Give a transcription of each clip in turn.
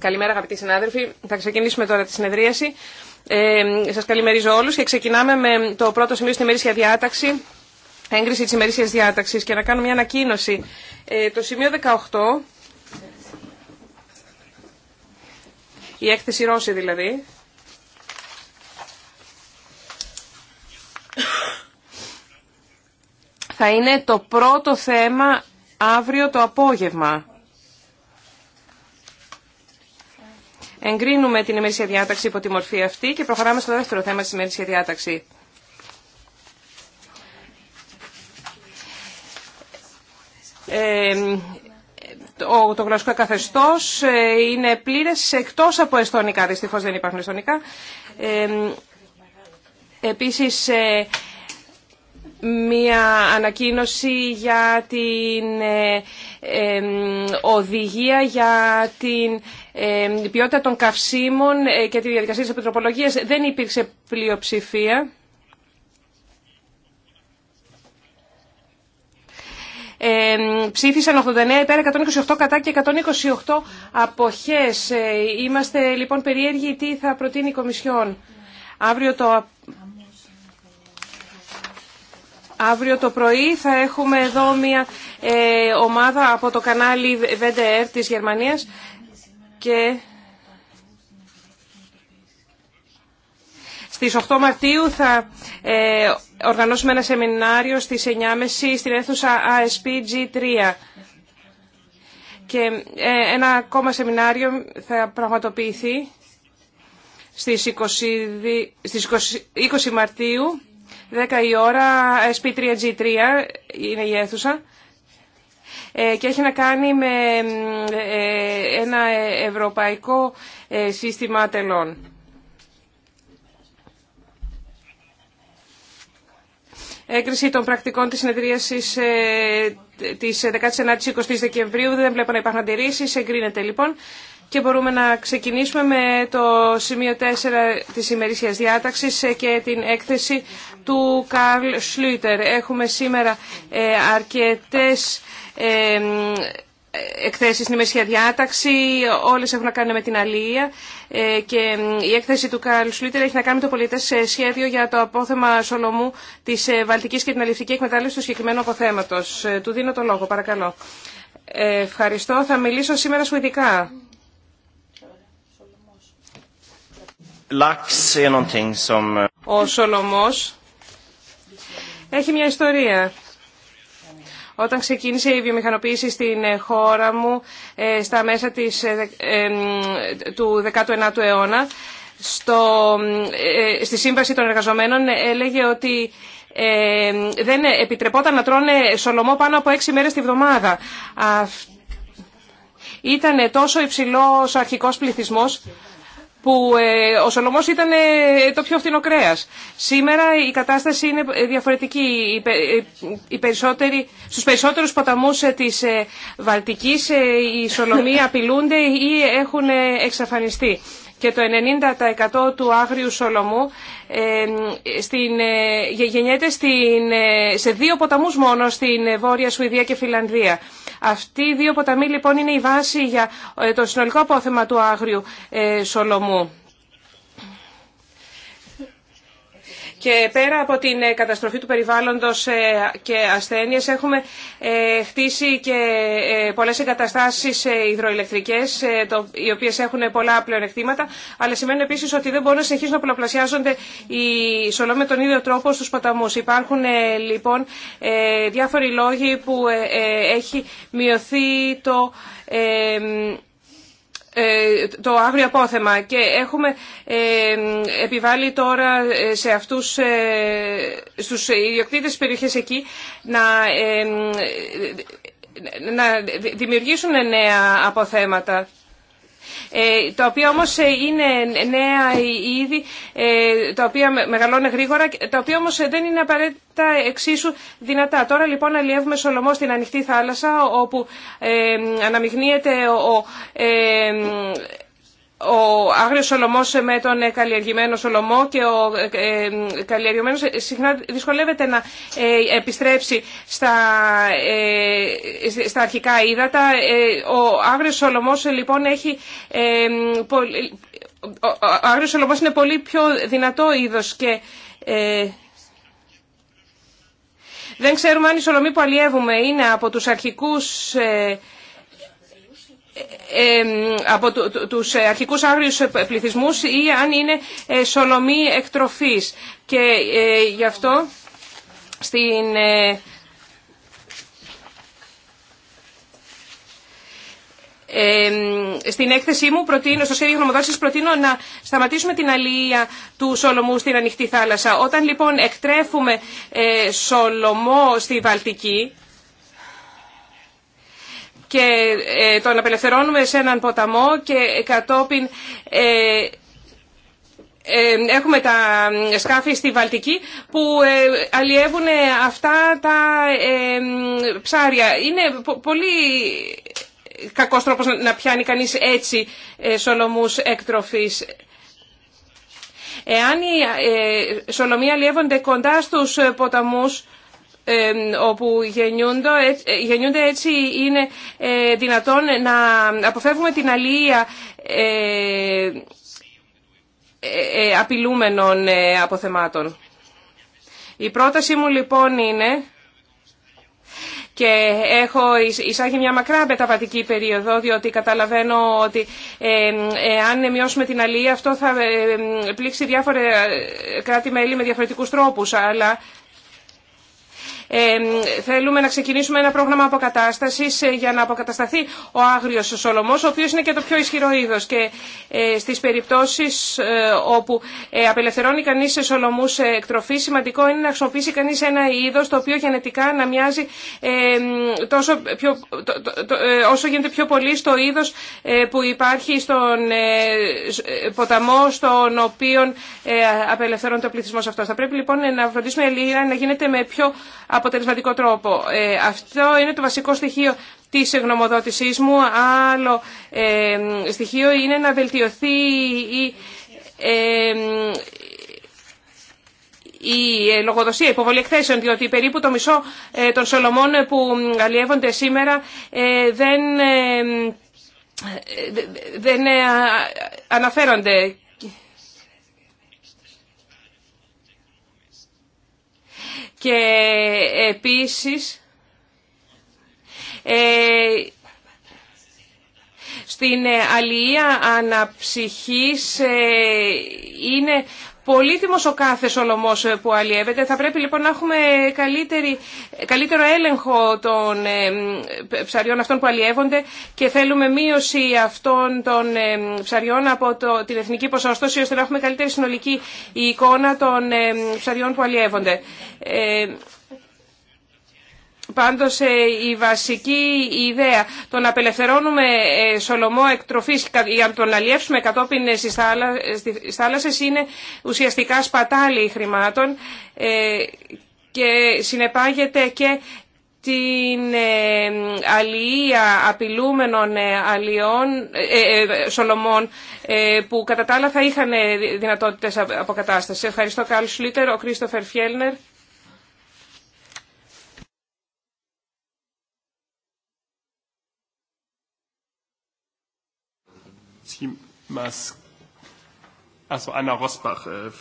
Καλημέρα αγαπητοί συνάδελφοι. Θα ξεκινήσουμε τώρα τη συνεδρίαση. Ε, σας καλημερίζω όλου και ξεκινάμε με το πρώτο σημείο στην ημερήσια διάταξη, έγκριση τη ημερήσια διάταξη, και να κάνω μια ανακοίνωση. Ε, το σημείο 18, η έκθεση Ρώση δηλαδή, θα είναι το πρώτο θέμα αύριο το απόγευμα. Εγκρίνουμε την ημερήσια διάταξη υπό τη μορφή αυτή και προχωράμε στο δεύτερο θέμα της ημερήσια διάταξη. Ε, το, το γλωσσικό καθεστώς ε, είναι πλήρες εκτός από εστονικά. Δυστυχώς δεν υπάρχουν εστονικά. Ε, επίσης, μία ανακοίνωση για την ε, οδηγία για την ε, ποιότητα των καυσίμων ε, και τη διαδικασία της επιτροπολογίας. Δεν υπήρξε πλειοψηφία. Ψήφισαν 89 υπέρ, 128 κατά και 128 αποχές. Ε, είμαστε λοιπόν περίεργοι τι θα προτείνει η Κομισιόν. Αύριο το Αύριο το πρωί θα έχουμε εδώ μια ε, ομάδα από το κανάλι VDR της Γερμανίας και στις 8 Μαρτίου θα ε, οργανώσουμε ένα σεμινάριο στις 9.30 στην αίθουσα aspg 3 Και ε, ένα ακόμα σεμινάριο θα πραγματοποιηθεί στις 20, στις 20 Μαρτίου 10 η ώρα, SP3G3 ε, είναι η αίθουσα ε, και έχει να κάνει με ε, ένα ευρωπαϊκό σύστημα τελών. Έκριση των πρακτικών της συνεδρίασης της 19ης-20ης δεκεμβριου Δεν βλέπω να υπάρχουν αντιρρήσεις. Εγκρίνεται λοιπόν. Και μπορούμε να ξεκινήσουμε με το σημείο 4 της ημερήσιας διάταξης ε, και την έκθεση του Καρλ Σλούτερ. Έχουμε σήμερα ε, αρκετές ε, εκθέσεις στην ημερήσια διάταξη, όλες έχουν να κάνουν με την αλληλεία και η έκθεση του Καρλ Σλούτερ έχει να κάνει με το πολιτές σχέδιο για το απόθεμα Σολομού της Βαλτικής και την αλληλευτική εκμετάλλευση του συγκεκριμένου αποθέματος. Του δίνω το λόγο, παρακαλώ. Ευχαριστώ. Θα μιλήσω σήμερα σου ειδικά. Eh, Ο Σολομός έχει μια ιστορία. Όταν ξεκίνησε η βιομηχανοποίηση στην ε, χώρα μου ε, στα μέσα της, ε, του 19ου αιώνα, στο, στη Σύμβαση των Εργαζομένων έλεγε ότι δεν επιτρεπόταν να τρώνε σολομό πάνω από έξι μέρες τη βδομάδα. Ήταν τόσο υψηλός αρχικός πληθυσμός που ε, ο Σολομός ήταν ε, το πιο φθηνό Σήμερα η κατάσταση είναι ε, διαφορετική. Οι περισσότεροι, στους περισσότερους ποταμούς της Βαλτικής οι Σολομοί απειλούνται ή έχουν εξαφανιστεί και το 90% του άγριου σολομού ε, στην, ε, γεννιέται στην, ε, σε δύο ποταμούς μόνο στην Βόρεια Σουηδία και Φιλανδία. Αυτοί οι δύο ποταμοί λοιπόν είναι η βάση για το συνολικό απόθεμα του άγριου σολομού. Και πέρα από την ε, καταστροφή του περιβάλλοντος ε, και ασθένειες έχουμε ε, χτίσει και πολλές εγκαταστάσεις υδροηλεκτρικές οι οποίες έχουν πολλά πλεονεκτήματα αλλά σημαίνει επίσης ότι δεν μπορούν να συνεχίσουν να πολλαπλασιάζονται οι σολό με τον ίδιο τρόπο στους ποταμούς. Υπάρχουν λοιπόν διάφοροι λόγοι που έχει μειωθεί το ε, το άγριο απόθεμα και έχουμε ε, επιβάλει τώρα ε, σε αυτούς, στους ιδιοκτήτες της εκεί να, να δημιουργήσουν νέα αποθέματα. Ε, τα οποία όμως ε, είναι νέα είδη, ε, τα οποία μεγαλώνουν γρήγορα, τα οποία όμως δεν είναι απαραίτητα εξίσου δυνατά. Τώρα λοιπόν αλλιεύουμε σολομό στην ανοιχτή θάλασσα, όπου αναμειγνύεται ο ο άγριος σολομός με τον ε, καλλιεργημένο σολομό και ο ε, ε, καλλιεργημένος συχνά δυσκολεύεται να επιστρέψει στα, αρχικά ύδατα. Ο άγριος σολομός λοιπόν έχει... Ο άγριος είναι πολύ πιο δυνατό είδος και... δεν ξέρουμε αν η σολομή που αλλιεύουμε είναι από τους αρχικούς ε, ε, από τους αρχικούς άγριους πληθυσμούς ή αν είναι ε, σολομή εκτροφής. Και γι' αυτό στην... στην έκθεσή μου προτείνω, στο σχέδιο γνωμοδότησης προτείνω να σταματήσουμε την αλληλεία του Σολομού στην ανοιχτή θάλασσα. Όταν λοιπόν εκτρέφουμε Σολομό στη Βαλτική, και ε, τον απελευθερώνουμε σε έναν ποταμό και κατόπιν ε, ε, έχουμε τα σκάφη στη Βαλτική που αλλιεύουν αυτά τα ψάρια. Είναι πολύ κακός τρόπος να πιάνει κανείς έτσι σολομούς εκτροφής. Εάν οι σολομοί αλλιεύονται κοντά στους ποταμούς όπου ε, γεννιούνται έτσι είναι ε, δυνατόν να αποφεύγουμε την αλληλεία ε, απειλούμενων αποθεμάτων. Η πρότασή μου λοιπόν είναι και έχω εισάγει μια μακρά μεταβατική περίοδο, διότι καταλαβαίνω ότι αν μειώσουμε την αλληλεία αυτό θα πλήξει διάφορα κράτη-μέλη με διαφορετικούς τρόπους, αλλά θέλουμε να ξεκινήσουμε ένα πρόγραμμα αποκατάστασης ε, για να αποκατασταθεί ο άγριο σολομό, ο οποίο είναι και το πιο ισχυρό είδο. Και ε, στις περιπτώσεις ε, όπου απελευθερώνει κανεί σε σολομούς εκτροφή, σημαντικό είναι να χρησιμοποιήσει κανεί ένα είδο το οποίο γενετικά να μοιάζει τόσο πιο, όσο γίνεται πιο πολύ στο είδος που υπάρχει στον ποταμό στον οποίο απελευθερώνεται ο πληθυσμό αυτό. Θα πρέπει λοιπόν να φροντίσουμε λίγα να γίνεται με πιο αποτελεσματικό τρόπο. Ε, αυτό είναι το βασικό στοιχείο της γνωμοδότησής μου. Άλλο ε, στοιχείο είναι να βελτιωθεί η ε, η λογοδοσία, η υποβολή εκθέσεων, διότι περίπου το μισό των Σολομών που αλλιεύονται σήμερα δεν, δεν αναφέρονται Και επίσης ε, στην αλληλεία αναψυχής ε, είναι Πολύτιμο ο κάθε σολομός ε, που αλλιεύεται. Θα πρέπει λοιπόν να έχουμε καλύτερη, καλύτερο έλεγχο των ε, ε, ψαριών αυτών που αλλιεύονται και θέλουμε μείωση αυτών των ψαριών από το, την εθνική ποσοστόση ώστε να έχουμε καλύτερη συνολική εικόνα των ψαριών που αλλιεύονται. Πάντως ε, η βασική ιδέα το να απελευθερώνουμε ε, σολομό εκτροφής για να τον αλλιεύσουμε κατόπιν ε, στις θάλασσες είναι ουσιαστικά σπατάλη χρημάτων και συνεπάγεται και την αλληλεία απειλούμενων αλλιών, σολομών που κατά τα άλλα θα είχαν δυνατότητες αποκατάστασης. Ευχαριστώ Κάλ Σλίτερ, ο Κρίστοφερ Φιέλνερ. Äh,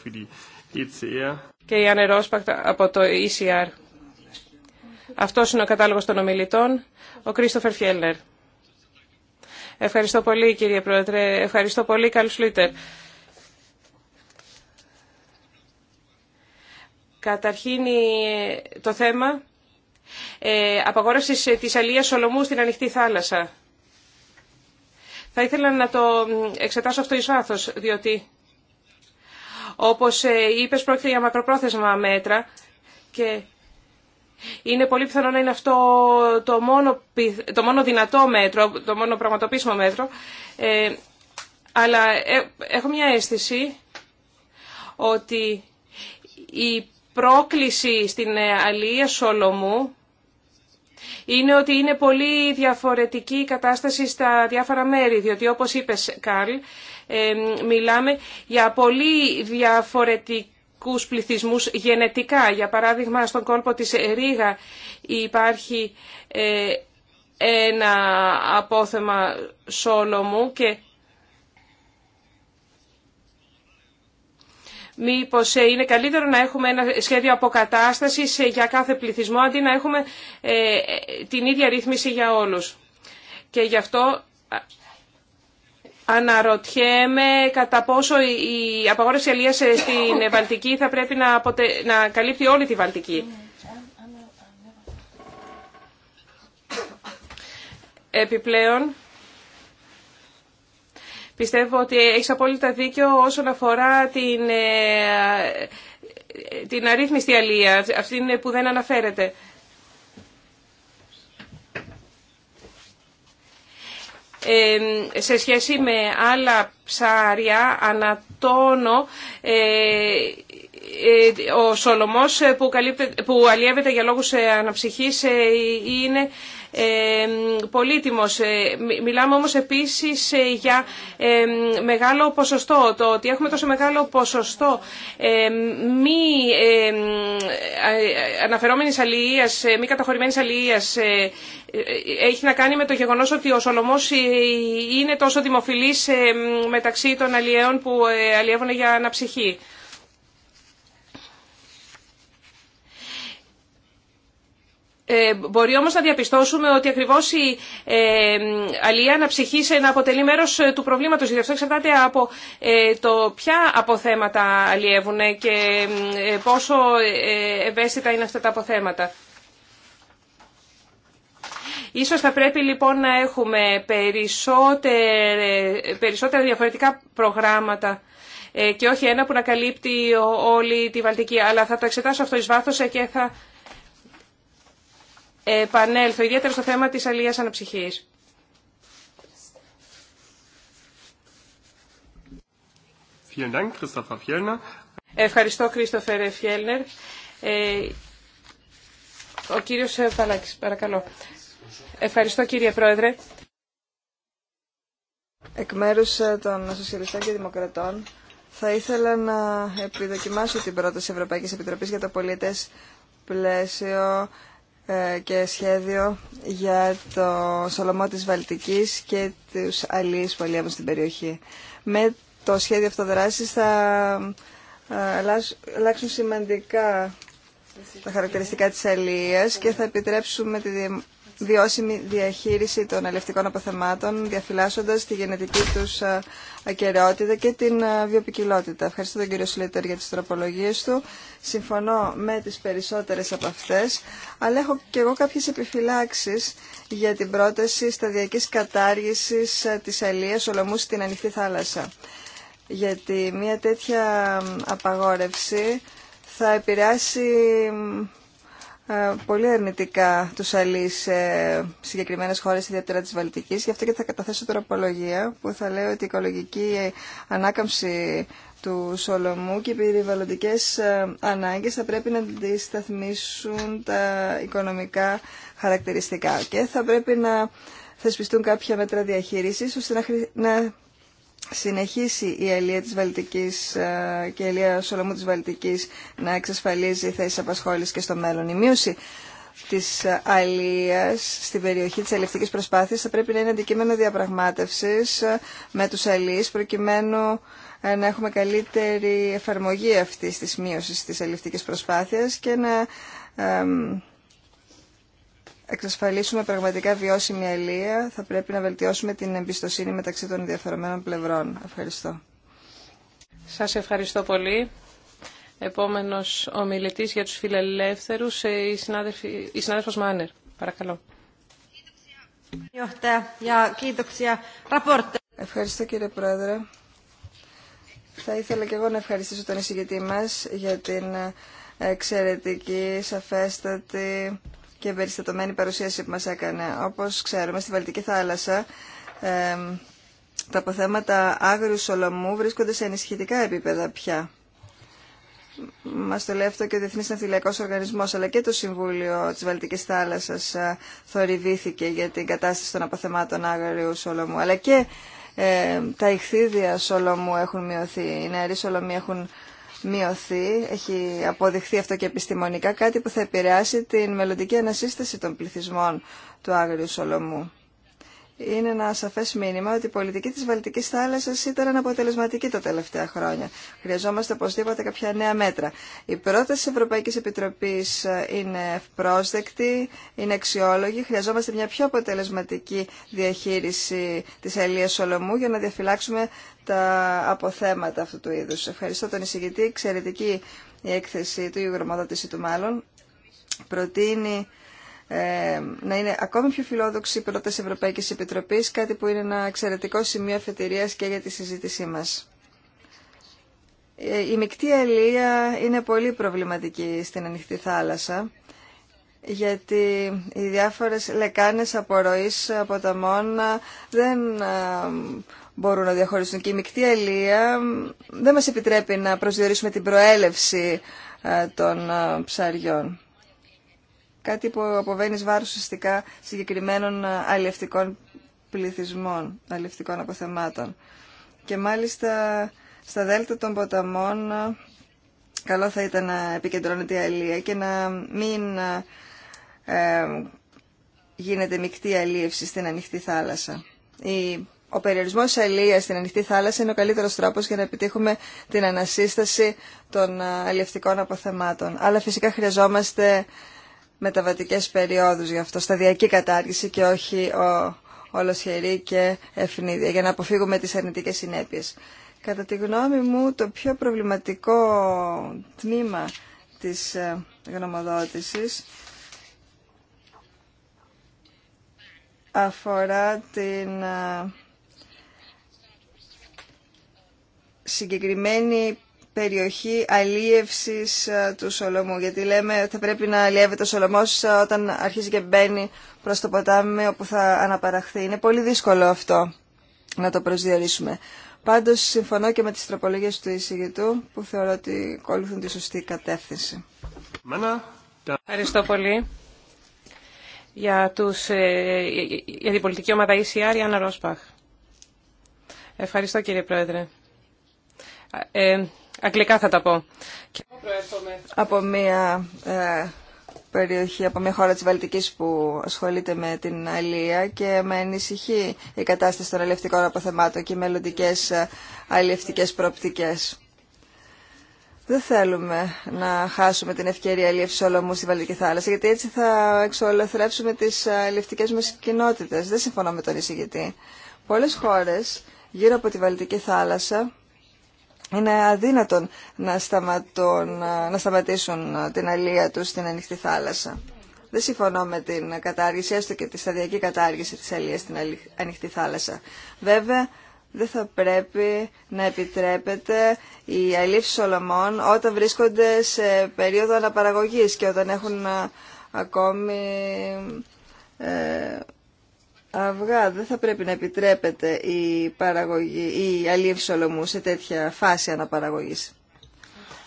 e Και η Άννα Ρόσπαχ από το ECR. Αυτός είναι ο κατάλογος των ομιλητών, ο Κρίστοφερ Φιέλνερ. Ευχαριστώ πολύ κύριε Πρόεδρε, ευχαριστώ πολύ, καλούς Λίτερ. Καταρχήν ε, το θέμα ε, απαγόρευσης ε, της αλίας Σολομού στην ανοιχτή θάλασσα. Θα ήθελα να το εξετάσω αυτό εις βάθος, διότι όπως ε, είπες πρόκειται για μακροπρόθεσμα μέτρα και είναι πολύ πιθανό να είναι αυτό το μόνο, το μόνο δυνατό μέτρο, το μόνο πραγματοποιήσιμο μέτρο, ε, αλλά ε, έχω μια αίσθηση ότι η πρόκληση στην Αλία Σολομού είναι ότι είναι πολύ διαφορετική η κατάσταση στα διάφορα μέρη, διότι όπως είπες Καρλ, μιλάμε για πολύ διαφορετικούς πληθυσμούς γενετικά. Για παράδειγμα, στον κόλπο της Ρήγα υπάρχει ε, ένα απόθεμα Σόλομου και μήπως ε, είναι καλύτερο να έχουμε ένα σχέδιο αποκατάστασης ε, για κάθε πληθυσμό αντί να έχουμε ε, την ίδια ρύθμιση για όλους. Και γι' αυτό αναρωτιέμαι κατά πόσο η απαγόρευση αλίας στην Βαλτική θα πρέπει να, αποτε... να καλύπτει όλη τη Βαλτική. Επιπλέον, Πιστεύω ότι έχει απόλυτα δίκιο όσον αφορά την, ε, την αρρύθμιστη αλία, αυτήν που δεν αναφέρεται. σε σχέση με άλλα ψάρια ανατόνο ε, ε, ο Σολομός ε, που, που αλλιεύεται για λόγους αναψυχής είναι πολύτιμος. Ε, μιλάμε όμως επίσης ε, για μεγάλο ποσοστό. Το ότι έχουμε τόσο μεγάλο ποσοστό μη αναφερόμενης αλληλείας, ε, μη καταχωρημένης αλληλείας έχει να κάνει με το γεγονός ότι ο Σολομός είναι τόσο δημοφιλής μεταξύ των αλληλεών που αλλιεύουν για αναψυχή. Ε, μπορεί όμως να διαπιστώσουμε ότι ακριβώς η ε, να να αποτελεί μέρος ε, του προβλήματος, γιατί αυτό εξαρτάται από ε, το ποια αποθέματα αλλιεύουν και πόσο ευαίσθητα είναι αυτά τα αποθέματα. Ίσως θα πρέπει λοιπόν να έχουμε περισσότερα διαφορετικά προγράμματα και όχι ένα που να καλύπτει όλη τη Βαλτική. Αλλά θα το εξετάσω αυτό εις βάθος και θα επανέλθω, ιδιαίτερα στο θέμα της αλίας αναψυχής. Ευχαριστώ, Κρίστοφερ Φιέλνερ. Ο κύριος Παλάκης, παρακαλώ. Ευχαριστώ, κύριε Πρόεδρε. Εκ μέρους ε, των Σοσιαλιστών και Δημοκρατών θα ήθελα να επιδοκιμάσω την πρόταση Ευρωπαϊκής Επιτροπής για το πολίτες πλαίσιο ε, και σχέδιο για το Σολομό της Βαλτικής και τους αλλοίς που στην περιοχή. Με το σχέδιο αυτοδράσης θα ε, αλλάξουν σημαντικά τα χαρακτηριστικά της αλληλείας και θα επιτρέψουμε τη βιώσιμη διαχείριση των ελευτικών αποθεμάτων, διαφυλάσσοντας τη γενετική τους ε, ακαιρεότητα και την ε, βιοπικιλότητα. Ευχαριστώ τον κύριο Σλίτερ για τις τροπολογίες του. Συμφωνώ με τις περισσότερες από αυτές, αλλά έχω και εγώ κάποιες επιφυλάξεις για την πρόταση σταδιακής κατάργησης ε, της αλίας ολομού στην ανοιχτή θάλασσα. Γιατί μια τέτοια απαγόρευση θα επηρεάσει ε, πολύ αρνητικά του αλεί σε συγκεκριμένε χώρε, ιδιαίτερα τη Βαλτική. Γι' αυτό και θα καταθέσω τροπολογία που θα λέω ότι η οικολογική ανάκαμψη του Σολομού και οι περιβαλλοντικέ ε, ανάγκε θα πρέπει να αντισταθμίσουν τα οικονομικά χαρακτηριστικά και θα πρέπει να θεσπιστούν κάποια μέτρα διαχείριση ώστε να, συνεχίσει η αλία της Βαλτικής ε, και η αλία Σολομού της Βαλτικής να εξασφαλίζει θέσεις απασχόλησης και στο μέλλον. Η μείωση της ε, αλίας στην περιοχή της αλληλευτικής προσπάθειας θα πρέπει να είναι αντικείμενο διαπραγμάτευσης ε, με τους αλίες προκειμένου να έχουμε καλύτερη εφαρμογή αυτής της μείωσης της αλληλευτικής προσπάθειας και να εξασφαλίσουμε πραγματικά βιώσιμη αλληλεία, θα πρέπει να βελτιώσουμε την εμπιστοσύνη μεταξύ των ενδιαφερομένων πλευρών. Ευχαριστώ. Σας ευχαριστώ πολύ. Επόμενος ο για τους φιλελεύθερους, ε, η, η συνάδελφος Μάνερ. Παρακαλώ. Ευχαριστώ κύριε Πρόεδρε. Θα ήθελα και εγώ να ευχαριστήσω τον εισηγητή μας για την ε, εξαιρετική, σαφέστατη και περιστατωμένη παρουσίαση που μας έκανε. Όπως ξέρουμε, στη Βαλτική θάλασσα τα αποθέματα άγριου σολομού βρίσκονται σε ενισχυτικά επίπεδα πια. Μα το λέει αυτό και ο Διεθνή Ναυτιλιακό Οργανισμό, αλλά και το Συμβούλιο τη Βαλτική Θάλασσα ε, θορυβήθηκε για την κατάσταση των αποθεμάτων άγριου σολομού. Αλλά και ε, τα ηχθίδια σολομού έχουν μειωθεί, οι νεαροί σολομοί έχουν μειωθεί, έχει αποδειχθεί αυτό και επιστημονικά, κάτι που θα επηρεάσει την μελλοντική ανασύσταση των πληθυσμών του Άγριου Σολομού είναι ένα σαφέ μήνυμα ότι η πολιτική τη Βαλτική θάλασσα ήταν αναποτελεσματική τα τελευταία χρόνια. Χρειαζόμαστε οπωσδήποτε κάποια νέα μέτρα. Η πρόταση τη Ευρωπαϊκή Επιτροπή ε, είναι ευπρόσδεκτη, είναι αξιόλογη. Χρειαζόμαστε μια πιο αποτελεσματική διαχείριση τη Ελία Σολομού για να διαφυλάξουμε τα αποθέματα αυτού του είδου. Ευχαριστώ τον εισηγητή. Εξαιρετική η έκθεση του, η του μάλλον. Προτείνει ε, να είναι ακόμη πιο φιλόδοξη η πρόταση Ευρωπαϊκής Επιτροπής, κάτι που είναι ένα εξαιρετικό σημείο αφετηρίας και για τη συζήτησή μας. Ε, η μεικτή αλία είναι πολύ προβληματική στην ανοιχτή θάλασσα, γιατί οι διάφορες λεκάνες απορροής μόνα δεν ε, μπορούν να διαχωριστούν. Και η μεικτή αλία δεν μας επιτρέπει να προσδιορίσουμε την προέλευση των ψαριών κάτι που αποβαίνει βάρος ουσιαστικά συγκεκριμένων ε, αλληλευτικών πληθυσμών, αλληλευτικών αποθεμάτων. Και μάλιστα στα δέλτα των ποταμών ε, καλό θα ήταν να επικεντρώνεται η αλληλεία και να μην ε, ε γίνεται μεικτή αλλήλευση στην ανοιχτή θάλασσα. ο περιορισμό αλληλεία στην ανοιχτή θάλασσα είναι ο καλύτερος τρόπος για να επιτύχουμε την ανασύσταση των αλληλευτικών αποθεμάτων. Αλλά φυσικά χρειαζόμαστε μεταβατικές περιόδους γι' αυτό, σταδιακή κατάργηση και όχι ο, ολοσχερή και ευνίδια, για να αποφύγουμε τις αρνητικές συνέπειες. Κατά τη γνώμη μου, το πιο προβληματικό τμήμα της ε, γνωμοδότησης αφορά την ε, συγκεκριμένη περιοχή αλίευσης ε, του Σολομού. Γιατί λέμε ότι θα πρέπει να αλλιεύεται ο Σολομός ε, όταν αρχίζει και μπαίνει προς το ποτάμι όπου θα αναπαραχθεί. Είναι πολύ δύσκολο αυτό να το προσδιορίσουμε. Πάντως συμφωνώ και με τις τροπολογίες του εισηγητού που θεωρώ ότι ακολουθούν τη σωστή κατεύθυνση. Ευχαριστώ πολύ. Για, τους, ε, για την πολιτική ομάδα ECR, Άννα Ρόσπαχ. Ευχαριστώ κύριε Πρόεδρε. Ε, Αγγλικά θα τα πω. Από μια ε, περιοχή, από μια χώρα της Βαλτικής που ασχολείται με την αλληλεία και με ανησυχεί η κατάσταση των αλληλευτικών αποθεμάτων και οι μελλοντικές ε, αλληλευτικές προοπτικές. Δεν θέλουμε να χάσουμε την ευκαιρία αλλιεύση όλων στη Βαλτική θάλασσα, γιατί έτσι θα εξολοθρέψουμε τι αλλιευτικές μα κοινότητε. Δεν συμφωνώ με τον εισηγητή. Πολλέ χώρε γύρω από τη Βαλτική θάλασσα είναι αδύνατον να, να σταματήσουν την αλία τους στην ανοιχτή θάλασσα. Δεν συμφωνώ με την κατάργηση, έστω και τη σταδιακή κατάργηση της αλίας στην ανοιχτή θάλασσα. Βέβαια, δεν θα πρέπει να επιτρέπεται η αλήφεις σολομών όταν βρίσκονται σε περίοδο αναπαραγωγής και όταν έχουν ε, ακόμη ε, αυγά. Δεν θα πρέπει να επιτρέπεται η, παραγωγή, η αλίευση ολομού σε τέτοια φάση αναπαραγωγής.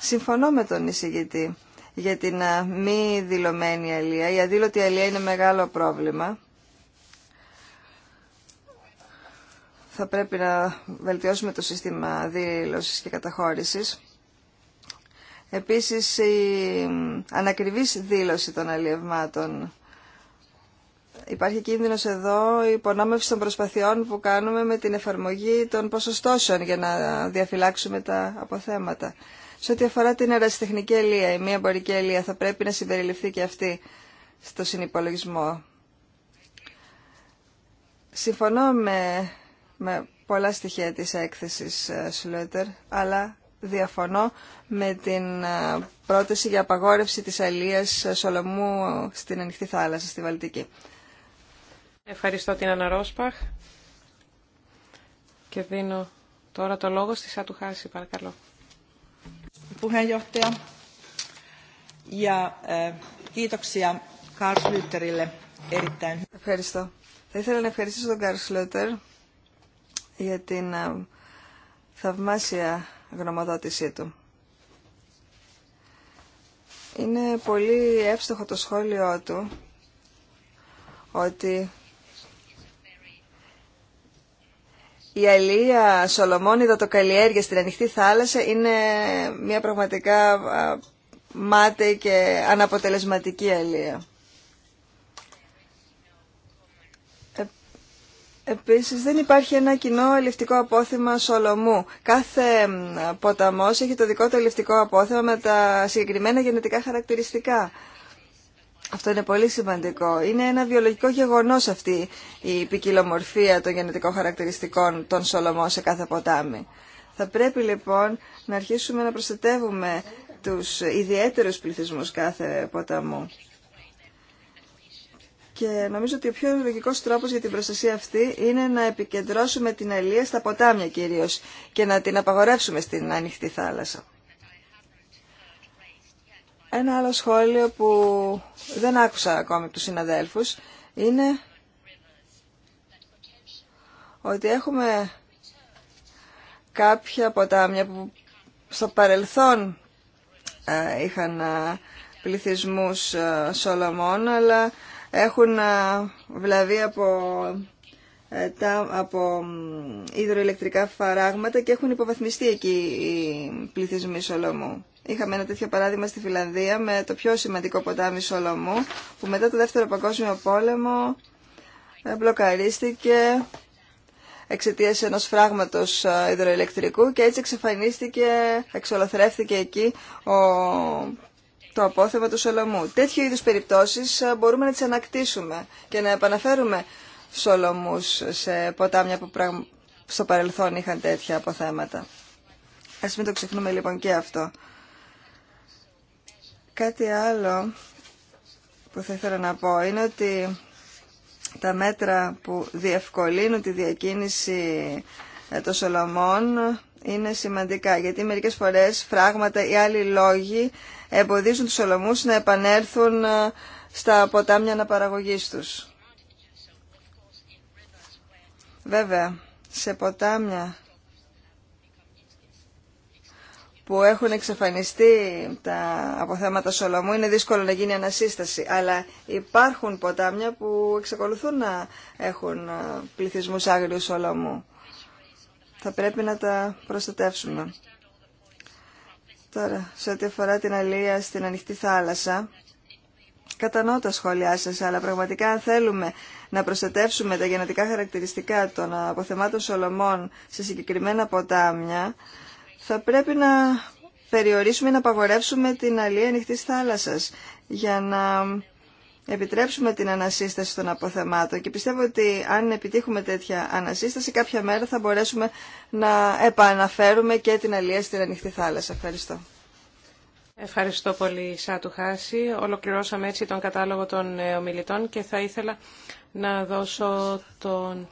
Συμφωνώ με τον εισηγητή για την μη δηλωμένη αλία. Η αδήλωτη αλία είναι μεγάλο πρόβλημα. Θα πρέπει να βελτιώσουμε το σύστημα δήλωσης και καταχώρησης. Επίσης, η ανακριβής δήλωση των αλίευμάτων υπάρχει κίνδυνο εδώ υπονόμευση των προσπαθειών που κάνουμε με την εφαρμογή των ποσοστώσεων για να διαφυλάξουμε τα αποθέματα. Σε ό,τι αφορά την ερασιτεχνική ελεία, η μία εμπορική ελεία θα πρέπει να συμπεριληφθεί και αυτή στο συνυπολογισμό. Συμφωνώ με, πολλά στοιχεία της έκθεσης ε, Σλότερ, αλλά διαφωνώ με την ε, πρόταση για απαγόρευση της αλίας ε, Σολομού στην ανοιχτή θάλασσα, στη Βαλτική. Ευχαριστώ την Αναρόσπαχ και δίνω τώρα το λόγο στη Σάτου Χάση, παρακαλώ. Puheenjohtaja, ja ε, kiitoksia Ευχαριστώ. Θα ήθελα να ευχαριστήσω τον Καρλ Σλότερ για την ε, θαυμάσια γνωμοδότησή του. Είναι πολύ εύστοχο το σχόλιο του ότι Η αλία Σολομών καλλιέργεια στην ανοιχτή θάλασσα είναι μια πραγματικά μάταιη και αναποτελεσματική αλία. Ε, επίσης δεν υπάρχει ένα κοινό ελευτικό απόθεμα Σολομού. Κάθε ποταμός έχει το δικό του ελευτικό απόθεμα με τα συγκεκριμένα γενετικά χαρακτηριστικά. Αυτό είναι πολύ σημαντικό. Είναι ένα βιολογικό γεγονός αυτή η ποικιλομορφία των γενετικών χαρακτηριστικών των Σολομών σε κάθε ποτάμι. Θα πρέπει λοιπόν να αρχίσουμε να προστατεύουμε τους ιδιαίτερους πληθυσμούς κάθε ποταμού. Και νομίζω ότι ο πιο λογικό τρόπος για την προστασία αυτή είναι να επικεντρώσουμε την αλία στα ποτάμια κυρίως και να την απαγορεύσουμε στην ανοιχτή θάλασσα. Ένα άλλο σχόλιο που δεν άκουσα ακόμη από τους συναδέλφους είναι ότι έχουμε κάποια ποτάμια που στο παρελθόν ε, είχαν ε, πληθυσμούς ε, σολομών, αλλά έχουν βλαβεί από, τα, από υδροηλεκτρικά φαράγματα και έχουν υποβαθμιστεί εκεί οι πληθυσμοί σολομού. Είχαμε ένα τέτοιο παράδειγμα στη Φιλανδία με το πιο σημαντικό ποτάμι Σολομού που μετά το Δεύτερο Παγκόσμιο Πόλεμο ε, μπλοκαρίστηκε εξαιτία ενό φράγματο ε, υδροελεκτρικού και έτσι εξαφανίστηκε, εξολοθρεύτηκε εκεί ο, το απόθεμα του Σολομού. Τέτοιου είδου περιπτώσει ε, μπορούμε να τι ανακτήσουμε και να επαναφέρουμε Σολομού σε ποτάμια που στο παρελθόν είχαν τέτοια αποθέματα. Α μην το ξεχνούμε λοιπόν και αυτό. Κάτι άλλο που θα ήθελα να πω είναι ότι τα μέτρα που διευκολύνουν τη διακίνηση ε, των Σολομών είναι σημαντικά, γιατί μερικές φορές φράγματα ή άλλοι λόγοι εμποδίζουν τους Σολομούς να επανέλθουν ε, στα ποτάμια αναπαραγωγής τους. Βέβαια, σε ποτάμια που έχουν εξαφανιστεί τα αποθέματα Σολομού είναι δύσκολο να γίνει ανασύσταση. Αλλά υπάρχουν ποτάμια που εξακολουθούν να έχουν ε, πληθυσμούς άγριου Σολομού. Θα πρέπει να τα προστατεύσουμε. Τώρα, σε ό,τι αφορά την αλία στην ανοιχτή θάλασσα, κατανοώ τα σχόλιά σας, αλλά πραγματικά αν θέλουμε να προστατεύσουμε τα γενετικά χαρακτηριστικά των αποθεμάτων Σολομών σε συγκεκριμένα ποτάμια, θα πρέπει να περιορίσουμε να απαγορεύσουμε την αλία ανοιχτή θάλασσα. για να επιτρέψουμε την ανασύσταση των αποθεμάτων και πιστεύω ότι αν επιτύχουμε τέτοια ανασύσταση κάποια μέρα θα μπορέσουμε να επαναφέρουμε και την αλία στην ανοιχτή θάλασσα. Ευχαριστώ. Ευχαριστώ πολύ Σάτου Χάση. Ολοκληρώσαμε έτσι τον κατάλογο των ε, ομιλητών και θα ήθελα να δώσω τον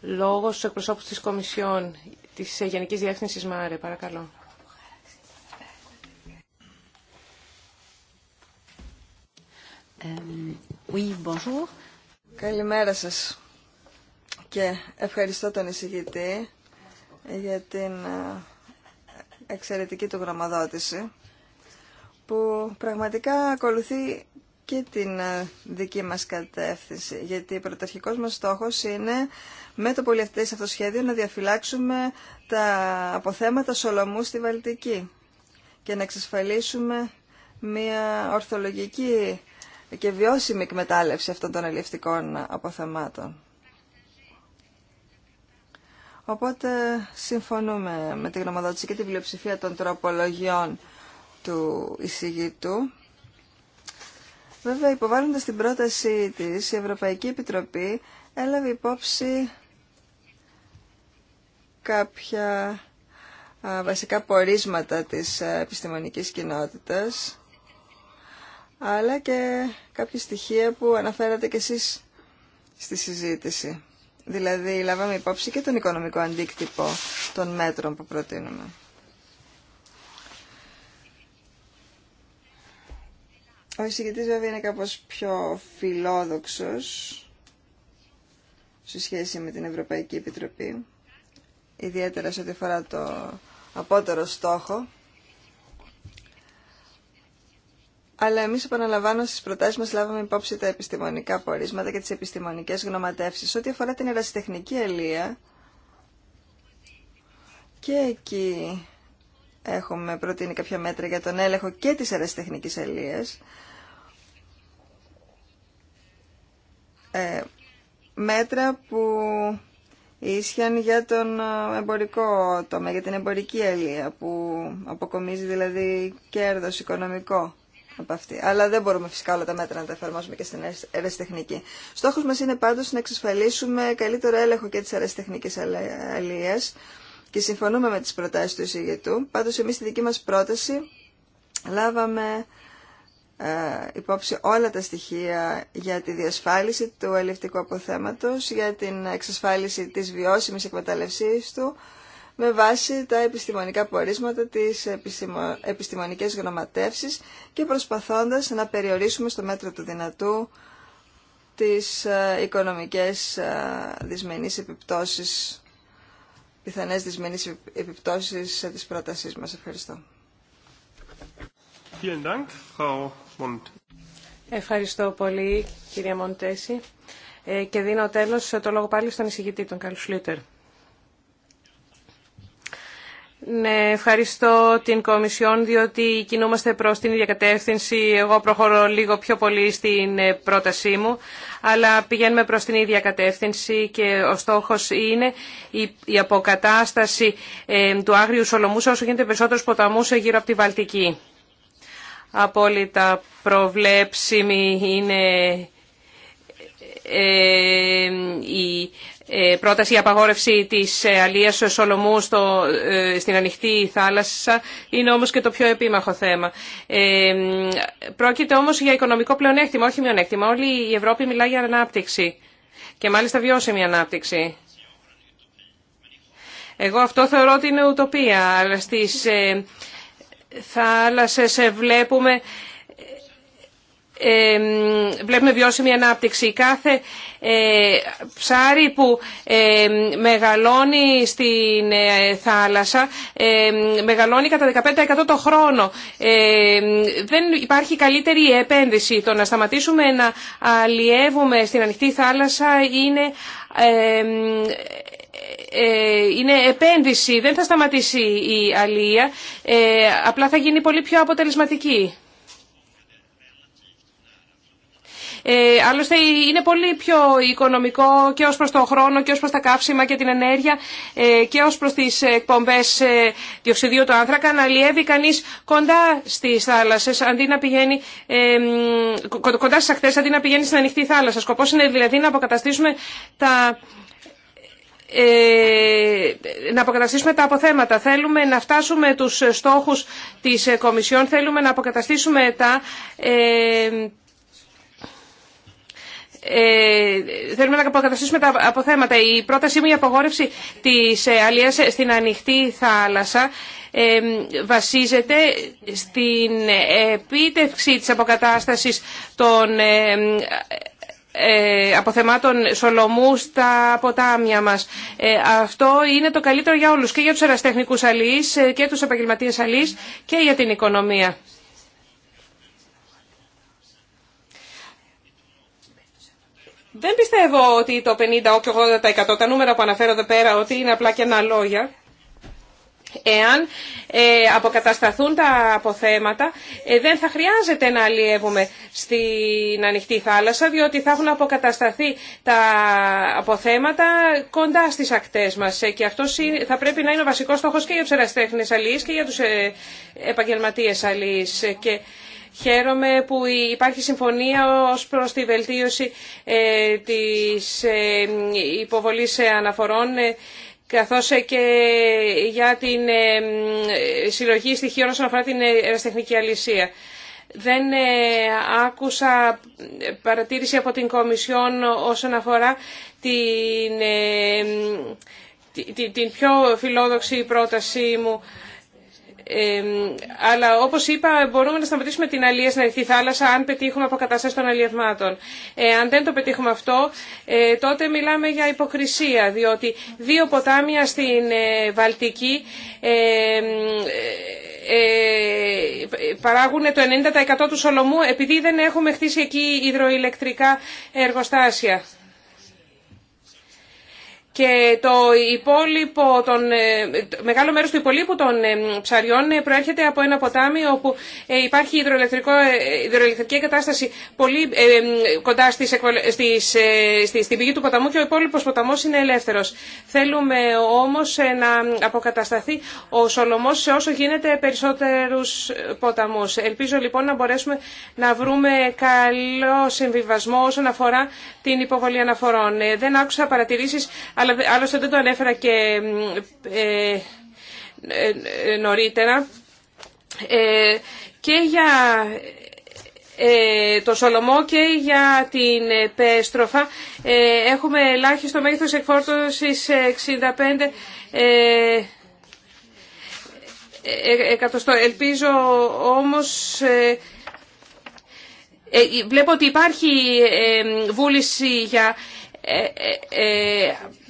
λόγο στους εκπροσώπους της Κομισιόν τη Γενικής Διεύθυνσης ΜΑΡΕ. Παρακαλώ. Ε, oui, Καλημέρα σας και ευχαριστώ τον εισηγητή για την ε, εξαιρετική του γραμμαδότηση που πραγματικά ακολουθεί και την ε, δική μας κατεύθυνση. Γιατί ο πρωταρχικός μας στόχος είναι με το πολυευτές αυτό σχέδιο να διαφυλάξουμε τα αποθέματα Σολομού στη Βαλτική και να εξασφαλίσουμε μια ορθολογική και βιώσιμη εκμετάλλευση αυτών των αλληλευτικών αποθεμάτων. Οπότε συμφωνούμε με τη γνωμοδότηση και τη βιβλιοψηφία των τροπολογιών του εισηγητού Βέβαια, υποβάλλοντας την πρότασή της, η Ευρωπαϊκή Επιτροπή έλαβε υπόψη κάποια βασικά πορίσματα της επιστημονικής κοινότητας, αλλά και κάποια στοιχεία που αναφέρατε κι εσείς στη συζήτηση. Δηλαδή, λάβαμε υπόψη και τον οικονομικό αντίκτυπο των μέτρων που προτείνουμε. Ο εισηγητής βέβαια είναι κάπως πιο φιλόδοξος σε σχέση με την Ευρωπαϊκή Επιτροπή, ιδιαίτερα σε ό,τι αφορά το απότερο στόχο. Αλλά εμείς επαναλαμβάνω στις προτάσεις μας λάβαμε υπόψη τα επιστημονικά πορίσματα και τις επιστημονικές γνωματεύσεις. Ό,τι αφορά την ερασιτεχνική ελία και εκεί έχουμε προτείνει κάποια μέτρα για τον έλεγχο και της ερασιτεχνικής αλίας. Ε, μέτρα που ίσχυαν για τον ε, εμπορικό τομέα, για την εμπορική αλλήλεια που αποκομίζει δηλαδή κέρδος οικονομικό από αυτή. Αλλά δεν μπορούμε φυσικά όλα τα μέτρα να τα εφαρμόσουμε και στην αεραστεχνική. Στόχος μας είναι πάντως να εξασφαλίσουμε καλύτερο έλεγχο και της αεραστεχνικής αλλήλειας και συμφωνούμε με τις προτάσεις του εισηγητού. Πάντως εμείς στη δική μας πρόταση λάβαμε ε, υπόψη όλα τα στοιχεία για τη διασφάλιση του αλληλευτικού αποθέματος, για την εξασφάλιση της βιώσιμης εκμεταλλευσής του, με βάση τα επιστημονικά πορίσματα, τις επιστημο... επιστημονικές και προσπαθώντας να περιορίσουμε στο μέτρο του δυνατού τις ε, οικονομικές ε, δυσμενείς επιπτώσεις, πιθανές δυσμενείς επιπτώσεις της πρότασής μας. Ευχαριστώ. Ευχαριστώ πολύ, κυρία Μοντέση. Ε, και δίνω τέλος το λόγο πάλι στον εισηγητή, τον Καλ Σλίτερ. Ναι, ευχαριστώ την Κομισιόν διότι κινούμαστε προς την ίδια κατεύθυνση. Εγώ προχωρώ λίγο πιο πολύ στην ε, πρότασή μου, αλλά πηγαίνουμε προς την ίδια κατεύθυνση και ο στόχος είναι η αποκατάσταση ε, του άγριου σολομού όσο γίνεται περισσότερους ποταμούς γύρω από τη Βαλτική απόλυτα προβλέψιμη είναι ε, η ε, πρόταση η απαγόρευση της ε, αλίας Σολομού στην ανοιχτή θάλασσα είναι όμως και το πιο επίμαχο θέμα. Ε, πρόκειται όμως για οικονομικό πλεονέκτημα, όχι μειονέκτημα. Όλη η Ευρώπη μιλά για ανάπτυξη και μάλιστα βιώσιμη ανάπτυξη. Εγώ αυτό θεωρώ ότι είναι ουτοπία, αλλά στις θάλασσες ε, βλέπουμε, ε, βλέπουμε βιώσιμη ανάπτυξη. Κάθε ε, ψάρι που ε, μεγαλώνει στην θάλασσα μεγαλώνει κατά 15% το χρόνο. Δεν υπάρχει καλύτερη επένδυση. Το να σταματήσουμε να αλλιεύουμε στην ανοιχτή θάλασσα είναι ε, είναι επένδυση, δεν θα σταματήσει η ε, απλά θα γίνει πολύ πιο αποτελεσματική. Ε, άλλωστε είναι πολύ πιο οικονομικό και ως προς τον χρόνο και ως προς τα καύσιμα και την ενέργεια ε, και ως προς τις εκπομπές ε, διοξιδίου του άνθρακα να λιεύει κανείς κοντά στις θάλασσες αντί να πηγαίνει ε, κοντά στις ακτές αντί να πηγαίνει στην ανοιχτή θάλασσα. Σκοπός είναι δηλαδή να αποκαταστήσουμε τα ε, να αποκαταστήσουμε τα αποθέματα. Θέλουμε να φτάσουμε τους στόχους της ε, Κομισιόν. Θέλουμε να αποκαταστήσουμε τα... Ε, θέλουμε να αποκαταστήσουμε τα αποθέματα. Η πρότασή μου για απογόρευση της αλίας στην ανοιχτή θάλασσα βασίζεται στην επίτευξη της αποκατάστασης των ε, από θεμάτων σολομού στα ποτάμια μας. Ε, αυτό είναι το καλύτερο για όλους, και για τους εραστέχνικους αλείς ε, και τους επαγγελματίες αλληλείς και για την οικονομία. Δεν πιστεύω ότι το 50 και 80% τα νούμερα που αναφέρω εδώ πέρα ότι είναι απλά και ένα λόγια. Εάν ε, αποκατασταθούν τα αποθέματα, ε, δεν θα χρειάζεται να αλλιεύουμε στην ανοιχτή θάλασσα, διότι θα έχουν αποκατασταθεί τα αποθέματα κοντά στις ακτές μας. Ε, και αυτό θα πρέπει να είναι ο βασικός στόχος και για τους εραστέχνες αλληλείς και για τους επαγγελματίες αλληλείς. Και Χαίρομαι που υπάρχει συμφωνία ως προς τη βελτίωση της υποβολής αναφορών καθώς ε, και για την ε, συλλογή στοιχείων όσον αφορά την ε, ερασιτεχνική αλυσία. Δεν άκουσα παρατήρηση από την Κομισιόν όσον αφορά την, την, την πιο φιλόδοξη πρότασή μου αλλά όπως είπα μπορούμε να σταματήσουμε την αλία στην αριθή θάλασσα αν πετύχουμε αποκατάσταση των αλλιευμάτων. Ε, αν δεν το πετύχουμε αυτό ε, τότε μιλάμε για υποκρισία διότι δύο ποτάμια στην ε, Βαλτική ε, ε, παράγουν το 90% του Σολομού επειδή δεν έχουμε χτίσει εκεί υδροηλεκτρικά εργοστάσια και το υπόλοιπο ε, μεγάλο μέρος του υπολείπου των ε, ψαριών ε, προέρχεται από ένα ποτάμι όπου υπάρχει υδροελεκτρική εγκατάσταση πολύ κοντά στη, στην πηγή του ποταμού και ο υπόλοιπος ποταμός είναι ελεύθερος. Θέλουμε όμως να αποκατασταθεί ο Σολομός σε όσο γίνεται περισσότερους ποταμούς. Ελπίζω λοιπόν να μπορέσουμε να βρούμε καλό συμβιβασμό όσον αφορά την υποβολή αναφορών. Δεν άκουσα παρατηρήσεις άλλωστε δεν το ανέφερα και ε, ε, νωρίτερα, ε, και για το Σολομό και για την Πέστροφα έχουμε ελάχιστο μέγεθος εκφόρτωσης 65 εκατοστό. Ελπίζω όμως... βλέπω ότι υπάρχει βούληση για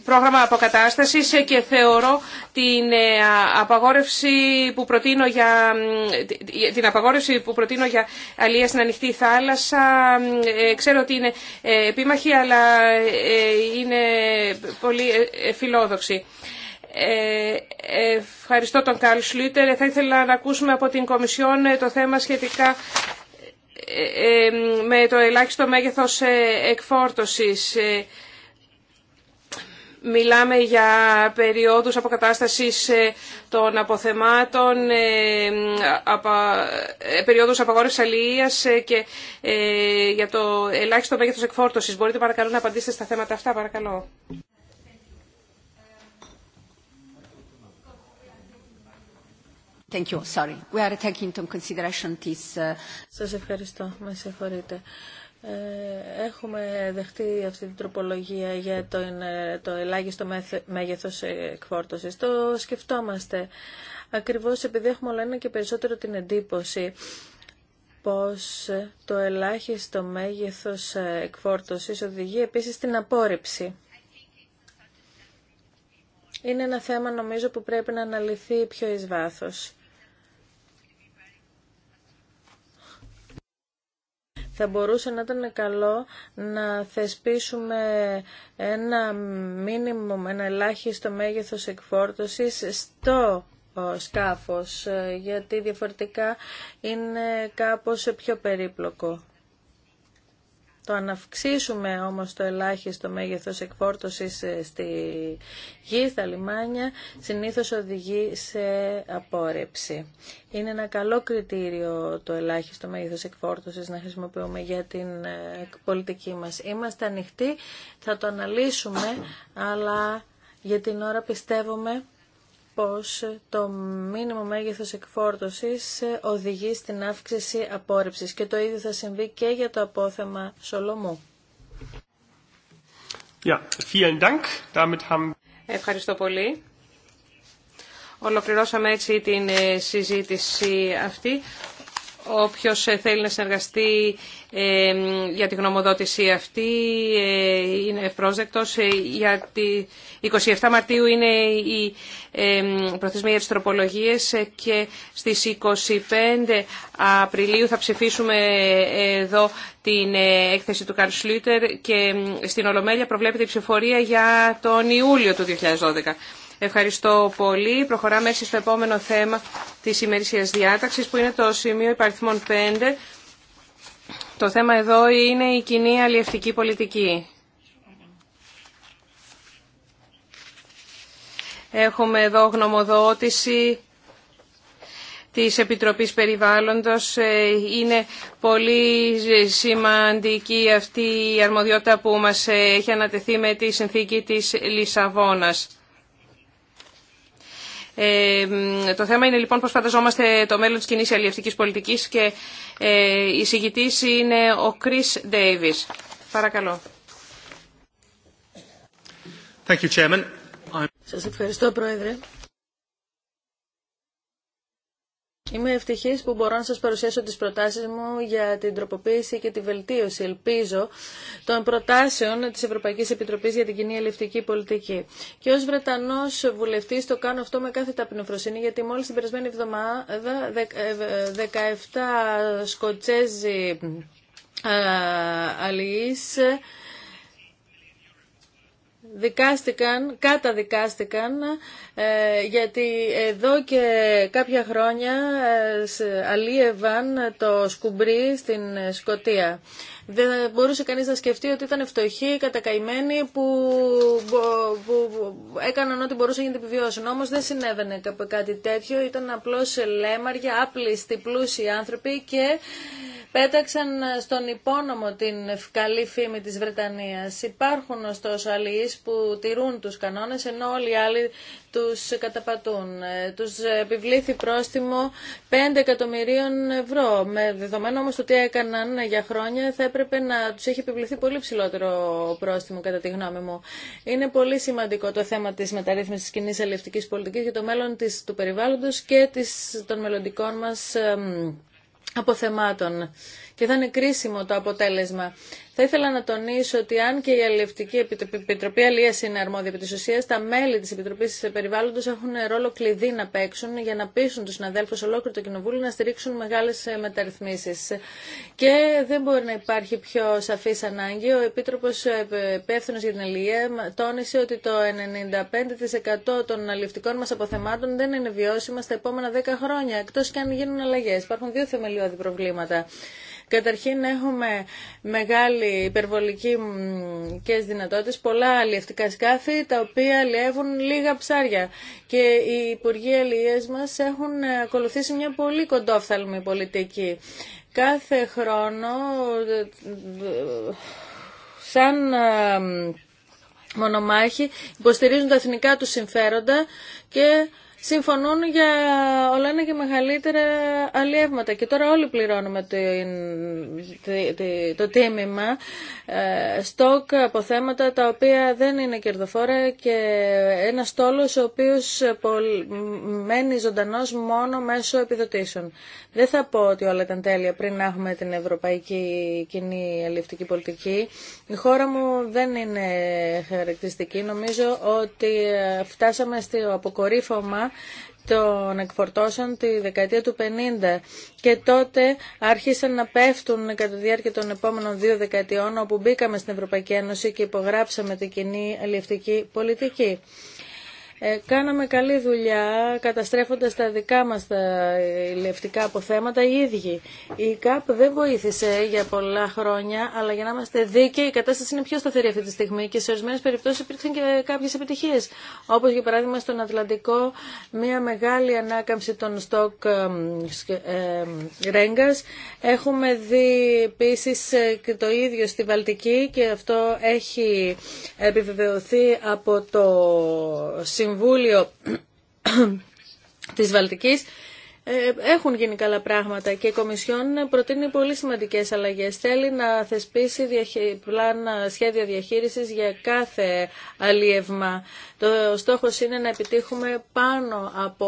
πρόγραμμα αποκατάστασης και θεωρώ την ε, απαγόρευση που προτείνω για, την απαγόρευση που προτείνω για αλία στην ανοιχτή θάλασσα. Ε, ξέρω ότι είναι ε, επίμαχη, αλλά είναι πολύ φιλόδοξη. Ε, ευχαριστώ τον Καρλ Σλίτερ. Θα ήθελα να ακούσουμε από την Κομισιόν το θέμα σχετικά με το ελάχιστο μέγεθος εκφόρτωσης. Μιλάμε για περιόδους αποκατάστασης ε, των αποθεμάτων, ε, ε, περιόδους απαγόρευσης αλληλείας και για το ελάχιστο μέγεθος εκφόρτωσης. Μπορείτε παρακαλώ να απαντήσετε στα θέματα αυτά, παρακαλώ. Σας ευχαριστώ. Με συγχωρείτε. Ε, έχουμε δεχτεί αυτή την τροπολογία για το, ε, το ελάχιστο μέγεθος εκφόρτωσης. Το σκεφτόμαστε ακριβώς επειδή έχουμε όλο ένα και περισσότερο την εντύπωση πως το ελάχιστο μέγεθος ε, εκφόρτωσης οδηγεί επίσης στην απόρριψη. Είναι ένα θέμα νομίζω που πρέπει να αναλυθεί πιο εις βάθος. Θα μπορούσε να ήταν καλό να θεσπίσουμε ένα μήνυμο, ένα ελάχιστο μέγεθος εκφόρτωσης στο σκάφος, ε, γιατί διαφορετικά είναι κάπως πιο περίπλοκο το αναυξήσουμε όμως το ελάχιστο μέγεθος εκφόρτωσης ε, στη γη, στα λιμάνια, συνήθως οδηγεί σε απόρρεψη. Είναι ένα καλό κριτήριο το ελάχιστο μέγεθος εκφόρτωσης να χρησιμοποιούμε για την ε, πολιτική μας. Είμαστε ανοιχτοί, θα το αναλύσουμε, αλλά για την ώρα πιστεύουμε πως το μήνυμο μέγεθος εκφόρτωσης οδηγεί στην αύξηση απόρριψης και το ίδιο θα συμβεί και για το απόθεμα Σολομού. Ευχαριστώ πολύ. Ολοκληρώσαμε έτσι την ε, συζήτηση αυτή. Όποιος ε, θέλει να συνεργαστεί ε, για τη γνωμοδότηση αυτή ε, είναι ευπρόσδεκτος. γιατί 27 Μαρτίου είναι η προθεσμία για τις τροπολογίες και στις 25 Απριλίου θα ψηφίσουμε εδώ την έκθεση του Καρλ Σλούτερ και στην Ολομέλεια προβλέπεται η ψηφορία για τον Ιούλιο του 2012. Ευχαριστώ πολύ. Προχωράμε έτσι στο επόμενο θέμα τη ημερησίας διάταξης που είναι το σημείο υπαριθμών 5. Το θέμα εδώ είναι η κοινή αλλιευτική πολιτική. Έχουμε εδώ γνωμοδότηση της Επιτροπής Περιβάλλοντος. Ε, είναι πολύ σημαντική αυτή η αρμοδιότητα που μας έχει ανατεθεί με τη συνθήκη της Λισαβόνας. Ε, το θέμα είναι λοιπόν πώς φανταζόμαστε το μέλλον της κοινής αλληλευτικής πολιτικής και ε, η συγκητή είναι ο Κρίς Ντέιβις. Παρακαλώ. Thank Σας ευχαριστώ, Πρόεδρε. Είμαι ευτυχής που μπορώ να σας παρουσιάσω τις προτάσεις μου για την τροποποίηση και τη βελτίωση, ελπίζω, των προτάσεων της Ευρωπαϊκής Επιτροπής για την κοινή ελευτική πολιτική. Και ως Βρετανός βουλευτής το κάνω αυτό με κάθε ταπεινοφροσύνη, γιατί μόλις την περασμένη εβδομάδα 17 ε, Σκοτσέζοι ε, αλληλεί δικάστηκαν, καταδικάστηκαν ε, γιατί εδώ και κάποια χρόνια ε, αλίευαν το σκουμπρί στην Σκοτία. Δεν μπορούσε κανείς να σκεφτεί ότι ήταν φτωχοί, κατακαημένοι που, που έκαναν ό,τι μπορούσαν για να επιβιώσουν. Όμως δεν συνέβαινε κάτι τέτοιο, ήταν απλώς λέμαρια, άπλιστοι, πλούσιοι άνθρωποι και πέταξαν ε, στον υπόνομο την καλή φήμη της Βρετανίας. Υπάρχουν ωστόσο αλληλείς που τηρούν τους κανόνες ενώ όλοι οι άλλοι τους καταπατούν. Ε, τους επιβλήθη πρόστιμο 5 εκατομμυρίων ευρώ. Με δεδομένο όμως το τι έκαναν για χρόνια θα έπρεπε να τους έχει επιβληθεί πολύ ψηλότερο πρόστιμο κατά τη γνώμη μου. Είναι πολύ σημαντικό το θέμα της μεταρρύθμισης κοινή αλληλευτικής πολιτικής για το μέλλον της, του περιβάλλοντος και της, των μελλοντικών μας αποθεμάτων και θα είναι κρίσιμο το αποτέλεσμα. Θα ήθελα να τονίσω ότι αν και η Αλληλευτική Επιτροπή Αλληλείας είναι αρμόδια επί τη ουσία, τα μέλη της Επιτροπής περιβάλλοντο έχουν ρόλο κλειδί να παίξουν για να πείσουν του συναδέλφου ολόκληρο το Κοινοβούλιο να στηρίξουν μεγάλε ε, μεταρρυθμίσεις. Και δεν μπορεί να υπάρχει πιο σαφή ανάγκη. Ο Επίτροπος ε, υπεύθυνο για την Αλληλεία τόνισε ότι το 95% των αλληλευτικών μα αποθεμάτων δεν είναι βιώσιμα στα επόμενα 10 χρόνια, Εκτό και αν γίνουν αλλαγέ. Υπάρχουν δύο θεμελιώδη προβλήματα. Καταρχήν έχουμε μεγάλη υπερβολική και δυνατότητες, πολλά αλλιευτικά σκάφη τα οποία αλλιεύουν λίγα ψάρια και οι Υπουργοί μας έχουν ε, ακολουθήσει μια πολύ κοντόφθαλμη πολιτική. Κάθε χρόνο ε, ε, σαν μονομάχη υποστηρίζουν τα εθνικά τους συμφέροντα και συμφωνούν για όλα ένα και μεγαλύτερα αλλιεύματα. Και τώρα όλοι πληρώνουμε το, το τίμημα ε, στόκ από θέματα τα οποία δεν είναι κερδοφόρα και ένα στόλος ο οποίος μένει ζωντανός μόνο μέσω επιδοτήσεων. Δεν θα πω ότι όλα ήταν τέλεια πριν να έχουμε την ευρωπαϊκή κοινή αλληλευτική πολιτική. Η χώρα μου δεν είναι χαρακτηριστική. Νομίζω ότι ε, φτάσαμε στο αποκορύφωμα των εκφορτώσεων τη δεκαετία του 50 και τότε άρχισαν να πέφτουν κατά τη διάρκεια των επόμενων δύο δεκαετιών όπου μπήκαμε στην Ευρωπαϊκή Ένωση και υπογράψαμε την κοινή αλληλευτική πολιτική. Ε, κάναμε καλή δουλειά καταστρέφοντας τα δικά μας τα ηλεκτρικά αποθέματα οι ίδιοι. Η ΚΑΠ δεν βοήθησε για πολλά χρόνια, αλλά για να είμαστε δίκαιοι η κατάσταση είναι πιο σταθερή αυτή τη στιγμή και σε ορισμένες περιπτώσεις υπήρξαν και κάποιες επιτυχίες. Όπως για παράδειγμα στον Ατλαντικό μια μεγάλη ανάκαμψη των στόκ ε, ε Έχουμε δει επίση ε, το ίδιο στη Βαλτική και αυτό έχει επιβεβαιωθεί από το Συμβούλιο της Βαλτικής ε, έχουν γίνει καλά πράγματα και η Κομισιόν προτείνει πολύ σημαντικές αλλαγές. Θέλει να θεσπίσει πλάνα σχέδια διαχείρισης για κάθε αλίευμα. Το στόχος είναι να επιτύχουμε πάνω από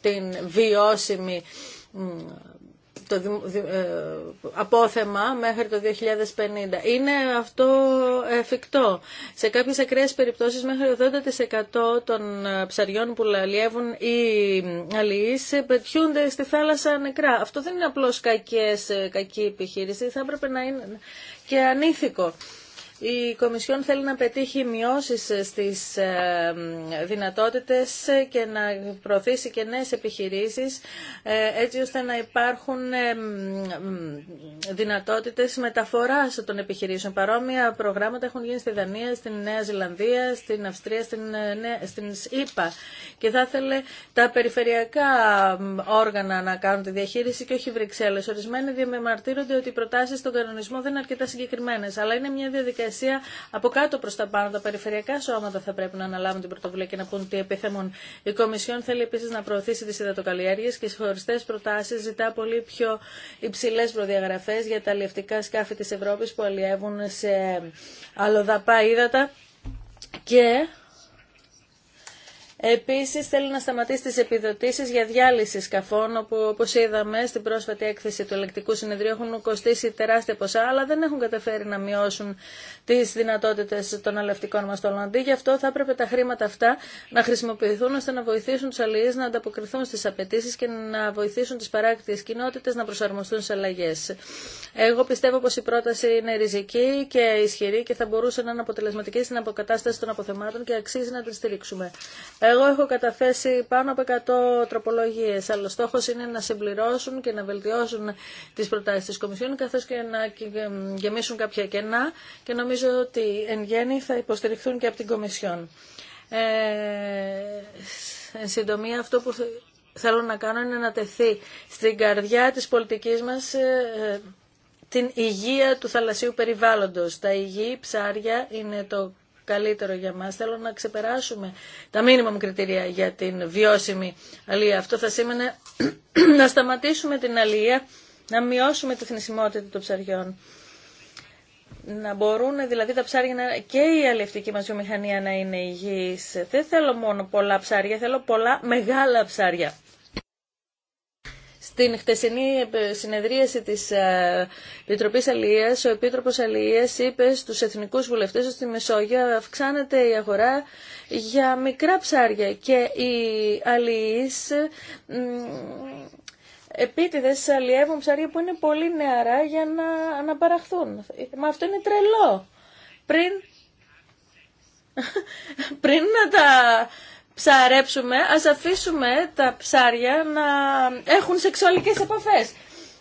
την βιώσιμη το ε, απόθεμα μέχρι το 2050. Είναι αυτό εφικτό. Σε κάποιες ακραίες περιπτώσεις μέχρι 80% των ε, ψαριών που λαλιεύουν ή αλληλείς ε, πετιούνται στη θάλασσα νεκρά. Αυτό δεν είναι απλώς κακές, κακή επιχείρηση. Θα έπρεπε να είναι και ανήθικο. Η Κομισιόν θέλει να πετύχει μειώσεις στις ε, δυνατότητες και να προωθήσει και νέες επιχειρήσεις ε, έτσι ώστε να υπάρχουν ε, δυνατότητες μεταφοράς των επιχειρήσεων. Παρόμοια προγράμματα έχουν γίνει στη Δανία, στη Νέα Ζηλανδία, στην Αυστρία, στην, στην ΣΥΠΑ και θα ήθελε τα περιφερειακά όργανα να κάνουν τη διαχείριση και όχι Βρυξέλλες. Ορισμένοι διαμεμαρτύρονται ότι οι προτάσεις στον κανονισμό δεν είναι αρκετά συγκεκριμένες, αλλά είναι μια διαδικασία από κάτω προ τα πάνω. Τα περιφερειακά σώματα θα πρέπει να αναλάβουν την πρωτοβουλία και να πούν τι επιθέμουν. Η Κομισιόν θέλει επίση να προωθήσει τι υδατοκαλλιέργειε και στι χωριστέ προτάσει ζητά πολύ πιο υψηλέ προδιαγραφέ για τα αλλιευτικά σκάφη τη Ευρώπη που αλλιεύουν σε αλλοδαπά ύδατα και Επίση, θέλει να σταματήσει τι επιδοτήσει για διάλυση σκαφών, όπου όπω είδαμε στην πρόσφατη έκθεση του ελεκτικού συνεδρίου έχουν κοστίσει τεράστια ποσά, αλλά δεν έχουν καταφέρει να μειώσουν τι δυνατότητε των αλευτικών μα στο Αντί γι' αυτό θα έπρεπε τα χρήματα αυτά να χρησιμοποιηθούν ώστε να βοηθήσουν του αλληλεί να ανταποκριθούν στις απαιτήσει και να βοηθήσουν τι παράκτιες κοινότητε να προσαρμοστούν σε αλλαγέ. Εγώ πιστεύω πω η πρόταση είναι ριζική και ισχυρή και θα μπορούσε να είναι αποτελεσματική στην αποκατάσταση των αποθεμάτων και αξίζει να τη στηρίξουμε. Εγώ έχω καταθέσει πάνω από 100 τροπολογίες, αλλά ο είναι να συμπληρώσουν και να βελτιώσουν τις προτάσεις τη Κομισιόν, καθώς και να γεμίσουν κάποια κενά και νομίζω ότι εν γέννη θα υποστηριχθούν και από την Κομισιόν. Ε, εν συντομία, αυτό που θέλω να κάνω είναι να τεθεί στην καρδιά της πολιτικής μας ε, ε, την υγεία του θαλασσίου περιβάλλοντος. Τα υγιή ψάρια είναι το καλύτερο για μας. Θέλω να ξεπεράσουμε τα μήνυμα κριτήρια για την βιώσιμη αλία. Αυτό θα σήμαινε να σταματήσουμε την αλία, να μειώσουμε τη θνησιμότητα των ψαριών. Να μπορούν δηλαδή τα ψάρια και η αλευτική μας βιομηχανία να είναι υγιής. Δεν θέλω μόνο πολλά ψάρια, θέλω πολλά μεγάλα ψάρια. Στην χτεσινή ε, συνεδρίαση της ε, Επιτροπής Αλληλείας, ο Επίτροπος Αλληλείας είπε στους εθνικούς βουλευτές ότι στη Μεσόγειο αυξάνεται η αγορά για μικρά ψάρια και οι αλληλείς επίτηδες αλλιεύουν ψάρια που είναι πολύ νεαρά για να αναπαραχθούν. Μα αυτό είναι τρελό. Πριν, πριν να τα ψαρέψουμε, ας αφήσουμε τα ψάρια να έχουν σεξουαλικές επαφές.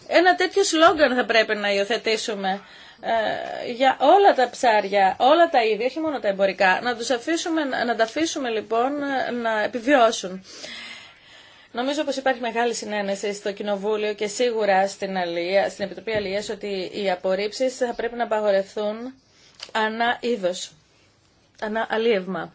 Ένα τέτοιο σλόγγαν θα πρέπει να υιοθετήσουμε ε, για όλα τα ψάρια, όλα τα είδη, όχι μόνο τα εμπορικά. Να, τους αφήσουμε, να τα αφήσουμε λοιπόν να επιβιώσουν. Νομίζω πως υπάρχει μεγάλη συνένεση στο Κοινοβούλιο και σίγουρα στην, Αλία, στην Επιτροπή Αλίας ότι οι απορρίψεις θα πρέπει να απαγορευτούν ανά είδος, ανά αλίευμα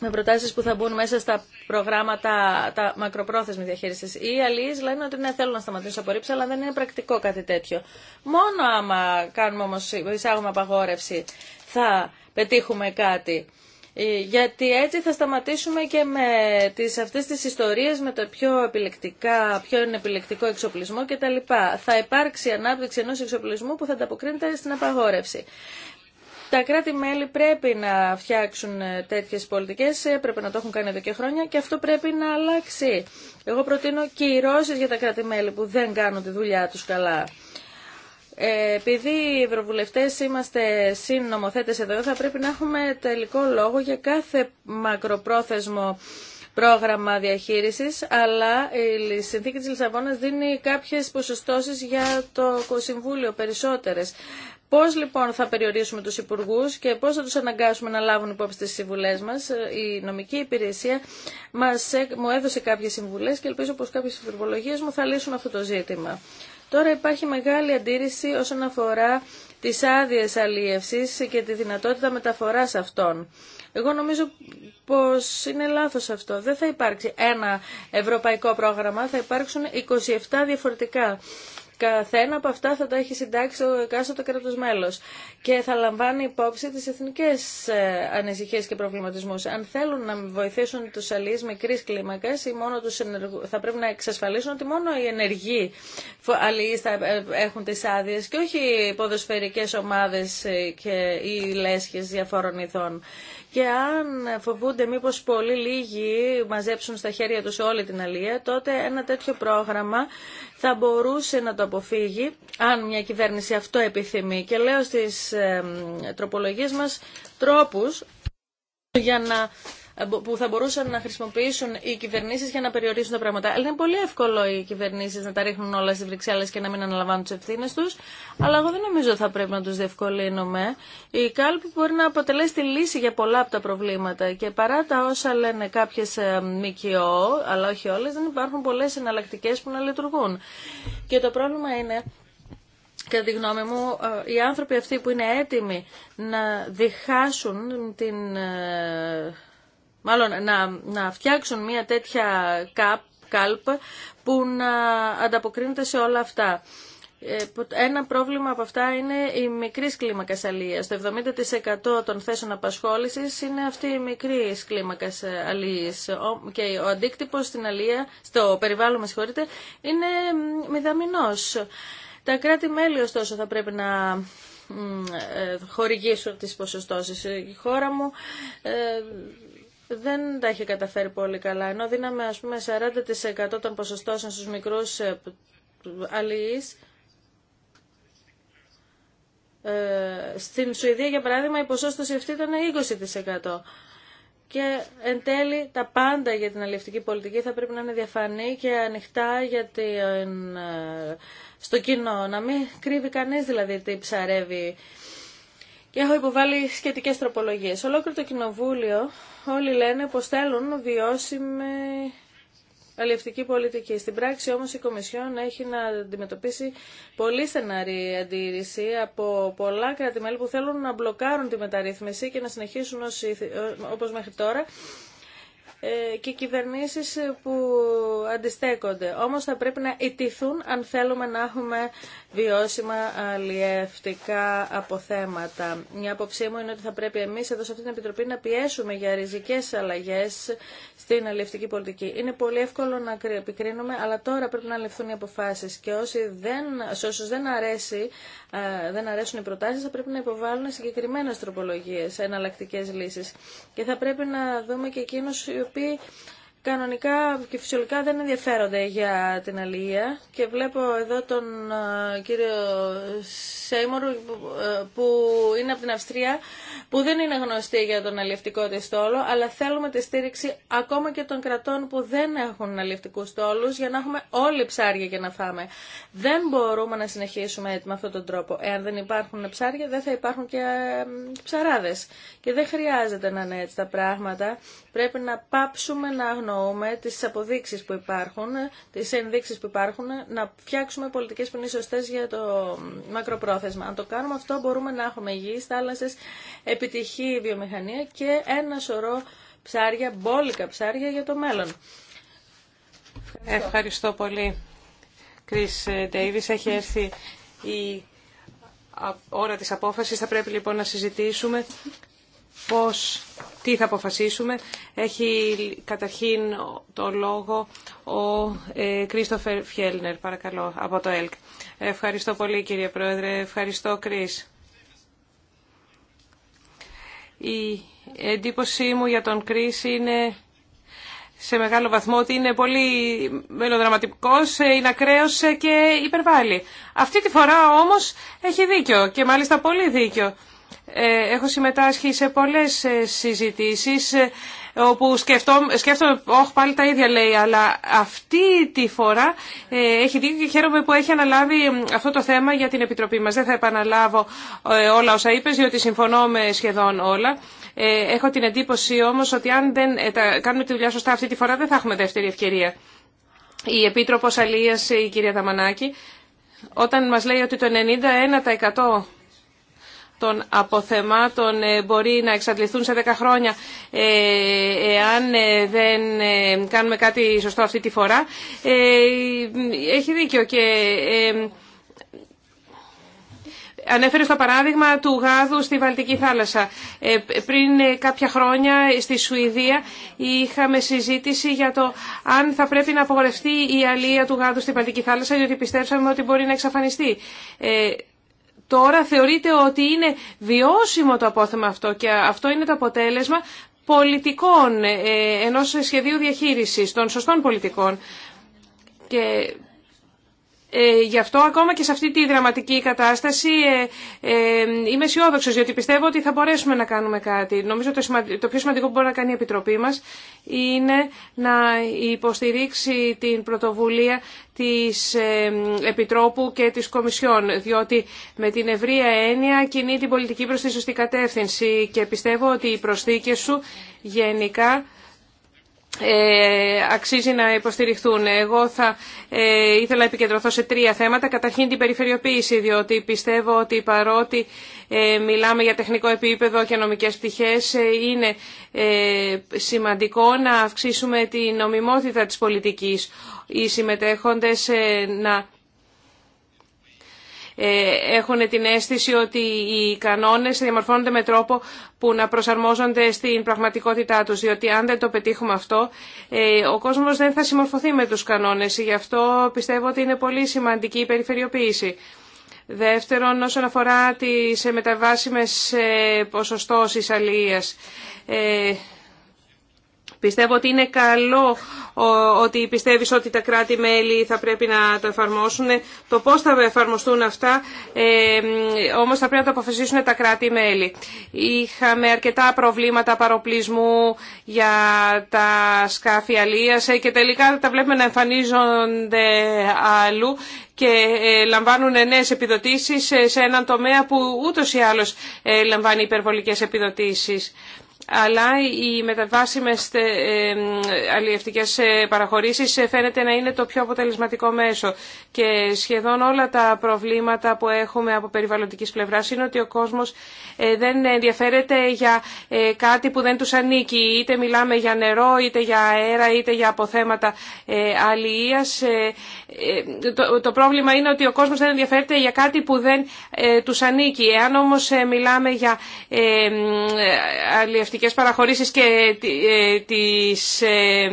με προτάσεις που θα μπουν μέσα στα προγράμματα τα μακροπρόθεσμη διαχείριση. Οι αλληλείς λένε ότι ναι θέλουν να σταματήσουν απορύψα, αλλά δεν είναι πρακτικό κάτι τέτοιο. Μόνο άμα κάνουμε όμως, εισάγουμε απαγόρευση θα πετύχουμε κάτι. Ε, γιατί έτσι θα σταματήσουμε και με τις, αυτές τις ιστορίες με το πιο, επιλεκτικά, πιο επιλεκτικό εξοπλισμό κτλ. Θα υπάρξει ανάπτυξη ενός εξοπλισμού που θα ανταποκρίνεται στην απαγόρευση. Τα κράτη-μέλη πρέπει να φτιάξουν τέτοιες πολιτικές, ε, πρέπει να το έχουν κάνει εδώ και χρόνια και αυτό πρέπει να αλλάξει. Εγώ προτείνω και για τα κράτη-μέλη που δεν κάνουν τη δουλειά τους καλά. Ε, επειδή οι ευρωβουλευτέ είμαστε συνομοθέτε εδώ, θα πρέπει να έχουμε τελικό λόγο για κάθε μακροπρόθεσμο πρόγραμμα διαχείρισης, αλλά η συνθήκη της Λισαβόνας δίνει κάποιες ποσοστώσεις για το Συμβούλιο περισσότερες. Πώ λοιπόν θα περιορίσουμε του υπουργού και πώ θα του αναγκάσουμε να λάβουν υπόψη τι συμβουλέ μα. Η νομική υπηρεσία μας, ε, μου έδωσε κάποιε συμβουλέ και ελπίζω πω κάποιε υπερβολογίες μου θα λύσουν αυτό το ζήτημα. Τώρα υπάρχει μεγάλη αντίρρηση όσον αφορά τι άδειε αλίευση και τη δυνατότητα μεταφορά αυτών. Εγώ νομίζω πω είναι λάθο αυτό. Δεν θα υπάρξει ένα ευρωπαϊκό πρόγραμμα, θα υπάρξουν 27 διαφορετικά. Καθένα από αυτά θα τα έχει συντάξει ο εκάστοτε κράτο μέλο. και θα λαμβάνει υπόψη τις εθνικές ε, ανησυχίε και προβληματισμούς. Αν θέλουν να βοηθήσουν του αλληλείς μικρή κλίμακα, θα πρέπει να εξασφαλίσουν ότι μόνο οι ενεργοί αλληλείς θα ε, έχουν τι άδειε και όχι οι ποδοσφαιρικές ομάδες ε, και οι λέσχε διαφόρων ηθών και αν φοβούνται μήπως πολύ λίγοι μαζέψουν στα χέρια τους όλη την αλία, τότε ένα τέτοιο πρόγραμμα θα μπορούσε να το αποφύγει, αν μια κυβέρνηση αυτό επιθυμεί. Και λέω στις τροπολογίε μα τρόπους για να ε, που θα μπορούσαν να χρησιμοποιήσουν οι κυβερνήσει για να περιορίσουν τα πράγματα. Αλλά είναι πολύ εύκολο οι κυβερνήσει να τα ρίχνουν όλα στι Βρυξέλλε και να μην αναλαμβάνουν τι ευθύνε του, αλλά εγώ δεν νομίζω θα πρέπει να του διευκολύνουμε. Η κάλπη μπορεί να αποτελέσει τη λύση για πολλά από τα προβλήματα και παρά τα όσα λένε κάποιες ε, ΜΚΟ, αλλά όχι όλε, δεν υπάρχουν πολλέ εναλλακτικέ που να λειτουργούν. Και το πρόβλημα είναι κατά τη γνώμη μου, ε, οι άνθρωποι αυτοί που είναι έτοιμοι να διχάσουν την μάλλον να, να φτιάξουν μια τέτοια κάπ, κάλπ που να ανταποκρίνεται σε όλα αυτά. Ε, ένα πρόβλημα από αυτά είναι η μικρή κλίμακα αλληλεία. Το 70% των θέσεων απασχόληση είναι αυτή η μικρή κλίμακα αλληλεία. Και ο αντίκτυπο στην αλληλεία, στο περιβάλλον, με συγχωρείτε, είναι μηδαμινό. Τα κράτη-μέλη, ωστόσο, θα πρέπει να ε, χορηγήσουν τις ποσοστώσεις. Η χώρα μου ε, δεν τα έχει καταφέρει πολύ καλά. Ενώ δίναμε ας πούμε 40% των ποσοστώσεων στους μικρούς ε, αλληλείς. Ε, στην Σουηδία για παράδειγμα η ποσόστοση αυτή ήταν 20%. Και εν τέλει τα πάντα για την αλληλευτική πολιτική θα πρέπει να είναι διαφανή και ανοιχτά γιατί ε, στο κοινό. Να μην κρύβει κανείς δηλαδή τι ψαρεύει. Και έχω υποβάλει σχετικές τροπολογίες. Ολόκληρο το κοινοβούλιο όλοι λένε πως θέλουν βιώσιμη αλληλευτική πολιτική. Στην πράξη όμως η Κομισιόν έχει να αντιμετωπίσει πολύ στεναρή αντίρρηση από πολλά κράτη-μέλη που θέλουν να μπλοκάρουν τη μεταρρύθμιση και να συνεχίσουν όπως μέχρι τώρα ε, και κυβερνήσεις ε, που αντιστέκονται. Όμως θα πρέπει να ιτηθούν αν θέλουμε να έχουμε βιώσιμα αλλιευτικά αποθέματα. Η άποψή μου είναι ότι θα πρέπει εμείς εδώ σε αυτή την Επιτροπή να πιέσουμε για ριζικές αλλαγές στην αλλιευτική πολιτική. Είναι πολύ εύκολο να επικρίνουμε, αλλά τώρα πρέπει να ληφθούν οι αποφάσεις και όσοι δεν, σε όσους δεν, αρέσει, δεν αρέσουν οι προτάσεις θα πρέπει να υποβάλουν συγκεκριμένες τροπολογίες, εναλλακτικές λύσεις. Και θα πρέπει να δούμε και εκείνους Επιτροπή κανονικά και φυσιολογικά δεν ενδιαφέρονται για την αλληλεία και βλέπω εδώ τον ε, κύριο Σέιμορ ε, που είναι από την Αυστρία που δεν είναι γνωστή για τον αλληλευτικό της στόλο αλλά θέλουμε τη στήριξη ακόμα και των κρατών που δεν έχουν αλληλευτικούς στόλους για να έχουμε όλοι ψάρια και να φάμε. Δεν μπορούμε να συνεχίσουμε με αυτόν τον τρόπο. Εάν δεν υπάρχουν ψάρια δεν θα υπάρχουν και ε, ψαράδες και δεν χρειάζεται να είναι έτσι τα πράγματα. Πρέπει να πάψουμε να υπονοούμε τις αποδείξεις που υπάρχουν, τις ενδείξει που υπάρχουν, να φτιάξουμε πολιτικές που είναι σωστές για το μακροπρόθεσμα. Αν το κάνουμε αυτό μπορούμε να έχουμε υγιεί θάλασσε, επιτυχή βιομηχανία και ένα σωρό ψάρια, μπόλικα ψάρια για το μέλλον. Ευχαριστώ, πολύ. Κρίς Ντέιβις, έχει έρθει η ώρα της απόφασης. Θα πρέπει λοιπόν να συζητήσουμε πώς, τι θα αποφασίσουμε. Έχει καταρχήν το λόγο ο Κρίστοφερ Φιέλνερ, παρακαλώ, από το ΕΛΚ. Ευχαριστώ πολύ κύριε Πρόεδρε, ευχαριστώ Κρίς. Η εντύπωσή μου για τον Κρίς είναι σε μεγάλο βαθμό ότι είναι πολύ μελοδραματικός, ε, είναι ακραίος ε, και υπερβάλλει. Αυτή τη φορά όμως έχει δίκιο και μάλιστα πολύ δίκιο. Ε, έχω συμμετάσχει σε πολλές ε, συζητήσεις ε, όπου σκέφτομαι, σκέφτομαι όχι πάλι τα ίδια λέει, αλλά αυτή τη φορά έχει δίκιο και χαίρομαι που έχει αναλάβει αυτό το θέμα για την Επιτροπή μας. Δεν θα επαναλάβω όλα όσα είπες, διότι συμφωνώ με σχεδόν όλα. έχω την εντύπωση όμως ότι αν δεν κάνουμε τη δουλειά σωστά αυτή τη φορά δεν θα έχουμε δεύτερη ευκαιρία. Η Επίτροπος Αλίας, η κυρία Ταμανάκη, όταν μας λέει ότι το 91% των αποθεμάτων ε, μπορεί να εξαντληθούν σε 10 χρόνια ε, εάν ε, δεν κάνουμε κάτι σωστό αυτή τη φορά. Έχει δίκιο και... Ανέφερε στο παράδειγμα του γάδου στη Βαλτική θάλασσα. Πριν κάποια χρόνια στη Σουηδία είχαμε συζήτηση για το αν θα πρέπει να απογορευτεί η αλία του γάδου στη Βαλτική θάλασσα, διότι πιστέψαμε ότι μπορεί να εξαφανιστεί τώρα θεωρείται ότι είναι βιώσιμο το απόθεμα αυτό και αυτό είναι το αποτέλεσμα πολιτικών, ε, ενός σχεδίου διαχείρισης, των σωστών πολιτικών. Και ε, γι' αυτό ακόμα και σε αυτή τη δραματική κατάσταση ε, ε είμαι αισιόδοξο, διότι πιστεύω ότι θα μπορέσουμε να κάνουμε κάτι. Νομίζω το, το πιο σημαντικό που μπορεί να κάνει η Επιτροπή μα είναι να υποστηρίξει την πρωτοβουλία της ε, Επιτρόπου και της Κομισιόν, διότι με την ευρεία έννοια κινεί την πολιτική προ τη σωστή κατεύθυνση και πιστεύω ότι οι προσθήκε σου γενικά ε, αξίζει να υποστηριχθούν. Εγώ θα ε, ήθελα να επικεντρωθώ σε τρία θέματα. Καταρχήν την περιφερειοποίηση, διότι πιστεύω ότι παρότι ε, μιλάμε για τεχνικό επίπεδο και νομικές πτυχές, είναι σημαντικό να αυξήσουμε την νομιμότητα της πολιτικής. Οι συμμετέχοντες να ε, έχουν την αίσθηση ότι οι κανόνες διαμορφώνονται με τρόπο που να προσαρμόζονται στην πραγματικότητά τους, διότι αν δεν το πετύχουμε αυτό, ε, ο κόσμος δεν θα συμμορφωθεί με τους κανόνες. Γι' αυτό πιστεύω ότι είναι πολύ σημαντική η περιφερειοποίηση. Δεύτερον, όσον αφορά τις μεταβάσιμες ε, ποσοστώσεις αλληλείας. Πιστεύω ότι είναι καλό ότι πιστεύεις ότι τα κράτη-μέλη θα πρέπει να το εφαρμόσουν. Το πώς θα εφαρμοστούν αυτά ε, όμως θα πρέπει να το αποφασίσουν τα κράτη-μέλη. Είχαμε αρκετά προβλήματα παροπλισμού για τα σκάφη αλίας ε, και τελικά τα βλέπουμε να εμφανίζονται αλλού και ε, λαμβάνουν νέε επιδοτήσεις σε έναν τομέα που ούτως ή άλλως λαμβάνει υπερβολικές επιδοτήσεις αλλά οι μεταβάσιμες ε, αλλιευτικές ε, παραχωρήσεις ε, φαίνεται να είναι το πιο αποτελεσματικό μέσο. Και σχεδόν όλα τα προβλήματα που έχουμε από περιβαλλοντικής πλευράς είναι ότι ο κόσμος δεν ενδιαφέρεται για κάτι που δεν τους ανήκει. Είτε μιλάμε για νερό, είτε για αέρα, είτε για αποθέματα αλληλείας. Το πρόβλημα είναι ότι ο κόσμος δεν ενδιαφέρεται για κάτι που δεν τους ανήκει. Εάν όμως μιλάμε για παραχωρήσεις και, ε, τις, ε,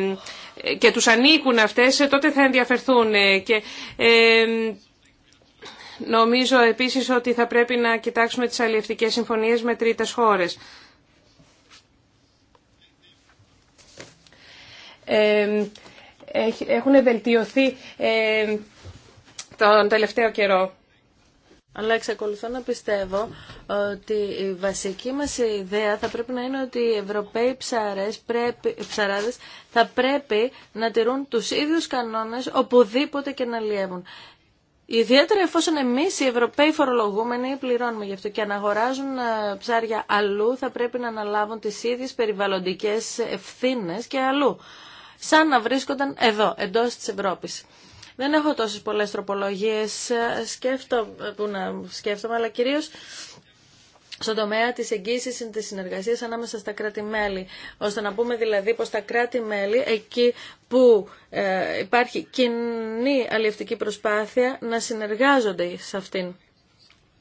και τους ανήκουν αυτές, ε, τότε θα ενδιαφερθούν. Και, νομίζω επίσης ότι θα πρέπει να κοιτάξουμε τις αλληλευτικές συμφωνίες με τρίτες χώρες. έχουν βελτιωθεί τον τελευταίο καιρό. Αλλά εξακολουθώ να πιστεύω ότι η βασική μας ιδέα θα πρέπει να είναι ότι οι Ευρωπαίοι πρέπει, ψαράδες θα πρέπει να τηρούν τους ίδιους κανόνες οπουδήποτε και να λιεύουν. Ιδιαίτερα εφόσον εμείς οι Ευρωπαίοι φορολογούμενοι πληρώνουμε γι' αυτό και αναγοράζουν ε, ψάρια αλλού θα πρέπει να αναλάβουν τις ίδιες περιβαλλοντικές ευθύνες και αλλού. Σαν να βρίσκονταν εδώ, εντός της Ευρώπης. Δεν έχω τόσες πολλές τροπολογίες, να σκέφτομαι αλλά κυρίως στον τομέα της εγγύησης και της συνεργασίας ανάμεσα στα κράτη-μέλη, ώστε να πούμε δηλαδή πως τα κράτη-μέλη εκεί που ε, υπάρχει κοινή αλληλευτική προσπάθεια να συνεργάζονται σε αυτήν.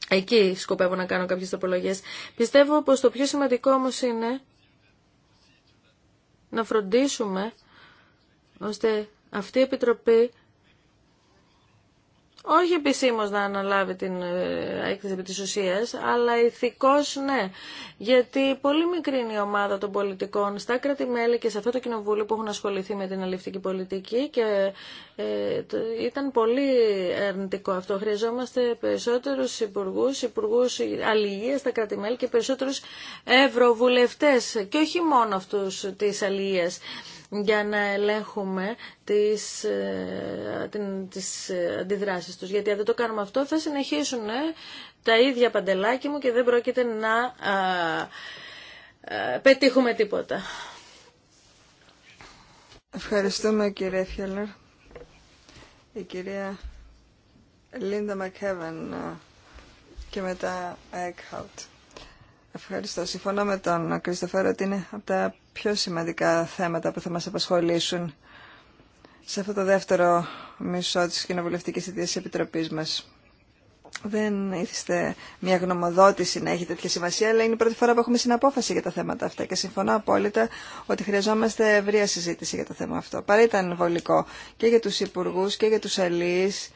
Εκεί σκοπεύω να κάνω κάποιες τροπολογίες. Πιστεύω πως το πιο σημαντικό όμως είναι να φροντίσουμε ώστε αυτή η Επιτροπή όχι επισήμω να αναλάβει την ε, έκθεση επί της ουσίας, αλλά ηθικώς ναι. Γιατί πολύ μικρή είναι η ομάδα των πολιτικών στα κράτη-μέλη και σε αυτό το κοινοβούλιο που έχουν ασχοληθεί με την αληφτική πολιτική και ε, ήταν πολύ αρνητικό αυτό. Χρειαζόμαστε περισσότερους υπουργούς, υπουργούς αλληλεία στα κράτη-μέλη και περισσότερους ευρωβουλευτές και όχι μόνο αυτούς τη αλληλείας για να ελέγχουμε τις, ε, την, τις ε, αντιδράσεις τους. Γιατί αν δεν το κάνουμε αυτό θα συνεχίσουν ε, τα ίδια παντελάκι μου και δεν πρόκειται να α, πετύχουμε τίποτα. Ευχαριστούμε κύριε Φιέλλερ. Η κυρία Λίντα Μακέβεν και μετά Eckhout. Ευχαριστώ. Συμφωνώ με τον Κριστοφέρο ότι είναι από τα πιο σημαντικά θέματα που θα μας απασχολήσουν σε αυτό το δεύτερο μισό της Κοινοβουλευτικής θετίας της Επιτροπής μας. Δεν ήθιστε μια γνωμοδότηση να έχει τέτοια σημασία, αλλά είναι η πρώτη φορά που έχουμε συναπόφαση για τα θέματα αυτά και συμφωνώ απόλυτα ότι χρειαζόμαστε ευρεία συζήτηση για το θέμα αυτό. Παρά ήταν βολικό και για τους υπουργού και για τους αλληλείς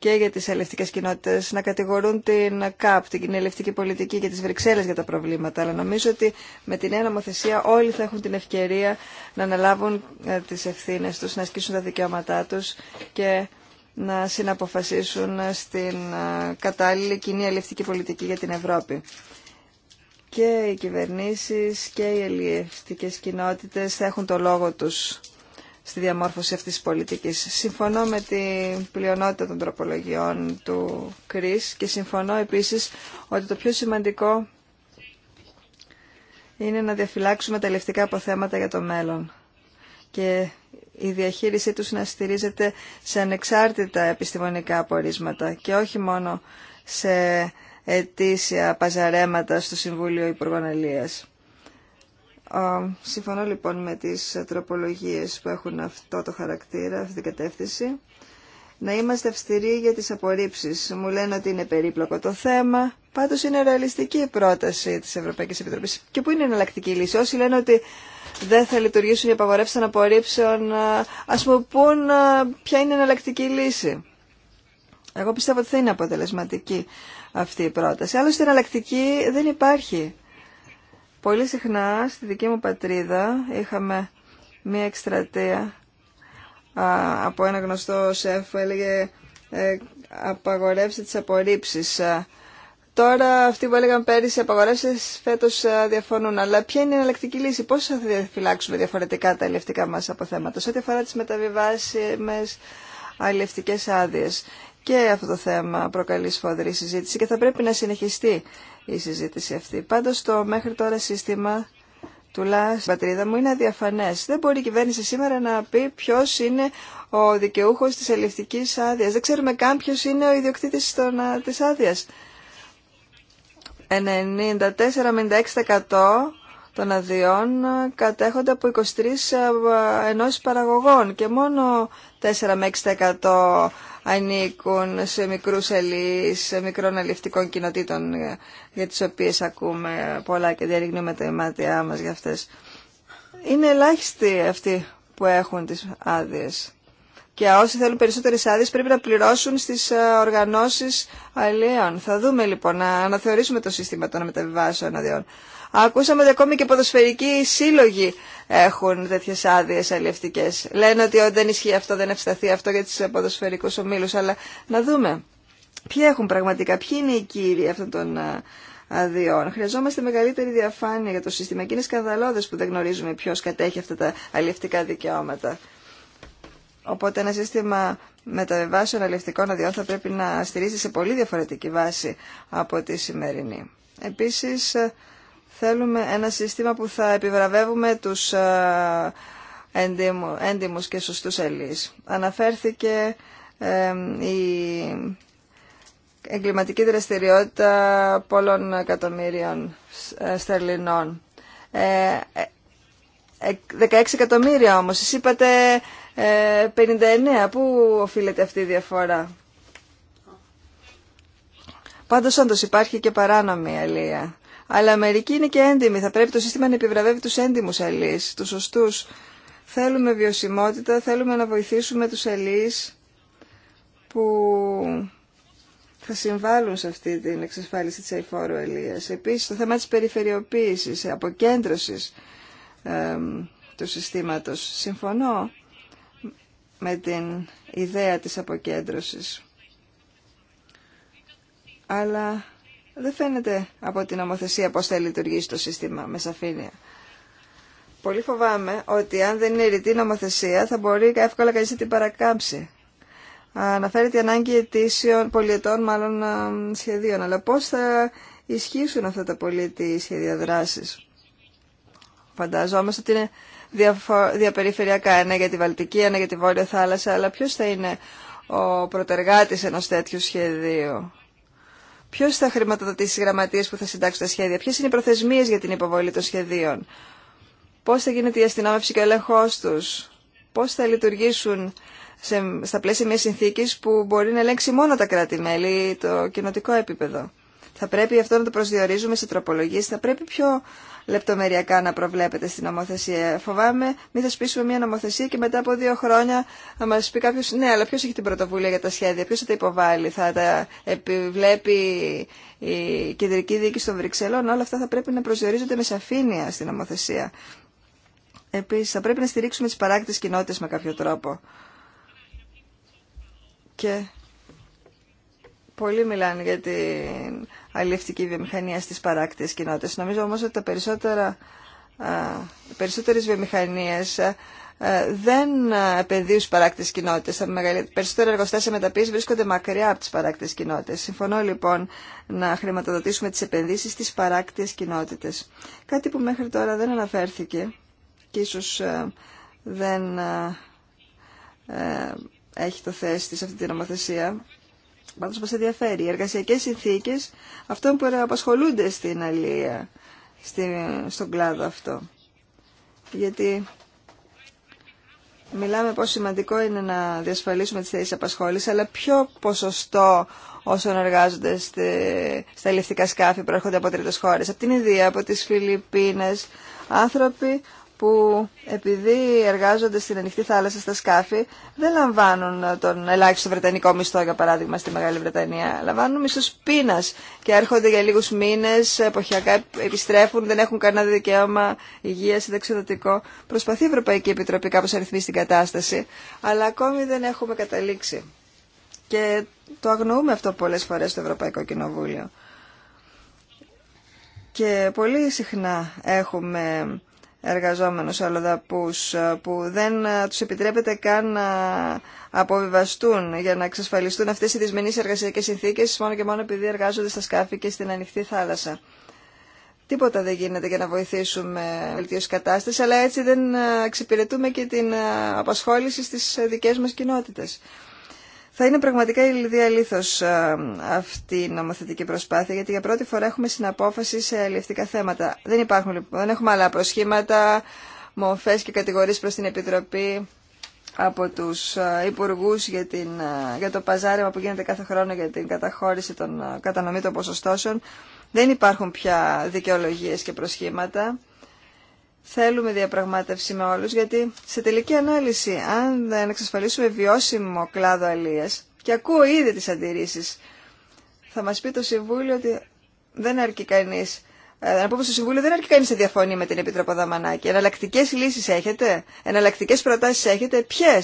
και για τις ελευτικές κοινότητες να κατηγορούν την ΚΑΠ, την ελευτική πολιτική και τις Βρυξέλλες για τα προβλήματα. Αλλά νομίζω ότι με την νέα νομοθεσία όλοι θα έχουν την ευκαιρία να αναλάβουν ε, τις ευθύνες τους, να ασκήσουν τα δικαιώματά τους και να συναποφασίσουν στην ε, κατάλληλη κοινή ελευτική πολιτική για την Ευρώπη. Και οι κυβερνήσεις και οι ελευτικές κοινότητες θα έχουν το λόγο τους στη διαμόρφωση αυτής της πολιτικής. Συμφωνώ με την πλειονότητα των τροπολογιών του ΚΡΙΣ και συμφωνώ επίσης ότι το πιο σημαντικό είναι να διαφυλάξουμε τα λευτικά αποθέματα για το μέλλον και η διαχείρισή τους να στηρίζεται σε ανεξάρτητα επιστημονικά απορίσματα και όχι μόνο σε αιτήσια παζαρέματα στο Συμβούλιο Υπουργών Συμφωνώ λοιπόν με τις τροπολογίες που έχουν αυτό το χαρακτήρα, αυτή την κατεύθυνση. Να είμαστε αυστηροί για τις απορρίψεις. Μου λένε ότι είναι περίπλοκο το θέμα. Πάντως είναι ρεαλιστική η πρόταση της Ευρωπαϊκής Επιτροπής. Και πού είναι η εναλλακτική λύση. Όσοι λένε ότι δεν θα λειτουργήσουν οι απαγορεύσεις των απορρίψεων, ας μου πούν ποια είναι η εναλλακτική λύση. Εγώ πιστεύω ότι θα είναι αποτελεσματική αυτή η πρόταση. Άλλωστε εναλλακτική δεν υπάρχει. Πολύ συχνά στη δική μου πατρίδα είχαμε μία εκστρατεία από ένα γνωστό σεφ που έλεγε ε, απαγορεύσε τις απορρίψεις. Τώρα αυτοί που έλεγαν πέρυσι απαγορεύσεις φέτος διαφωνούν. Αλλά ποια είναι η εναλλακτική λύση, πώς θα διαφυλάξουμε διαφορετικά τα ελευτικά μας αποθέματα. Σε ό,τι αφορά τις μεταβιβάσιμες αλληλευτικές άδειες. Και αυτό το θέμα προκαλεί σφοδρή συζήτηση και θα πρέπει να συνεχιστεί η συζήτηση αυτή. Πάντως το μέχρι τώρα σύστημα τουλάχιστον πατρίδα μου είναι αδιαφανές. Δεν μπορεί η κυβέρνηση σήμερα να πει ποιος είναι ο δικαιούχος της ελληνικής άδεια. Δεν ξέρουμε καν ποιος είναι ο ιδιοκτήτης των, της άδειας. 96% των αδειών κατέχονται από 23 ενώσεις παραγωγών και μόνο 4 με 6% ανήκουν σε μικρούς σε μικρών αλληλευτικών κοινοτήτων ε, για τις οποίες ακούμε πολλά και διαρριγνούμε τα μάτια μας για αυτές. Είναι ελάχιστοι αυτοί που έχουν τις άδειες. Και όσοι θέλουν περισσότερε άδειε πρέπει να πληρώσουν στι ε, οργανώσει αλλαίων. Θα δούμε λοιπόν να αναθεωρήσουμε το σύστημα των μεταβιβάσεων αδειών. Ακούσαμε ότι ακόμη και ποδοσφαιρικοί σύλλογοι έχουν τέτοιε άδειε αλλιευτικέ. Λένε ότι δεν ισχύει αυτό, δεν ευσταθεί αυτό για του ποδοσφαιρικού ομίλου. Αλλά να δούμε. Ποιοι έχουν πραγματικά, ποιοι είναι οι κύριοι αυτών των ε, αδειών. Χρειαζόμαστε μεγαλύτερη διαφάνεια για το σύστημα και είναι που δεν γνωρίζουμε ποιο κατέχει αυτά τα αλληλευτικά δικαιώματα. Οπότε ένα σύστημα μεταβιβάσεων αλληλευτικών αδειών θα πρέπει να στηρίζει σε πολύ διαφορετική βάση από τη σημερινή. Επίσης ε, θέλουμε ένα σύστημα που θα επιβραβεύουμε τους ε, έντιμους και σωστούς ελείς. Αναφέρθηκε ε, η εγκληματική δραστηριότητα πολλών εκατομμύριων στερλινών. 16 εκατομμύρια όμως. είπατε 59. Ε, πού οφείλεται αυτή η διαφορά. Πάντως όντως υπάρχει και παράνομη αλεία. Αλλά μερικοί είναι και έντιμοι. Θα πρέπει το σύστημα να επιβραβεύει τους έντιμους αλείς, τους σωστούς. Θέλουμε βιωσιμότητα, θέλουμε να βοηθήσουμε τους αλείς που θα συμβάλλουν σε αυτή την εξασφάλιση της αηφόρου αλείας. Επίσης το θέμα της περιφερειοποίησης, αποκέντρωσης του συστήματος. Συμφωνώ με την ιδέα της αποκέντρωσης. Αλλά δεν φαίνεται από την νομοθεσία πώς θα λειτουργήσει το σύστημα με σαφήνεια. Πολύ φοβάμαι ότι αν δεν είναι ρητή νομοθεσία θα μπορεί εύκολα κανείς να την παρακάμψει. Αναφέρεται η ανάγκη αιτήσεων πολιετών μάλλον σχεδίων. Αλλά πώς θα ισχύσουν αυτά τα πολιετή σχεδιαδράσεις. Φαντάζομαι ότι είναι διαπεριφερειακά, ένα για τη Βαλτική, ένα για τη Βόρεια Θάλασσα, αλλά ποιος θα είναι ο προτεργάτης ενός τέτοιου σχεδίου. Ποιο θα χρηματοδοτήσει τι γραμματείε που θα συντάξουν τα σχέδια, ποιε είναι οι προθεσμίε για την υποβολή των σχεδίων, πώ θα γίνεται η αστυνόμευση και ο ελεγχό του, πώ θα λειτουργήσουν σε, στα πλαίσια μια συνθήκη που μπορεί να ελέγξει μόνο τα κράτη-μέλη, το κοινοτικό επίπεδο. Θα πρέπει αυτό να το προσδιορίζουμε σε τροπολογίε, θα πρέπει πιο λεπτομεριακά να προβλέπετε στην νομοθεσία. Φοβάμαι μη θα σπίσουμε μια νομοθεσία και μετά από δύο χρόνια να μα πει κάποιο. ναι αλλά ποιο έχει την πρωτοβουλία για τα σχέδια, ποιο θα τα υποβάλει, θα τα επιβλέπει η κεντρική διοίκηση των Βρυξελών. Όλα αυτά θα πρέπει να προσδιορίζονται με σαφήνεια στην νομοθεσία. Επίσης θα πρέπει να στηρίξουμε τι παράκτητες κοινότητε με κάποιο τρόπο. Και πολλοί μιλάνε για την αλληλευτική βιομηχανία στις παράκτιες κοινότητες. Νομίζω όμως ότι τα περισσότερα, οι περισσότερες βιομηχανίες δεν επενδύουν στις παράκτιες κοινότητες. Τα περισσότερα εργοστάσια μεταποίησης βρίσκονται μακριά από τις παράκτε κοινότητες. Συμφωνώ λοιπόν να χρηματοδοτήσουμε τις επενδύσεις στις παράκτιες κοινότητες. Κάτι που μέχρι τώρα δεν αναφέρθηκε και ίσως δεν έχει το θέση σε αυτή την νομοθεσία Πάντως μας ενδιαφέρει. Οι εργασιακές συνθήκες αυτών που απασχολούνται στην αλία, στον κλάδο αυτό. Γιατί μιλάμε πόσο σημαντικό είναι να διασφαλίσουμε τις θέσεις απασχόλησης, αλλά ποιο ποσοστό όσων εργάζονται στα ληφτικά σκάφη προέρχονται από τρίτες χώρες. Από την Ινδία, από τις Φιλιππίνες, άνθρωποι που επειδή εργάζονται στην ανοιχτή θάλασσα στα σκάφη, δεν λαμβάνουν τον ελάχιστο βρετανικό μισθό, για παράδειγμα, στη Μεγάλη Βρετανία. Λαμβάνουν μισθούς πείνα και έρχονται για λίγους μήνες, εποχιακά επιστρέφουν, δεν έχουν κανένα δικαίωμα υγεία ή δεξιδοτικό. Προσπαθεί η Ευρωπαϊκή Επιτροπή κάπως να ρυθμίσει την κατάσταση, αλλά ακόμη δεν έχουμε καταλήξει. Και το αγνοούμε αυτό πολλές φορές στο Ευρωπαϊκό Κοινοβούλιο. Και πολύ συχνά έχουμε εργαζόμενους αλλοδαπούς ε, που δεν ε, τους επιτρέπεται καν να αποβιβαστούν για να εξασφαλιστούν αυτές οι δυσμενείς εργασιακές συνθήκες μόνο και μόνο επειδή εργάζονται στα σκάφη και στην ανοιχτή θάλασσα. Τίποτα δεν γίνεται για να βοηθήσουμε βελτίωση κατάσταση, αλλά έτσι δεν ε, εξυπηρετούμε και την απασχόληση στις δικές μας κοινότητες. Θα είναι πραγματικά η λίθος ε, αυτή η νομοθετική προσπάθεια, γιατί για πρώτη φορά έχουμε συναπόφαση σε αλληλευτικά θέματα. Δεν υπάρχουν λοιπόν, δεν έχουμε άλλα προσχήματα, μορφές και κατηγορίες προς την Επιτροπή από τους ε, υπουργού για, ε, για το παζάρεμα που γίνεται κάθε χρόνο για την καταχώρηση των κατανομή των ποσοστώσεων. Δεν υπάρχουν πια δικαιολογίες και προσχήματα θέλουμε διαπραγμάτευση με όλους, γιατί σε τελική ανάλυση, αν δεν εξασφαλίσουμε βιώσιμο κλάδο αλίας, και ακούω ήδη τις αντιρρήσεις, θα μας πει το Συμβούλιο ότι δεν αρκεί κανείς ε, να πούμε στο Συμβούλιο δεν αρκεί κανεί να διαφωνεί με την Επίτροπο Δαμανάκη. Εναλλακτικέ λύσει έχετε, εναλλακτικέ προτάσει έχετε, ποιε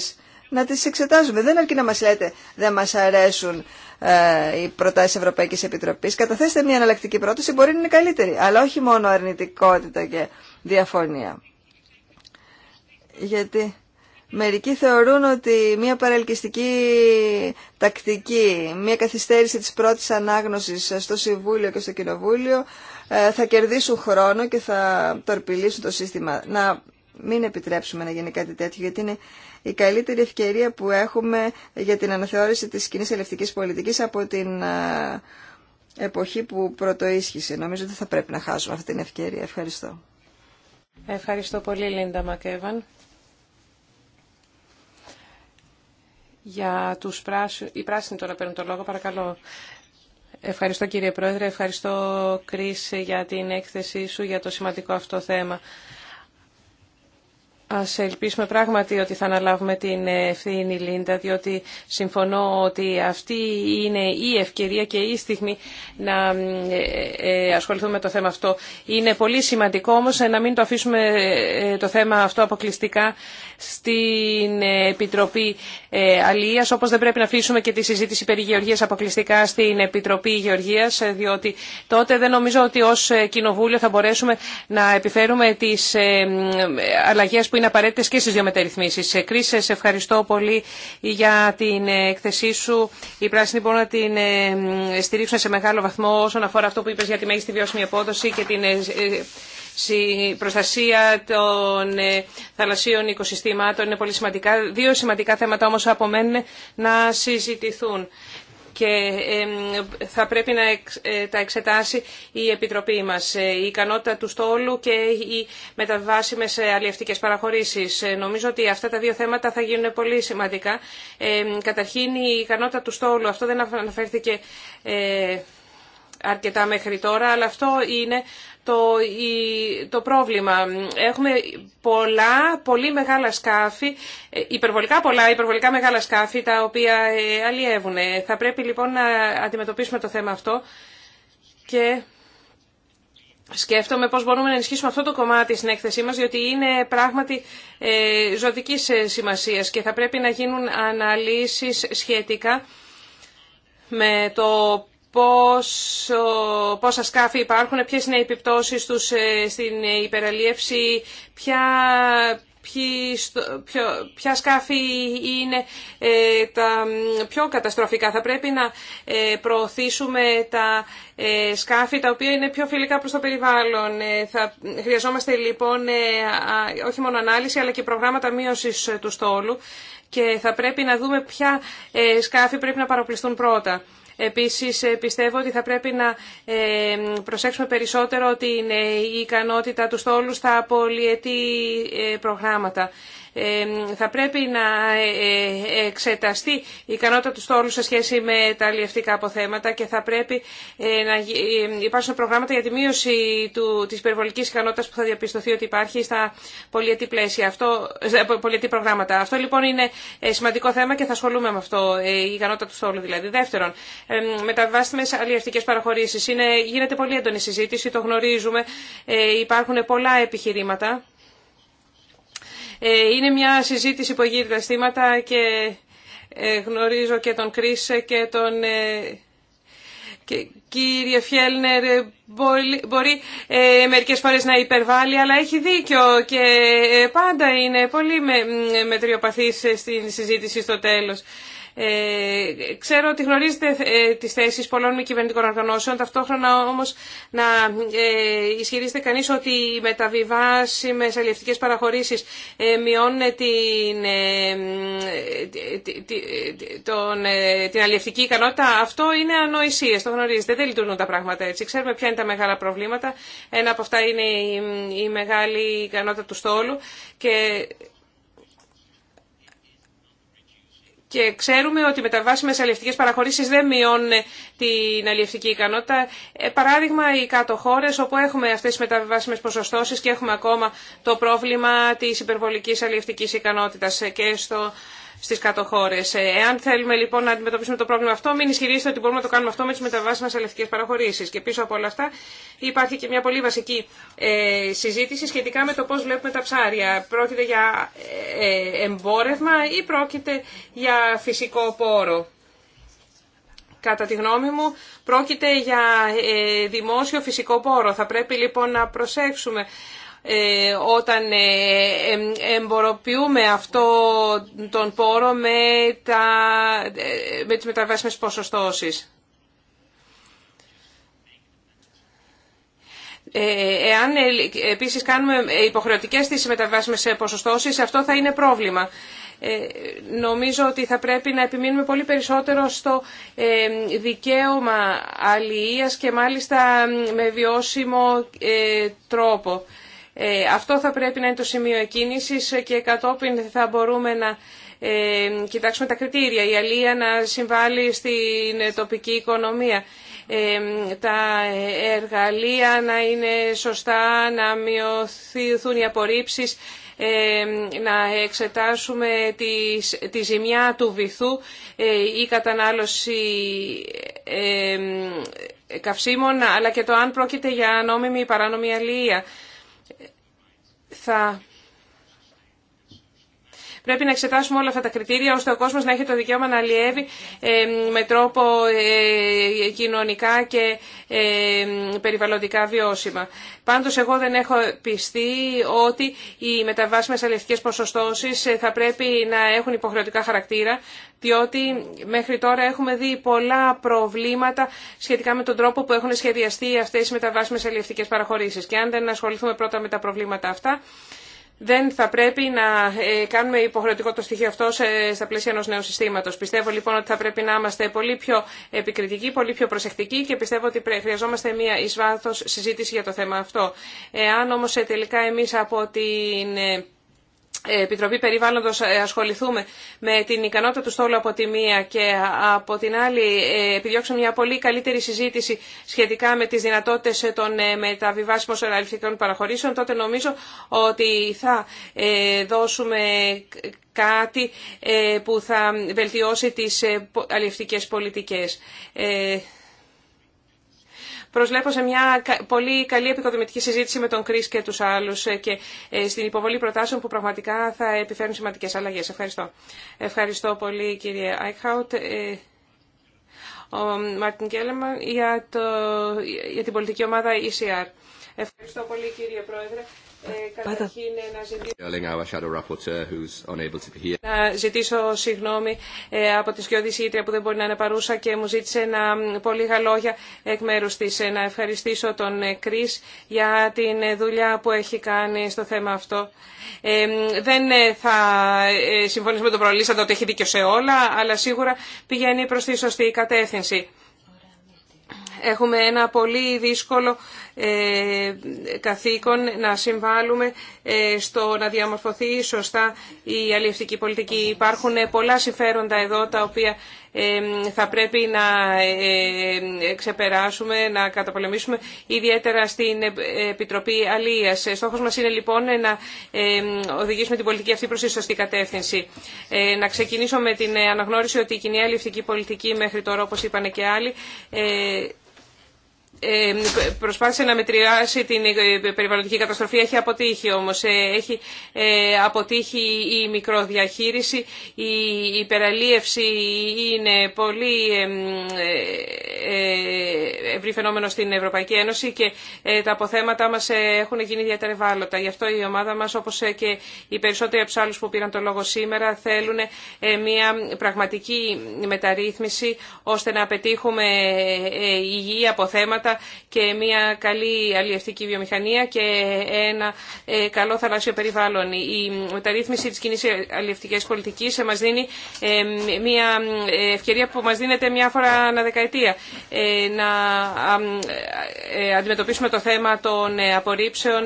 να τι εξετάζουμε. Δεν αρκεί να μα λέτε δεν μα αρέσουν ε, οι προτάσει Ευρωπαϊκή Επιτροπή. Καταθέστε μια εναλλακτική πρόταση, μπορεί να είναι καλύτερη. Αλλά όχι μόνο αρνητικότητα και διαφωνία. Γιατί μερικοί θεωρούν ότι μια παρελκυστική τακτική, μια καθυστέρηση της πρώτης ανάγνωσης στο Συμβούλιο και στο Κοινοβούλιο ε, θα κερδίσουν χρόνο και θα τορπιλήσουν το σύστημα. Να μην επιτρέψουμε να γίνει κάτι τέτοιο, γιατί είναι η καλύτερη ευκαιρία που έχουμε για την αναθεώρηση της κοινή ελευτικής πολιτικής από την ε, εποχή που πρωτοίσχυσε. Νομίζω ότι θα πρέπει να χάσουμε αυτή την ευκαιρία. Ευχαριστώ. Ευχαριστώ πολύ Λίντα Μακέβαν. Για τους πράσινους... Οι πράσινοι τώρα παίρνουν το λόγο, παρακαλώ. Ευχαριστώ κύριε Πρόεδρε, ευχαριστώ Κρίση, για την έκθεσή σου για το σημαντικό αυτό θέμα. Ας ελπίσουμε πράγματι ότι θα αναλάβουμε την ευθύνη Λίντα, διότι συμφωνώ ότι αυτή είναι η ευκαιρία και η στιγμή να ε, ε, ε, ασχοληθούμε με το θέμα αυτό. Είναι πολύ σημαντικό όμως να μην το αφήσουμε το θέμα αυτό αποκλειστικά στην ε, Επιτροπή ε, Αλίας, όπως δεν πρέπει να αφήσουμε και τη συζήτηση περί Γεωργίας αποκλειστικά στην Επιτροπή Γεωργίας, ε, διότι τότε δεν νομίζω ότι ως Κοινοβούλιο θα μπορέσουμε να επιφέρουμε τις αλλαγές που είναι απαραίτητες και στις δύο μεταρρυθμίσεις. Κρίση, σε ευχαριστώ πολύ για την εκθεσή σου. Η πράσινη μπορούν να την στηρίξουν σε μεγάλο βαθμό όσον αφορά αυτό που είπες για τη μέγιστη βιώσιμη απόδοση και την προστασία των ε, θαλασσίων οικοσυστήματων είναι πολύ σημαντικά. Δύο σημαντικά θέματα όμως απομένουν να συζητηθούν και θα πρέπει να ε, τα εξετάσει η Επιτροπή μας. Ε, η ικανότητα του στόλου και οι μεταβάσιμες αλλιευτικές παραχωρήσεις. Νομίζω ότι αυτά τα δύο θέματα θα γίνουν πολύ σημαντικά. Καταρχήν η ικανότητα του στόλου. Αυτό δεν αναφέρθηκε αρκετά μέχρι τώρα, αλλά αυτό είναι το, το πρόβλημα. Έχουμε πολλά, πολύ μεγάλα σκάφη, ε, υπερβολικά πολλά, υπερβολικά μεγάλα σκάφη, τα οποία ε, αλλιεύουν. Θα πρέπει λοιπόν να αντιμετωπίσουμε το θέμα αυτό και σκέφτομαι πώς μπορούμε να ενισχύσουμε αυτό το κομμάτι στην έκθεσή μας, διότι είναι πράγματι ε, ζωτικής ε, σημασίας και θα πρέπει να γίνουν αναλύσεις σχετικά με το πόσο, πόσα σκάφη υπάρχουν, ποιες είναι οι επιπτώσεις τους ε, στην υπεραλίευση, ποια, ποια σκάφη είναι ε, τα πιο καταστροφικά. Θα πρέπει να ε, προωθήσουμε τα σκάφη τα οποία είναι πιο φιλικά προς το περιβάλλον. Θα χρειαζόμαστε λοιπόν όχι μόνο ανάλυση αλλά και προγράμματα μείωσης του στόλου και θα πρέπει να δούμε ποια σκάφη πρέπει να παροπλιστούν πρώτα. Επίσης ε, πιστεύω ότι θα πρέπει να ε, προσέξουμε περισσότερο την ε, ικανότητα του στόλου στα πολυετή προγράμματα θα πρέπει να ε, ε, εξεταστεί η ικανότητα του στόλου σε σχέση με τα αλλιευτικά αποθέματα και θα πρέπει ε, να υπάρξουν προγράμματα για τη μείωση του, της ικανότητα ικανότητας που θα διαπιστωθεί ότι υπάρχει στα πολιετή πλαίσια, αυτό, πολιετή προγράμματα. Αυτό λοιπόν είναι σημαντικό θέμα και θα ασχολούμαι με αυτό, η ικανότητα του στόλου δηλαδή. Δεύτερον, με μεταβάσιμες αλλιευτικές παραχωρήσεις. Είναι, γίνεται πολύ έντονη συζήτηση, το γνωρίζουμε, υπάρχουν πολλά επιχειρήματα ε, είναι μια συζήτηση που έχει τα στήματα και ε, γνωρίζω και τον Κρίσε και τον... Ε, και, κύριε Φιέλνερ, μπορεί, μπορεί ε, μερικές φορές να υπερβάλλει, αλλά έχει δίκιο και πάντα είναι πολύ με, μετριοπαθής στην συζήτηση στο τέλος. Ε, ξέρω ότι γνωρίζετε ε, τις θέσεις πολλών μη κυβερνητικών οργανώσεων, ταυτόχρονα όμως να ε, ισχυρίζεται κανείς ότι οι με αλληλευτικές παραχωρήσεις μειώνουν την, τον, την αλληλευτική ικανότητα, αυτό είναι ανοησίες, το γνωρίζετε, δεν λειτουργούν τα πράγματα έτσι. Ξέρουμε ποια είναι τα μεγάλα προβλήματα, ένα από αυτά είναι η, η μεγάλη ικανότητα του στόλου και Και ξέρουμε ότι οι μεταβάσιμε αλληλευτικέ παραχωρήσει δεν μειώνουν την αλληλευτική ικανότητα. Ε, παράδειγμα, οι κάτω χώρε όπου έχουμε αυτέ τι μεταβάσιμε ποσοστώσει και έχουμε ακόμα το πρόβλημα τη υπερβολική αλληλευτική ικανότητα. Ε, και στο στι κατοχώρε. Ε, εάν θέλουμε λοιπόν να αντιμετωπίσουμε το πρόβλημα αυτό, μην ισχυρίζετε ότι μπορούμε να το κάνουμε αυτό με τι μεταβάσει μα ελευθερικέ παραχωρήσει. Και πίσω από όλα αυτά υπάρχει και μια πολύ βασική ε, συζήτηση σχετικά με το πώ βλέπουμε τα ψάρια. Πρόκειται για ε, εμπόρευμα ή πρόκειται για φυσικό πόρο. Κατά τη γνώμη μου, πρόκειται για δημόσιο φυσικό πόρο. Θα πρέπει λοιπόν να προσέξουμε ε, όταν ε, εμποροποιούμε αυτό τον πόρο με, τα, ε, με τις μεταβάσιμες ποσοστώσεις. Εάν επίσης κάνουμε υποχρεωτικές τις μεταβάσιμες ποσοστώσεις, αυτό θα είναι πρόβλημα. Νομίζω ότι θα πρέπει να επιμείνουμε πολύ περισσότερο στο δικαίωμα αλληλείας και μάλιστα με βιώσιμο τρόπο. Ε, αυτό θα πρέπει να είναι το σημείο εκκίνησης και κατόπιν θα μπορούμε να ε, κοιτάξουμε τα κριτήρια. Η αλία να συμβάλλει στην τοπική οικονομία. Ε, τα εργαλεία να είναι σωστά, να μειωθούν οι απορρίψεις, να εξετάσουμε τη, τη ζημιά του βυθού ή κατανάλωση καυσίμων, αλλά και το αν πρόκειται για νόμιμη ή παράνομη αλληλεία θα Πρέπει να εξετάσουμε όλα αυτά τα κριτήρια ώστε ο κόσμος να έχει το δικαίωμα να αλλιεύει ε, με τρόπο ε, κοινωνικά και ε, περιβαλλοντικά βιώσιμα. Πάντως εγώ δεν έχω πιστεί ότι οι μεταβάσιμες αλληλευτικές ποσοστώσεις θα πρέπει να έχουν υποχρεωτικά χαρακτήρα, διότι μέχρι τώρα έχουμε δει πολλά προβλήματα σχετικά με τον τρόπο που έχουν σχεδιαστεί αυτές οι μεταβάσιμες αλληλευτικές παραχωρήσεις. Και αν δεν ασχοληθούμε πρώτα με τα προβλήματα αυτά, δεν θα πρέπει να ε, κάνουμε υποχρεωτικό το στοιχείο αυτό στα πλαίσια ενό νέου συστήματο. Πιστεύω λοιπόν ότι θα πρέπει να είμαστε πολύ πιο επικριτικοί, πολύ πιο προσεκτικοί και πιστεύω ότι χρειαζόμαστε μια ει συζήτηση για το θέμα αυτό. Εάν όμω ε, τελικά εμεί από την ε, Επιτροπή Περιβάλλοντος ε, ασχοληθούμε με την ικανότητα του στόλου από τη μία και ε, από την άλλη ε, επιδιώξουμε μια πολύ καλύτερη συζήτηση σχετικά με τις δυνατότητες των μεταβιβάσιμων αλληλευτικών παραχωρήσεων, τότε νομίζω ότι θα δώσουμε κάτι που θα βελτιώσει τις αλληλευτικές πολιτικές. Προσβλέπω σε μια πολύ καλή επικοδομητική συζήτηση με τον Κρι και του άλλου ε, και ε, στην υποβολή προτάσεων που πραγματικά θα επιφέρουν σημαντικέ αλλαγέ. Ευχαριστώ. Ευχαριστώ πολύ, κύριε Άικχαουτ. Ε, ο Μάρτιν Κέλεμαν για, για την πολιτική ομάδα ECR. Ευχαριστώ πολύ, κύριε Πρόεδρε. Ε, καταρχήν να ζητήσω συγγνώμη ε, από τη Σκιώδη Σίτρια που δεν μπορεί να είναι παρούσα και μου ζήτησε να πω λίγα λόγια εκ μέρους της. Ε, να ευχαριστήσω τον Κρίς για την δουλειά που έχει κάνει στο θέμα αυτό. δεν θα συμφωνήσω με τον προλήσαντο ότι έχει δίκιο σε όλα, αλλά σίγουρα πηγαίνει προς τη σωστή κατεύθυνση. Έχουμε ένα πολύ δύσκολο ε, καθήκον να συμβάλλουμε ε, στο να διαμορφωθεί σωστά η αλληλευτική πολιτική. Υπάρχουν πολλά συμφέροντα εδώ τα οποία ε, θα πρέπει να ξεπεράσουμε, να καταπολεμήσουμε, ιδιαίτερα στην Επιτροπή Αλίας. Στόχος μας είναι λοιπόν να οδηγήσουμε την πολιτική αυτή προς τη σωστή κατεύθυνση. Να ξεκινήσω με την αναγνώριση ότι η κοινή αλληλευτική πολιτική μέχρι τώρα, όπως είπαν και άλλοι, προσπάθησε να μετριάσει την ε, περιβαλλοντική καταστροφή. Έχει αποτύχει όμως. Ε, έχει ε, αποτύχει η μικροδιαχείριση. Η υπεραλίευση είναι πολύ ευρύ φαινόμενο στην Ευρωπαϊκή Ένωση και τα αποθέματα μας έχουν γίνει ιδιαίτερα ευάλωτα. Γι' αυτό η ομάδα μας, όπως και οι περισσότεροι από άλλους που πήραν το λόγο σήμερα, θέλουν μια πραγματική μεταρρύθμιση ώστε να πετύχουμε υγιή αποθέματα και μια καλή αλλιευτική βιομηχανία και ένα ε, καλό θαλάσσιο περιβάλλον. Η μεταρρύθμιση της κοινής αλλιευτικής πολιτικής μας δίνει ε, μια ε, ευκαιρία που μας δίνεται μια φορά ανά να αντιμετωπίσουμε το θέμα των απορρίψεων,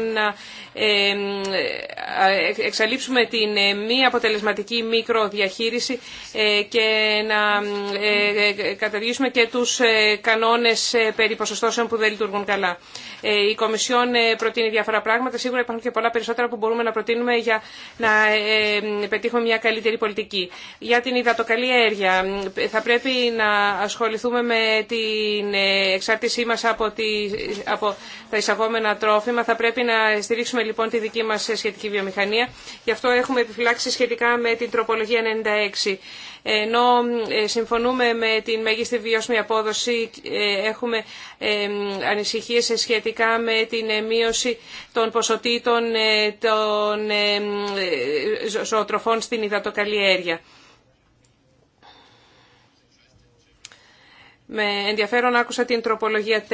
εξαλείψουμε την ε, μη αποτελεσματική μικροδιαχείριση ε, και να ε, καταργήσουμε και τους κανόνες περί ποσοστώσεων που δεν λειτουργούν καλά. Η Κομισιόν προτείνει διάφορα πράγματα. Σίγουρα υπάρχουν και πολλά περισσότερα που μπορούμε να προτείνουμε για να πετύχουμε μια καλύτερη πολιτική. Για την υδατοκαλλιέργεια θα πρέπει να ασχοληθούμε με την εξάρτησή μας από, από τα εισαγόμενα τρόφιμα. Θα πρέπει να στηρίξουμε ακολουθούμε λοιπόν τη δική μας σχετική βιομηχανία. Γι' αυτό έχουμε επιφυλάξει σχετικά με την τροπολογία 96. Ενώ ε, συμφωνούμε με την μέγιστη βιώσιμη απόδοση, ε, έχουμε ε, ανησυχίες σχετικά με την μείωση των ποσοτήτων των ζωοτροφών στην υδατοκαλλιέργεια. Με ενδιαφέρον άκουσα την τροπολογία 4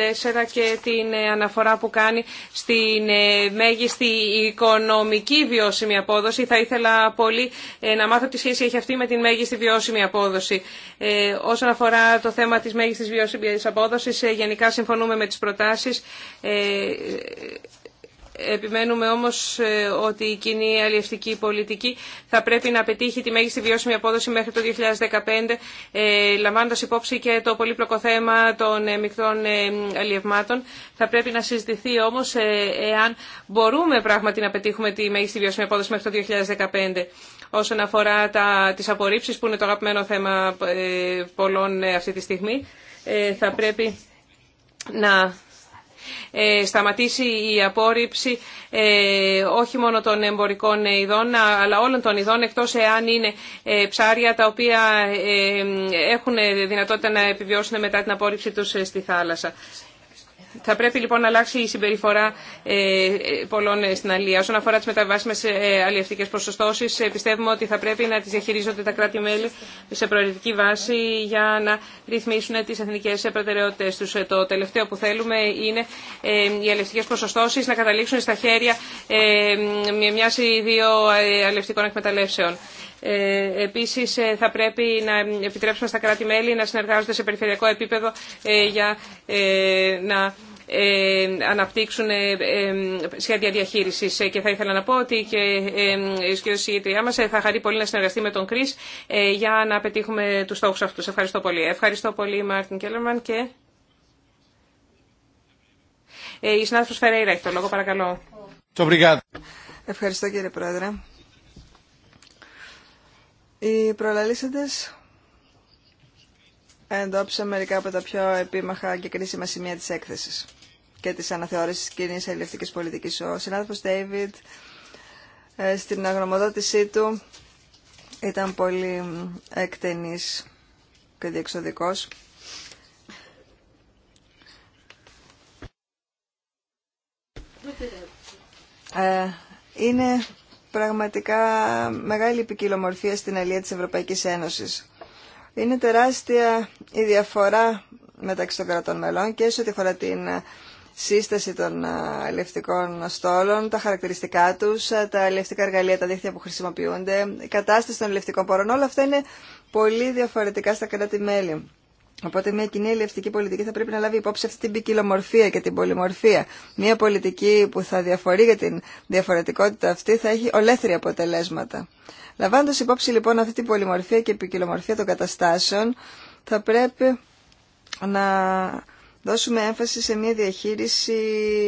και την ε, αναφορά που κάνει στην ε, μέγιστη οικονομική βιώσιμη απόδοση. Θα ήθελα πολύ ε, να μάθω τι σχέση έχει αυτή με την μέγιστη βιώσιμη απόδοση. Όσον αφορά το θέμα της μέγιστης βιώσιμης απόδοσης, γενικά συμφωνούμε με τις προτάσεις. Επιμένουμε όμως ε, ότι η κοινή αλλιευτική πολιτική θα πρέπει να πετύχει τη μέγιστη βιώσιμη απόδοση μέχρι το 2015, ε, λαμβάνοντας υπόψη και το πολύπλοκο θέμα των ε, μικρών αλλιευμάτων. Θα πρέπει να συζητηθεί όμως εάν μπορούμε πράγματι να πετύχουμε τη μέγιστη βιώσιμη απόδοση μέχρι το 2015. Όσον αφορά τα, τις που είναι το αγαπημένο θέμα πολλών αυτή τη στιγμή, θα πρέπει να ε, σταματήσει η απόρριψη ε, όχι μόνο των εμπορικών ειδών αλλά όλων των ειδών εκτός εάν είναι ε, ψάρια τα οποία έχουν δυνατότητα να επιβιώσουν μετά την απόρριψη τους στη θάλασσα. Θα πρέπει λοιπόν να αλλάξει η συμπεριφορά ε, πολλών ε, στην Αλία. Όσον αφορά τι μεταβάσιμε αλλιευτικέ ποσοστώσει, ε, πιστεύουμε ότι θα πρέπει να τι διαχειρίζονται τα κράτη-μέλη σε προαιρετική βάση για να ρυθμίσουν τι εθνικέ προτεραιότητε του. Το τελευταίο που θέλουμε είναι οι αλλιευτικέ ποσοστώσει να καταλήξουν στα χέρια μια ή δύο αλληλευτικών εκμεταλλεύσεων. Ε, επίσης ε, θα πρέπει να επιτρέψουμε στα κράτη-μέλη να συνεργάζονται σε περιφερειακό επίπεδο ε, για να αναπτύξουν σχέδια διαχείρισης. Και θα ήθελα να πω ότι και η κύριος μα μας θα χαρεί πολύ να συνεργαστεί με τον Κρίς για να πετύχουμε τους στόχου αυτούς. Ευχαριστώ πολύ. Ευχαριστώ πολύ Μάρτιν Κέλλερμαν και... Η συνάδελφο Φεραίρα έχει το λόγο, παρακαλώ. Ευχαριστώ κύριε Πρόεδρε. Οι προλαλήσαντες εντόπισαν μερικά από τα πιο επίμαχα και κρίσιμα σημεία της έκθεσης και της αναθεώρησης της κοινής αλληλευτικής πολιτικής. Ο συνάδελφος Ντέιβιντ ε, στην αγνομοδότησή του ήταν πολύ εκτενής και διεξοδικός. Ε, είναι πραγματικά μεγάλη ποικιλομορφία στην αλληλεία της Ευρωπαϊκής Ένωσης. Είναι τεράστια η διαφορά μεταξύ των κρατών μελών και σε ό,τι αφορά την ε, σύσταση των ε, αλληλευτικών στόλων, τα χαρακτηριστικά τους, ε, τα αλληλευτικά εργαλεία, τα δίχτυα που χρησιμοποιούνται, η κατάσταση των αλληλευτικών πόρων, όλα αυτά είναι πολύ διαφορετικά στα κράτη-μέλη. Οπότε μια κοινή ελευθερική πολιτική θα πρέπει να λάβει υπόψη αυτή την ποικιλομορφία και την πολυμορφία. Μια πολιτική που θα διαφορεί για την διαφορετικότητα αυτή θα έχει ολέθρια αποτελέσματα. Λαμβάνοντα υπόψη λοιπόν αυτή την πολυμορφία και ποικιλομορφία των καταστάσεων, θα πρέπει να δώσουμε έμφαση σε μια διαχείριση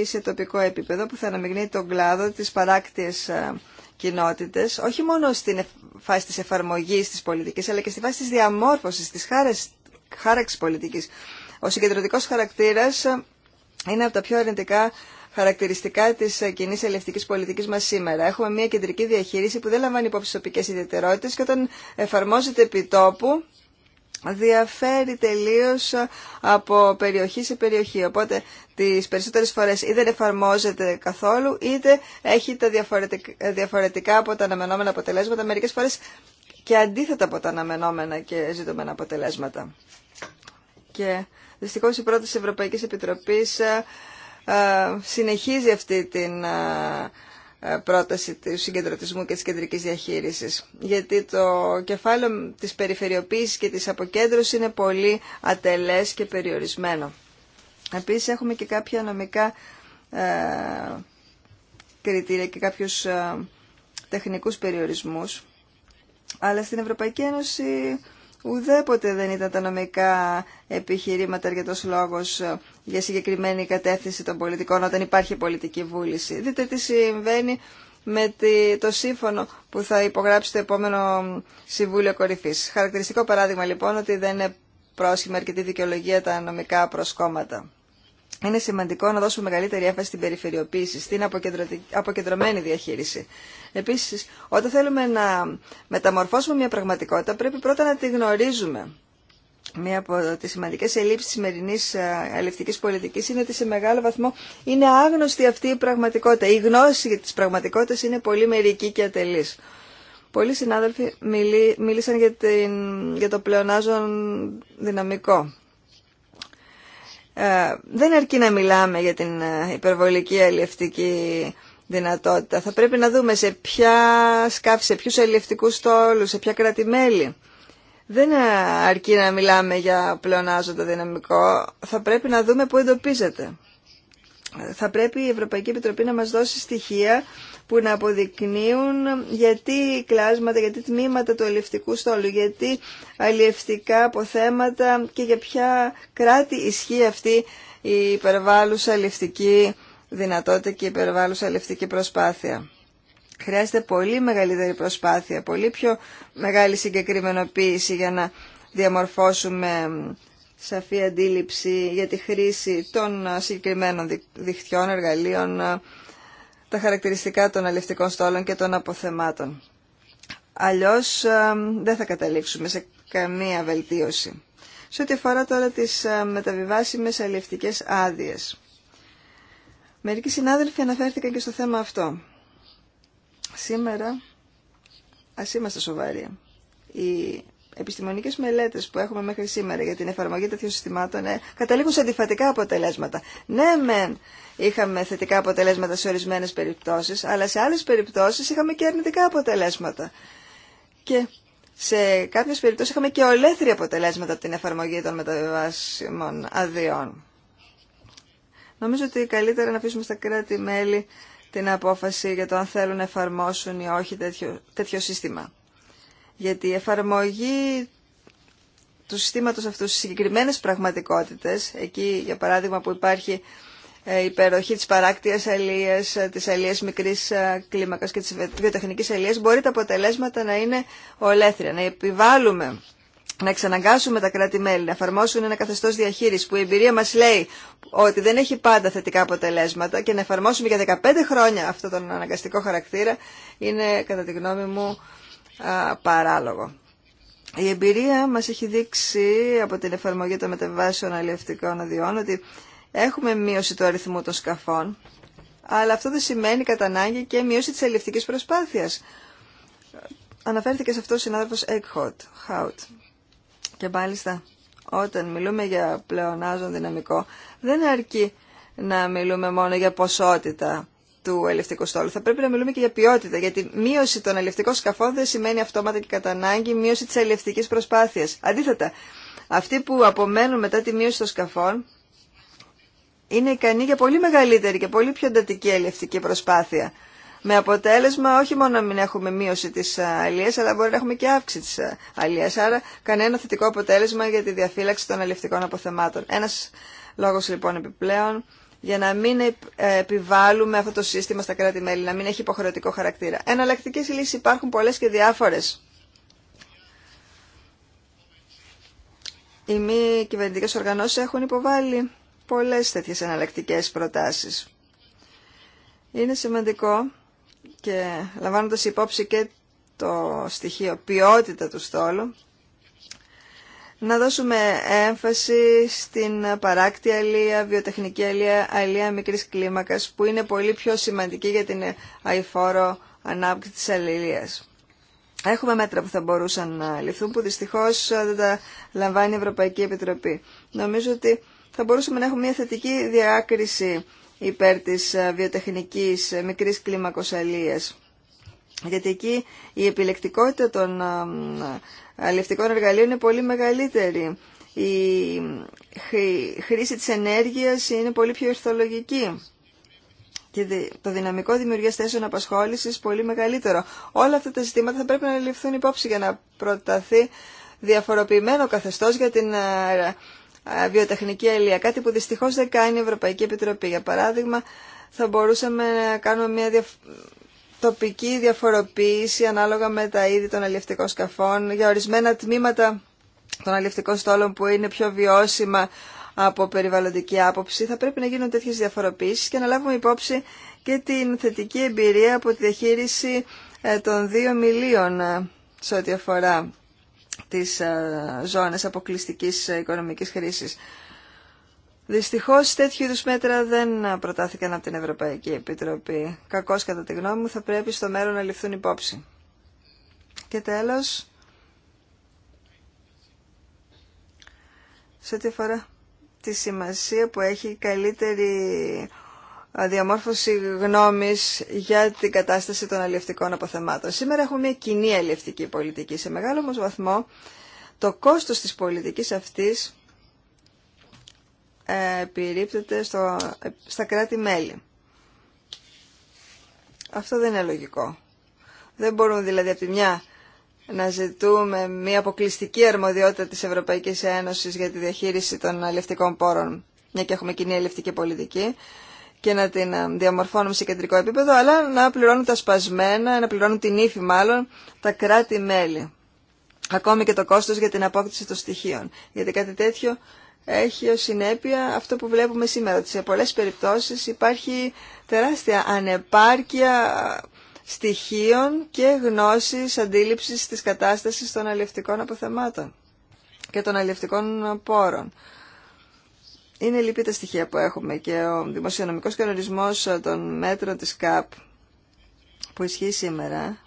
σε τοπικό επίπεδο που θα αναμειγνύει τον κλάδο, τη παράκτιες ε, κοινότητες, όχι μόνο στην φάση της εφαρμογής της πολιτικής, αλλά και στη φάση της διαμόρφωσης, της χάρας χάραξη πολιτικής. Ο συγκεντρωτικός χαρακτήρας είναι από τα πιο αρνητικά χαρακτηριστικά τη κοινή ελευθερική πολιτική μα σήμερα. Έχουμε μια κεντρική διαχείριση που δεν λαμβάνει υπόψη τοπικέ ιδιαιτερότητε και όταν εφαρμόζεται επί τόπου διαφέρει τελείω από περιοχή σε περιοχή. Οπότε τι περισσότερε φορέ ή δεν εφαρμόζεται καθόλου είτε έχει τα διαφορετικά, από τα αναμενόμενα αποτελέσματα. Μερικέ φορέ και αντίθετα από τα αναμενόμενα και ζητωμένα αποτελέσματα. Και δυστυχώς η πρόταση Ευρωπαϊκής Επιτροπής ε, ε, συνεχίζει αυτή την ε, πρόταση του συγκεντρωτισμού και της κεντρικής διαχείρισης. Γιατί το κεφάλαιο της περιφερειοποίησης και της αποκέντρωσης είναι πολύ ατελές και περιορισμένο. Επίσης έχουμε και κάποια νομικά κριτήρια και κάποιους τεχνικούς περιορισμούς αλλά στην Ευρωπαϊκή Ένωση ουδέποτε δεν ήταν τα νομικά επιχειρήματα αρκετό λόγος για συγκεκριμένη κατεύθυνση των πολιτικών όταν υπάρχει πολιτική βούληση. Δείτε τι συμβαίνει με το σύμφωνο που θα υπογράψει το επόμενο Συμβούλιο Κορυφής. Χαρακτηριστικό παράδειγμα λοιπόν ότι δεν είναι πρόσχημα αρκετή δικαιολογία τα νομικά προσκόμματα είναι σημαντικό να δώσουμε μεγαλύτερη έμφαση στην περιφερειοποίηση, στην αποκεντρωμένη διαχείριση. Επίση, όταν θέλουμε να μεταμορφώσουμε μια πραγματικότητα, πρέπει πρώτα να τη γνωρίζουμε. Μία από τι σημαντικέ ελλείψει τη σημερινή ε, αλληλευτική πολιτική είναι ότι σε μεγάλο βαθμό είναι άγνωστη αυτή η πραγματικότητα. Η γνώση τη πραγματικότητα είναι πολύ μερική και ατελή. Πολλοί συνάδελφοι μίλησαν για, την, για το πλεονάζον δυναμικό ε, δεν αρκεί να μιλάμε για την ε, υπερβολική αλληλευτική δυνατότητα. Θα πρέπει να δούμε σε ποια σκάφη, σε ποιους αλληλευτικούς στόλους, σε ποια κρατημέλη. Δεν ε, αρκεί να μιλάμε για πλεονάζοντα δυναμικό, θα πρέπει να δούμε πού εντοπίζεται θα πρέπει η Ευρωπαϊκή Επιτροπή να μας δώσει στοιχεία που να αποδεικνύουν γιατί κλάσματα, γιατί τμήματα του αλληλευτικού στόλου, γιατί αλληλευτικά αποθέματα και για ποια κράτη ισχύει αυτή η υπερβάλλουσα αλληλευτική δυνατότητα και η υπερβάλλουσα αλληλευτική προσπάθεια. Χρειάζεται πολύ μεγαλύτερη προσπάθεια, πολύ πιο μεγάλη συγκεκριμενοποίηση για να διαμορφώσουμε σαφή αντίληψη για τη χρήση των συγκεκριμένων δικτυών, εργαλείων, ε, τα χαρακτηριστικά των αλευτικών στόλων και των αποθεμάτων. Αλλιώς ε, δεν θα καταλήξουμε σε καμία βελτίωση. Σε ό,τι αφορά τώρα τις ε, μεταβιβάσιμες αλληλευτικές άδειες. Μερικοί συνάδελφοι αναφέρθηκαν και στο θέμα αυτό. Σήμερα, ας είμαστε σοβαροί, επιστημονικές μελέτες που έχουμε μέχρι σήμερα για την εφαρμογή τέτοιων συστημάτων ε, καταλήγουν σε αντιφατικά αποτελέσματα. Ναι, μεν είχαμε θετικά αποτελέσματα σε ορισμένες περιπτώσεις, αλλά σε άλλες περιπτώσεις είχαμε και αρνητικά αποτελέσματα. Και σε κάποιες περιπτώσεις είχαμε και ολέθρια αποτελέσματα από την εφαρμογή των μεταβιβασιμών αδειών. Νομίζω ότι καλύτερα να αφήσουμε στα κράτη-μέλη την απόφαση για το αν θέλουν να εφαρμόσουν ή όχι τέτοιο, τέτοιο σύστημα γιατί η εφαρμογή του συστήματος αυτού στις συγκεκριμένες πραγματικότητες, εκεί για παράδειγμα που υπάρχει η ε, υπεροχή της παράκτιας αλίας, ε, της αλίας μικρής ε, κλίμακας και της βιοτεχνικής αλίας, μπορεί τα αποτελέσματα να είναι ολέθρια, να επιβάλλουμε να εξαναγκάσουμε τα κράτη-μέλη να εφαρμόσουν ένα καθεστώς διαχείρισης που η εμπειρία μας λέει ότι δεν έχει πάντα θετικά αποτελέσματα και να εφαρμόσουμε για 15 χρόνια αυτό τον αναγκαστικό χαρακτήρα είναι κατά τη γνώμη μου παράλογο. Η εμπειρία μας έχει δείξει από την εφαρμογή των μετεβάσεων αλληλευτικών αδειών ότι έχουμε μείωση του αριθμού των σκαφών, αλλά αυτό δεν σημαίνει κατά ανάγκη και μείωση της αλληλευτικής προσπάθειας. Αναφέρθηκε σε αυτό ο συνάδελφος Έκχοτ, Και μάλιστα, όταν μιλούμε για πλεονάζον δυναμικό, δεν αρκεί να μιλούμε μόνο για ποσότητα του ελευτικού στόλου. Θα πρέπει να μιλούμε και για ποιότητα, γιατί μείωση των ελευτικών σκαφών δεν σημαίνει αυτόματα και κατά ανάγκη μείωση τη ελευτικής προσπάθεια. Αντίθετα, αυτοί που απομένουν μετά τη μείωση των σκαφών είναι ικανοί για πολύ μεγαλύτερη και πολύ πιο εντατική ελευτική προσπάθεια. Με αποτέλεσμα όχι μόνο να μην έχουμε μείωση της ε, αλίας, αλλά μπορεί να έχουμε και αύξηση της ε, αλίας. Άρα κανένα θετικό αποτέλεσμα για τη διαφύλαξη των αλευτικών αποθεμάτων. Ένας λόγος λοιπόν επιπλέον για να μην ε, επιβάλλουμε αυτό το σύστημα στα κράτη-μέλη, να μην έχει υποχρεωτικό χαρακτήρα. Εναλλακτικέ λύσει υπάρχουν πολλές και διάφορες. Οι μη κυβερνητικέ οργανώσει έχουν υποβάλει πολλές τέτοιε εναλλακτικέ προτάσεις. Είναι σημαντικό και λαμβάνοντα υπόψη και το στοιχείο ποιότητα του στόλου, να δώσουμε έμφαση στην παράκτη αλία, βιοτεχνική αλία, αλία μικρής κλίμακας, που είναι πολύ πιο σημαντική για την αηφόρο ανάπτυξη της Έχουμε μέτρα που θα μπορούσαν να ληφθούν, που δυστυχώς δεν τα λαμβάνει η Ευρωπαϊκή Επιτροπή. Νομίζω ότι θα μπορούσαμε να έχουμε μια θετική διάκριση υπέρ της βιοτεχνικής μικρής κλίμακος αλίας. Γιατί εκεί η επιλεκτικότητα των αλληλευτικών εργαλείων είναι πολύ μεγαλύτερη. Η χρήση της ενέργειας είναι πολύ πιο ερθολογική και το δυναμικό δημιουργίας θέσεων απασχόλησης πολύ μεγαλύτερο. Όλα αυτά τα ζητήματα θα πρέπει να ληφθούν υπόψη για να προταθεί διαφοροποιημένο καθεστώς για την βιοτεχνική αλληλεία, κάτι που δυστυχώς δεν κάνει η Ευρωπαϊκή Επιτροπή. Για παράδειγμα, θα μπορούσαμε να κάνουμε μια τοπική διαφοροποίηση ανάλογα με τα είδη των αλληλευτικών σκαφών για ορισμένα τμήματα των αλληλευτικών στόλων που είναι πιο βιώσιμα από περιβαλλοντική άποψη. Θα πρέπει να γίνουν τέτοιες διαφοροποίησεις και να λάβουμε υπόψη και την θετική εμπειρία από τη διαχείριση ε, των δύο μιλίων ε, σε ό,τι αφορά τις ε, ζώνες αποκλειστικής οικονομικής χρήσης. Δυστυχώ, τέτοιου είδου μέτρα δεν προτάθηκαν από την Ευρωπαϊκή Επιτροπή. Κακώ κατά τη γνώμη μου θα πρέπει στο μέλλον να ληφθούν υπόψη. Και τέλο. σε ό,τι αφορά τη σημασία που έχει καλύτερη διαμόρφωση γνώμης για την κατάσταση των αλληλευτικών αποθεμάτων. Σήμερα έχουμε μια κοινή αλληλευτική πολιτική. Σε μεγάλο όμως βαθμό το κόστος της πολιτικής αυτής επιρρύπτεται στο, στα κράτη-μέλη. Αυτό δεν είναι λογικό. Δεν μπορούμε δηλαδή από τη μια να ζητούμε μια αποκλειστική αρμοδιότητα της Ευρωπαϊκής Ένωσης για τη διαχείριση των αλληλευτικών πόρων, μια και έχουμε κοινή αλληλευτική πολιτική, και να την ε, διαμορφώνουμε σε κεντρικό επίπεδο, αλλά να πληρώνουν τα σπασμένα, να πληρώνουν την ύφη μάλλον, τα κράτη-μέλη. Ακόμη και το κόστος για την απόκτηση των στοιχείων. Γιατί κάτι τέτοιο έχει ως συνέπεια αυτό που βλέπουμε σήμερα, ότι σε πολλές περιπτώσεις υπάρχει τεράστια ανεπάρκεια στοιχείων και γνώσης αντίληψης της κατάστασης των αλληλευτικών αποθεμάτων και των αλληλευτικών πόρων. Είναι λυπή τα στοιχεία που έχουμε και ο δημοσιονομικός κανονισμός των μέτρων της ΚΑΠ που ισχύει σήμερα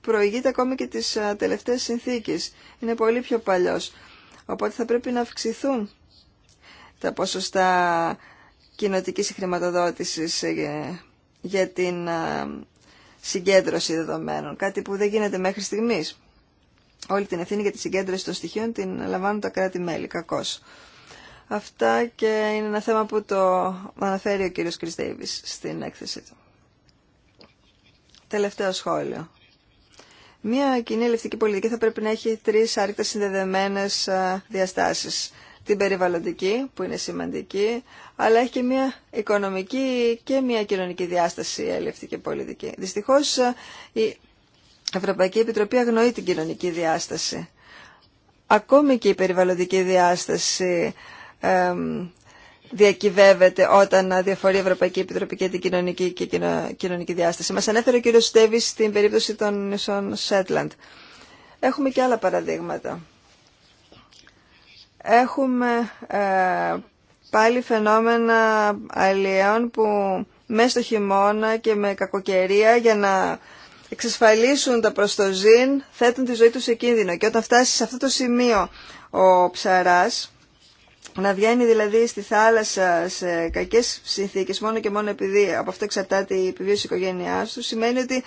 προηγείται ακόμη και τις ε, τελευταίες συνθήκες. Είναι πολύ πιο παλιός. Οπότε θα πρέπει να αυξηθούν τα ποσοστά κοινοτικής χρηματοδότησης ε, για την ε, συγκέντρωση δεδομένων, κάτι που δεν γίνεται μέχρι στιγμής. Όλη την ευθύνη για τη συγκέντρωση των στοιχείων την λαμβάνουν τα κράτη-μέλη, κακώς. Αυτά και είναι ένα θέμα που το αναφέρει ο κύριος Κριστέιβης στην έκθεση του. Τελευταίο σχόλιο. Μία κοινή ελευτική πολιτική θα πρέπει να έχει τρεις άρρηκτα συνδεδεμένες διαστάσεις. Την περιβαλλοντική, που είναι σημαντική, αλλά έχει και μία οικονομική και μία κοινωνική διάσταση ελευθερική πολιτική. Δυστυχώς η Ευρωπαϊκή Επιτροπή αγνοεί την κοινωνική διάσταση. Ακόμη και η περιβαλλοντική διάσταση διακυβεύεται όταν διαφορεί η Ευρωπαϊκή Επιτροπή και την κοινωνική και κοινωνική διάσταση. Μας ανέφερε ο κύριος Στέβης στην περίπτωση των νησών Σέτλαντ. Έχουμε και άλλα παραδείγματα. Έχουμε ε, πάλι φαινόμενα αλλιέων που μέσα στο χειμώνα και με κακοκαιρία για να εξασφαλίσουν τα προστοζήν θέτουν τη ζωή τους σε κίνδυνο. Και όταν φτάσει σε αυτό το σημείο ο ψαράς να βγαίνει δηλαδή στη θάλασσα σε κακές συνθήκες μόνο και μόνο επειδή από αυτό εξαρτάται η επιβίωση οικογένειά του σημαίνει ότι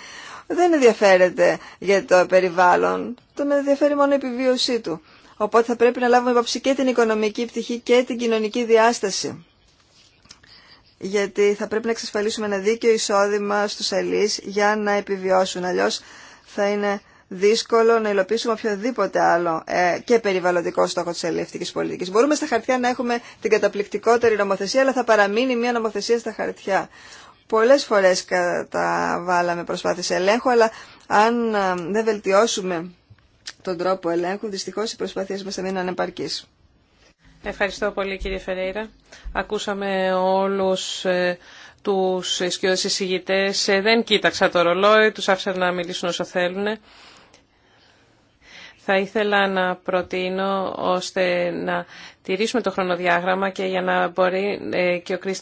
δεν ενδιαφέρεται για το περιβάλλον, τον ενδιαφέρει μόνο η επιβίωσή του. Οπότε θα πρέπει να λάβουμε υπόψη και την οικονομική πτυχή και την κοινωνική διάσταση. Γιατί θα πρέπει να εξασφαλίσουμε ένα δίκαιο εισόδημα στους αλείς για να επιβιώσουν. Αλλιώς θα είναι δύσκολο να υλοποιήσουμε οποιοδήποτε άλλο ε, και περιβαλλοντικό στόχο τη ελεύθερη πολιτική. Μπορούμε στα χαρτιά να έχουμε την καταπληκτικότερη νομοθεσία, αλλά θα παραμείνει μια νομοθεσία στα χαρτιά. Πολλέ φορέ καταβάλαμε προσπάθειε ελέγχου, αλλά αν ε, δεν βελτιώσουμε τον τρόπο ελέγχου, δυστυχώ οι προσπάθειε μα θα μείνουν ανεπαρκεί. Ευχαριστώ πολύ κύριε Φερέιρα. Ακούσαμε όλους ε, τους σκιώδες εισηγητές. Ε, δεν κοίταξα το ρολόι, τους άφησα να μιλήσουν όσο θέλουν. Θα ήθελα να προτείνω ώστε να τηρήσουμε το χρονοδιάγραμμα και για να μπορεί ε, και ο Κρις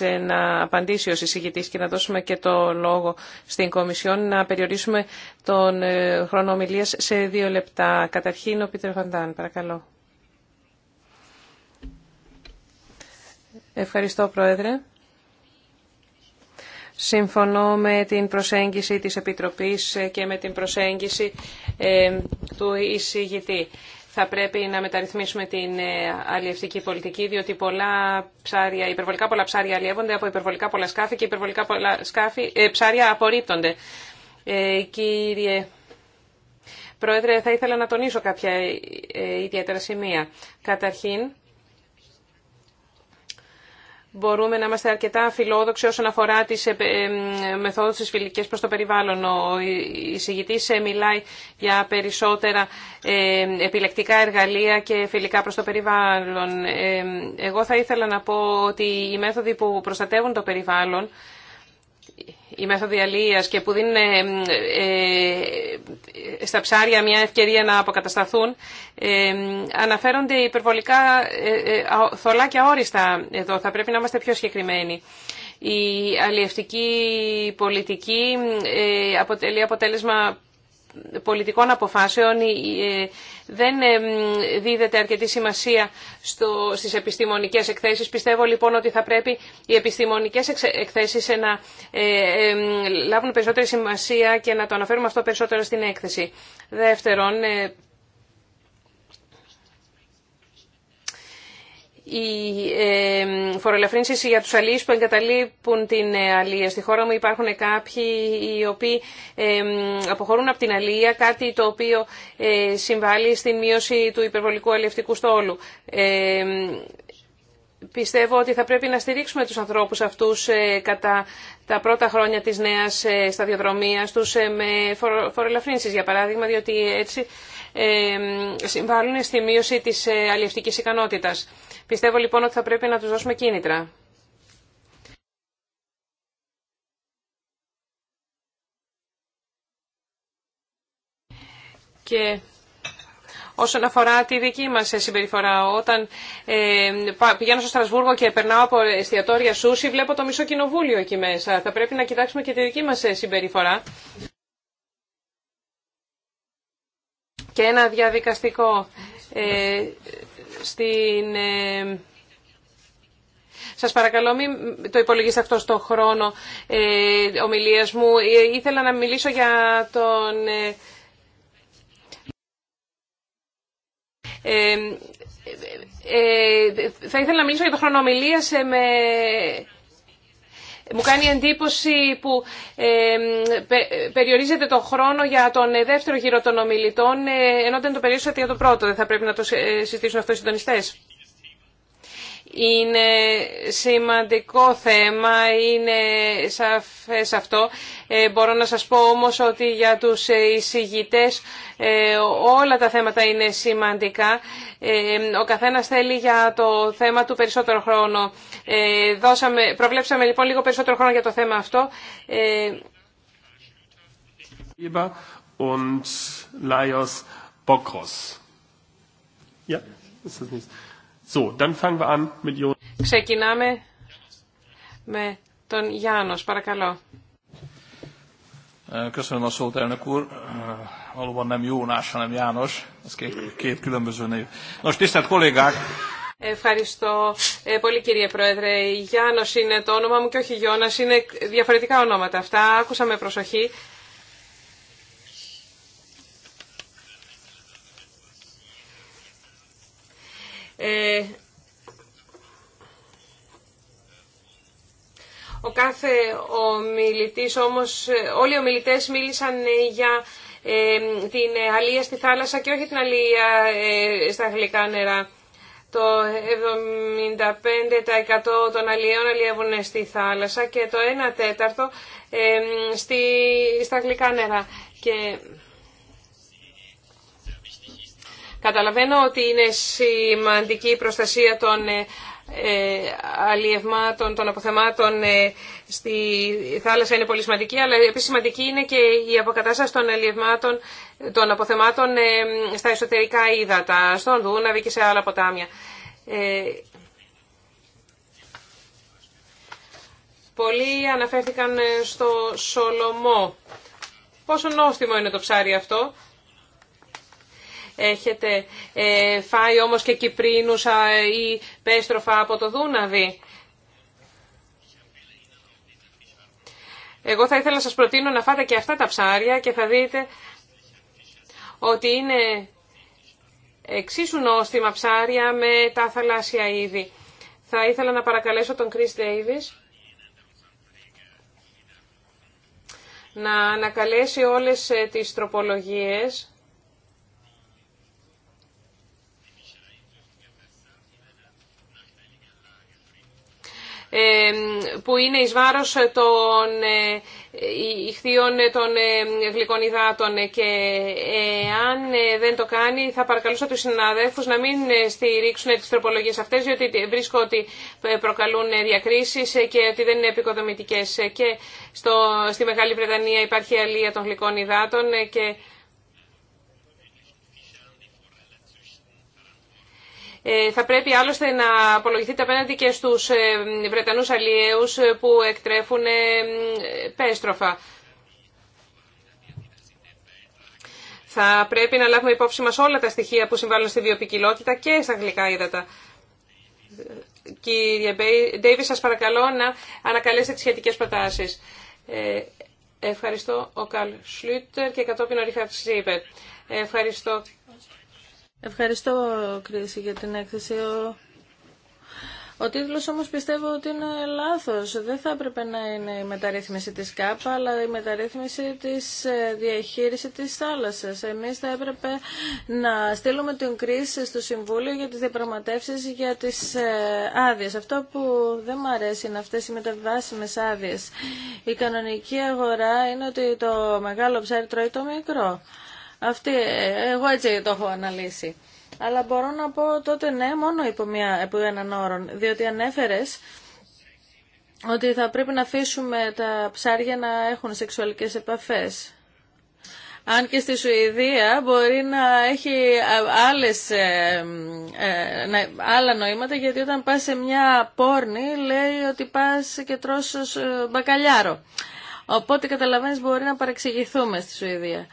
ε, να απαντήσει ως εισηγητής και να δώσουμε και το λόγο στην Κομισιόν να περιορίσουμε τον ε, χρόνο ομιλίας σε δύο λεπτά. Καταρχήν ο Πίτερ παρακαλώ. Ευχαριστώ, Πρόεδρε. Συμφωνώ με την προσέγγιση της Επιτροπής και με την προσέγγιση ε, του εισηγητή. Θα πρέπει να μεταρρυθμίσουμε την ε, αλλιευτική πολιτική, διότι πολλά ψάρια, υπερβολικά πολλά ψάρια αλλιεύονται από υπερβολικά πολλά σκάφη και υπερβολικά πολλά σκάφη, ε, ψάρια απορρίπτονται. Ε, κύριε Πρόεδρε, θα ήθελα να τονίσω κάποια ιδιαίτερα σημεία. Καταρχήν, μπορούμε να είμαστε αρκετά φιλόδοξοι όσον αφορά τις ε, ε, μεθόδους της φιλικής προς το περιβάλλον. Ο εισηγητής ε, μιλάει για περισσότερα επιλεκτικά εργαλεία και φιλικά προς το περιβάλλον. Εγώ θα ήθελα να πω ότι οι μέθοδοι που προστατεύουν το περιβάλλον η μέθοδοι και που δίνουν ε, ε, ε, στα ψάρια μια ευκαιρία να αποκατασταθούν, αναφέρονται υπερβολικά θολά και αόριστα εδώ. Θα πρέπει να είμαστε πιο συγκεκριμένοι. Η αλλιευτική πολιτική αποτελεί αποτέλεσμα πολιτικών αποφάσεων ε, δεν ε, δίδεται αρκετή σημασία στο, στις επιστημονικές εκθέσεις. Πιστεύω λοιπόν ότι θα πρέπει οι επιστημονικές εκθέσεις να ε, λάβουν περισσότερη σημασία και να το αναφέρουμε αυτό περισσότερο στην έκθεση. Δεύτερον, οι φορολαφρύνσεις για τους αλίες που εγκαταλείπουν την ε, αλία. Στη χώρα μου υπάρχουν κάποιοι οι οποίοι αποχωρούν από την αλία, κάτι το οποίο ε, συμβάλλει στην μείωση του υπερβολικού αλλιευτικού στόλου. Πιστεύω ότι θα πρέπει να στηρίξουμε τους ανθρώπους αυτούς ε, κατά τα πρώτα χρόνια της νέας σταδιοδρομίας τους με φορολαφρύνσεις, για παράδειγμα, διότι έτσι συμβάλλουν στη μείωση της αλληλευτικής ικανότητας. Πιστεύω λοιπόν ότι θα πρέπει να τους δώσουμε κίνητρα. Και όσον αφορά τη δική μας ε, συμπεριφορά, όταν ε, πηγαίνω στο Στρασβούργο και περνάω από εστιατόρια Σούση, βλέπω το μισό κοινοβούλιο εκεί μέσα. Θα πρέπει να κοιτάξουμε και τη δική μας ε, συμπεριφορά. Και ένα διαδικαστικό. Ε, στην... Ε, σας παρακαλώ μην το υπολογίσετε αυτό στο χρόνο ε, ομιλίας μου. Ε, ήθελα να μιλήσω για τον... Ε, θα ήθελα να μιλήσω για τον χρόνο ομιλίας με... Μου κάνει εντύπωση που περιορίζεται το χρόνο για τον ε, δεύτερο γύρο των ομιλητών, ε, ενώ δεν το περιορίζεται για το πρώτο. Δεν θα πρέπει να το ε, συζητήσουν αυτό οι συντονιστές. Είναι σημαντικό θέμα, είναι σαφές αυτό. Ε, μπορώ να σας πω όμως ότι για τους εισηγητές ε, όλα τα θέματα είναι σημαντικά. Ε, ο καθένας θέλει για το θέμα του περισσότερο χρόνο. Δώσαμε, προβλέψαμε λοιπόν λίγο περισσότερο χρόνο για το θέμα αυτό. Und Laios Ja, So, dann fangen wir an mit Jonas. Ξεκινάμε με τον Γιάννος, παρακαλώ. Ε, köszönöm a szót, elnök úr. Ε, valóban nem Jónás, hanem János. Ez két, két különböző név. Nos, tisztelt kollégák! Ευχαριστώ ε, πολύ κύριε Πρόεδρε. Γιάννος είναι το όνομά μου και όχι Γιώνας, είναι διαφορετικά ονόματα αυτά. Άκουσα με προσοχή Ε, ο κάθε ομιλητής όμως, όλοι οι ομιλητές μίλησαν για ε, την αλία στη θάλασσα και όχι την αλία ε, στα γλυκά νερά. Το 75% των αλλιέων αλλιεύουν στη θάλασσα και το 1 τέταρτο στα γλυκά νερά. Και Καταλαβαίνω ότι είναι σημαντική η προστασία των ε, ε, αλλιευμάτων, των αποθεμάτων ε, στη θάλασσα είναι πολύ σημαντική, αλλά επίσης σημαντική είναι και η αποκατάσταση των αλλιευμάτων, των αποθεμάτων στα εσωτερικά ύδατα, στον Δούναβη και σε άλλα ποτάμια. Πολλοί αναφέρθηκαν στο Σολομό. Πόσο νόστιμο είναι το ψάρι αυτό. Έχετε ε, φάει όμως και κυπρίνουσα ή πέστροφα από το Δούναβι. Εγώ θα ήθελα να σας προτείνω να φάτε και αυτά τα ψάρια και θα δείτε ότι είναι εξίσου νόστιμα ψάρια με τα θαλάσσια είδη. Θα ήθελα να παρακαλέσω τον Chris Davis να ανακαλέσει όλες ε, τις τροπολογίες που είναι εις βάρος των ε, ηχθείων ε, των ε, γλυκών υδάτων και αν δεν το κάνει θα παρακαλούσα τους συναδέλφους να μην στηρίξουν τις τροπολογίες αυτές διότι βρίσκω ότι προκαλούν διακρίσεις και ότι δεν είναι επικοδομητικές και στο, στη Μεγάλη Βρετανία υπάρχει αλία των γλυκών υδάτων και Ε, θα πρέπει άλλωστε να απολογηθείτε απέναντι και στους ε, Βρετανούς αλλιέους ε, που εκτρέφουν πέστροφα. Θα πρέπει να λάβουμε υπόψη μας όλα τα στοιχεία που συμβάλλουν στη βιοπικιλότητα και στα γλυκά ύδατα. Κύριε Ντέιβι, σας παρακαλώ να ανακαλέσετε τις σχετικές προτάσεις. ευχαριστώ ο Καλ Σλούτερ και κατόπιν ο Ρίχαρτ Σίπερ. Ευχαριστώ Ευχαριστώ, Κρίση, για την έκθεση. Ο, ο τίτλος όμως πιστεύω ότι είναι λάθος. Δεν θα έπρεπε να είναι η μεταρρύθμιση της ΚΑΠΑ, αλλά η μεταρρύθμιση της ε, διαχείρισης της θάλασσας. Εμείς θα έπρεπε να στείλουμε την κρίση στο Συμβούλιο για τις διαπραγματεύσεις για τις ε, άδειες. Αυτό που δεν μου αρέσει είναι αυτές οι μεταβάσιμες άδειες. Η κανονική αγορά είναι ότι το μεγάλο ψάρι τρώει το μικρό. Αυτή, εγώ έτσι το έχω αναλύσει. Αλλά μπορώ να πω τότε ναι μόνο υπό, μια, υπό έναν όρο, διότι ανέφερε ότι θα πρέπει να αφήσουμε τα ψάρια να έχουν σεξουαλικές επαφές. Αν και στη Σουηδία μπορεί να έχει άλλες, ε, ε, άλλα νοήματα, γιατί όταν πας σε μια πόρνη λέει ότι πας και τρως ε, μπακαλιάρο. Οπότε καταλαβαίνεις μπορεί να παρεξηγηθούμε στη Σουηδία.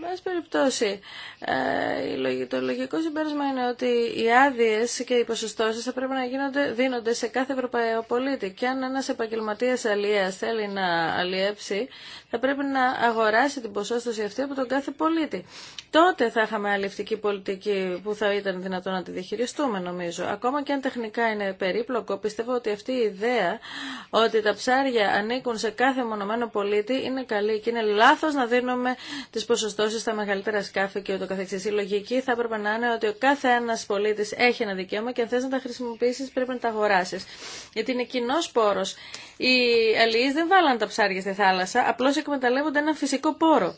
Μας περιπτώσει ε, το λογικό συμπέρασμα είναι ότι οι άδειε και οι ποσοστώσει θα πρέπει να γίνονται, δίνονται σε κάθε Ευρωπαίο πολίτη. Και αν ένα επαγγελματία αλλιέα θέλει να αλλιέψει θα πρέπει να αγοράσει την ποσόστοση αυτή από τον κάθε πολίτη. Τότε θα είχαμε αλληλευτική πολιτική που θα ήταν δυνατόν να τη διαχειριστούμε, νομίζω. Ακόμα και αν τεχνικά είναι περίπλοκο, πιστεύω ότι αυτή η ιδέα ότι τα ψάρια ανήκουν σε κάθε μονομένο πολίτη είναι καλή και είναι λάθο να δίνουμε τι ποσοστώσει στα μεγαλύτερα σκάφη και ούτω καθεξής. Η λογική θα έπρεπε να είναι ότι ο κάθε ένας πολίτης έχει ένα δικαίωμα και αν θες να τα χρησιμοποιήσεις πρέπει να τα αγοράσει. Γιατί είναι κοινό πόρος. Οι αλληλεί δεν βάλαν τα ψάρια στη θάλασσα, απλώς εκμεταλλεύονται ένα φυσικό πόρο.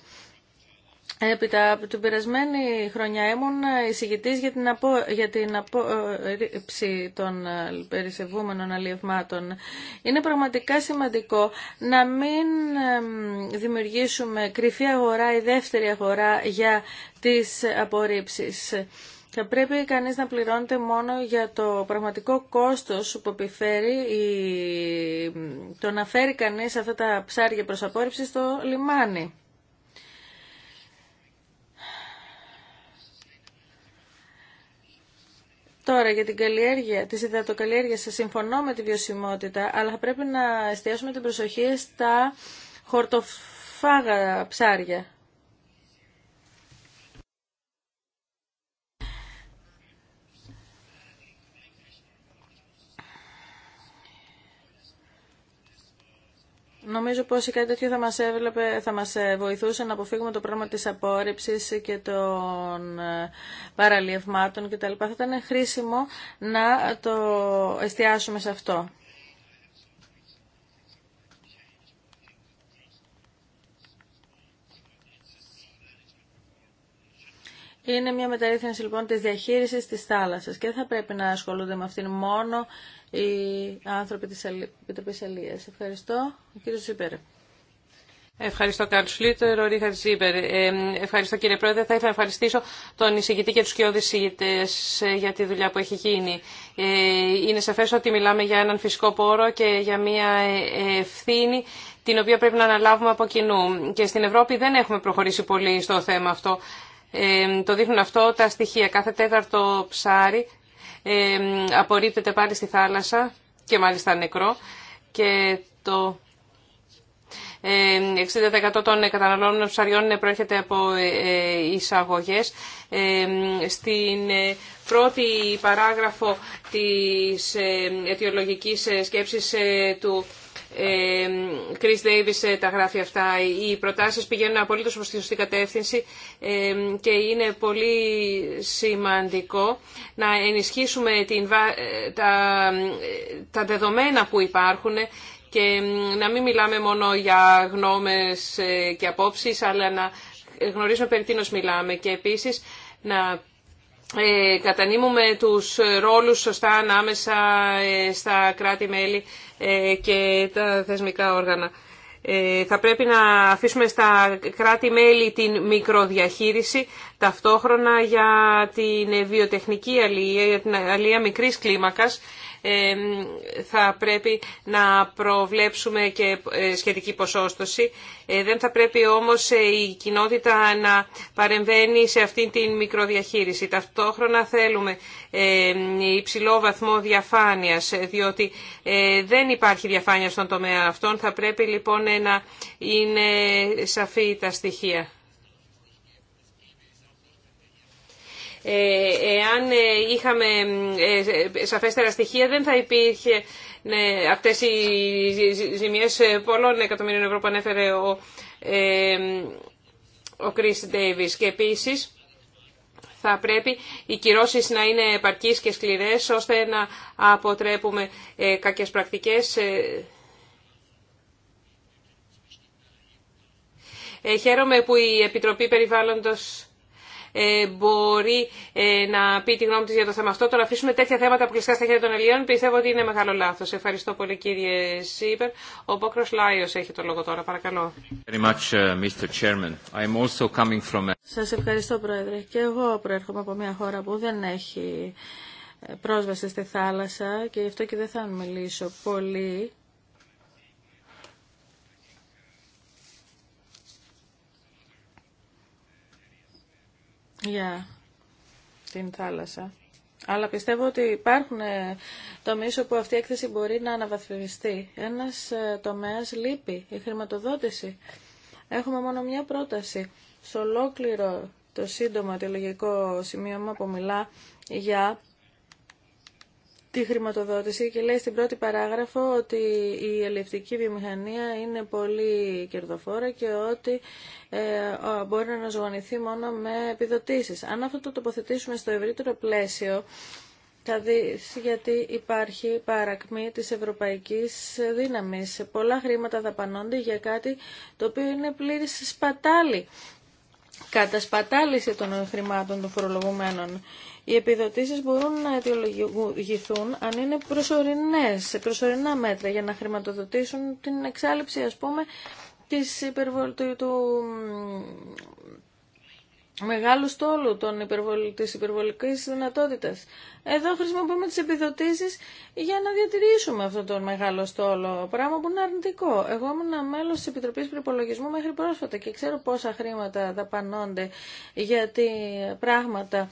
Επίτα από την περασμένη χρονιά ήμουν εισηγητής για την, απο, για την απόρριψη των ε, περισσευούμενων αλλιευμάτων. Είναι πραγματικά σημαντικό να μην δημιουργήσουμε κρυφή αγορά ή δεύτερη αγορά για τις απορρίψεις. Θα πρέπει κανείς να πληρώνεται μόνο για το πραγματικό κόστος που επιφέρει η... το να φέρει κανείς αυτά τα ψάρια προς απόρριψη στο λιμάνι. Τώρα για την καλλιέργεια, τις σα συμφωνώ με τη βιωσιμότητα, αλλά θα πρέπει να εστιάσουμε την προσοχή στα χορτοφάγα ψάρια. Νομίζω πως κάτι τέτοιο θα μας, έβλεπε, θα μας ε, βοηθούσε να αποφύγουμε το πρόβλημα της απόρριψης και των ε, παραλιευμάτων κτλ. Θα ήταν χρήσιμο να το εστιάσουμε σε αυτό. Είναι μια μεταρρύθμιση λοιπόν της διαχείρισης της θάλασσας και θα πρέπει να ασχολούνται με αυτήν μόνο οι άνθρωποι της Επιτροπής Αλίας. Ευχαριστώ. Ο κύριος Ζήπερ. Ευχαριστώ, Καρλ Σλίτερ, ο Ρίχαρτ Ζήπερ. Ε, ευχαριστώ, κύριε Πρόεδρε. Θα ήθελα να ευχαριστήσω τον εισηγητή και του κοιόδη εισηγητέ ε, για τη δουλειά που έχει γίνει. Ε, είναι σαφέ ότι μιλάμε για έναν φυσικό πόρο και για μια ευθύνη την οποία πρέπει να αναλάβουμε από κοινού. Και στην Ευρώπη δεν έχουμε προχωρήσει πολύ στο θέμα αυτό το δείχνουν αυτό τα στοιχεία. Κάθε τέταρτο ψάρι απορρίπτεται πάλι στη θάλασσα και μάλιστα νεκρό και το 60% των καταναλώνων ψαριών προέρχεται από ε, ε, εισαγωγές. Στην ε, πρώτη παράγραφο της αιτιολογικής σκέψης του Chris Davis ε, τα γράφει αυτά. Οι προτάσεις πηγαίνουν απολύτως προς τη σωστή κατεύθυνση και είναι πολύ σημαντικό να ενισχύσουμε την, ε, τα, τα δεδομένα που υπάρχουν και να μην μιλάμε μόνο για γνώμες ε, και απόψεις, αλλά να γνωρίζουμε περί τίνος μιλάμε και επίσης να κατανείμουμε τους ρόλους σωστά ανάμεσα στα κράτη-μέλη ε, και τα θεσμικά όργανα. Ε, θα πρέπει να αφήσουμε στα κράτη-μέλη την μικροδιαχείριση ταυτόχρονα για την βιοτεχνική αλληλεία, για την αλληλεία μικρής κλίμακας θα πρέπει να προβλέψουμε και ε, σχετική ποσόστοση. Ε, δεν θα πρέπει όμως ε, η κοινότητα να παρεμβαίνει σε αυτήν την μικροδιαχείριση. Ταυτόχρονα θέλουμε υψηλό βαθμό διαφάνειας, διότι δεν υπάρχει διαφάνεια στον τομέα αυτών. Θα πρέπει λοιπόν να είναι σαφή τα στοιχεία. Ε, εάν ε, είχαμε ε, σαφέστερα στοιχεία δεν θα υπήρχε ναι, αυτές οι ζημιές πολλών εκατομμυρίων ευρώ που ανέφερε ο, ε, ο Και επίσης θα πρέπει οι κυρώσεις να είναι επαρκείς και σκληρές ώστε να αποτρέπουμε ε, κακές πρακτικές. Ε, χαίρομαι που η Επιτροπή Περιβάλλοντος ε, μπορεί ε, να πει τη γνώμη τη για το θέμα αυτό. Τώρα αφήσουμε τέτοια θέματα αποκλειστικά στα χέρια των Ελλήνων πιστεύω ότι είναι μεγάλο λάθο. Ευχαριστώ πολύ κύριε Σίπερ. Ο Πόκρο Λάιο έχει το λόγο τώρα. Παρακαλώ. Uh, Σα ευχαριστώ Πρόεδρε. Και εγώ προέρχομαι από μια χώρα που δεν έχει ε, πρόσβαση στη θάλασσα και γι' αυτό και δεν θα μιλήσω πολύ για την θάλασσα. Αλλά πιστεύω ότι υπάρχουν ε, τομείς όπου αυτή η έκθεση μπορεί να αναβαθμιστεί. Ένας ε, τομέας λείπει, η χρηματοδότηση. Έχουμε μόνο μια πρόταση. Στο ολόκληρο το σύντομα λογικό σημείωμα που μιλά για τη χρηματοδότηση και λέει στην πρώτη παράγραφο ότι η ελευθερική βιομηχανία είναι πολύ κερδοφόρα και ότι ε, μπορεί να αναζωογονηθεί μόνο με επιδοτήσεις. Αν αυτό το τοποθετήσουμε στο ευρύτερο πλαίσιο, θα δεις γιατί υπάρχει παρακμή της ευρωπαϊκής δύναμης. Πολλά χρήματα δαπανώνται για κάτι το οποίο είναι πλήρης σπατάλη. Κατασπατάληση των χρημάτων των φορολογουμένων. Οι επιδοτήσει μπορούν να αιτιολογηθούν αν είναι προσωρινές, προσωρινά μέτρα για να χρηματοδοτήσουν την εξάλληψη ας πούμε της υπερβολ... του... μεγάλου στόλου των υπερβολ... της υπερβολικής δυνατότητας. Εδώ χρησιμοποιούμε τις επιδοτήσεις για να διατηρήσουμε αυτόν τον μεγάλο στόλο, πράγμα που είναι αρνητικό. Εγώ ήμουν μέλος της Επιτροπής Προπολογισμού μέχρι πρόσφατα και ξέρω πόσα χρήματα δαπανώνται για πράγματα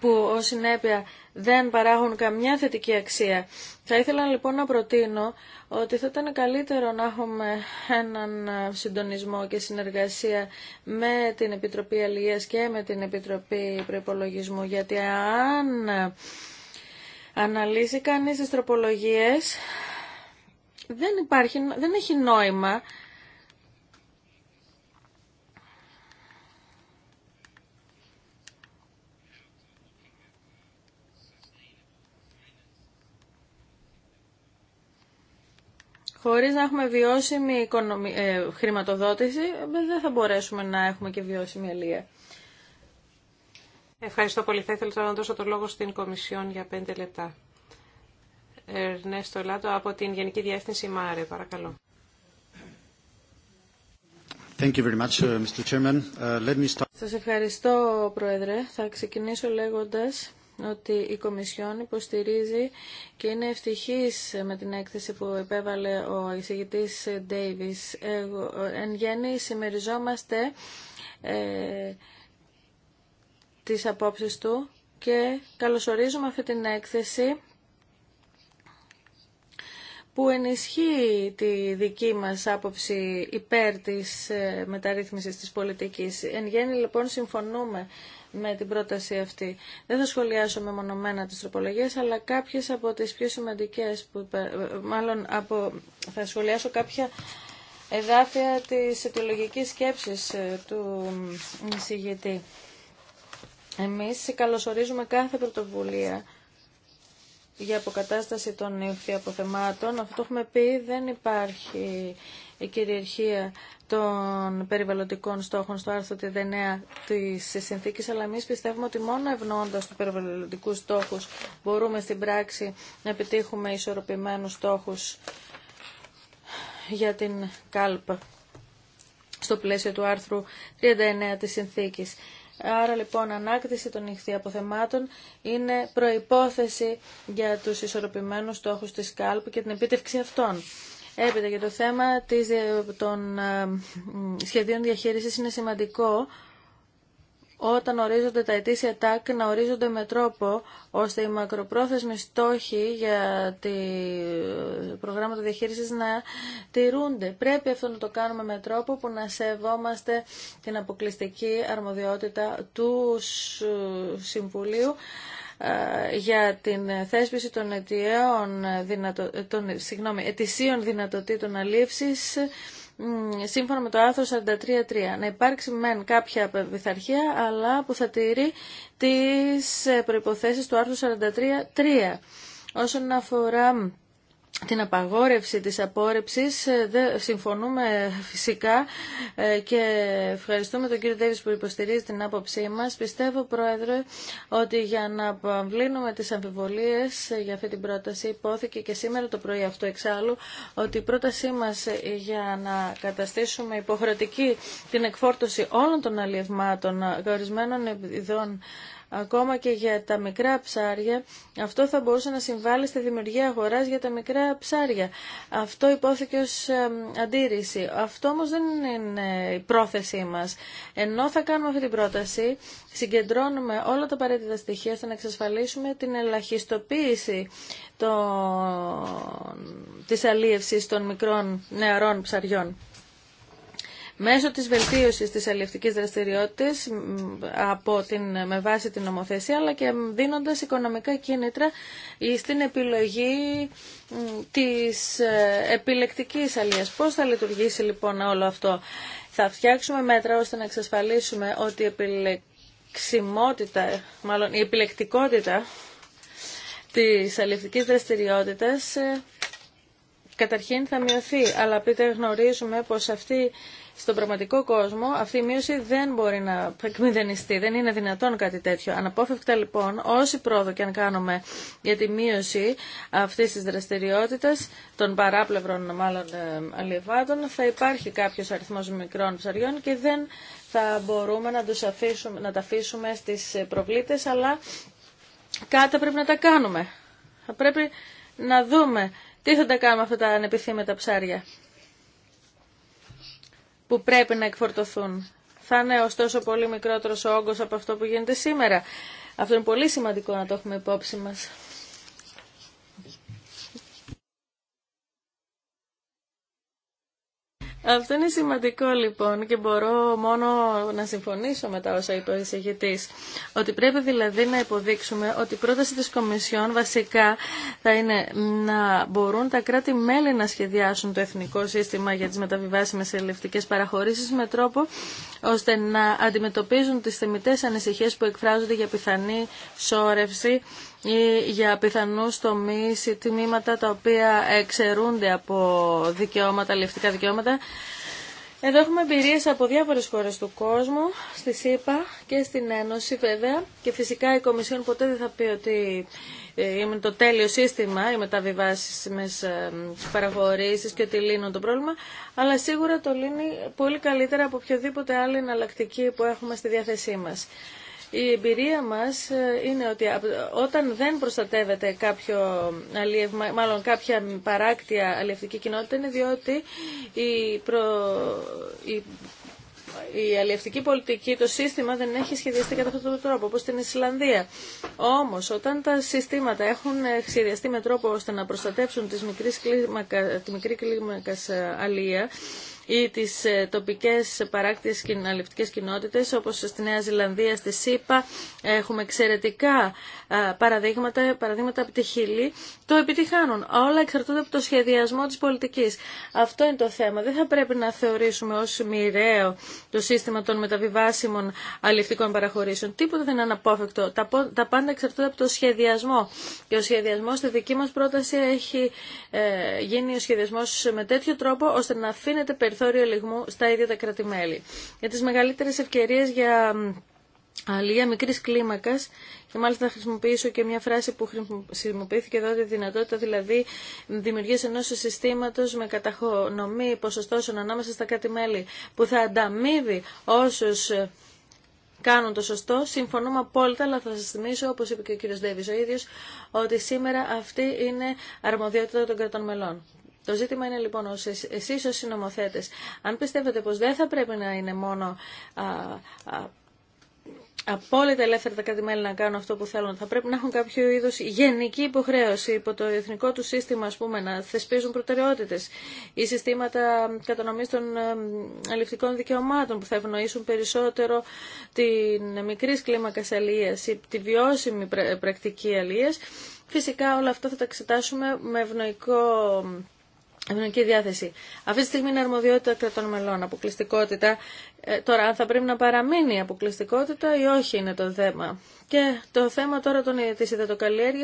που ω συνέπεια δεν παράγουν καμιά θετική αξία. Θα ήθελα λοιπόν να προτείνω ότι θα ήταν καλύτερο να έχουμε έναν συντονισμό και συνεργασία με την Επιτροπή Αλληλείας και με την Επιτροπή Προϋπολογισμού, γιατί αν αναλύσει κανείς τις τροπολογίες δεν, υπάρχει, δεν έχει νόημα Χωρίς να έχουμε βιώσιμη ε, χρηματοδότηση, ε, δεν θα μπορέσουμε να έχουμε και βιώσιμη αλία. Ευχαριστώ πολύ. Θα ήθελα να δώσω το λόγο στην Κομισιόν για πέντε λεπτά. Ερνέστο Λάτο από την Γενική Διεύθυνση ΜΑΡΕ, παρακαλώ. Thank you very much, uh, Mr. Chairman. Uh, let me start... Σας ευχαριστώ, Πρόεδρε. Θα ξεκινήσω λέγοντας ότι η Κομισιόν υποστηρίζει και είναι ευτυχής με την έκθεση που επέβαλε ο εισηγητής Ντέιβις. Εν γέννη, συμμεριζόμαστε ε, τις απόψεις του και καλωσορίζουμε αυτή την έκθεση που ενισχύει τη δική μας άποψη υπέρ της ε, μεταρρύθμισης της πολιτικής. Εν γέννη λοιπόν συμφωνούμε με την πρόταση αυτή. Δεν θα σχολιάσω μεμονωμένα τις τροπολογίες, αλλά κάποιες από τις πιο σημαντικές, που, μάλλον από, θα σχολιάσω κάποια εδάφια της αιτιολογικής σκέψης ε, του εισηγητή. Εμείς καλωσορίζουμε κάθε πρωτοβουλία για αποκατάσταση των ύφθη αποθεμάτων. Αυτό έχουμε πει, δεν υπάρχει η κυριαρχία των περιβαλλοντικών στόχων στο άρθρο 39 της συνθήκης, αλλά εμεί πιστεύουμε ότι μόνο ευνοώντα του περιβαλλοντικού στόχου μπορούμε στην πράξη να επιτύχουμε ισορροπημένους στόχους για την ΚΑΛΠ στο πλαίσιο του άρθρου 39 της συνθήκης. Άρα λοιπόν ανάκτηση των νυχθεί αποθεμάτων είναι προϋπόθεση για τους ισορροπημένους στόχους της ΚΑΛΠ και την επίτευξη αυτών. Έπειτα για το θέμα της, ε, των ε, σχεδίων διαχείρισης είναι σημαντικό όταν ορίζονται τα ετήσια τάκ να ορίζονται με τρόπο ώστε οι μακροπρόθεσμοι στόχοι για τη ε, προγράμματα διαχείρισης να τηρούνται. Πρέπει αυτό να το κάνουμε με τρόπο που να σεβόμαστε την αποκλειστική αρμοδιότητα του Συμβουλίου ε, για την θέσπιση των, αιτιαίων δυνατο... των συγγνώμη, ετησίων δυνατοτήτων αλήψης σύμφωνα με το άρθρο 43.3 να υπάρξει μεν κάποια πειθαρχία αλλά που θα τηρεί τις προϋποθέσεις του άρθρου 43.3 όσον αφορά την απαγόρευση της ε, δε συμφωνούμε φυσικά ε, και ευχαριστούμε τον κύριο Τέβης που υποστηρίζει την άποψή μας. Πιστεύω, Πρόεδρε, ότι για να απαμβλύνουμε τις αμφιβολίες για αυτή την πρόταση υπόθηκε και σήμερα το πρωί αυτό εξάλλου ότι η πρότασή μας για να καταστήσουμε υποχρεωτική την εκφόρτωση όλων των αλλιευμάτων ε, ορισμένων ειδών Ακόμα και για τα μικρά ψάρια, αυτό θα μπορούσε να συμβάλλει στη δημιουργία αγοράς για τα μικρά ψάρια. Αυτό υπόθηκε ως αντίρρηση. Αυτό όμως δεν είναι η πρόθεσή μας. Ενώ θα κάνουμε αυτή την πρόταση, συγκεντρώνουμε όλα τα απαραίτητα στοιχεία ώστε να εξασφαλίσουμε την ελαχιστοποίηση το της αλίευσης των μικρών νεαρών ψαριών. Μέσω της βελτίωσης της αλληλευτικής δραστηριότητας από την, με βάση την νομοθεσία αλλά και δίνοντας οικονομικά κίνητρα στην επιλογή της ε, επιλεκτικής αλληλείας. Πώς θα λειτουργήσει λοιπόν όλο αυτό. Θα φτιάξουμε μέτρα ώστε να εξασφαλίσουμε ότι η επιλεξιμότητα, μάλλον η επιλεκτικότητα της αλληλευτικής δραστηριότητας ε, καταρχήν θα μειωθεί. Αλλά πείτε γνωρίζουμε πως θα λειτουργησει λοιπον ολο αυτο θα φτιαξουμε μετρα ωστε να εξασφαλισουμε οτι η μαλλον επιλεκτικοτητα της αλληλευτικης δραστηριοτητας καταρχην θα μειωθει αλλα πειτε γνωριζουμε πως αυτη στον πραγματικό κόσμο αυτή η μείωση δεν μπορεί να εκμηδενιστεί, δεν είναι δυνατόν κάτι τέτοιο. Αναπόφευκτα λοιπόν, όση πρόοδο και αν κάνουμε για τη μείωση αυτής της δραστηριότητας, των παράπλευρων μάλλον ε, θα υπάρχει κάποιος αριθμός μικρών ψαριών και δεν θα μπορούμε να, τους αφήσουμε, να τα αφήσουμε στις προβλήτες, αλλά κάτι πρέπει να τα κάνουμε. Θα πρέπει να δούμε τι θα τα κάνουμε αυτά τα ανεπιθύμητα ψάρια που πρέπει να εκφορτωθούν. Θα είναι ωστόσο πολύ μικρότερος ο όγκος από αυτό που γίνεται σήμερα. Αυτό είναι πολύ σημαντικό να το έχουμε υπόψη μας. Αυτό είναι σημαντικό λοιπόν και μπορώ μόνο να συμφωνήσω με τα όσα είπε ο εισηγητή. Ότι πρέπει δηλαδή να υποδείξουμε ότι η πρόταση της Κομισιόν βασικά θα είναι να μπορούν τα κράτη-μέλη να σχεδιάσουν το εθνικό σύστημα για τι μεταβιβάσιμε ελευτικέ παραχωρήσεις με τρόπο ώστε να αντιμετωπίζουν τις θεμητέ ανησυχίε που εκφράζονται για πιθανή σώρευση ή για πιθανού τομεί ή τμήματα τα οποία εξαιρούνται από δικαιώματα, λευτικά δικαιώματα. Εδώ έχουμε εμπειρίες από διάφορες χώρες του κόσμου, στη ΣΥΠΑ και στην Ένωση βέβαια και φυσικά η Κομισιόν ποτέ δεν θα πει ότι ε, είναι το τέλειο σύστημα οι τι ε, παραχωρήσεις και ότι λύνουν το πρόβλημα, αλλά σίγουρα το λύνει πολύ καλύτερα από οποιοδήποτε άλλη εναλλακτική που έχουμε στη διάθεσή μας. Η εμπειρία μας ε, είναι ότι όταν δεν προστατεύεται κάποιο μάλλον κάποια παράκτια αλλιευτική κοινότητα είναι διότι η, προ... η αλληλευτική πολιτική, το σύστημα δεν έχει σχεδιαστεί κατά αυτόν τον τρόπο, όπως στην Ισλανδία. Όμως, όταν τα συστήματα έχουν σχεδιαστεί με τρόπο ώστε να προστατεύσουν τις τη μικρή κλίμακα ε, αλληλεία, ή τις ε, τοπικές παράκτιες κοινωνικές κοινότητες όπως στη Νέα Ζηλανδία, στη ΣΥΠΑ έχουμε εξαιρετικά παραδείγματα, παραδείγματα από τη Χιλή το επιτυχάνουν. Όλα εξαρτούνται από το σχεδιασμό της πολιτικής. Αυτό είναι το θέμα. Δεν θα πρέπει να θεωρήσουμε ως μοιραίο το σύστημα των μεταβιβάσιμων αλληλευτικών παραχωρήσεων. Τίποτα δεν είναι αναπόφευκτο. Τα πάντα εξαρτούνται από το σχεδιασμό. Και ο σχεδιασμός στη δική μας πρόταση έχει ε, γίνει ο σχεδιασμός με τέτοιο τρόπο ώστε να αφήνεται περιθώριο λιγμού στα ίδια τα κρατημέλη. Για τις μεγαλύτερες ευκαιρίες για αλληλεία μικρής κλίμακας και μάλιστα θα χρησιμοποιήσω και μια φράση που χρησιμοποιήθηκε εδώ τη δυνατότητα δηλαδή δημιουργία ενό συστήματο με καταχωνομή ποσοστώσεων ανάμεσα στα κάτι που θα ανταμείβει όσου ε, κάνουν το σωστό. Συμφωνούμε απόλυτα, αλλά θα σα θυμίσω, όπω είπε και ο κύριο Ντέβι ο ίδιο, ότι σήμερα αυτή είναι αρμοδιότητα των κρατών μελών. Το ζήτημα είναι λοιπόν ως εσείς ως συνομοθέτες, αν πιστεύετε πως δεν θα πρέπει να είναι μόνο α, α, απόλυτα ελεύθερα τα κρατη να κάνουν αυτό που θέλουν. Θα πρέπει να έχουν κάποιο είδος γενική υποχρέωση υπό το εθνικό του σύστημα, ας πούμε, να θεσπίζουν προτεραιότητες ή συστήματα κατανομής των αληφτικών δικαιωμάτων που θα ευνοήσουν περισσότερο την μικρή κλίμακα αλληλεία ή τη βιώσιμη πρακτική αλληλεία. Φυσικά όλα αυτά θα τα εξετάσουμε με ευνοϊκό Ευνοϊκή διάθεση. Αυτή τη στιγμή είναι αρμοδιότητα κρατών μελών, αποκλειστικότητα. Ε, τώρα, αν θα πρέπει να παραμείνει αποκλειστικότητα ή όχι είναι το θέμα. Και το θέμα τώρα τη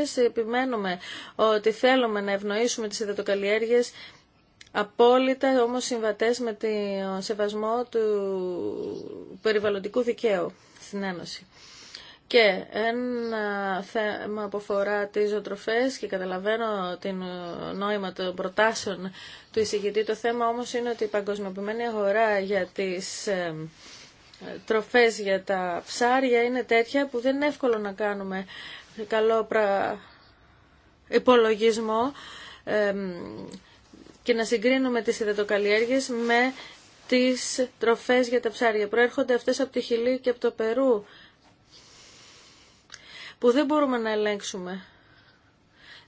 της επιμένουμε ότι θέλουμε να ευνοήσουμε τις ιδετοκαλλιέργειε απόλυτα όμως συμβατές με τον σεβασμό του περιβαλλοντικού δικαίου στην Ένωση. Και ένα θέμα που αφορά τις ζωοτροφέ και καταλαβαίνω την νόημα των προτάσεων του εισηγητή. Το θέμα όμως είναι ότι η παγκοσμιοποιημένη αγορά για τις ε, τροφές για τα ψάρια είναι τέτοια που δεν είναι εύκολο να κάνουμε καλό υπολογισμό και να συγκρίνουμε τις υδατοκαλλιέργειες με τις τροφές για τα ψάρια. Προέρχονται αυτές από τη Χιλή και από το Περού που δεν μπορούμε να ελέγξουμε.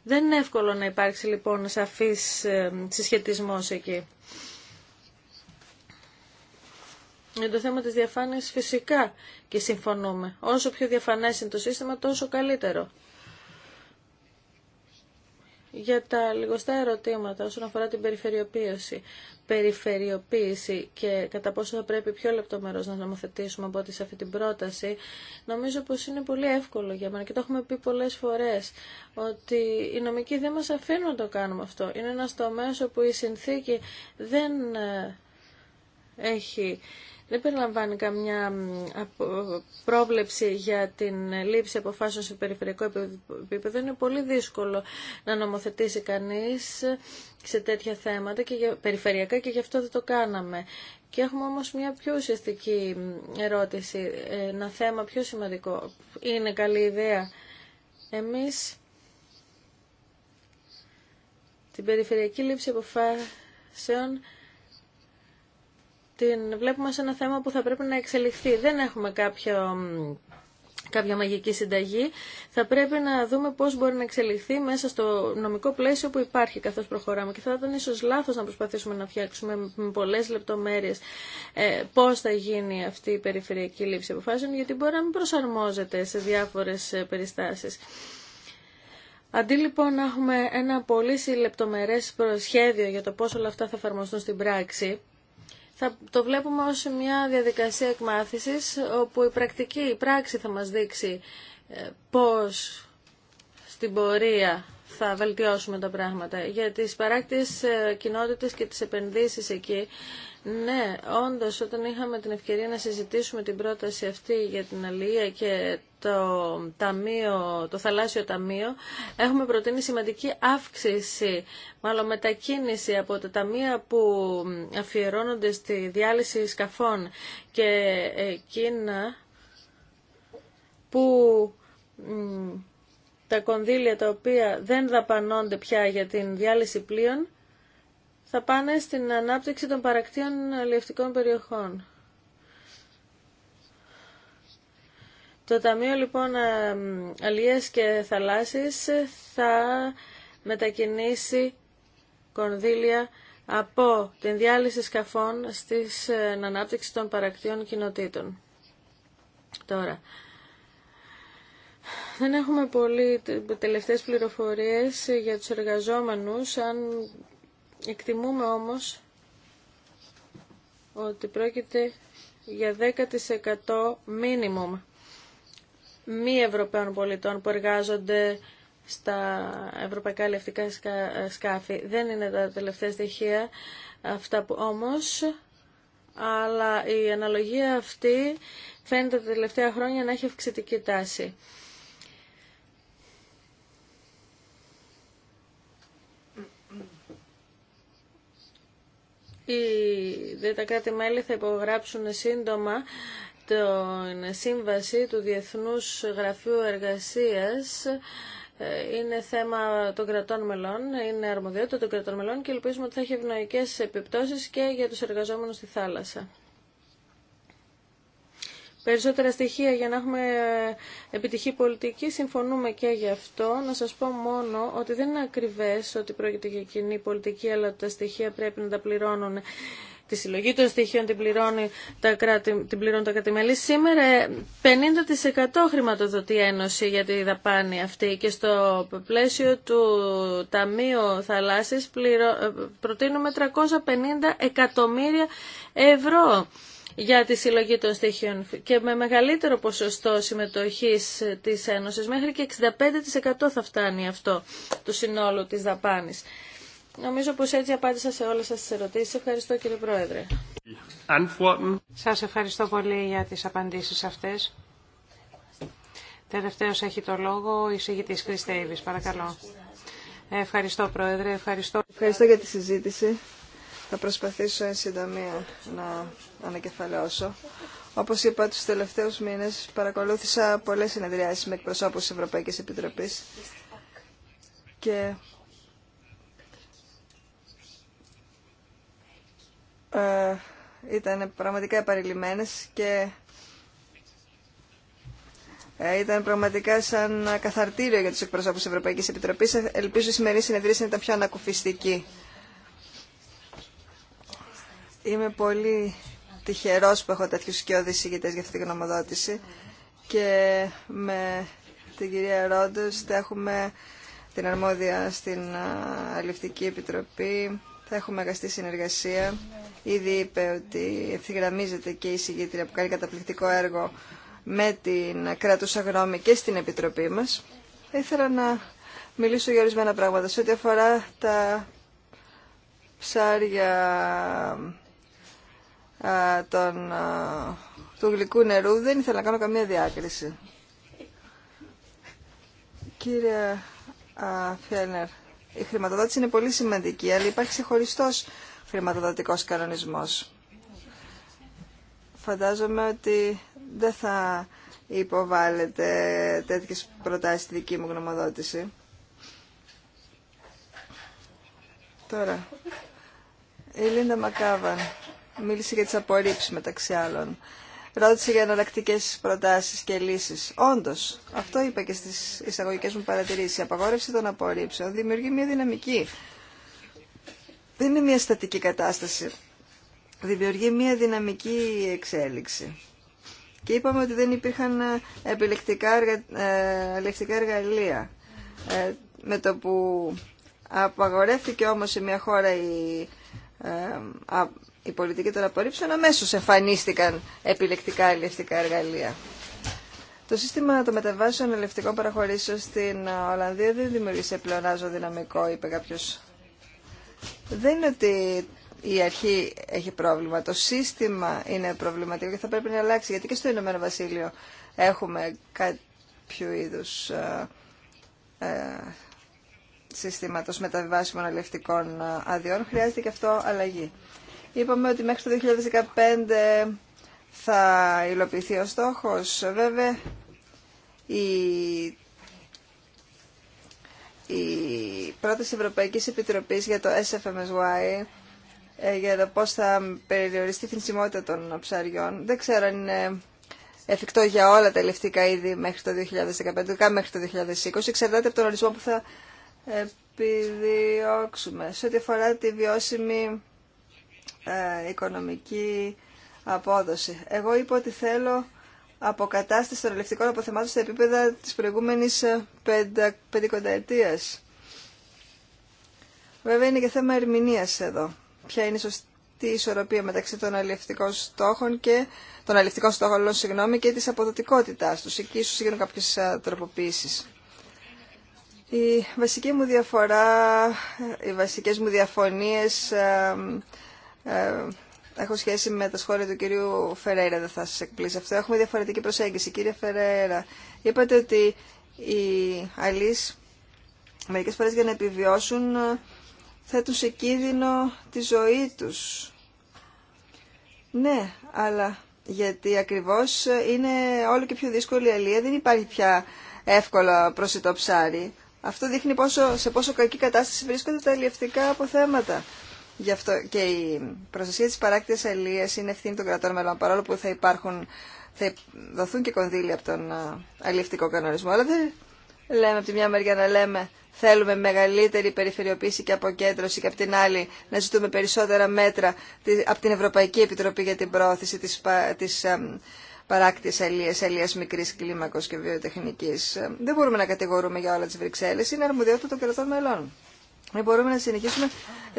Δεν είναι εύκολο να υπάρξει λοιπόν σαφής ε, συσχετισμός εκεί. Για το θέμα της διαφάνειας φυσικά και συμφωνούμε. Όσο πιο διαφανές είναι το σύστημα τόσο καλύτερο για τα λιγοστά ερωτήματα όσον αφορά την περιφερειοποίηση. Περιφερειοποίηση και κατά πόσο θα πρέπει πιο λεπτομερώς να νομοθετήσουμε από ό,τι σε αυτή την πρόταση, νομίζω πως είναι πολύ εύκολο για μένα και το έχουμε πει πολλές φορές, ότι οι νομικοί δεν μας αφήνουν να το κάνουμε αυτό. Είναι ένας τομέας όπου η συνθήκη δεν ε, έχει δεν περιλαμβάνει καμιά πρόβλεψη για την λήψη αποφάσεων σε περιφερειακό επίπεδο. Είναι πολύ δύσκολο να νομοθετήσει κανείς σε τέτοια θέματα και για, περιφερειακά και γι' αυτό δεν το κάναμε. Και έχουμε όμως μια πιο ουσιαστική ερώτηση, ε, ένα θέμα πιο σημαντικό. Είναι καλή ιδέα. Εμείς την περιφερειακή λήψη αποφάσεων την βλέπουμε σε ένα θέμα που θα πρέπει να εξελιχθεί. Δεν έχουμε κάποιο κάποια μαγική συνταγή, θα πρέπει να δούμε πώς μπορεί να εξελιχθεί μέσα στο νομικό πλαίσιο που υπάρχει καθώς προχωράμε. Και θα ήταν ίσως λάθος να προσπαθήσουμε να φτιάξουμε με πολλές λεπτομέρειες ε, πώς θα γίνει αυτή η περιφερειακή λήψη αποφάσεων, γιατί μπορεί να μην προσαρμόζεται σε διάφορες ε, περιστάσεις. Αντί λοιπόν να έχουμε ένα πολύ λεπτομερές προσχέδιο για το πώς όλα αυτά θα εφαρμοστούν στην πράξη, θα το βλέπουμε ως μια διαδικασία εκμάθησης όπου η πρακτική, η πράξη θα μας δείξει ε, πώς στην πορεία θα βελτιώσουμε τα πράγματα. Για τις παράκτης ε, κοινότητες και τις επενδύσεις εκεί, ναι, όντως όταν είχαμε την ευκαιρία να συζητήσουμε την πρόταση αυτή για την αλληλεία και το, ταμείο, το θαλάσσιο ταμείο, έχουμε προτείνει σημαντική αύξηση, μάλλον μετακίνηση από τα ταμεία που αφιερώνονται στη διάλυση σκαφών και εκείνα που τα κονδύλια τα οποία δεν δαπανώνται πια για την διάλυση πλοίων θα πάνε στην ανάπτυξη των παρακτήων αλλιευτικών περιοχών. Το Ταμείο λοιπόν Αλίες και Θαλάσσης θα μετακινήσει κονδύλια από την διάλυση σκαφών στην ε, ανάπτυξη των παρακτήων κοινοτήτων. Τώρα, δεν έχουμε πολύ τελευταίες πληροφορίες για τους εργαζόμενους, αν εκτιμούμε όμως ότι πρόκειται για 10% μίνιμουμ μη Ευρωπαίων πολιτών που εργάζονται στα ευρωπαϊκά ελευτικά σκάφη. Δεν είναι τα τελευταία στοιχεία αυτά που όμως, αλλά η αναλογία αυτή φαίνεται τα τελευταία χρόνια να έχει αυξητική τάση. τα κράτη-μέλη θα υπογράψουν σύντομα την σύμβαση του Διεθνούς Γραφείου Εργασίας ε, είναι θέμα των κρατών μελών, είναι αρμοδιότητα των κρατών μελών και ελπίζουμε ότι θα έχει ευνοϊκές επιπτώσεις και για τους εργαζόμενους στη θάλασσα περισσότερα στοιχεία για να έχουμε ε, επιτυχή πολιτική. Συμφωνούμε και γι' αυτό. Να σας πω μόνο ότι δεν είναι ακριβές ότι πρόκειται για κοινή πολιτική, αλλά τα στοιχεία πρέπει να τα πληρώνουν. Τη συλλογή των στοιχείων την, πληρώνει τα κράτη, την πληρώνουν τα κατημέλη. Σήμερα 50% ε, χρηματοδοτεί η Ένωση για τη δαπάνη αυτή και στο πλαίσιο του Ταμείου Θαλάσσης ε, προτείνουμε 350 εκατομμύρια ευρώ για τη συλλογή των στοιχείων και με μεγαλύτερο ποσοστό συμμετοχής της Ένωσης, μέχρι και 65% θα φτάνει αυτό του συνόλου της δαπάνης. Νομίζω πως έτσι απάντησα σε όλες σας τις ερωτήσεις. Ευχαριστώ κύριε Πρόεδρε. Σας ευχαριστώ πολύ για τις απαντήσεις αυτές. Τελευταίος έχει το λόγο ο εισηγητής Κριστέιβης. Παρακαλώ. Ευχαριστώ Πρόεδρε. Ευχαριστώ για τη συζήτηση. Θα προσπαθήσω εν συντομία να ανακεφαλαιώσω. Όπω είπα, του τελευταίους μήνε παρακολούθησα πολλέ συνεδριάσει με εκπροσώπου τη Ευρωπαϊκής Επιτροπής και ε, ήταν πραγματικά επαρηλημμένε και ε, ήταν πραγματικά σαν καθαρτήριο για του εκπροσώπου τη Ευρωπαϊκής Επιτροπής. Ελπίζω η σημερινή συνεδρία να ήταν πιο ανακουφιστική Είμαι πολύ τυχερός που έχω τέτοιους σκιώδεις ηγητές για αυτή τη γνωμοδότηση και με την κυρία Ρόντος θα έχουμε την αρμόδια στην Αλληλευτική Επιτροπή, θα έχουμε αγαστή συνεργασία. Ήδη είπε ότι ευθυγραμμίζεται και η συγκήτρια που κάνει καταπληκτικό έργο με την κρατούσα γνώμη και στην Επιτροπή μας. Θα ήθελα να μιλήσω για ορισμένα πράγματα σε ό,τι αφορά τα ψάρια α, του γλυκού νερού δεν ήθελα να κάνω καμία διάκριση. Κύριε Φιέλνερ, η χρηματοδότηση είναι πολύ σημαντική, αλλά υπάρχει ξεχωριστό χρηματοδοτικός κανονισμός. Φαντάζομαι ότι δεν θα υποβάλλετε τέτοιες προτάσεις στη δική μου γνωμοδότηση. Τώρα, η Λίντα Μακάβαν μίλησε για τις απορρίψεις μεταξύ άλλων. Ρώτησε για εναλλακτικέ προτάσει και λύσει. Όντω, αυτό είπα και στι εισαγωγικέ μου παρατηρήσει. Η απαγόρευση των απορρίψεων δημιουργεί μια δυναμική. Δεν είναι μια στατική κατάσταση. Δημιουργεί μια δυναμική εξέλιξη. Και είπαμε ότι δεν υπήρχαν ε, επιλεκτικά ε, εργαλεία. Ε, με το που απαγορεύτηκε όμως σε μια χώρα η ε, η πολιτική των απορρίψεων, αμέσω εμφανίστηκαν επιλεκτικά αλληλευτικά εργαλεία. Το σύστημα των μεταβάσεων ελευτικών παραχωρήσεων στην ε, Ολλανδία δεν δημιούργησε πλεονάζο δυναμικό, είπε κάποιο. Δεν είναι ότι η αρχή έχει πρόβλημα. Το σύστημα είναι προβληματικό και θα πρέπει να αλλάξει. Γιατί και στο Ηνωμένο Βασίλειο έχουμε κάποιο είδου ε, ε, συστήματος μεταβιβάσιμων αλληλευτικών αδειών. Χρειάζεται και αυτό αλλαγή. Είπαμε ότι μέχρι το 2015 θα υλοποιηθεί ο στόχος. Βέβαια, η, η πρόταση Ευρωπαϊκής Επιτροπής για το SFMSY ε, για το πώς θα περιοριστεί η θνησιμότητα των ψαριών. Δεν ξέρω αν είναι εφικτό για όλα τα ελευτικά είδη μέχρι το 2015, μέχρι το 2020. Εξαρτάται από τον ορισμό που θα ε, επιδιώξουμε. Σε ό,τι αφορά τη βιώσιμη ε, οικονομική απόδοση. Εγώ είπα ότι θέλω αποκατάσταση των ελευτικών αποθεμάτων στα επίπεδα της προηγούμενης ε, πεντα, Βέβαια είναι και θέμα ερμηνείας εδώ. Ποια είναι η σωστή ισορροπία μεταξύ των αλληλευτικών στόχων και των αλληλευτικών στόχων, συγγνώμη, και της αποδοτικότητάς τους. Εκεί ίσως γίνουν κάποιες ε, τροποποίησεις. Η βασική μου διαφορά, οι βασικές μου διαφωνίες ε, έχω σχέση με τα σχόλια του κυρίου Φεραίρα, δεν θα σα εκπλήσει αυτό. Έχουμε διαφορετική προσέγγιση. Κύριε Φεραίρα, είπατε ότι οι αλλοί μερικέ φορέ για να επιβιώσουν ε, θέτουν σε κίνδυνο τη ζωή τους. Ναι, αλλά γιατί ακριβώς ε, είναι όλο και πιο δύσκολη η αλία, δεν υπάρχει πια εύκολα προσιτό ψάρι. Αυτό δείχνει πόσο, σε πόσο κακή κατάσταση βρίσκονται τα αλλιευτικά αποθέματα. Γι' αυτό και η προστασία τη παράκτη αλληλεία είναι ευθύνη των κρατών μελών, παρόλο που θα υπάρχουν, θα δοθούν και κονδύλια από τον αλληλευτικό κανονισμό. Αλλά δεν λέμε από τη μια μεριά να λέμε θέλουμε μεγαλύτερη περιφερειοποίηση και αποκέντρωση και από την άλλη να ζητούμε περισσότερα μέτρα από την Ευρωπαϊκή Επιτροπή για την πρόθεση της, της παράκτης αλίας, μικρή μικρής κλίμακος και βιοτεχνικής. Δεν μπορούμε να κατηγορούμε για όλα τις Βρυξέλλες, είναι αρμοδιότητα των κρατών μελών. Ε, μπορούμε να συνεχίσουμε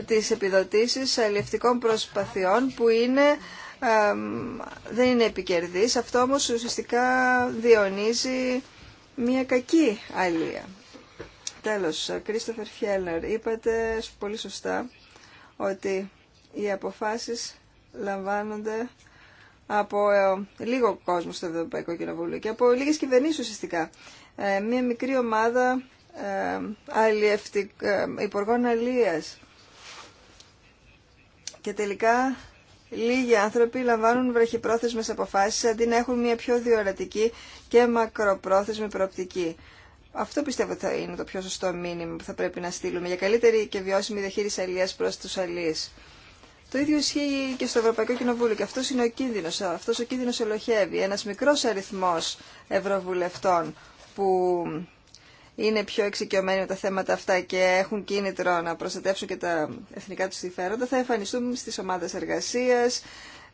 τις επιδοτήσεις αλληλευτικών προσπαθειών που είναι, δεν είναι επικερδής. Αυτό όμως ουσιαστικά διονύζει μια κακή αλληλεία Τέλος, Κρίστοφερ Φιέλνερ, είπατε πολύ σωστά ότι οι αποφάσεις λαμβάνονται από ε, λίγο κόσμο στο Ευρωπαϊκό Κοινοβούλιο και από λίγες κυβερνήσεις ουσιαστικά. Ε, μια μικρή ομάδα υπουργών αλίας. Και τελικά λίγοι άνθρωποι λαμβάνουν βραχυπρόθεσμες αποφάσεις αντί να έχουν μια πιο διορατική και μακροπρόθεσμη προοπτική. Αυτό πιστεύω θα είναι το πιο σωστό μήνυμα που θα πρέπει να στείλουμε για καλύτερη και βιώσιμη διαχείριση αλίας προς τους αλίες. Το ίδιο ισχύει και στο Ευρωπαϊκό Κοινοβούλιο και αυτός είναι ο κίνδυνος, αυτός ο κίνδυνος ελοχεύει. Ένας μικρός αριθμός ευρωβουλευτών που είναι πιο εξοικειωμένοι με τα θέματα αυτά και έχουν κίνητρο να προστατεύσουν και τα εθνικά τους συμφέροντα, θα εμφανιστούν στις ομάδες εργασίας,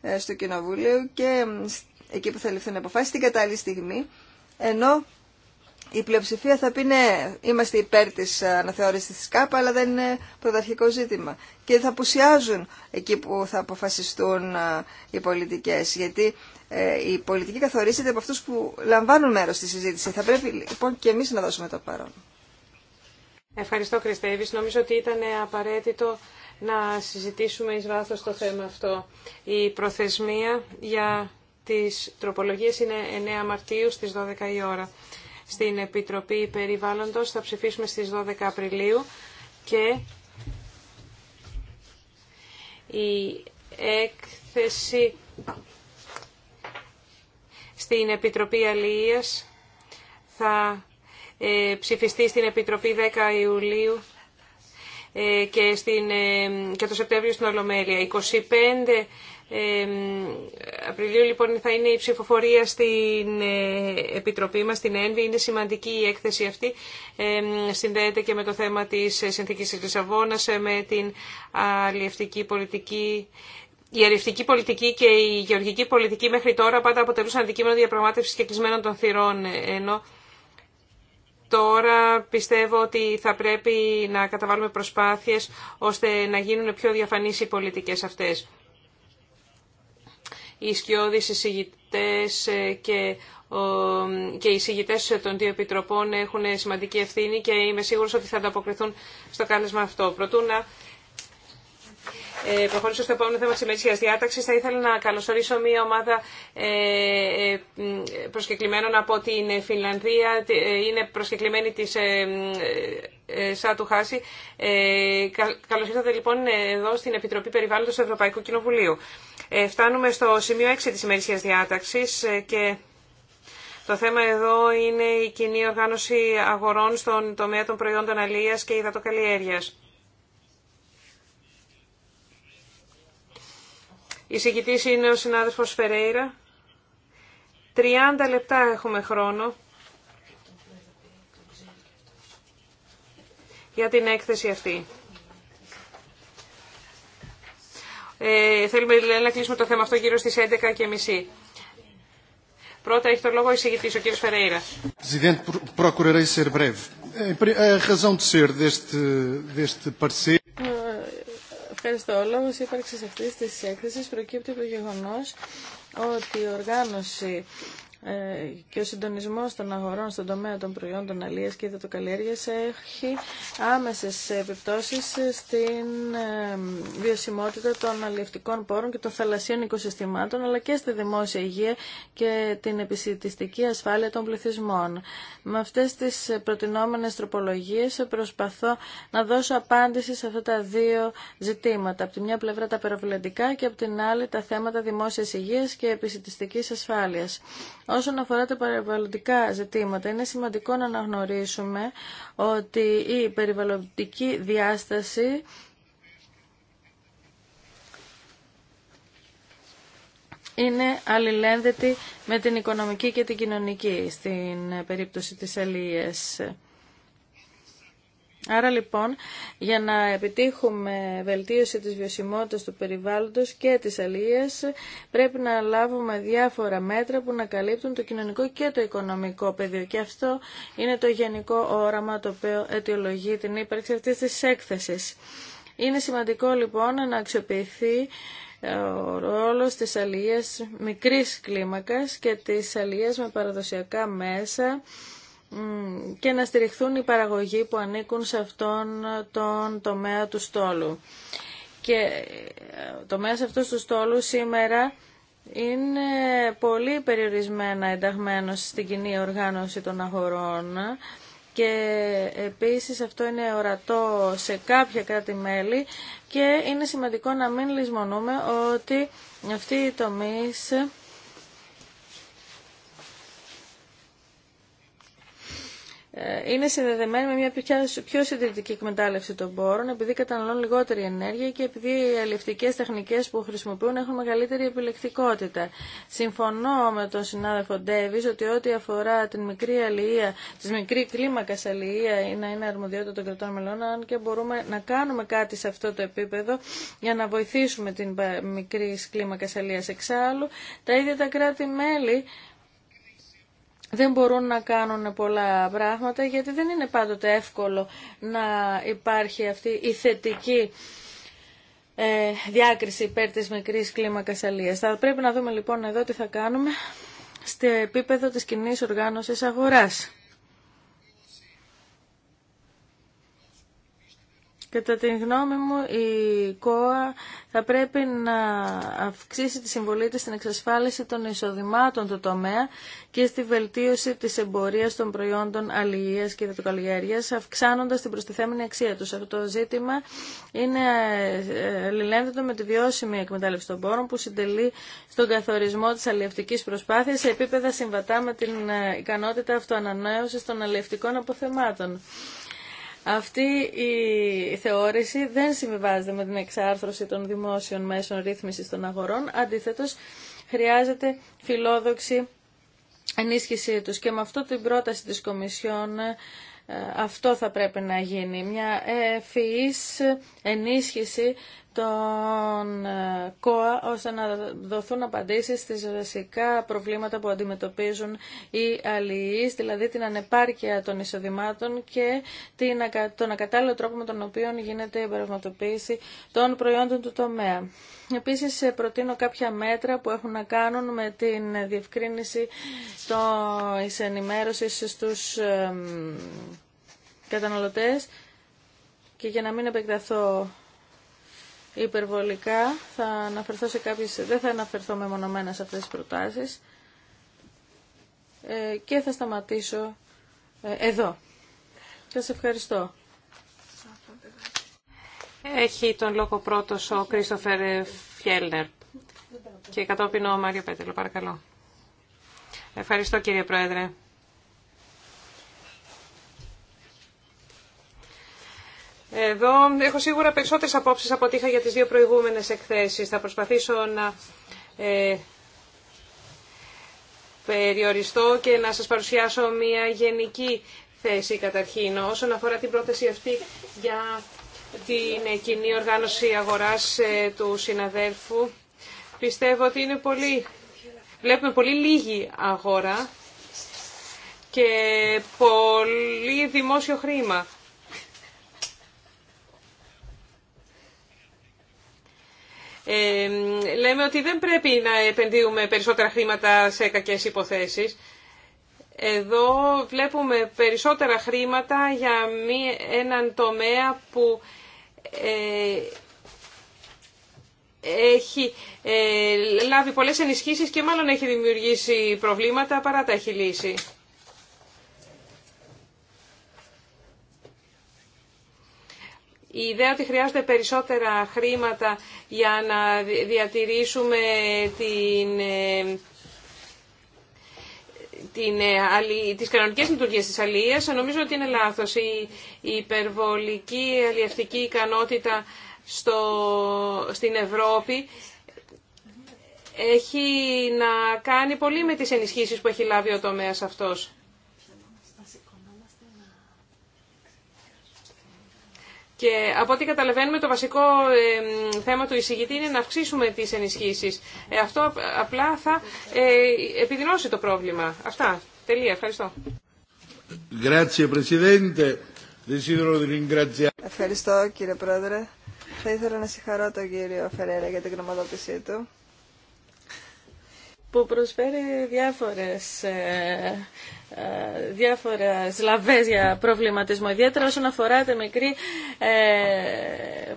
ε, στο Κοινοβουλίο και εκεί που θα ληφθούν αποφάσεις την κατάλληλη στιγμή, ενώ η πλειοψηφία θα πει ναι, είμαστε υπέρ τη αναθεώρηση τη ΚΑΠΑ, αλλά δεν είναι πρωταρχικό ζήτημα. Και θα πουσιάζουν εκεί που θα αποφασιστούν ε, οι πολιτικέ. Γιατί ε, η πολιτική καθορίζεται από αυτούς που λαμβάνουν μέρος στη συζήτηση. Θα πρέπει λοιπόν και εμείς να δώσουμε το παρόν. Ευχαριστώ Κριστέβης. Νομίζω ότι ήταν απαραίτητο να συζητήσουμε εις βάθος το θέμα αυτό. Η προθεσμία για τις τροπολογίες είναι 9 Μαρτίου στις 12 η ώρα. Στην Επιτροπή Περιβάλλοντος θα ψηφίσουμε στις 12 Απριλίου και η έκθεση στην Επιτροπή Αλληλείας. Θα ε, ψηφιστεί στην Επιτροπή 10 Ιουλίου ε, και, στην, ε, και το Σεπτέμβριο στην Ολομέλεια. 25 Απριλίου λοιπόν θα είναι η ψηφοφορία στην Επιτροπή μας, στην ΕΝΒΗ. Είναι σημαντική η έκθεση αυτή. Συνδέεται και με το θέμα της συνθήκης της Λισαβόνας, με την αλληλευτική πολιτική η αριφτική πολιτική και η γεωργική πολιτική μέχρι τώρα πάντα αποτελούσαν αντικείμενο διαπραγμάτευση και κλεισμένων των θυρών. Ενώ τώρα πιστεύω ότι θα πρέπει να καταβάλουμε προσπάθειες ώστε να γίνουν πιο διαφανείς οι πολιτικές αυτές. Οι σκιώδεις εισηγητές ε, και, και οι εισηγητές των δύο επιτροπών έχουν σημαντική ευθύνη και είμαι σίγουρος ότι θα ανταποκριθούν στο κάλεσμα αυτό. Προτού να ε, προχωρήσω στο επόμενο θέμα τη ημερήσια διάταξη, θα ήθελα να καλωσορίσω μια ομάδα ε, ε προσκεκλημένων από την Φινλανδία. Ε, είναι προσκεκλημένη της ε, Σάτου Χάση. Καλώς ήρθατε λοιπόν εδώ στην Επιτροπή Περιβάλλοντος του Ευρωπαϊκού Κοινοβουλίου. Φτάνουμε στο σημείο 6 της ημερήσιας διάταξης και... Το θέμα εδώ είναι η κοινή οργάνωση αγορών στον τομέα των προϊόντων αλληλεία και υδατοκαλλιέργεια. Η Εισηγητής είναι ο συνάδελφος Φερέιρα. 30 λεπτά έχουμε χρόνο για την έκθεση αυτή. Ε, θέλουμε να κλείσουμε το θέμα αυτό γύρω στις 11 και μισή. Πρώτα έχει το λόγο εισηγητής ο κύριος Φερέιρα. Ευχαριστώ. Ο λόγο ύπαρξη αυτή τη έκθεση προκύπτει από το γεγονό ότι η οργάνωση ε, και ο συντονισμός των αγορών στον τομέα των προϊόντων αλίας και υδατοκαλλιέργειας έχει άμεσες επιπτώσεις στην ε, βιωσιμότητα των αλλιευτικών πόρων και των θαλασσίων οικοσυστημάτων αλλά και στη δημόσια υγεία και την επισητιστική ασφάλεια των πληθυσμών. Με αυτές τις προτινόμενες τροπολογίες προσπαθώ να δώσω απάντηση σε αυτά τα δύο ζητήματα. Από τη μια πλευρά τα περιβαλλοντικά και από την άλλη τα θέματα δημόσιας υγείας και επισητιστικής ασφάλειας. Όσον αφορά τα περιβαλλοντικά ζητήματα, είναι σημαντικό να αναγνωρίσουμε ότι η περιβαλλοντική διάσταση είναι αλληλένδετη με την οικονομική και την κοινωνική στην περίπτωση της αλληλείας. Άρα λοιπόν, για να επιτύχουμε βελτίωση της βιωσιμότητας του περιβάλλοντος και της αλληλείας, πρέπει να λάβουμε διάφορα μέτρα που να καλύπτουν το κοινωνικό και το οικονομικό πεδίο. Και αυτό είναι το γενικό όραμα το οποίο αιτιολογεί την ύπαρξη αυτής της έκθεσης. Είναι σημαντικό λοιπόν να αξιοποιηθεί ε, ο ρόλος της αλληλείας μικρής κλίμακας και της αλληλείας με παραδοσιακά μέσα, και να στηριχθούν οι παραγωγοί που ανήκουν σε αυτόν τον τομέα του στόλου. Και ε, το τομέας αυτός του στόλου σήμερα είναι πολύ περιορισμένα ενταγμένος στην κοινή οργάνωση των αγορών και επίσης αυτό είναι ορατό σε κάποια κράτη-μέλη και είναι σημαντικό να μην λησμονούμε ότι αυτοί οι τομείς Ε, είναι συνδεδεμένη με μια πιο συντηρητική εκμετάλλευση των πόρων, επειδή καταναλώνουν λιγότερη ενέργεια και επειδή οι αλληλευτικέ τεχνικέ που χρησιμοποιούν έχουν μεγαλύτερη επιλεκτικότητα. Συμφωνώ με τον συνάδελφο Ντέβι ότι ό,τι αφορά την μικρή αλληλεία, τη μικρή κλίμακα αλληλεία είναι, είναι αρμοδιότητα των κρατών μελών, αν και μπορούμε να κάνουμε κάτι σε αυτό το επίπεδο για να βοηθήσουμε την μικρή κλίμακα αλληλεία. Εξάλλου, τα ίδια τα κράτη-μέλη δεν μπορούν να κάνουν πολλά πράγματα γιατί δεν είναι πάντοτε εύκολο να υπάρχει αυτή η θετική ε, διάκριση υπέρ της μικρής κλίμακας αλίας. Θα πρέπει να δούμε λοιπόν εδώ τι θα κάνουμε στο επίπεδο της κοινή οργάνωσης αγοράς. Κατά την γνώμη μου, η ΚΟΑ θα πρέπει να αυξήσει τη συμβολή της στην εξασφάλιση των εισοδημάτων του τομέα και στη βελτίωση της εμπορίας των προϊόντων αλληλείας και δατοκαλλιέργειας, αυξάνοντας την προστιθέμενη αξία τους. Αυτό το ζήτημα είναι ε, αλληλένδετο με τη βιώσιμη εκμετάλλευση των πόρων που συντελεί στον καθορισμό της αλληλευτικής προσπάθειας σε επίπεδα συμβατά με την ε, ικανότητα αυτοανανέωσης των αλληλευτικών αποθεμάτων. Αυτή η θεώρηση δεν συμβιβάζεται με την εξάρθρωση των δημόσιων μέσων ρύθμισης των αγορών. Αντίθετος, χρειάζεται φιλόδοξη ενίσχυσή τους. Και με αυτό την πρόταση της Κομισιόν ε, αυτό θα πρέπει να γίνει. Μια ευφυής ενίσχυση τον ε, ΚΟΑ ώστε να δοθούν απαντήσεις στις βασικά προβλήματα που αντιμετωπίζουν οι αλληλείς, δηλαδή την ανεπάρκεια των εισοδημάτων και τον ακατάλληλο τρόπο με τον οποίο γίνεται η εμπορευματοποίηση των προϊόντων του τομέα. Επίσης ε, προτείνω κάποια μέτρα που έχουν να κάνουν με την διευκρίνηση της ενημέρωσης στους ε, καταναλωτές και για να μην επεκταθώ υπερβολικά. Θα αναφερθώ σε κάποιες, δεν θα αναφερθώ μεμονωμένα σε αυτές τις προτάσεις ε, και θα σταματήσω ε, εδώ. Σας ευχαριστώ. Έχει τον λόγο πρώτος ο Κρίστοφερ Φιέλνερ και κατόπιν ο Μάριο Πέτελο. Παρακαλώ. Ευχαριστώ κύριε Πρόεδρε. Εδώ έχω σίγουρα περισσότερες απόψεις από ό,τι είχα για τις δύο προηγούμενες εκθέσεις. Θα προσπαθήσω να ε, περιοριστώ και να σας παρουσιάσω μια γενική θέση καταρχήν. Όσον αφορά την πρόταση αυτή για την ε, κοινή οργάνωση αγοράς ε, του συναδέλφου, πιστεύω ότι είναι πολύ... Βλέπουμε πολύ λίγη αγορά και πολύ δημόσιο χρήμα. λέμε ότι δεν πρέπει να επενδύουμε περισσότερα χρήματα σε κακές υποθέσεις. Εδώ βλέπουμε περισσότερα χρήματα για έναν τομέα που ε, έχει ε, λάβει πολλές ενισχύσεις και μάλλον έχει δημιουργήσει προβλήματα παρά τα έχει λύσει. Η ιδέα ότι χρειάζονται περισσότερα χρήματα για να διατηρήσουμε την, ε, την, ε, τις κανονικές λειτουργίες της αλληλείας νομίζω ότι είναι λάθος. Η, υπερβολική αλληλευτική ικανότητα στο, στην Ευρώπη έχει να κάνει πολύ με τις ενισχύσεις που έχει λάβει ο τομέας αυτός. Και από ό,τι καταλαβαίνουμε το βασικό θέμα του εισηγητή είναι να αυξήσουμε τις ενισχύσεις. Ε, αυτό απλά θα ε, επιδεινώσει το πρόβλημα. Αυτά. Τελεία. Ευχαριστώ. Ευχαριστώ κύριε Πρόεδρε. Θα ήθελα να συγχαρώ τον κύριο Φερέρα για την γνωμοδότησή του που προσφέρει διάφορες ε, ε, διάφορα λαβές για προβληματισμό, ιδιαίτερα όσον αφορά τη μικρή ε,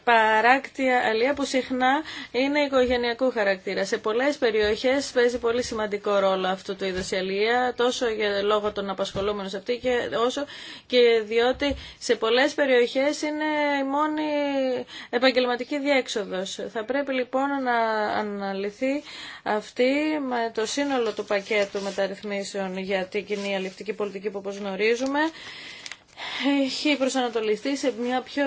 παράκτια αλία που συχνά είναι οικογενειακού χαρακτήρα. Σε πολλές περιοχές παίζει πολύ σημαντικό ρόλο αυτού του είδους η αλία, τόσο για, λόγω των απασχολούμενων σε αυτή και όσο και διότι σε πολλές περιοχές είναι η μόνη επαγγελματική διέξοδο Θα πρέπει λοιπόν να αναλυθεί αυτή με το σύνολο του πακέτου μεταρρυθμίσεων για την κοινή αλληλευτική πολιτική που όπως γνωρίζουμε έχει προσανατολιστεί σε μια πιο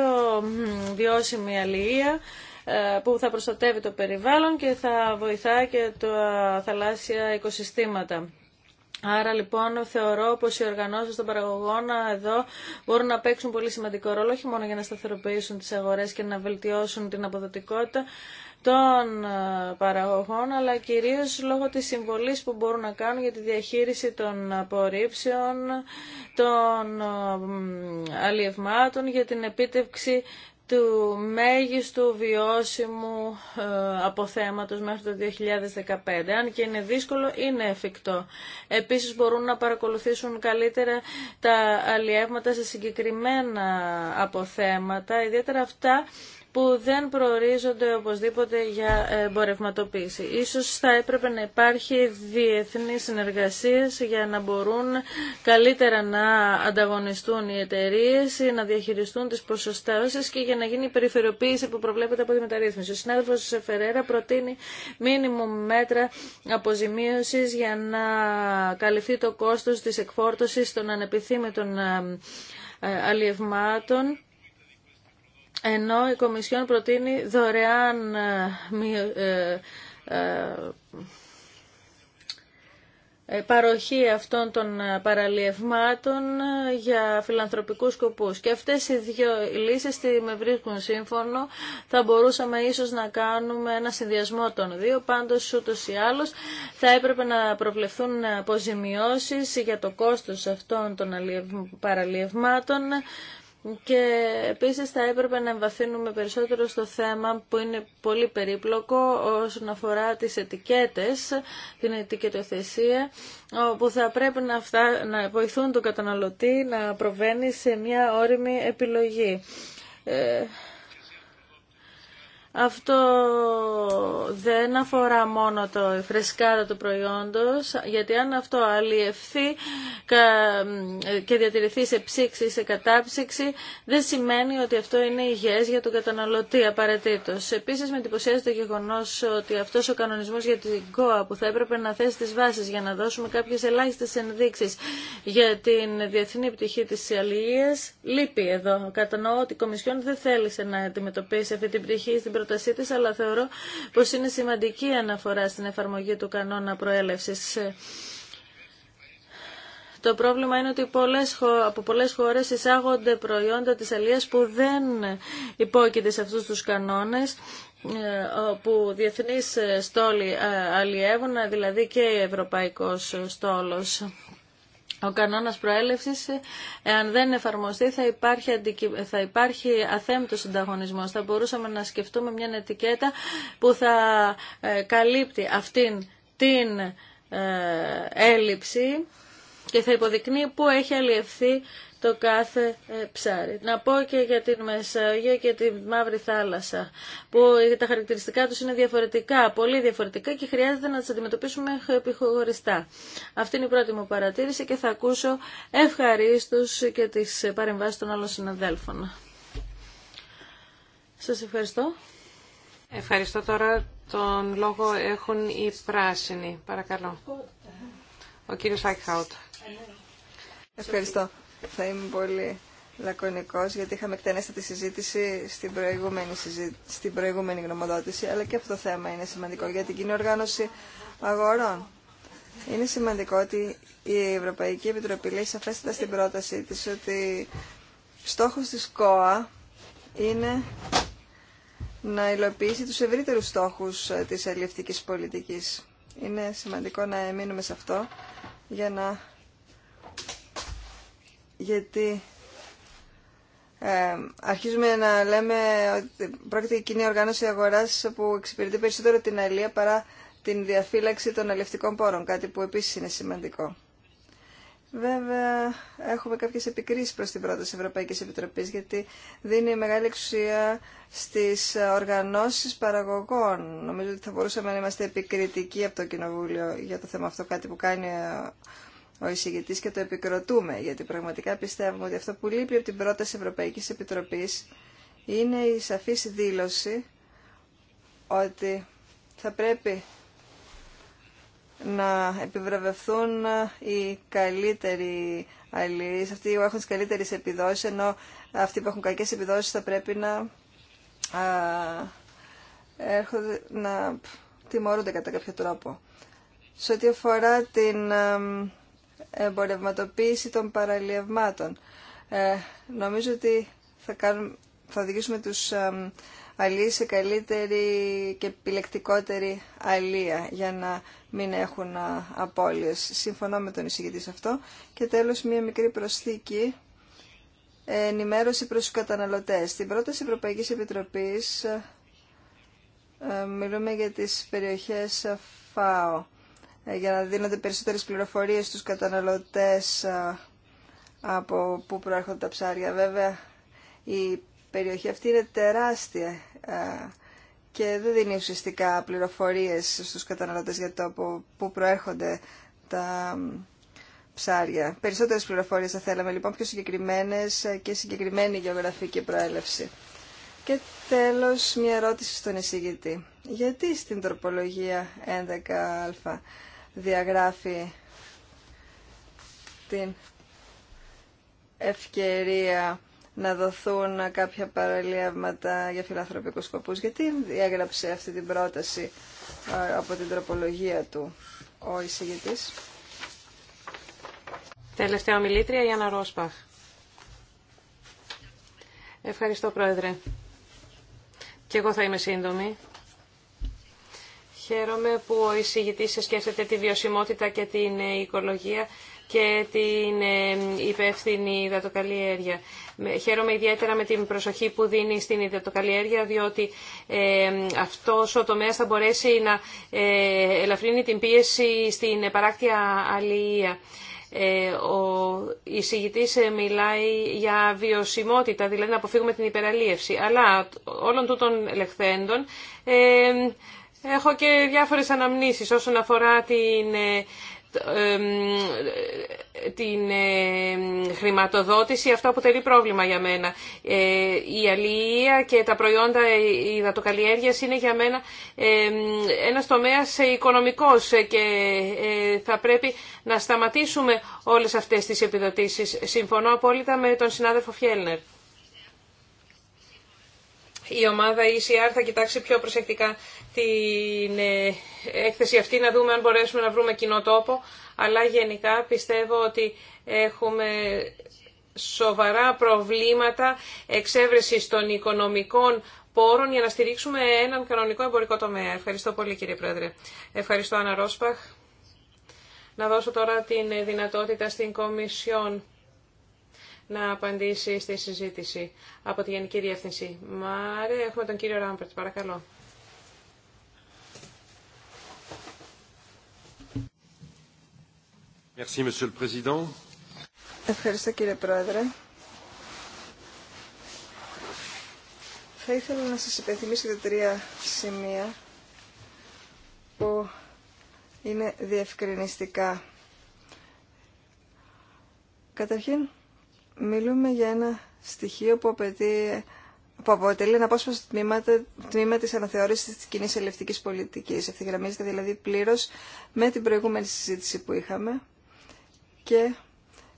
βιώσιμη αλληλεία ε, που θα προστατεύει το περιβάλλον και θα βοηθά και τα θαλάσσια οικοσυστήματα. Άρα λοιπόν θεωρώ πως οι οργανώσεις των παραγωγών εδώ μπορούν να παίξουν πολύ σημαντικό ρόλο όχι μόνο για να σταθεροποιήσουν τις αγορές και να βελτιώσουν την αποδοτικότητα των ε, παραγωγών, αλλά κυρίως λόγω της συμβολής που μπορούν να κάνουν για τη διαχείριση των απορρίψεων, των ε, αλλιευμάτων, για την επίτευξη του μέγιστου βιώσιμου ε, αποθέματος μέχρι το 2015. Αν και είναι δύσκολο, είναι εφικτό. Επίσης μπορούν να παρακολουθήσουν καλύτερα τα αλλιεύματα σε συγκεκριμένα αποθέματα, ιδιαίτερα αυτά που δεν προορίζονται οπωσδήποτε για εμπορευματοποίηση. Ίσως θα έπρεπε να υπάρχει διεθνή συνεργασία για να μπορούν καλύτερα να ανταγωνιστούν οι εταιρείε, να διαχειριστούν τις ποσοστάσεις και για να γίνει η περιφερειοποίηση που προβλέπεται από τη μεταρρύθμιση. Ο συνάδελφος Φερέρα προτείνει μήνυμο μέτρα αποζημίωσης για να καλυφθεί το κόστος της εκφόρτωσης των ανεπιθύμητων ε, ε, αλλιευμάτων ενώ η Κομισιόν προτείνει δωρεάν ε, ε, ε, παροχή αυτών των παραλιευμάτων για φιλανθρωπικούς σκοπούς. Και αυτές οι δύο λύσεις με βρίσκουν σύμφωνο. Θα μπορούσαμε ίσως να κάνουμε ένα συνδυασμό των δύο. Πάντως ούτως ή άλλως θα έπρεπε να προβλεφθούν αποζημιώσεις για το κόστος αυτών των παραλιευμάτων και επίσης θα έπρεπε να εμβαθύνουμε περισσότερο στο θέμα που είναι πολύ περίπλοκο όσον αφορά τις ετικέτες, την ετικετοθεσία, όπου θα πρέπει να, φτά, να βοηθούν τον καταναλωτή να προβαίνει σε μια όριμη επιλογή. Ε, αυτό δεν αφορά μόνο το φρεσκάδα του προϊόντος, γιατί αν αυτό αλλιευθεί και διατηρηθεί σε ψήξη ή σε κατάψυξη, δεν σημαίνει ότι αυτό είναι υγιές για τον καταναλωτή απαραίτητος. Επίσης με εντυπωσιάζει το γεγονός ότι αυτός ο κανονισμός για την ΚΟΑ που θα έπρεπε να θέσει τις βάσεις για να δώσουμε κάποιες ελάχιστες ενδείξεις για την διεθνή πτυχή της αλληλείας, λείπει εδώ. Κατανοώ ότι η Κομισιόν δεν θέλησε να αντιμετωπίσει αυτή την πτυχή στην πρότασή της, αλλά θεωρώ πως είναι σημαντική αναφορά στην εφαρμογή του κανόνα προέλευσης. Το πρόβλημα είναι ότι πολλές, από πολλές χώρε εισάγονται προϊόντα της αλίας που δεν υπόκειται σε αυτούς τους κανόνες ε, που διεθνείς στόλοι ε, αλλιεύουν, δηλαδή και ευρωπαϊκός στόλος ο κανόνας προέλευσης, εάν δεν εφαρμοστεί, θα υπάρχει, αντικυ... θα υπάρχει συνταγωνισμός. Θα μπορούσαμε να σκεφτούμε μια ετικέτα που θα ε, καλύπτει αυτήν την ε, έλλειψη και θα υποδεικνύει πού έχει αλλιευθεί το κάθε ε, ψάρι. Να πω και για την Μεσόγειο και τη Μαύρη Θάλασσα, που τα χαρακτηριστικά τους είναι διαφορετικά, πολύ διαφορετικά και χρειάζεται να τις αντιμετωπίσουμε επιχωριστά. Αυτή είναι η πρώτη μου παρατήρηση και θα ακούσω ευχαρίστως και τις παρεμβάσεις των άλλων συναδέλφων. Σας ευχαριστώ. Ευχαριστώ τώρα. Τον λόγο έχουν οι πράσινοι. Παρακαλώ. Ο κύριος Άκχαουτ. Ευχαριστώ. Θα είμαι πολύ λακωνικός γιατί είχαμε εκτενέστατη συζήτηση στην προηγούμενη, συζή... στην γνωμοδότηση αλλά και αυτό το θέμα είναι σημαντικό για την κοινή οργάνωση αγορών. Είναι σημαντικό ότι η Ευρωπαϊκή Επιτροπή λέει σαφέστατα στην πρότασή της ότι στόχος της ΚΟΑ είναι να υλοποιήσει τους ευρύτερους στόχους ε, της αλληλευτικής πολιτικής. Είναι σημαντικό να εμείνουμε σε αυτό για να γιατί ε, αρχίζουμε να λέμε ότι πρόκειται η κοινή οργάνωση αγοράς που εξυπηρετεί περισσότερο την αλληλεία παρά την διαφύλαξη των αλληλευτικών πόρων, κάτι που επίσης είναι σημαντικό. Βέβαια, έχουμε κάποιε επικρίσεις προς την πρόταση Ευρωπαϊκή Επιτροπή, γιατί δίνει μεγάλη εξουσία στις οργανώσεις παραγωγών. Νομίζω ότι θα μπορούσαμε να είμαστε επικριτικοί από το Κοινοβούλιο για το θέμα αυτό, κάτι που κάνει ο εισηγητής και το επικροτούμε, γιατί πραγματικά πιστεύουμε ότι αυτό που λείπει από την πρόταση Ευρωπαϊκής Επιτροπής είναι η σαφής δήλωση ότι θα πρέπει να επιβραβευθούν οι καλύτεροι αλληλείς, αυτοί που έχουν τις καλύτερες επιδόσεις, ενώ αυτοί που έχουν κακές επιδόσεις θα πρέπει να, α, έρχονται, να τιμωρούνται κατά κάποιο τρόπο. Σε ό,τι αφορά την εμπορευματοποίηση των παραλιευμάτων. Ε, νομίζω ότι θα, κάνουμε, θα οδηγήσουμε τους ε, σε καλύτερη και επιλεκτικότερη αλία για να μην έχουν απώλειες. Συμφωνώ με τον εισηγητή σε αυτό. Και τέλος μία μικρή προσθήκη ενημέρωση προς τους καταναλωτές. Στην πρόταση Ευρωπαϊκής Επιτροπής ε, ε, μιλούμε για τις περιοχές ε, ΦΑΟ. Ε, για να δίνονται περισσότερες πληροφορίες στους καταναλωτές ε, από πού προέρχονται τα ψάρια. Βέβαια, η περιοχή αυτή είναι τεράστια ε, και δεν δίνει ουσιαστικά πληροφορίες στους καταναλωτές για το από πού προέρχονται τα ψάρια. Περισσότερες πληροφορίες θα θέλαμε λοιπόν, πιο συγκεκριμένες και συγκεκριμένη γεωγραφική προέλευση. Και τέλος μια ερώτηση στον εισηγητή. Γιατί στην τροπολογία 11α διαγράφει την ευκαιρία να δοθούν κάποια παραλίευματα για φιλανθρωπικούς σκοπούς. Γιατί διέγραψε αυτή την πρόταση από την τροπολογία του ο εισηγητής. Τελευταία ομιλήτρια, Ιαννα Ρόσπαχ. Ευχαριστώ, Πρόεδρε. Και εγώ θα είμαι σύντομη. Χαίρομαι που ο εισηγητής σκέφτεται τη βιωσιμότητα και την ε, οικολογία και την ε, υπεύθυνη υδατοκαλλιέργεια. Χαίρομαι ιδιαίτερα με την προσοχή που δίνει στην υδατοκαλλιέργεια, διότι ε, αυτός ο τομέας θα μπορέσει να ελαφρύνει την πίεση στην παράκτια αλληλεία. Ο εισηγητής μιλάει για βιωσιμότητα, δηλαδή να αποφύγουμε την υπεραλίευση. Αλλά όλων τούτων λεχθέντων Έχω και διάφορες αναμνήσεις όσον αφορά την, ε, την ε, χρηματοδότηση. Αυτό αποτελεί πρόβλημα για μένα. Ε, η αλληλεία και τα προϊόντα υδατοκαλλιέργειας είναι για μένα ένας τομέας οικονομικός και θα πρέπει να σταματήσουμε όλες αυτές τις επιδοτήσεις. Συμφωνώ απόλυτα με τον συνάδελφο Φιέλνερ η ομάδα ECR θα κοιτάξει πιο προσεκτικά την ε, έκθεση αυτή, να δούμε αν μπορέσουμε να βρούμε κοινό τόπο, αλλά γενικά πιστεύω ότι έχουμε σοβαρά προβλήματα εξέβρεσης των οικονομικών πόρων για να στηρίξουμε έναν κανονικό εμπορικό τομέα. Ευχαριστώ πολύ κύριε Πρόεδρε. Ευχαριστώ Άννα Ρόσπαχ. Να δώσω τώρα την δυνατότητα στην Κομισιόν να απαντήσει στη συζήτηση από τη Γενική Διεύθυνση. Μάρε, έχουμε τον κύριο Ράμπερτ, παρακαλώ. Ευχαριστώ κύριε Πρόεδρε. Θα ήθελα να σας υπενθυμίσω τα τρία σημεία που είναι διευκρινιστικά. Καταρχήν, Μιλούμε για ένα στοιχείο που, απαιτεί, που αποτελεί ένα απόσπαστο τμήμα, τμήμα της αναθεώρησης της κοινής πολιτική. πολιτικής. Ευθυγραμμίζεται δηλαδή πλήρω με την προηγούμενη συζήτηση που είχαμε και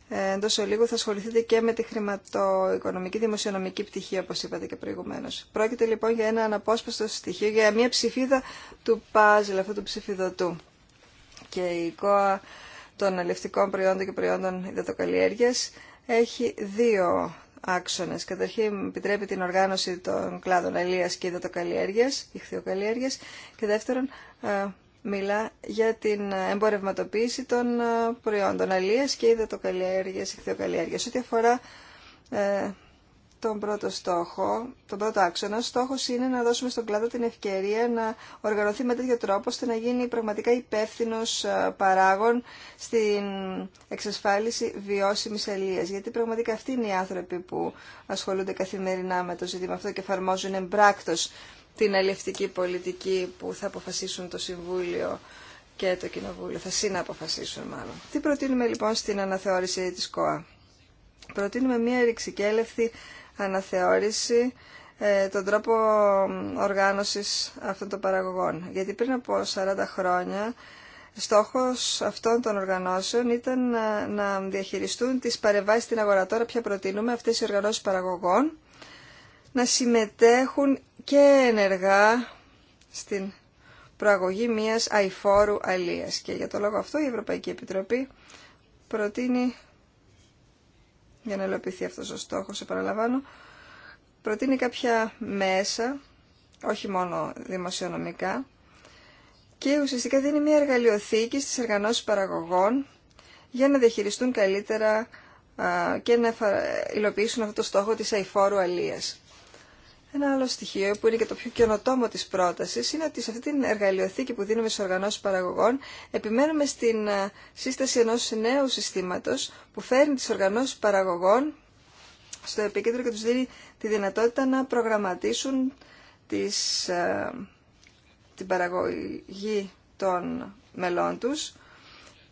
ε, εντό ολίγου θα ασχοληθείτε και με τη χρηματοοικονομική δημοσιονομική πτυχή, όπω είπατε και προηγουμένω. Πρόκειται λοιπόν για ένα αναπόσπαστο στοιχείο, για μια ψηφίδα του πάζλ, αυτού του ψηφιδωτού. Και η κόα των αλευτικών προϊόντων και προϊόντων υδατοκαλλιέργεια έχει δύο άξονες. Καταρχήν επιτρέπει την οργάνωση των κλάδων αλίας και υδατοκαλλιέργειας, ηχθειοκαλλιέργειας και δεύτερον ε, μιλά για την εμπορευματοποίηση των ε, προϊόντων αλίας και υδατοκαλλιέργειας, ηχθειοκαλλιέργειας. Ό,τι αφορά ε, τον πρώτο στόχο, τον πρώτο άξονα, στόχος είναι να δώσουμε στον κλάδο την ευκαιρία να οργανωθεί με τέτοιο τρόπο ώστε να γίνει πραγματικά υπεύθυνο ε, παράγων στην εξασφάλιση βιώσιμη αλληλεία. Γιατί πραγματικά αυτοί είναι οι άνθρωποι που ασχολούνται καθημερινά με το ζήτημα αυτό και εφαρμόζουν εμπράκτο την αλληλευτική πολιτική που θα αποφασίσουν το Συμβούλιο και το Κοινοβούλιο, θα συναποφασίσουν μάλλον. Τι προτείνουμε λοιπόν στην αναθεώρηση τη ΚΟΑ. Προτείνουμε μια ρηξικέλευθη αναθεώρηση ε, τον τρόπο οργάνωσης αυτών των παραγωγών. Γιατί πριν από 40 χρόνια στόχος αυτών των οργανώσεων ήταν να, διαχειριστούν τις παρεμβάσεις στην αγορά. Τώρα πια προτείνουμε αυτές οι οργανώσεις παραγωγών να συμμετέχουν και ενεργά στην προαγωγή μιας αηφόρου αλίας. Και για το λόγο αυτό η Ευρωπαϊκή Επιτροπή προτείνει για να ελοπιθεί αυτός ο στόχος, επαναλαμβάνω, προτείνει κάποια μέσα, όχι μόνο δημοσιονομικά, και ουσιαστικά δίνει μια εργαλειοθήκη στις εργανώσεις παραγωγών για να διαχειριστούν καλύτερα και να υλοποιήσουν αυτό το στόχο της αηφόρου αλίας. Ένα άλλο στοιχείο που είναι και το πιο καινοτόμο της πρότασης είναι ότι σε αυτή την εργαλειοθήκη που δίνουμε στου οργανώσει παραγωγών επιμένουμε στην ε, σύσταση ενός νέου συστήματος που φέρνει τις οργανώσει παραγωγών στο επίκεντρο και του δίνει τη δυνατότητα να προγραμματίσουν τις, ε, την παραγωγή των μελών του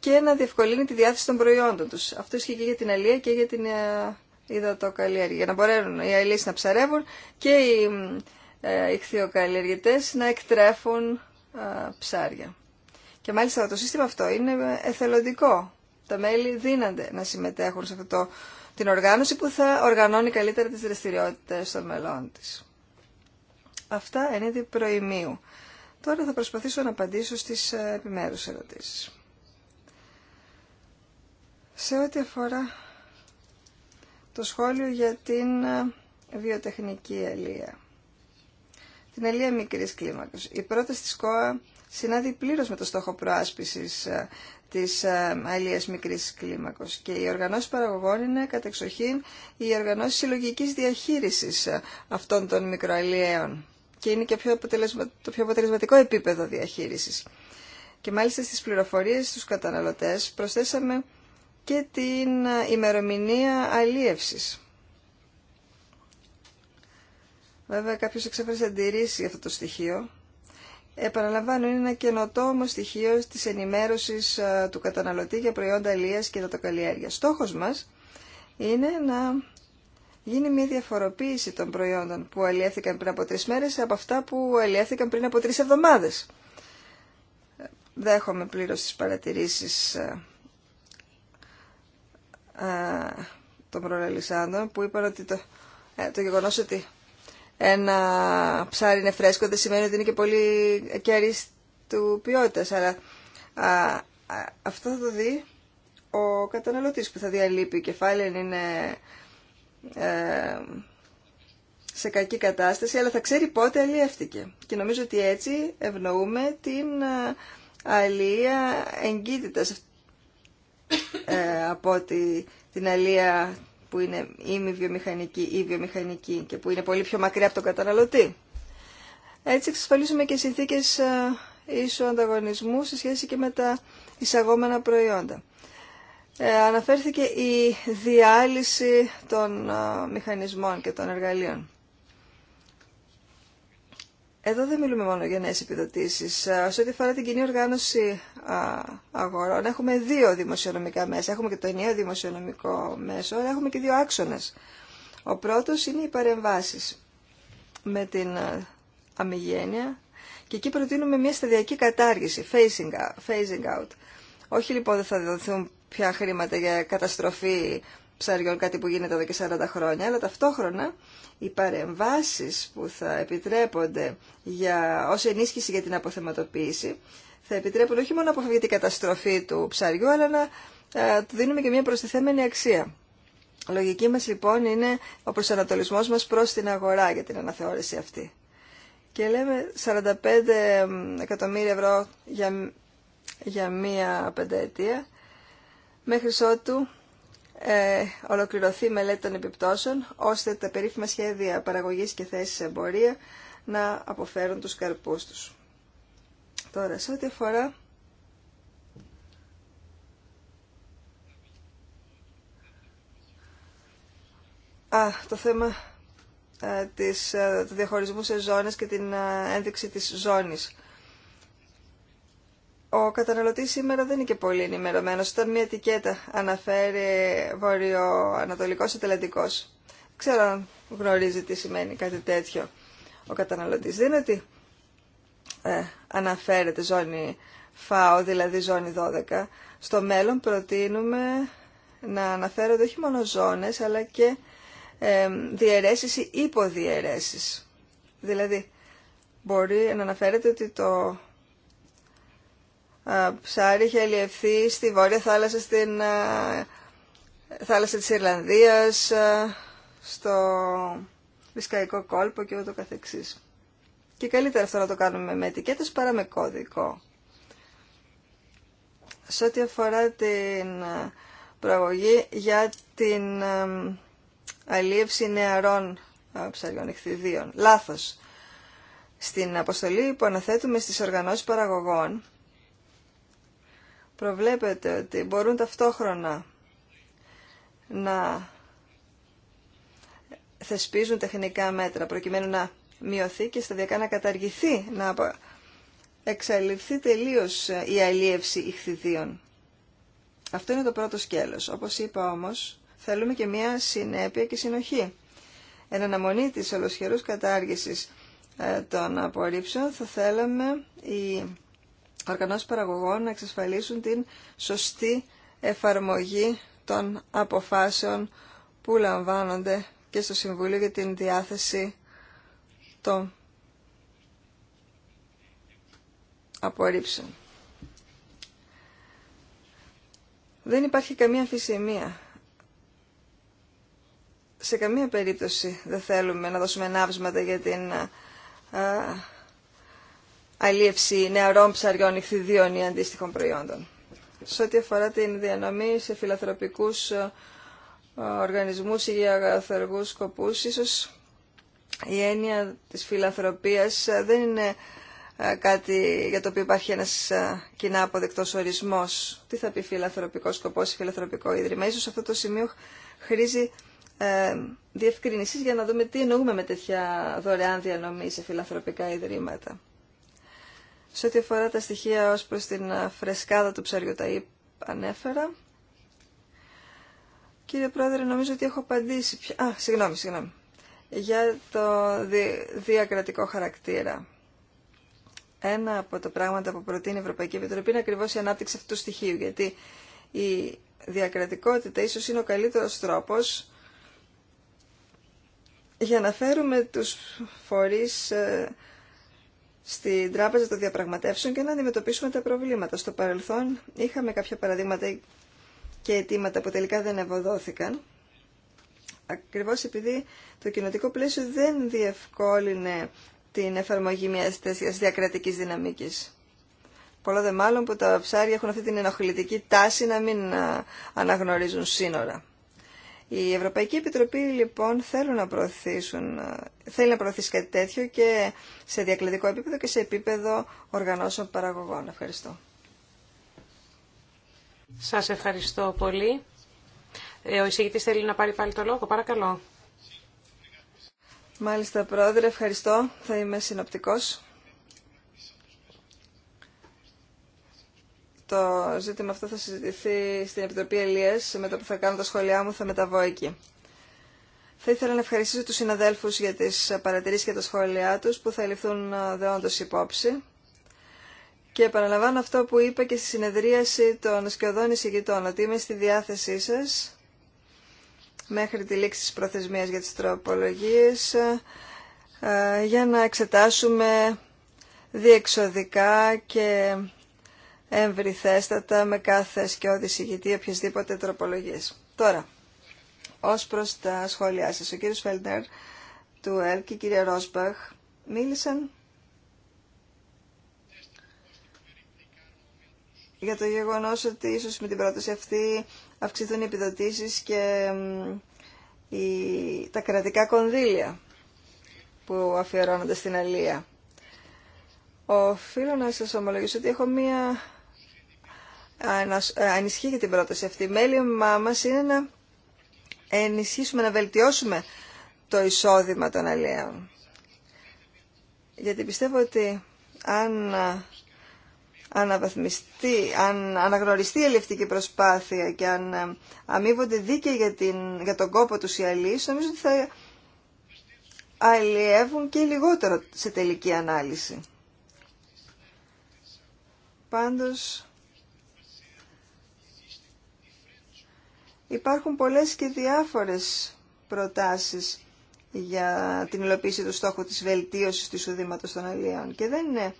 και να διευκολύνει τη διάθεση των προϊόντων του. Αυτό ισχύει και για την αλία και για την ε, είδα το για να μπορέσουν οι αελείς να ψαρεύουν και οι ε, να εκτρέφουν ε, ψάρια. Και μάλιστα το σύστημα αυτό είναι εθελοντικό. Τα μέλη δίνανται να συμμετέχουν σε αυτό την οργάνωση που θα οργανώνει καλύτερα τις δραστηριότητες των μελών της. Αυτά εν είδη προημίου. Τώρα θα προσπαθήσω να απαντήσω στις ε, επιμέρους ερωτήσεις. Σε ό,τι αφορά το σχόλιο για την ε, βιοτεχνική Ελία. Την Ελία μικρής κλίμακος. Η πρόταση της ΚΟΑ συνάδει πλήρως με το στόχο προάσπισης ε, της ε, αλίας μικρής κλίμακος και οι οργανώσεις παραγωγών είναι κατεξοχήν οι οργανώσεις συλλογικής διαχείρισης αυτών των μικροαλιαίων και είναι και το πιο αποτελεσματικό επίπεδο διαχείρισης. Και μάλιστα στις πληροφορίες στους καταναλωτές προσθέσαμε και την ημερομηνία αλίευσης. Βέβαια κάποιος εξέφρασε αντιρρήσει για αυτό το στοιχείο. Επαναλαμβάνω, είναι ένα καινοτόμο στοιχείο της ενημέρωσης ε, του καταναλωτή για προϊόντα αλίας και δατοκαλλιέργεια. Στόχος μας είναι να γίνει μια διαφοροποίηση των προϊόντων που αλλιεύθηκαν πριν από τρει μέρες από αυτά που αλλιεύθηκαν πριν από τρει εβδομάδες. Δέχομαι πλήρω τι παρατηρήσει. Ε, τον προλαλισσάντων που είπαν ότι το, ε, το γεγονός ότι ένα ψάρι είναι φρέσκο δεν σημαίνει ότι είναι και πολύ κέρι του ποιότητα. Αλλά αυτό θα το δει ο καταναλωτή που θα διαλείπει. Η κεφάλαια είναι ε, σε κακή κατάσταση, αλλά θα ξέρει πότε αλλιεύτηκε. Και νομίζω ότι έτσι ευνοούμε την αλληλεία εγκύτητα ε, από την αλία που είναι βιομηχανική ή βιομηχανική και που είναι πολύ πιο μακριά από τον καταναλωτή. Έτσι εξασφαλίσουμε και συνθήκες ε, ίσου ανταγωνισμού σε σχέση και με τα εισαγόμενα προϊόντα. Ε, αναφέρθηκε η διάλυση των μηχανισμών και των εργαλείων. Εδώ δεν μιλούμε μόνο για νέες επιδοτήσεις. Σε ό,τι αφορά την κοινή οργάνωση αγορών, έχουμε δύο δημοσιονομικά μέσα. Έχουμε και το ενιαίο δημοσιονομικό μέσο, αλλά έχουμε και δύο άξονες. Ο πρώτος είναι οι παρεμβάσεις με την αμυγένεια και εκεί προτείνουμε μια σταδιακή κατάργηση, phasing out. Όχι λοιπόν δεν θα δοθούν πια χρήματα για καταστροφή ψαριών, κάτι που γίνεται εδώ και 40 χρόνια, αλλά ταυτόχρονα οι παρεμβάσει που θα επιτρέπονται για, ως ενίσχυση για την αποθεματοποίηση θα επιτρέπουν όχι μόνο να αποφεύγει την καταστροφή του ψαριού, αλλά να ε, του δίνουμε και μια προστιθέμενη αξία. Λογική μας λοιπόν είναι ο προσανατολισμός μας προς την αγορά για την αναθεώρηση αυτή. Και λέμε 45 εκατομμύρια ευρώ για, για μία πενταετία, μέχρι ότου ε, ολοκληρωθεί η μελέτη των επιπτώσεων, ώστε τα περίφημα σχέδια παραγωγής και θέσης εμπορία να αποφέρουν τους καρπούς τους. Τώρα, σε ό,τι αφορά Α, το θέμα ε, της, ε, του διαχωρισμού σε ζώνες και την ένδειξη της ζώνης ο καταναλωτής σήμερα δεν είναι και πολύ ενημερωμένος όταν μια ετικέτα αναφέρει βορειοανατολικός Ανατολικό-τελετικό. Ξέρω αν γνωρίζει τι σημαίνει κάτι τέτοιο ο καταναλωτής. Δεν είναι ότι ε, αναφέρεται ζώνη ΦΑΟ, δηλαδή ζώνη 12. Στο μέλλον προτείνουμε να αναφέρονται όχι μόνο ζώνες, αλλά και ε, διαιρέσεις ή υποδιαιρέσεις. Δηλαδή, μπορεί να αναφέρεται ότι το ψάρι είχε αλλιευθεί στη Βόρεια Θάλασσα, στην θάλασσα της Ιρλανδίας, στο Βυσκαϊκό κόλπο και ούτω καθεξής. Και καλύτερα αυτό να το κάνουμε με ετικέτες παρά με κώδικο. Σε ό,τι αφορά την προαγωγή για την αλλιεύση νεαρών ψαριών ηχθιδίων. Λάθος. Στην αποστολή που αναθέτουμε στις οργανώσεις παραγωγών, προβλέπετε ότι μπορούν ταυτόχρονα να θεσπίζουν τεχνικά μέτρα προκειμένου να μειωθεί και σταδιακά να καταργηθεί, να εξαλειφθεί τελείως η αλίευση ηχθιδίων. Αυτό είναι το πρώτο σκέλος. Όπως είπα όμως, θέλουμε και μια συνέπεια και συνοχή. Εν αναμονή της ολοσχερούς κατάργησης ε, των απορρίψεων θα θέλαμε η οργανώσεις παραγωγών να εξασφαλίσουν την σωστή εφαρμογή των αποφάσεων που λαμβάνονται και στο Συμβούλιο για την διάθεση των απορρίψεων. Δεν υπάρχει καμία αμφισημία. Σε καμία περίπτωση δεν θέλουμε να δώσουμε ναύσματα για την αλίευση νεαρών ψαριών, ηχθιδίων ή αντίστοιχων προϊόντων. Σε ό,τι αφορά την διανομή σε φιλαθροπικούς ε, οργανισμούς ή για αγαθοργούς σκοπούς, ίσως η έννοια της φιλαθροπίας ε, δεν είναι ε, κάτι για το οποίο υπάρχει ένας κοινά αποδεκτός ορισμός. Τι θα πει φιλαθροπικό σκοπός ή φιλαθροπικό ίδρυμα. Ίσως αυτό το σημείο χρήζει ε, για να δούμε τι εννοούμε με τέτοια δωρεάν διανομή σε φιλαθροπικά ιδρύματα. Σε ό,τι αφορά τα στοιχεία ως προς την φρεσκάδα του ψαριού τα ανέφερα. Κύριε Πρόεδρε, νομίζω ότι έχω απαντήσει πια. Α, συγγνώμη, συγγνώμη. Για το διακρατικό χαρακτήρα. Ένα από τα πράγματα που προτείνει η Ευρωπαϊκή Επιτροπή είναι ακριβώς η ανάπτυξη αυτού του στοιχείου, γιατί η διακρατικότητα ίσως είναι ο καλύτερος τρόπος για να φέρουμε τους φορείς ε, στην Τράπεζα των Διαπραγματεύσεων και να αντιμετωπίσουμε τα προβλήματα. Στο παρελθόν είχαμε κάποια παραδείγματα και αιτήματα που τελικά δεν ευωδόθηκαν. Ακριβώς επειδή το κοινοτικό πλαίσιο δεν διευκόλυνε την εφαρμογή μιας τέτοιας διακρατικής δυναμικής. Πολλά δε μάλλον που τα ψάρια έχουν αυτή την ενοχλητική τάση να μην ε, αναγνωρίζουν σύνορα. Η Ευρωπαϊκή Επιτροπή λοιπόν ε, θέλει να, να προωθήσει κάτι τέτοιο και σε διακλαδικό επίπεδο και σε επίπεδο οργανώσεων παραγωγών. Ευχαριστώ. Σας ευχαριστώ πολύ. Ε, ο εισηγητής θέλει να πάρει πάλι το λόγο. Παρακαλώ. Μάλιστα, Πρόεδρε, ευχαριστώ. Θα είμαι συνοπτικός. το ζήτημα αυτό θα συζητηθεί στην Επιτροπή Ελίας, μετά που θα κάνω τα σχόλιά μου θα μεταβώ εκεί. Θα ήθελα να ευχαριστήσω τους συναδέλφους για τις παρατηρήσεις και τα σχόλιά τους που θα ληφθούν ε, δεόντως υπόψη. Και επαναλαμβάνω αυτό που είπα και στη συνεδρίαση των σκιωδών εισηγητών, ότι είμαι στη διάθεσή σας μέχρι τη λήξη της προθεσμίας για τις τροπολογίες ε, ε, για να εξετάσουμε διεξοδικά και εμβριθέστατα με κάθε σκιώδη συγητή οποιασδήποτε τροπολογίες. Τώρα, ω προ τα σχόλιά σα, ο κύριος Φέλντερ του ΕΛ και η κυρία Ρόσμπαχ μίλησαν για το γεγονός ότι ίσως με την πρόταση αυτή αυξηθούν οι επιδοτήσεις και τα κρατικά κονδύλια που αφιερώνονται στην Αλία. Οφείλω να σας ομολογήσω ότι έχω μία ε, ανισχύει και την πρόταση αυτή. Η μέλημά μας είναι να ενισχύσουμε, να βελτιώσουμε το εισόδημα των αλλαίων. Γιατί πιστεύω ότι αν ε, αναβαθμιστεί, αν αναγνωριστεί η ελευτική προσπάθεια και αν ε, αμείβονται δίκαιοι για, την, για τον κόπο τους οι αλλοίς, νομίζω ότι θα αλλιεύουν και λιγότερο σε τελική ανάλυση. Πάντως, Υπάρχουν πολλές και διάφορες προτάσεις για την υλοποίηση του στόχου της βελτίωσης του εισοδήματος των αλλιών και δεν είναι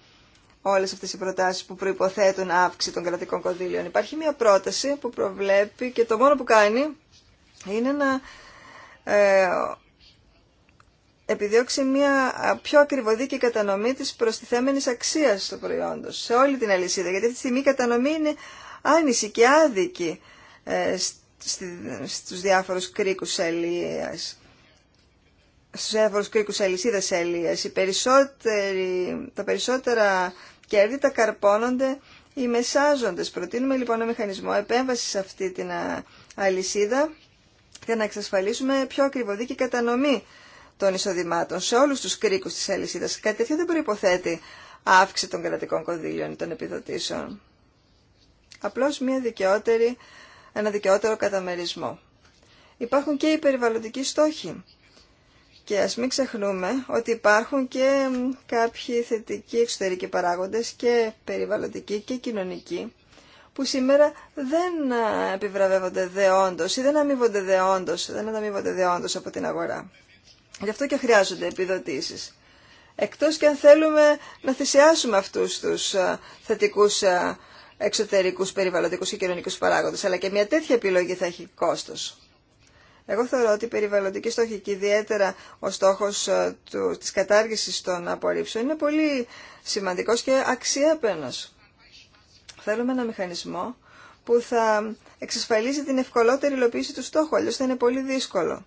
όλες αυτές οι προτάσεις που προϋποθέτουν αύξηση των κρατικών κονδύλιων. Υπάρχει μια πρόταση που προβλέπει και το μόνο που κάνει είναι να ε, επιδιώξει μια πιο ακριβωδίκη κατανομή της προστιθέμενης αξίας του προϊόντος σε όλη την αλυσίδα. Γιατί αυτή τη στιγμή η κατανομή είναι άνηση και άδικη ε, στους διάφορους κρίκους έλιας, στους διάφορους κρίκους οι περισσότεροι τα περισσότερα κέρδη τα καρπώνονται οι μεσάζοντες προτείνουμε λοιπόν ένα μηχανισμό επέμβαση σε αυτή την αλυσίδα για να εξασφαλίσουμε πιο ακριβωδική κατανομή των εισοδημάτων σε όλους τους κρίκους της αλυσίδα. κάτι τέτοιο δεν προϋποθέτει αύξηση των κρατικών κονδύλιων ή των επιδοτήσεων απλώς μια δικαιότερη ένα δικαιότερο καταμερισμό. Υπάρχουν και οι περιβαλλοντικοί στόχοι. Και ας μην ξεχνούμε ότι υπάρχουν και κάποιοι θετικοί εξωτερικοί παράγοντες και περιβαλλοντικοί και κοινωνικοί που σήμερα δεν επιβραβεύονται δεόντως ή δεν αμείβονται δεόντως, δεν αμείβονται δεόντως από την αγορά. Γι' αυτό και χρειάζονται επιδοτήσεις. Εκτός και αν θέλουμε να θυσιάσουμε αυτούς τους θετικούς εξωτερικούς περιβαλλοντικούς και κοινωνικούς παράγοντες, αλλά και μια τέτοια επιλογή θα έχει κόστος. Εγώ θεωρώ ότι η περιβαλλοντική στόχη και ιδιαίτερα ο στόχος ε, του, της κατάργησης των απορρίψεων είναι πολύ σημαντικός και αξιέπαινος. Θέλουμε ένα μηχανισμό που θα εξασφαλίζει την ευκολότερη υλοποίηση του στόχου, αλλιώς θα είναι πολύ δύσκολο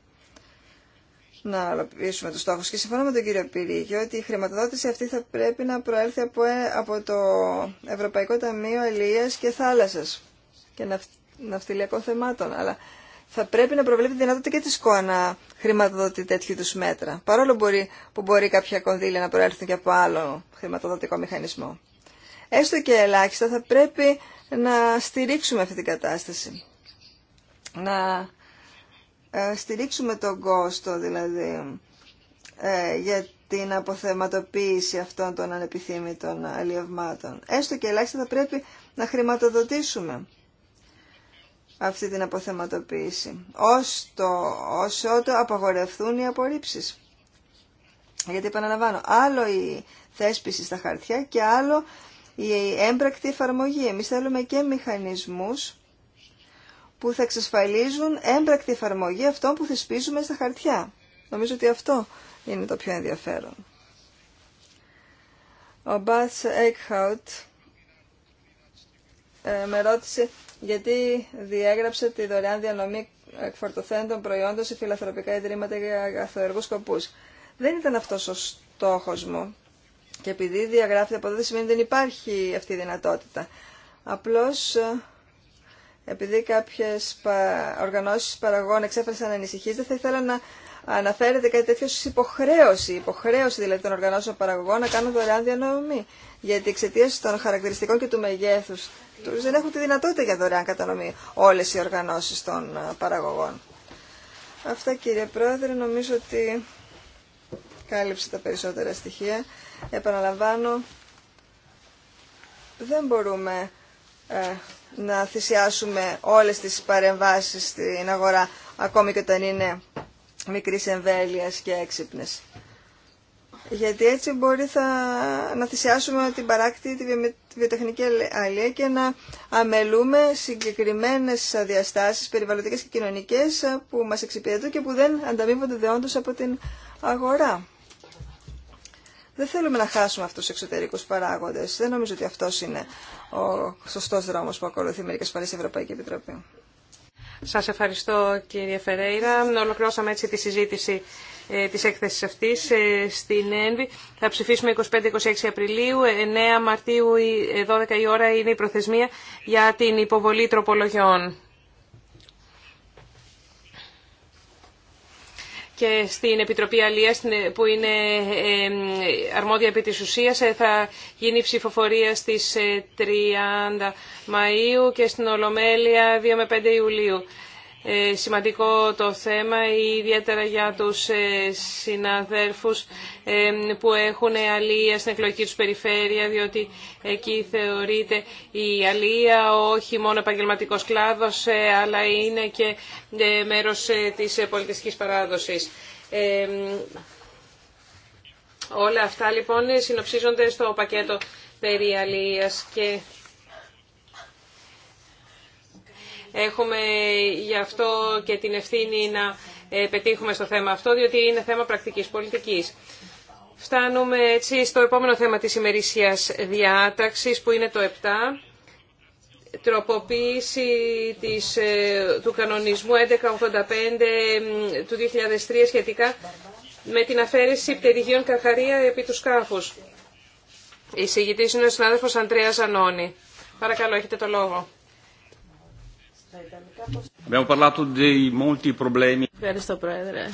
να ολοποιήσουμε του στόχου. Και συμφωνώ με τον κύριο Πυρίγιο ότι η χρηματοδότηση αυτή θα πρέπει να προέλθει από, ε, το Ευρωπαϊκό Ταμείο Ελίας και Θάλασσα και ναυτιλιακών θεμάτων. Αλλά θα πρέπει να προβλέπει τη δυνατότητα και τη ΣΚΟΑ να χρηματοδοτεί τέτοιου είδου μέτρα. Παρόλο μπορεί, που μπορεί κάποια κονδύλια να προέλθουν και από άλλο χρηματοδοτικό μηχανισμό. Έστω και ελάχιστα θα πρέπει να στηρίξουμε αυτή την κατάσταση. Να ε, στηρίξουμε τον κόστο δηλαδή ε, για την αποθεματοποίηση αυτών των ανεπιθύμητων αλλιευμάτων. Έστω και ελάχιστα θα πρέπει να χρηματοδοτήσουμε αυτή την αποθεματοποίηση, όσο το απαγορευθούν οι απορρίψεις. Γιατί επαναλαμβάνω, άλλο η θέσπιση στα χαρτιά και άλλο η έμπρακτη εφαρμογή. Εμείς θέλουμε και μηχανισμούς που θα εξασφαλίζουν έμπρακτη εφαρμογή αυτών που θεσπίζουμε στα χαρτιά. Νομίζω ότι αυτό είναι το πιο ενδιαφέρον. Ο Μπάτς Έκχαουτ ε, με ρώτησε γιατί διέγραψε τη δωρεάν διανομή εκφορτωθέντων προϊόντων σε φιλαθροπικά ιδρύματα για καθοεργούς σκοπούς. Δεν ήταν αυτός ο στόχος μου. Και επειδή διαγράφεται από εδώ δεν σημαίνει ότι δεν υπάρχει αυτή η δυνατότητα. Απλώς ε, επειδή κάποιες οργανώσει παραγωγών εξέφρασαν ανησυχίε, δεν θα ήθελα να αναφέρεται κάτι τέτοιο ω υποχρέωση, υποχρέωση δηλαδή των οργανώσεων παραγωγών να κάνουν δωρεάν διανομή. Γιατί εξαιτία των χαρακτηριστικών και του μεγέθου του, δεν έχουν τη δυνατότητα για δωρεάν κατανομή όλε οι οργανώσει των ε, παραγωγών. Αυτά κύριε Πρόεδρε, νομίζω ότι κάλυψε τα περισσότερα στοιχεία. Επαναλαμβάνω, δεν μπορούμε ε, να θυσιάσουμε όλες τις παρεμβάσεις στην αγορά, ακόμη και όταν είναι μικρής εμβέλειας και έξυπνες. Γιατί έτσι μπορεί να θυσιάσουμε την παράκτη, τη βιοτεχνική αλληλεία και να αμελούμε συγκεκριμένες διαστάσεις περιβαλλοντικές και κοινωνικές που μας εξυπηρετούν και που δεν ανταμείβονται δεόντως από την αγορά. Δεν θέλουμε να χάσουμε αυτούς του εξωτερικούς παράγοντες. Δεν νομίζω ότι αυτός είναι ο σωστός δρόμος που ακολουθεί μερικέ φορέ η Ευρωπαϊκή Επιτροπή. Σας ευχαριστώ κύριε Φερέιρα. Ολοκληρώσαμε έτσι τη συζήτηση ε, της έκθεσης αυτής ε, στην ΕΝΒΗ. Θα ψηφίσουμε 25-26 Απριλίου, 9 ε, Μαρτίου, 12 ε, η ώρα είναι η προθεσμία για την υποβολή τροπολογιών. και στην Επιτροπή Αλίας που είναι αρμόδια επί της ουσίας ε, θα γίνει ψηφοφορία στις 30 ε, Μαΐου και στην Ολομέλεια 2 με 5 Ιουλίου. Ε, σημαντικό το θέμα, ιδιαίτερα για τους ε, συναδέρφους ε, που έχουν αλληλεία στην εκλογική τους περιφέρεια, διότι εκεί θεωρείται η αλία όχι μόνο επαγγελματικό κλάδος, αλλά είναι και μέρος της πολιτιστικής παράδοσης. Όλα αυτά λοιπόν συνοψίζονται στο πακέτο περί και Έχουμε γι' αυτό και την ευθύνη να ε, πετύχουμε στο θέμα αυτό, διότι είναι θέμα πρακτικής πολιτικής. Φτάνουμε έτσι στο επόμενο θέμα της ημερήσιας διάταξης, που είναι το 7 τροποποίηση της, ε, του κανονισμού 1185 του 2003 σχετικά με την αφαίρεση πτερυγίων καρχαρία επί του σκάφους. Η συγητής είναι ο συνάδελφος Αντρέας Ανώνη. Παρακαλώ, έχετε το λόγο. Ευχαριστώ, Πρόεδρε.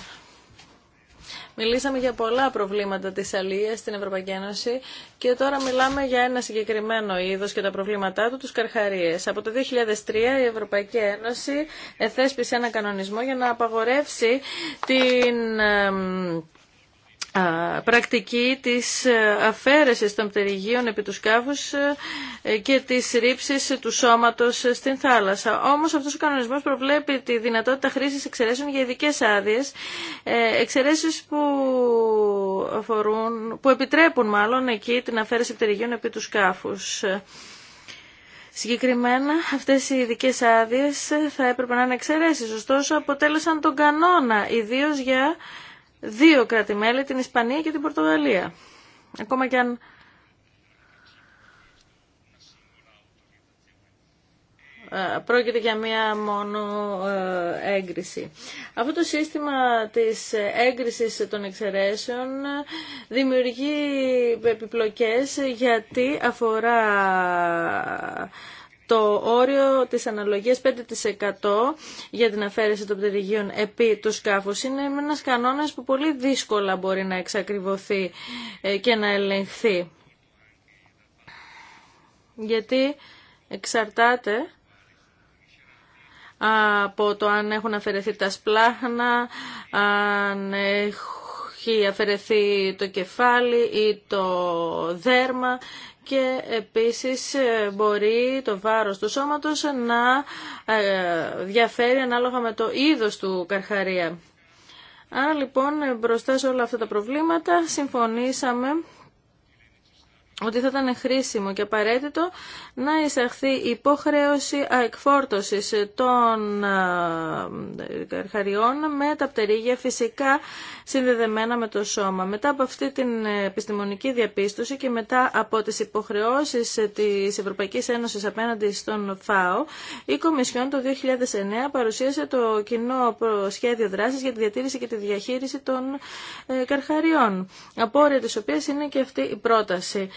Μιλήσαμε για πολλά προβλήματα της αλίας στην Ευρωπαϊκή Ένωση και τώρα μιλάμε για ένα συγκεκριμένο είδος και τα προβλήματά του, τους καρχαρίες. Από το 2003 η Ευρωπαϊκή Ένωση εθέσπισε ένα κανονισμό για να απαγορεύσει την πρακτική της ε, αφαίρεσης των πτερυγίων επί του σκάφους ε, και της ρήψης του σώματος στην θάλασσα. Όμως αυτός ο κανονισμός προβλέπει τη δυνατότητα χρήσης εξαιρέσεων για ειδικέ άδειε, ε, εξαιρέσεις που, αφορούν, που επιτρέπουν μάλλον εκεί την αφαίρεση πτερυγίων επί του σκάφους. Συγκεκριμένα αυτές οι ειδικέ άδειε θα έπρεπε να είναι εξαιρέσεις, ωστόσο αποτέλεσαν τον κανόνα, ιδίω για δύο κράτη-μέλη, την Ισπανία και την Πορτογαλία. Ακόμα και αν ε, πρόκειται για μία μόνο ε, έγκριση. Αυτό το σύστημα της έγκρισης των εξαιρέσεων δημιουργεί επιπλοκές γιατί αφορά το όριο της αναλογίας 5% για την αφαίρεση των πτερυγίων επί του σκάφους. Είναι ένας κανόνας που πολύ δύσκολα μπορεί να εξακριβωθεί ε, και να ελεγχθεί. Γιατί εξαρτάται από το αν έχουν αφαιρεθεί τα σπλάχνα, αν έχει αφαιρεθεί το κεφάλι ή το δέρμα και επίσης ε, μπορεί το βάρος του σώματος να ε, διαφέρει ανάλογα με το είδος του καρχαρία. Άρα λοιπόν μπροστά σε όλα αυτά τα προβλήματα συμφωνήσαμε ότι θα ήταν χρήσιμο και απαραίτητο να εισαχθεί υποχρέωση εκφόρτωσης των καρχαριών ε, με τα πτερίγια φυσικά συνδεδεμένα με το σώμα. Μετά από αυτή την επιστημονική διαπίστωση και μετά από τις υποχρεώσεις της Ευρωπαϊκής Ένωσης απέναντι στον ΦΑΟ, η Κομισιόν το 2009 παρουσίασε το κοινό σχέδιο δράσης για τη διατήρηση και τη διαχείριση των ε, καρχαριών, όρια της οποίας είναι και αυτή η πρόταση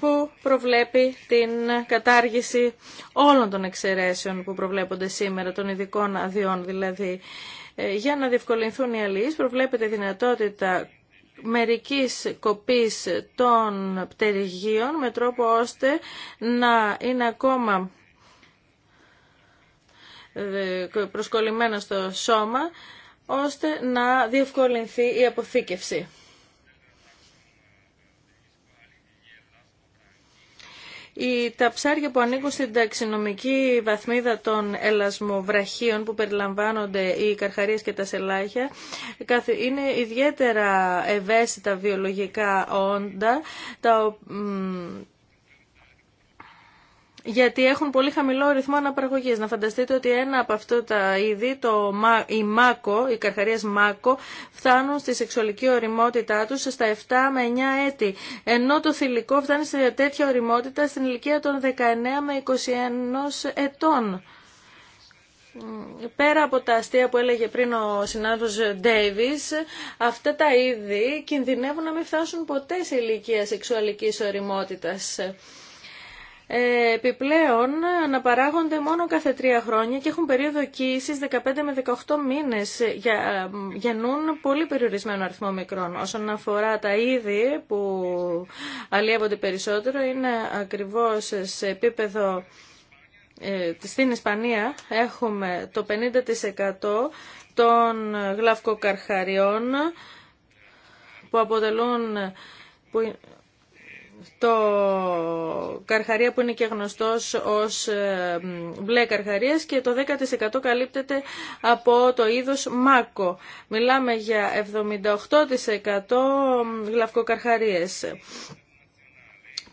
που προβλέπει την κατάργηση όλων των εξαιρέσεων που προβλέπονται σήμερα, των ειδικών αδειών δηλαδή. Ε, για να διευκολυνθούν οι αλληλείς προβλέπεται η δυνατότητα μερικής κοπής των πτεριγίών με τρόπο ώστε να είναι ακόμα ε, προσκολλημένα στο σώμα ώστε να διευκολυνθεί η αποθήκευση. τα ψάρια που ανήκουν στην ταξινομική βαθμίδα των ελασμοβραχίων που περιλαμβάνονται οι καρχαρίες και τα σελάχια είναι ιδιαίτερα ευαίσθητα βιολογικά όντα τα, γιατί έχουν πολύ χαμηλό ρυθμό αναπαραγωγής. Να φανταστείτε ότι ένα από αυτά τα είδη, το, η μάκο, οι καρχαρίε μάκο, φτάνουν στη σεξουαλική οριμότητά του στα 7 με 9 έτη, ενώ το θηλυκό φτάνει σε τέτοια οριμότητα στην ηλικία των 19 με 21 ετών. Πέρα από τα αστεία που έλεγε πριν ο συνάδελφος Ντέιβις, αυτά τα είδη κινδυνεύουν να μην φτάσουν ποτέ σε ηλικία σεξουαλικής οριμότητας. Ε, επιπλέον αναπαράγονται μόνο κάθε τρία χρόνια και έχουν περίοδο κύησης 15 με 18 μήνες για, ε, γεννούν πολύ περιορισμένο αριθμό μικρών. Όσον αφορά τα είδη που αλλιεύονται περισσότερο είναι ακριβώς σε επίπεδο ε, στην Ισπανία έχουμε το 50% των γλαυκοκαρχαριών που αποτελούν που το καρχαρία που είναι και γνωστός ως ε, μπλε καρχαρίας και το 10% καλύπτεται από το είδος μάκο. Μιλάμε για 78% γλαυκοκαρχαρίες.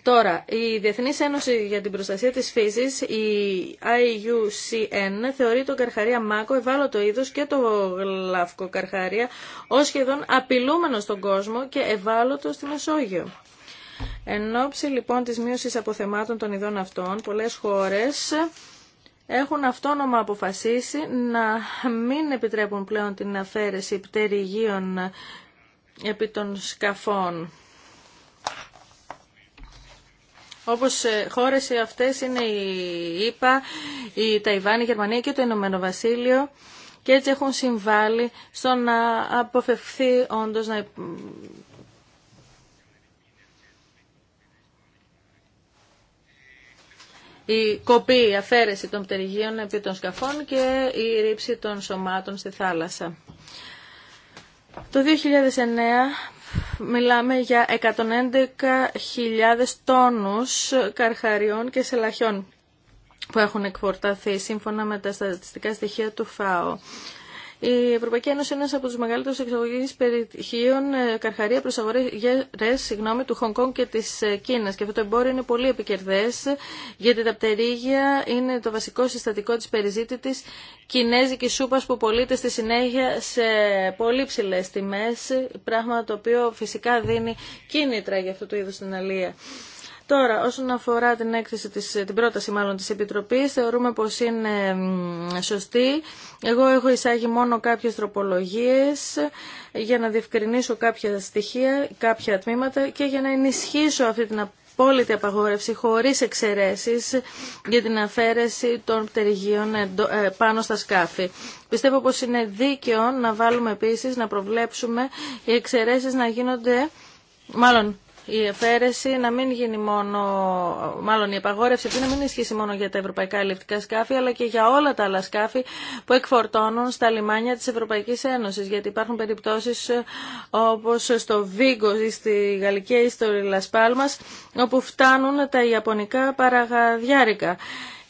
Τώρα, η Διεθνής Ένωση για την Προστασία της Φύσης, η IUCN, θεωρεί τον καρχαρία μάκο το είδος και το γλαύκο καρχαρία ως σχεδόν απειλούμενο στον κόσμο και ευάλωτο στη Μεσόγειο. Εν ώψη λοιπόν της μείωσης αποθεμάτων των ειδών αυτών, πολλές χώρες έχουν αυτόνομα αποφασίσει να μην επιτρέπουν πλέον την αφαίρεση πτερυγίων επί των σκαφών. Όπως ε, χώρες αυτές είναι η ΙΠΑ, η Ταϊβάν, η Γερμανία και το Ηνωμένο Βασίλειο και έτσι έχουν συμβάλει στο να αποφευθεί όντως να η κοπή, η αφαίρεση των πτερυγίων επί των σκαφών και η ρήψη των σωμάτων στη θάλασσα. Το 2009 μιλάμε για 111.000 τόνους καρχαριών και σελαχιών που έχουν εκφορταθεί σύμφωνα με τα στατιστικά στοιχεία του ΦΑΟ. Η Ευρωπαϊκή Ένωση είναι ένα από του μεγαλύτερου εξαγωγεί περιτυχίων ε, καρχαρία προ αγορέ του Χονγκ Κόνγκ και τη ε, Κίνα. Και αυτό το εμπόριο είναι πολύ επικερδές γιατί τα πτερίγια είναι το βασικό συστατικό τη περιζήτητη κινέζικη σούπα που πωλείται στη συνέχεια σε πολύ ψηλέ τιμέ. Πράγμα το οποίο φυσικά δίνει κίνητρα για αυτό το είδο στην Τώρα, όσον αφορά την, έκθεση της, την πρόταση μάλλον της Επιτροπής, θεωρούμε πως είναι σωστή. Εγώ έχω εισάγει μόνο κάποιες τροπολογίες για να διευκρινίσω κάποια στοιχεία, κάποια τμήματα και για να ενισχύσω αυτή την απόλυτη απαγόρευση χωρίς εξαιρέσεις για την αφαίρεση των πτερυγίων ε, πάνω στα σκάφη. Πιστεύω πως είναι δίκαιο να βάλουμε επίσης, να προβλέψουμε οι εξαιρέσεις να γίνονται, μάλλον η αφαίρεση να μην γίνει μόνο, μάλλον η απαγόρευση αυτή να μην ισχύσει μόνο για τα ευρωπαϊκά ελευτικά σκάφη, αλλά και για όλα τα άλλα σκάφη που εκφορτώνουν στα λιμάνια τη Ευρωπαϊκή Ένωση, Γιατί υπάρχουν περιπτώσει ε, όπω στο Βίγκο ή στη Γαλλική ή στο Λασπάλμα, όπου φτάνουν τα ιαπωνικά παραγαδιάρικα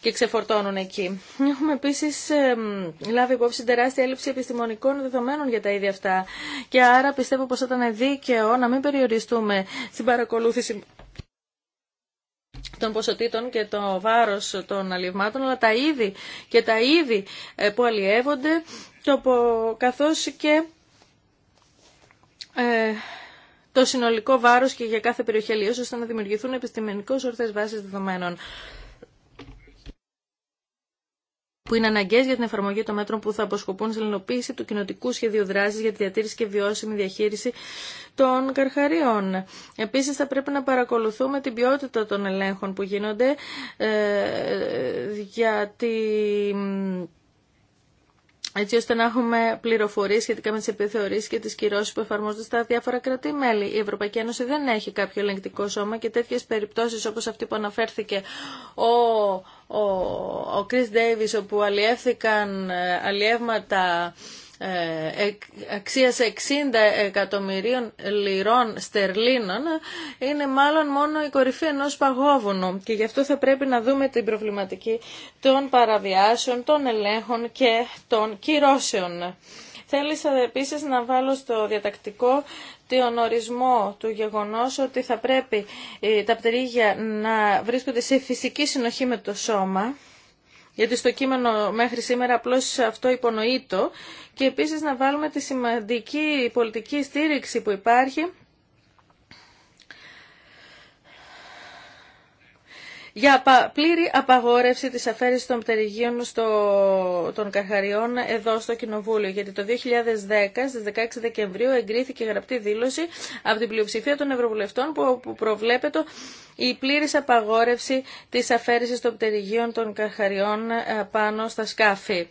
και ξεφορτώνουν εκεί. Έχουμε επίση λάβει υπόψη τεράστια έλλειψη επιστημονικών δεδομένων για τα ίδια αυτά. Και άρα πιστεύω πω ήταν δίκαιο να μην περιοριστούμε στην παρακολούθηση των ποσοτήτων και το βάρος των αλλιευμάτων, αλλά τα είδη και τα είδη ε, που αλλιεύονται, το, καθώς και ε, το συνολικό βάρος και για κάθε περιοχή αλλιώς, ώστε να δημιουργηθούν επιστημονικώς ορθές βάσεις δεδομένων που είναι αναγκαίε για την εφαρμογή των μέτρων που θα αποσκοπούν στην ελληνοποίηση του κοινοτικού σχεδίου δράση για τη διατήρηση και βιώσιμη διαχείριση των καρχαρίων. Επίση, θα πρέπει να παρακολουθούμε την ποιότητα των ελέγχων που γίνονται, ε, γιατί έτσι ώστε να έχουμε πληροφορίε σχετικά με τι επιθεωρήσεις και τι κυρώσει που εφαρμόζονται στα διάφορα κρατή-μέλη. Η Ευρωπαϊκή Ένωση δεν έχει κάποιο ελεγκτικό σώμα και τέτοιες περιπτώσει, όπω αυτή που αναφέρθηκε ο ο, ο Chris όπου αλλιεύθηκαν ε, αλλιεύματα ε, αξίας 60 εκατομμυρίων λιρών στερλίνων είναι μάλλον μόνο η κορυφή ενός παγόβουνου και γι' αυτό θα πρέπει να δούμε την προβληματική των παραβιάσεων, των ελέγχων και των κυρώσεων. Θέλησα επίσης να βάλω στο διατακτικό τον ορισμό του γεγονός ότι θα πρέπει ε, τα πτερίγια να βρίσκονται σε φυσική συνοχή με το σώμα, γιατί στο κείμενο μέχρι σήμερα απλώς αυτό υπονοείτο, και επίσης να βάλουμε τη σημαντική πολιτική στήριξη που υπάρχει για πλήρη απαγόρευση της αφαίρεσης των πτερυγίων στο, των καρχαριών εδώ στο Κοινοβούλιο. Γιατί το 2010, στις 16 Δεκεμβρίου, εγκρίθηκε γραπτή δήλωση από την πλειοψηφία των Ευρωβουλευτών που, προβλέπεται η πλήρης απαγόρευση της αφαίρεσης των πτερυγίων των καρχαριών ε, πάνω στα σκάφη.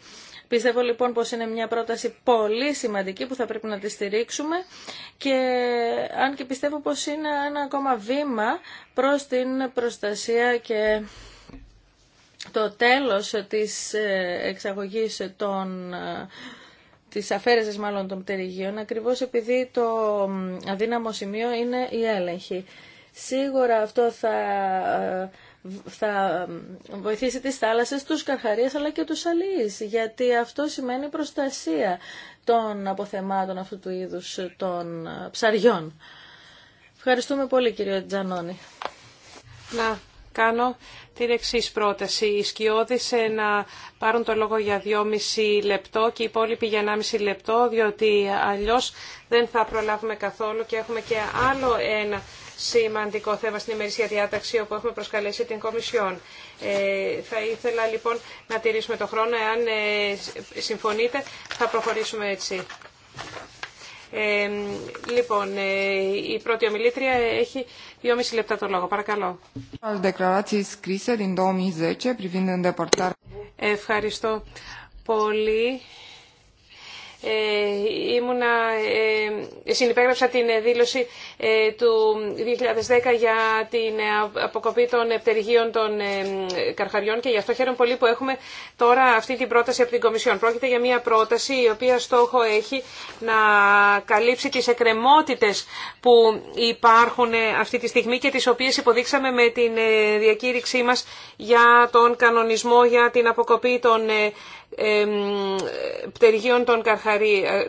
Πιστεύω λοιπόν πως είναι μια πρόταση πολύ σημαντική που θα πρέπει να τη στηρίξουμε και αν και πιστεύω πως είναι ένα ακόμα βήμα προς την προστασία και το τέλος της ε, εξαγωγής των ε, της αφαίρεσης μάλλον των πτερυγίων, ακριβώς επειδή το αδύναμο σημείο είναι η έλεγχη. Σίγουρα αυτό θα ε, θα βοηθήσει τις θάλασσες, τους καρχαρίες αλλά και τους αλείς, γιατί αυτό σημαίνει προστασία των αποθεμάτων αυτού του είδους των ε, ψαριών. Ευχαριστούμε πολύ κύριο Τζανόνη. Να κάνω την εξή πρόταση. Οι σκιώδεις ε, να πάρουν το λόγο για 2,5 λεπτό και οι υπόλοιποι για 1,5 λεπτό, διότι αλλιώς δεν θα προλάβουμε καθόλου και έχουμε και άλλο ένα σημαντικό θέμα στην ημερησία διάταξη όπου έχουμε προσκαλέσει την Κομισιόν. Ε, θα ήθελα λοιπόν να τηρήσουμε το χρόνο. Εάν ε, συμφωνείτε θα προχωρήσουμε έτσι. Ε, λοιπόν, ε, η πρώτη ομιλήτρια έχει 2,5 λεπτά το λόγο. Παρακαλώ. Ευχαριστώ πολύ. Ε, ήμουνα, ε, συνυπέγραψα την δήλωση ε, του 2010 για την αποκοπή των πτεργείων των καρχαριών και γι' αυτό χαίρομαι πολύ που έχουμε τώρα αυτή την πρόταση από την Κομισιόν. Πρόκειται για μια πρόταση η οποία στόχο έχει να καλύψει τις εκκρεμότητες που υπάρχουν αυτή τη στιγμή και τις οποίες υποδείξαμε με την διακήρυξή μας για τον κανονισμό για την αποκοπή των πτερυγίων ε,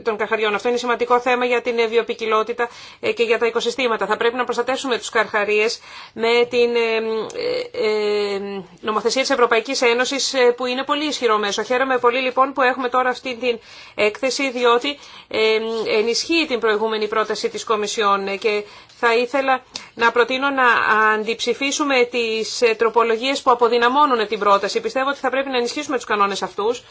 των, καρχαριών. Αυτό είναι σημαντικό θέμα για την βιοπικιλότητα ε, και για τα οικοσυστήματα. Θα πρέπει να προστατεύσουμε τους καρχαρίες με την ε, νομοθεσία της Ευρωπαϊκής Ένωσης που είναι πολύ ισχυρό μέσο. Χαίρομαι πολύ λοιπόν που έχουμε τώρα αυτή την έκθεση διότι ενισχύει την προηγούμενη πρόταση της Κομισιόν και θα ήθελα να προτείνω να αντιψηφίσουμε τις ε, τροπολογίες που αποδυναμώνουν την πρόταση. Πιστεύω ότι θα πρέπει να ενισχύσουμε τους κανόνες αυτούς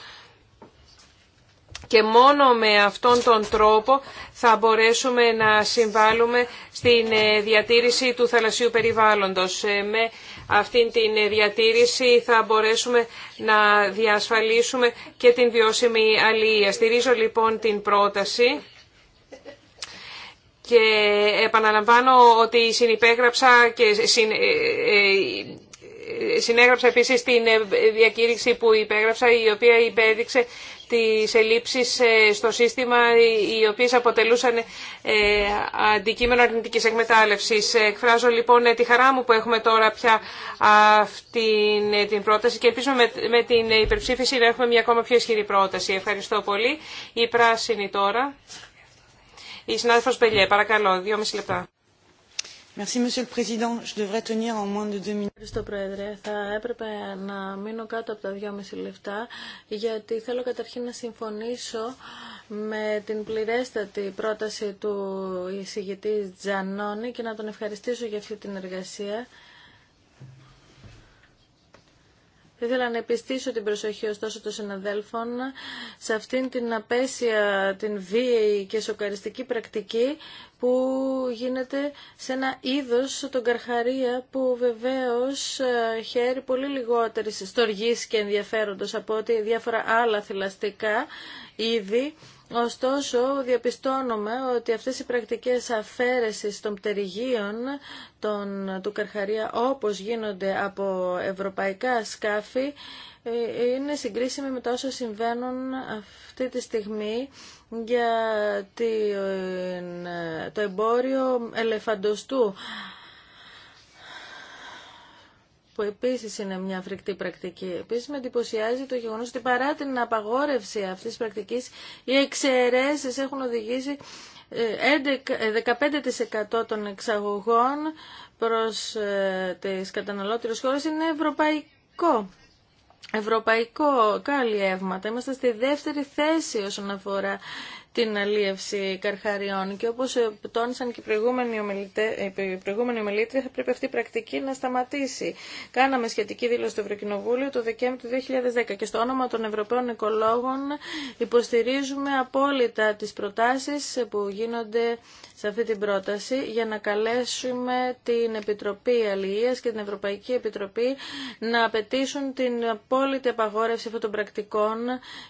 και μόνο με αυτόν τον τρόπο θα μπορέσουμε να συμβάλλουμε στην ε, διατήρηση του θαλασσίου περιβάλλοντος. Ε, με αυτήν την διατήρηση θα μπορέσουμε να διασφαλίσουμε και την βιώσιμη αλληλεία. Στηρίζω λοιπόν την πρόταση και επαναλαμβάνω ότι συνυπέγραψα και συν, ε, ε, συνέγραψα επίσης την ε, διακήρυξη που υπέγραψα η οποία υπέδειξε τις ελλείψεις στο σύστημα οι οποίες αποτελούσαν αντικείμενο αρνητικής εκμετάλλευσης. Εκφράζω λοιπόν τη χαρά μου που έχουμε τώρα πια αυτή την πρόταση και ελπίζουμε με την υπερψήφιση να έχουμε μια ακόμα πιο ισχυρή πρόταση. Ευχαριστώ πολύ. Η πράσινη τώρα. Η συνάδελφος Μπελιέ, παρακαλώ, δύο μισή λεπτά. Ευχαριστώ, Πρόεδρε. Θα έπρεπε να μείνω κάτω από τα δυόμιση λεπτά, γιατί θέλω καταρχήν να συμφωνήσω με την πληρέστατη πρόταση του εισηγητή Τζανόνι και να τον ευχαριστήσω για αυτή την εργασία. Θα ήθελα να επιστήσω την προσοχή ωστόσο των συναδέλφων σε αυτήν την απέσια, την βίαιη και σοκαριστική πρακτική που γίνεται σε ένα είδος τον καρχαρία που βεβαίως ε, χαίρει πολύ λιγότερη στοργής και ενδιαφέροντος από ό,τι διάφορα άλλα θηλαστικά είδη Ωστόσο, διαπιστώνουμε ότι αυτές οι πρακτικές αφαίρεσης των πτερυγίων των, του Καρχαρία, όπως γίνονται από ευρωπαϊκά σκάφη, ε, είναι συγκρίσιμη με τα όσα συμβαίνουν αυτή τη στιγμή για ε, το εμπόριο ελεφαντοστού που επίση είναι μια φρικτή πρακτική. Επίσης με εντυπωσιάζει το γεγονός ότι παρά την απαγόρευση αυτή τη πρακτική, οι εξαιρεσει έχουν οδηγήσει 15% ε, ε, των εξαγωγών προς ε, τις καταναλώτερες χώρες είναι ευρωπαϊκό. Ευρωπαϊκό καλλιεύματα. Είμαστε στη δεύτερη θέση όσον αφορά την αλίευση καρχαριών και όπως ε, τόνισαν και οι προηγούμενοι, ε, ομιλήτρια θα πρέπει αυτή η πρακτική να σταματήσει. Κάναμε σχετική δήλωση στο Ευρωκοινοβούλιο το Δεκέμβριο του 2010 και στο όνομα των Ευρωπαίων Οικολόγων υποστηρίζουμε απόλυτα τις προτάσεις που γίνονται σε αυτή την πρόταση για να καλέσουμε την Επιτροπή Αλληλείας και την Ευρωπαϊκή Επιτροπή να απαιτήσουν την απόλυτη απαγόρευση αυτών των πρακτικών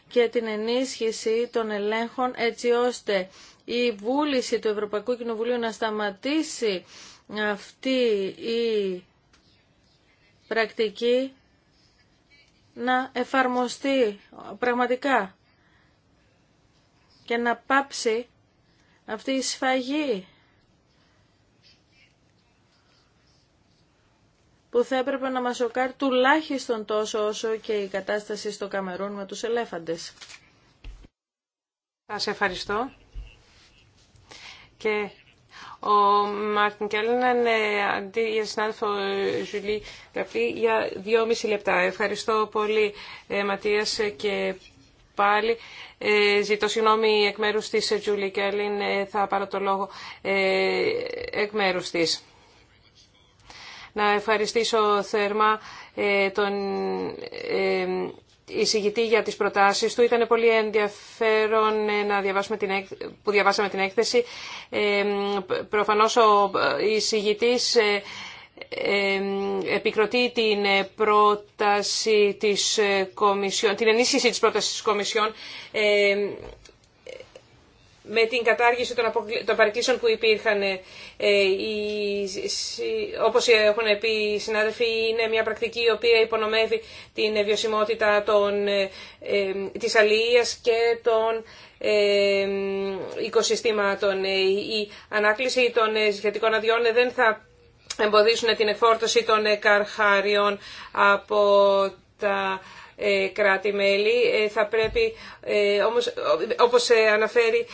και την ενίσχυση των ελέγχων έτσι ώστε η βούληση του Ευρωπαϊκού Κοινοβουλίου να σταματήσει αυτή η πρακτική να εφαρμοστεί πραγματικά και να πάψει αυτή η σφαγή που θα έπρεπε να μας σοκάρει τουλάχιστον τόσο όσο και η κατάσταση στο Καμερούν με τους ελέφαντες. Σα ευχαριστώ. Και ο Μάρτιν Κέλλναν, ε, αντί για συνάδελφο ε, Ζουλή Καφή για μισή λεπτά. Ευχαριστώ πολύ, ε, Ματίας, και πάλι. ζητώ συγγνώμη εκ μέρους της Τζούλη Κέλλιν, θα πάρω το λόγο εκ μέρους της. Να ευχαριστήσω θερμά τον εισηγητή για τις προτάσεις του. Ήταν πολύ ενδιαφέρον να διαβάσουμε την που διαβάσαμε την έκθεση. Ε, προφανώς ο εισηγητής ε, ε, επικροτεί την πρόταση της ε, Κομισιόν, την ενίσχυση της πρότασης της Κομισιόν με την κατάργηση των, των παρεκκλήσεων που υπήρχαν, ε, όπως έχουν πει οι συνάδελφοι, είναι μια πρακτική η οποία υπονομεύει την βιωσιμότητα των, ε, ε της αλληλείας και των ε, οικοσυστήματων. Ε, η ανάκληση των σχετικών αδειών δεν θα εμποδίσουν την εφόρτωση των καρχάριων από τα ε, κράτη-μέλη. Ε, θα πρέπει, ε, όμως, όπως αναφέρει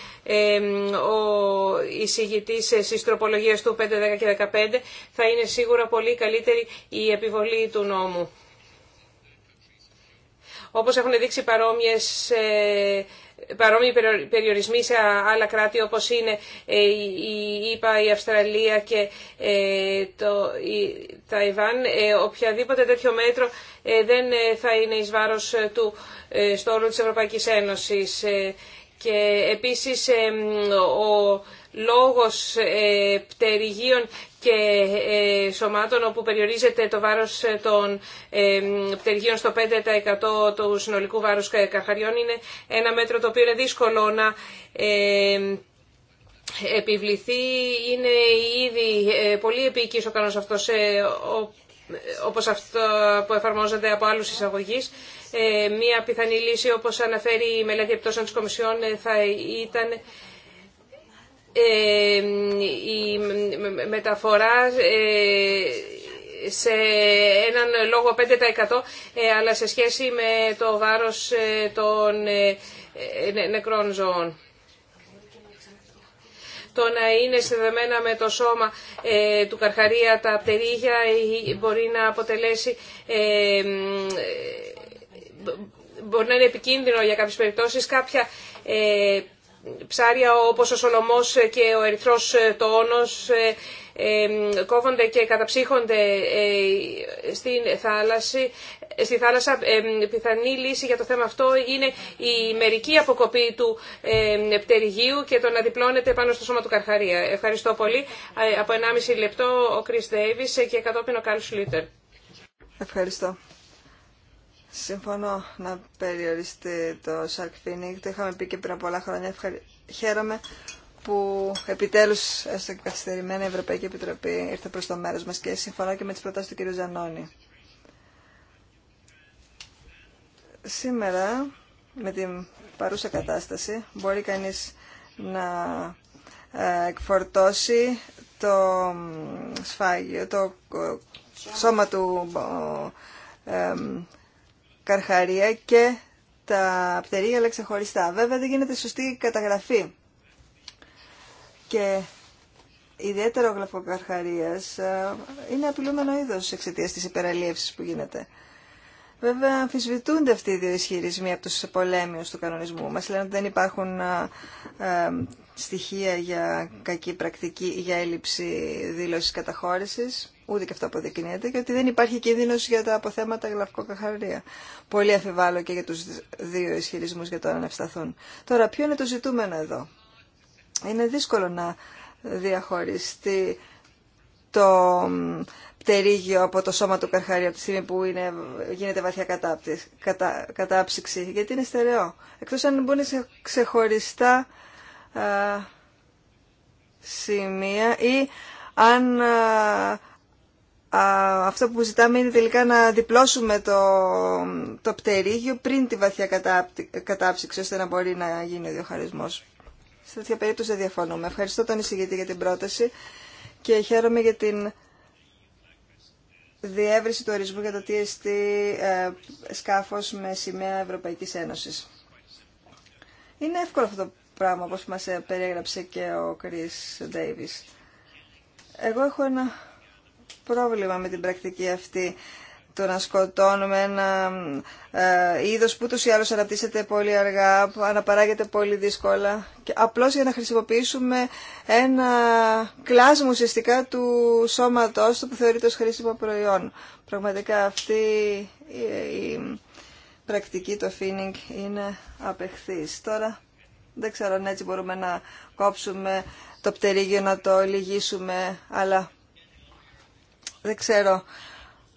ο εισηγητής στις τροπολογίες του 5, 10 και 15, θα είναι σίγουρα πολύ καλύτερη η επιβολή του νόμου. Όπως έχουν δείξει παρόμοιες παρόμοιοι περιορισμοί σε άλλα κράτη όπως είναι ε, η ΙΠΑ, η Αυστραλία και ε, το η Ταϊβάν. Ε, οποιαδήποτε τέτοιο μέτρο δεν θα είναι εις βάρος του στόλου της Ευρωπαϊκής Ένωσης. Και επίσης ο λόγος ε, πτερυγίων και ε, σωμάτων όπου περιορίζεται το βάρος ε, των πτερυγίων στο 5% του συνολικού βάρους καρχαριών είναι ένα μέτρο το οποίο είναι δύσκολο να επιβληθεί. Είναι ήδη πολύ επίκης ο αυτός όπως αυτό που εφαρμόζεται από άλλους εισαγωγείς. Μία πιθανή λύση όπως αναφέρει η μελέτη επιπτώσεων της Κομισιόν θα ήταν η μεταφορά ε, σε έναν λόγο 5% ε, αλλά σε σχέση με το βάρος ε, των νεκρών ζώων. Το να είναι συνδεμένα με το σώμα του καρχαρία τα πτερίγια μπορεί να αποτελέσει μπορεί να είναι επικίνδυνο για κάποιες περιπτώσεις. Κάποια ψάρια όπως ο Σολομός και ο Ερυθρός Τόνος ε, ε, κόβονται και καταψύχονται ε, στην θάλασσα. Στη θάλασσα πιθανή λύση για το θέμα αυτό είναι η μερική αποκοπή του πτερυγίου και το να διπλώνεται πάνω στο σώμα του καρχαρία. Ευχαριστώ πολύ. Από 1,5 λεπτό ο Κρις Ντέιβις και κατόπιν ο Καρλ Σλίτερ. Ευχαριστώ. Συμφωνώ να περιοριστεί το shark Το είχαμε πει και πριν πολλά χρόνια. Χαίρομαι που επιτέλους, έστω και καθυστερημένα, η Ευρωπαϊκή Επιτροπή ήρθε προς το μέρος μας και συμφωνώ και με τις προτάσεις του κ. Ζανώνη. Σήμερα, με την παρούσα κατάσταση, μπορεί κανείς να ε, εκφορτώσει το σφάγιο, το σώμα του καρχαρία και τα πτερία, αλλά ξεχωριστά. Βέβαια δεν γίνεται σωστή καταγραφή. Και ιδιαίτερα ο γλαφοκαρχαρίας ε, είναι απειλούμενο είδος εξαιτίας της υπεραλίευσης που γίνεται. Βέβαια αμφισβητούνται αυτοί οι δύο ισχυρισμοί από τους πολέμιους του κανονισμού. Μας λένε ότι δεν υπάρχουν ε, ε, στοιχεία για κακή πρακτική ή για έλλειψη δήλωσης καταχώρησης ούτε και αυτό αποδεικνύεται, και ότι δεν υπάρχει κίνδυνος για τα αποθέματα γλαυκοκαχαρία. Πολύ αφιβάλλω και για τους δύο ισχυρισμούς για το να ευσταθούν. Τώρα, ποιο είναι το ζητούμενο εδώ. Είναι δύσκολο να διαχωριστεί το πτερίγιο από το σώμα του καρχαρία, από τη στιγμή που είναι, γίνεται βαθιά κατάψυξη, γιατί είναι στερεό. Εκτός αν μπουν σε ξεχωριστά α, σημεία ή αν αυτό που ζητάμε είναι τελικά να διπλώσουμε το, το πτερίγιο πριν τη βαθιά κατάψυξη ώστε να μπορεί να γίνει ο διοχαρισμός. Σε τέτοια περίπτωση δεν διαφωνούμε. Ευχαριστώ τον εισηγητή για την πρόταση και χαίρομαι για την διεύρυνση του ορισμού για το TST ε, σκάφος με σημαία Ευρωπαϊκής Ένωσης. Είναι εύκολο αυτό το πράγμα όπως μας ε, περιέγραψε και ο Κρίς Ντέιβις. Εγώ έχω ένα πρόβλημα με την πρακτική αυτή το να σκοτώνουμε ένα ε, είδος που ούτως ή άλλως αναπτύσσεται πολύ αργά, αναπαράγεται πολύ δύσκολα, και απλώς για να χρησιμοποιήσουμε ένα κλάσμα ουσιαστικά του σώματός του που θεωρείται ως χρήσιμο προϊόν. Πραγματικά αυτή η, πρακτική, το φίνινγκ, είναι απεχθής. Τώρα δεν ξέρω αν έτσι μπορούμε να κόψουμε το πτερίγιο, να το λυγίσουμε, αλλά δεν ξέρω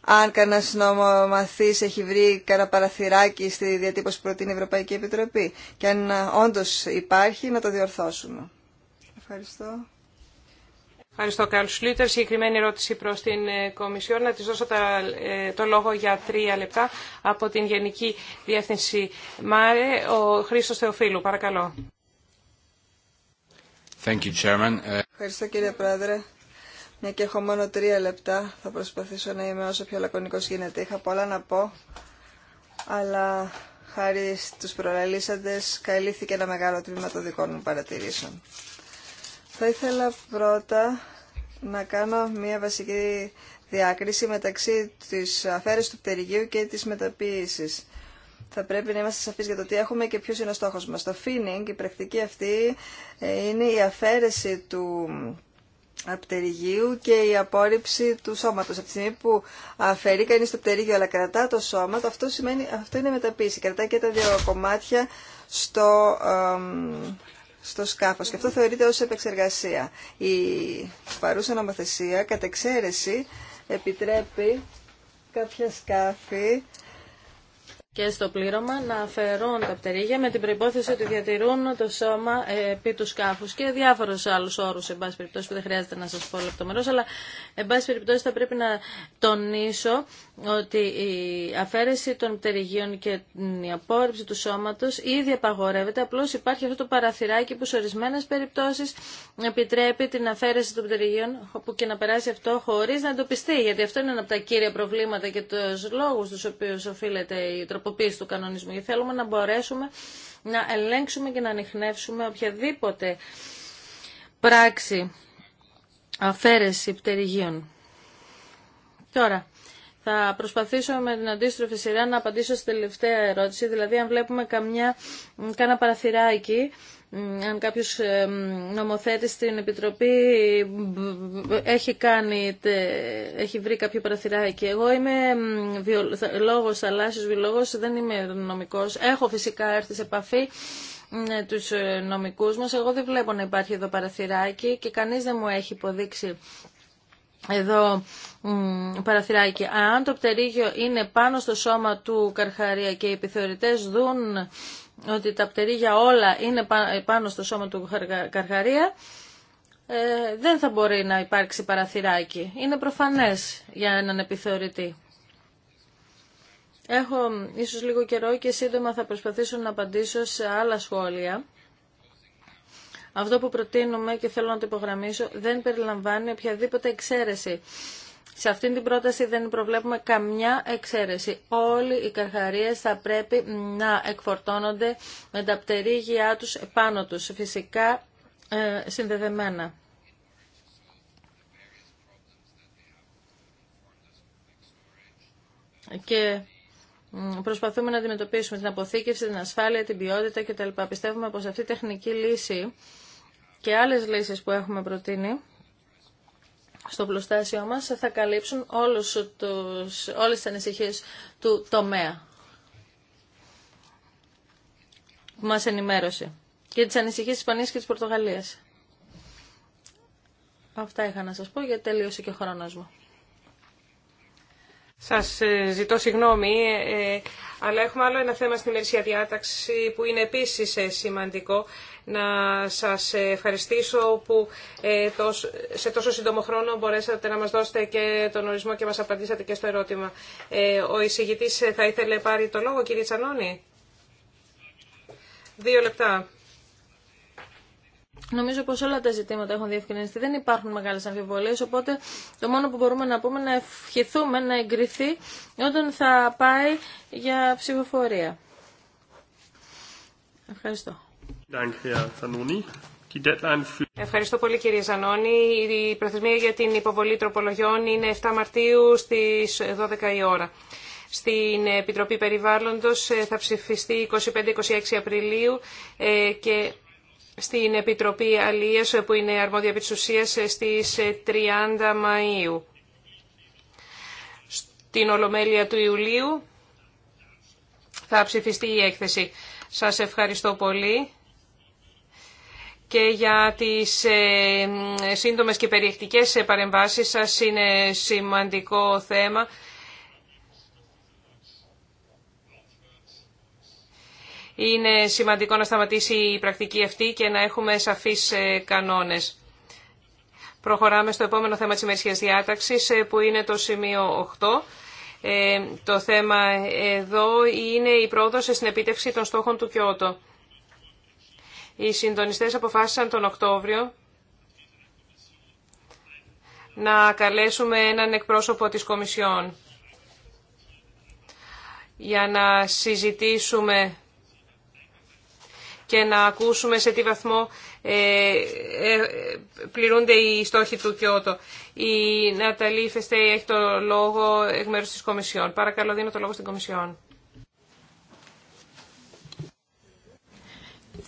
αν κανένα νομομαθή έχει βρει κανένα παραθυράκι στη διατύπωση που προτείνει η Ευρωπαϊκή Επιτροπή. Και αν ε, όντω υπάρχει, να το διορθώσουμε. Ευχαριστώ. Ευχαριστώ, Καρλ Σλίτερ. Συγκεκριμένη ερώτηση προ την ε, Κομισιόν. Να τη δώσω ε, το λόγο για τρία λεπτά από την Γενική Διεύθυνση ΜΑΡΕ, ο Χρήστο Θεοφίλου. Παρακαλώ. Thank you, Chairman. Ευχαριστώ, κύριε Πρόεδρε. Μια ναι, και έχω μόνο τρία λεπτά, θα προσπαθήσω να είμαι όσο πιο λακωνικός γίνεται. Είχα πολλά να πω, αλλά χάρη στους προλαλήσαντες καλύφθηκε ένα μεγάλο τμήμα των δικών μου παρατηρήσεων. Θα ήθελα πρώτα να κάνω μια βασική διάκριση μεταξύ της αφαίρεσης του πτερυγίου και της μεταποίησης. Θα πρέπει να είμαστε σαφείς για το τι έχουμε και ποιος είναι ο στόχος μας. Το φίνινγκ, η πρακτική αυτή, ε, είναι η αφαίρεση του απτεριγίου και η απόρριψη του σώματος. Από τη στιγμή που αφαιρεί κανεί το πτερίγιο αλλά κρατά το σώμα, αυτό, σημαίνει, αυτό είναι μεταποίηση. Κρατά και τα δύο κομμάτια στο, στο σκάφος και αυτό θεωρείται ως επεξεργασία. Η παρούσα νομοθεσία κατ' εξαίρεση επιτρέπει κάποια σκάφη και στο πλήρωμα να αφαιρούν τα πτερίγια με την προπόθεση ότι διατηρούν το σώμα ε, επί του σκάφου και διάφορου άλλου όρου εν πάση περιπτώσει, που δεν χρειάζεται να σα πω λεπτομερώς, αλλά εν περιπτώσει θα πρέπει να τονίσω ότι η αφαίρεση των πτερυγίων και η απόρριψη του σώματο ήδη απαγορεύεται, απλώ υπάρχει αυτό το παραθυράκι που σε ορισμένε περιπτώσεις επιτρέπει την αφαίρεση των πτερυγίων όπου και να περάσει αυτό χωρί να εντοπιστεί, γιατί αυτό είναι ένα από τα κύρια προβλήματα και του λόγου του οποίου οφείλεται η τροποποίηση του κανονισμού θέλουμε να μπορέσουμε να ελέγξουμε και να ανοιχνεύσουμε οποιαδήποτε πράξη αφαίρεση πτερυγίων. Τώρα, θα προσπαθήσω με την αντίστροφη σειρά να απαντήσω στη τελευταία ερώτηση, δηλαδή αν βλέπουμε καμιά, κάνα παραθυράκι, αν κάποιος νομοθέτης στην Επιτροπή έχει, κάνει, έχει βρει κάποιο παραθυράκι. Εγώ είμαι λόγος θαλάσσιος βιολόγος, δεν είμαι νομικός. Έχω φυσικά έρθει σε επαφή με τους ε, νομικούς μας. Εγώ δεν βλέπω να υπάρχει εδώ παραθυράκι και κανείς δεν μου έχει υποδείξει εδώ παραθυράκι. Αν το πτερίγιο είναι πάνω στο σώμα του καρχαρία και οι επιθεωρητές δουν ότι τα πτερίγια όλα είναι πάνω στο σώμα του καρχαρία, ε, δεν θα μπορεί να υπάρξει παραθυράκι. Είναι προφανές για έναν επιθεωρητή. Έχω ίσως λίγο καιρό και σύντομα θα προσπαθήσω να απαντήσω σε άλλα σχόλια. Αυτό που προτείνουμε και θέλω να το υπογραμμίσω δεν περιλαμβάνει οποιαδήποτε εξαίρεση σε αυτήν την πρόταση δεν προβλέπουμε καμιά εξαίρεση. Όλοι οι καρχαρίες θα πρέπει να εκφορτώνονται με τα πτερήγια τους πάνω τους, φυσικά ε, συνδεδεμένα. Και προσπαθούμε να αντιμετωπίσουμε την αποθήκευση, την ασφάλεια, την ποιότητα κτλ. Πιστεύουμε πως αυτή η τεχνική λύση και άλλες λύσεις που έχουμε προτείνει στο πλουστάσιο μας θα καλύψουν όλους τους, όλες τις ανησυχίες του τομέα που μας ενημέρωσε και τις ανησυχίες της Ισπανίας και της Πορτογαλίας. Αυτά είχα να σας πω γιατί τελείωσε και ο χρόνος μου. Σας ε, ζητώ συγγνώμη, ε, ε, αλλά έχουμε άλλο ένα θέμα στην ημερήσια διάταξη που είναι επίσης σημαντικό. Να σας ευχαριστήσω που σε τόσο σύντομο χρόνο μπορέσατε να μας δώσετε και τον ορισμό και μας απαντήσατε και στο ερώτημα. Ο εισηγητής θα ήθελε πάρει το λόγο, κύριε Τσανώνη. Δύο λεπτά. Νομίζω πως όλα τα ζητήματα έχουν διευκρινιστεί, δεν υπάρχουν μεγάλες αμφιβολίες, οπότε το μόνο που μπορούμε να πούμε να ευχηθούμε να εγκριθεί όταν θα πάει για ψηφοφορία. Ευχαριστώ. Ευχαριστώ πολύ κύριε Ζανώνη. Η προθεσμία για την υποβολή τροπολογιών είναι 7 Μαρτίου στις 12 η ώρα. Στην Επιτροπή Περιβάλλοντος ε, θα ψηφιστεί 25-26 Απριλίου ε, και στην Επιτροπή Αλίας που είναι αρμόδια επί της ουσίας, στις 30 Μαΐου. Στην Ολομέλεια του Ιουλίου θα ψηφιστεί η έκθεση. Σας ευχαριστώ πολύ και για τις ε, σύντομες και περιεκτικές παρεμβάσεις σας είναι σημαντικό θέμα Είναι σημαντικό να σταματήσει η πρακτική αυτή και να έχουμε σαφείς ε, κανόνες. Προχωράμε στο επόμενο θέμα της ημερησίας διάταξης ε, που είναι το σημείο 8. Ε, το θέμα εδώ είναι η πρόοδος στην επίτευξη των στόχων του Κιώτο. Οι συντονιστές αποφάσισαν τον Οκτώβριο να καλέσουμε έναν εκπρόσωπο της Κομισιόν για να συζητήσουμε και να ακούσουμε σε τι βαθμό ε, ε, πληρούνται οι στόχοι του Κιώτο. Η Ναταλή Φεστέη έχει το λόγο εκ μέρους της Κομισιόν. Παρακαλώ, δίνω το λόγο στην Κομισιόν.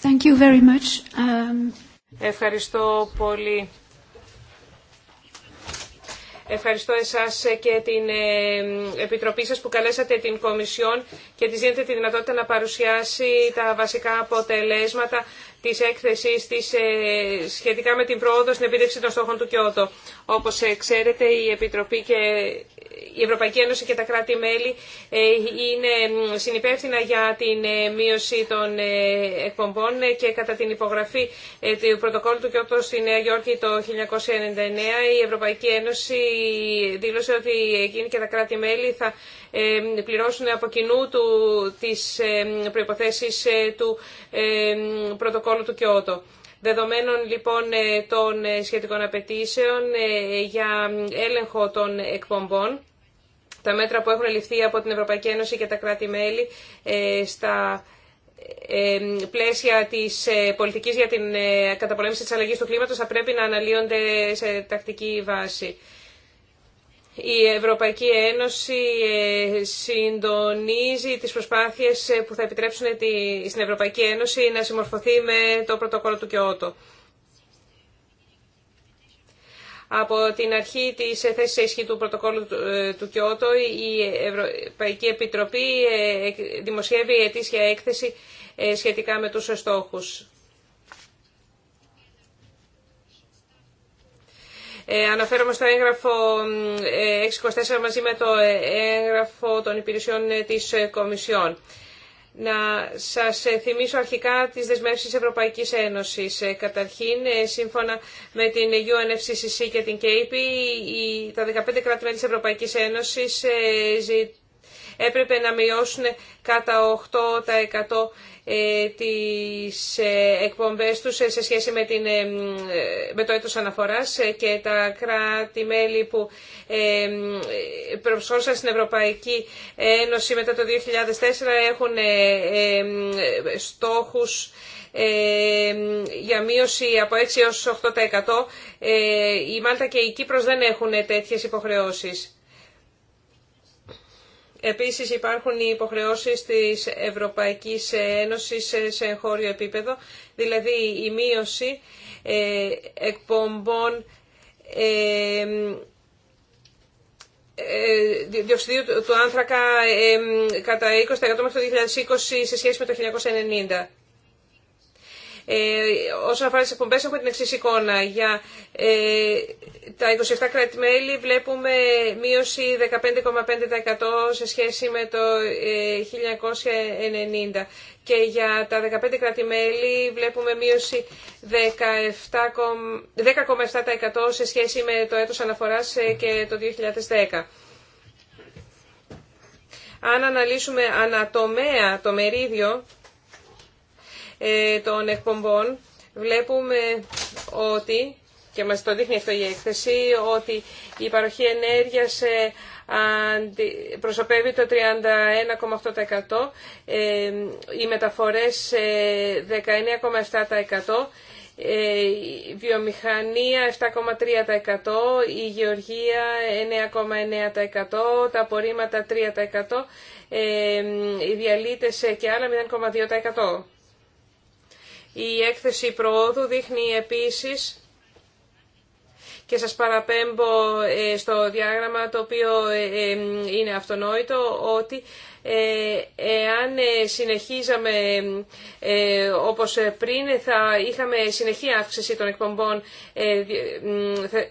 Thank you um, Ευχαριστώ πολύ. Ευχαριστώ εσάς και την ε, Επιτροπή σας που καλέσατε την Κομισιόν και της δίνετε τη δυνατότητα να παρουσιάσει τα βασικά αποτελέσματα της έκθεσης της ε, σχετικά με την πρόοδο στην επίτευξη των στόχων του Κιώτο. Όπως ε, ξέρετε η Επιτροπή και η Ευρωπαϊκή Ένωση και τα κράτη-μέλη ε, είναι συνυπεύθυνα για την ε, μείωση των ε, εκπομπών και κατά την υπογραφή του πρωτοκόλλου του Κιώτο στη Νέα το 1999 η Ευρωπαϊκή Ένωση δήλωσε ότι εκείνη και τα κράτη-μέλη θα πληρώσουν από κοινού του, τις προϋποθέσεις του πρωτοκόλλου του Κιώτο. Δεδομένων λοιπόν ε, των ε, σχετικών απαιτήσεων ε, για έλεγχο των εκπομπών, τα μέτρα που έχουν ληφθεί από την Ευρωπαϊκή Ένωση και τα κράτη-μέλη στα πλαίσια της πολιτικής για την καταπολέμηση της αλλαγής του κλίματος θα πρέπει να αναλύονται σε τακτική βάση. Η Ευρωπαϊκή Ένωση ε, συντονίζει τις προσπάθειες ε, που θα επιτρέψουν στην Ευρωπαϊκή Ένωση να συμμορφωθεί με το πρωτοκόλλο του Κιώτο. Από την αρχή της θέσης ισχύ του πρωτοκόλλου ε, του Κιώτο, η Ευρωπαϊκή Επιτροπή δημοσιεύει ετήσια έκθεση σχετικά με τους στόχους. Ε, αναφέρομαι στο έγγραφο 624 ε, μαζί με το ε, έγγραφο των υπηρεσιών της Κομισιόν. Να σας θυμίσω αρχικά τις δεσμεύσεις Ευρωπαϊκής Ένωσης. Καταρχήν, σύμφωνα με την UNFCCC και την ΚΕΙΠΗ, τα 15 κράτη-μέλη της Ευρωπαϊκής Ένωσης ζητούν έπρεπε να μειώσουν κατά 8% ε, τις ε, εκπομπές τους ε, σε σχέση με, την, με το έτος αναφοράς και τα κράτη-μέλη που προσχώρησαν στην Ευρωπαϊκή Ένωση μετά το 2004 έχουν στόχους για μείωση από 6 έως 8%. Η Μάλτα και η Κύπρος δεν έχουν τέτοιες υποχρεώσεις. Επίσης υπάρχουν οι υποχρεώσεις της Ευρωπαϊκής Ένωσης σε χώριο επίπεδο, δηλαδή η μείωση ε, εκπομπών ε, ε, διοξιδίου του άνθρακα κατά 20% μέχρι το 2020 σε σχέση με το 1990. Ε, όσον αφορά τις εκπομπές έχουμε την εξή εικόνα. Για ε, τα 27 κράτη-μέλη βλέπουμε μείωση 15,5% σε σχέση με το 1990. Ε, και για τα 15 κράτη-μέλη βλέπουμε μείωση 10,7% σε σχέση με το έτος αναφοράς και το 2010. Αν αναλύσουμε ανατομέα το μερίδιο, ε, των εκπομπών βλέπουμε ότι, και μας το δείχνει αυτό η έκθεση, ότι η παροχή ενέργειας ε, προσωπεύει το 31,8%, ε, οι μεταφορές 19,7%, η βιομηχανία 7,3%, η γεωργία 9,9%, τα απορρίμματα 3%, οι διαλύτες και άλλα 0,2%. Η έκθεση προόδου δείχνει επίσης και σας παραπέμπω ε, στο διάγραμμα το οποίο ε, ε, είναι αυτονόητο ότι εάν συνεχίζαμε όπως πριν θα είχαμε συνεχή αύξηση των εκπομπών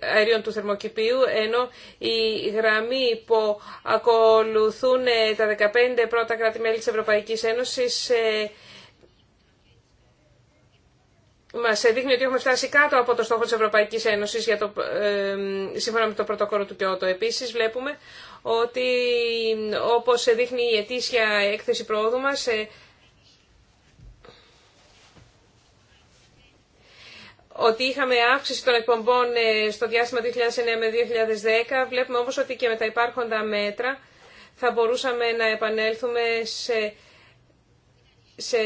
αερίων του θερμοκηπίου ενώ η γραμμή που ακολουθούν τα 15 πρώτα κράτη-μέλη της Ευρωπαϊκής Ένωσης Μα δείχνει ότι έχουμε φτάσει κάτω από το στόχο της Ευρωπαϊκής Ένωσης ε, σύμφωνα με το πρωτόκολλο του Κιώτο. Επίσης βλέπουμε ότι όπως δείχνει η ετήσια έκθεση πρόοδου μας, ε, ότι είχαμε αύξηση των εκπομπών ε, στο διάστημα 2009 με 2010. Βλέπουμε όμως ότι και με τα υπάρχοντα μέτρα θα μπορούσαμε να επανέλθουμε σε σε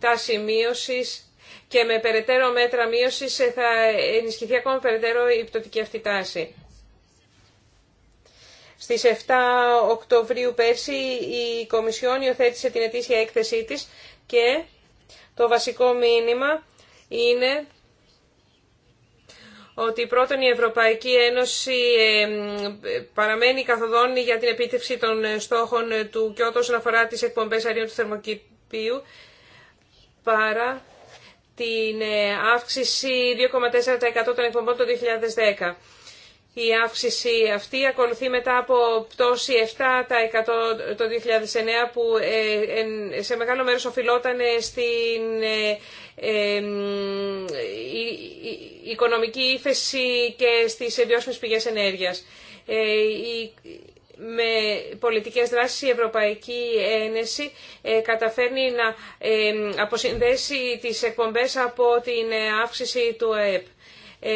τάση μείωσης και με περαιτέρω μέτρα μείωση ε, θα ενισχυθεί ακόμα περαιτέρω η πτωτική αυτή τάση. Στις 7 Οκτωβρίου πέρσι η Κομισιόν υιοθέτησε την ετήσια έκθεσή της και το βασικό μήνυμα είναι ότι πρώτον η Ευρωπαϊκή Ένωση ε, παραμένει καθοδόνη για την επίτευξη των ε, στόχων ε, του και όσον αφορά τις εκπομπές αερίων του θερμοκηπίου παρά την αύξηση 2,4% των εκπομπών το 2010. Η αύξηση αυτή ακολουθεί μετά από πτώση 7% το 2009 που σε μεγάλο μέρος οφειλόταν στην η οικονομική ύφεση και στις βιώσιμες πηγές ενέργειας. Ε, με πολιτικές δράσεις η Ευρωπαϊκή Ένωση ε, καταφέρνει να αποσυνδέσει τις εκπομπές από την ε, αύξηση του ΑΕΠ. 15,5%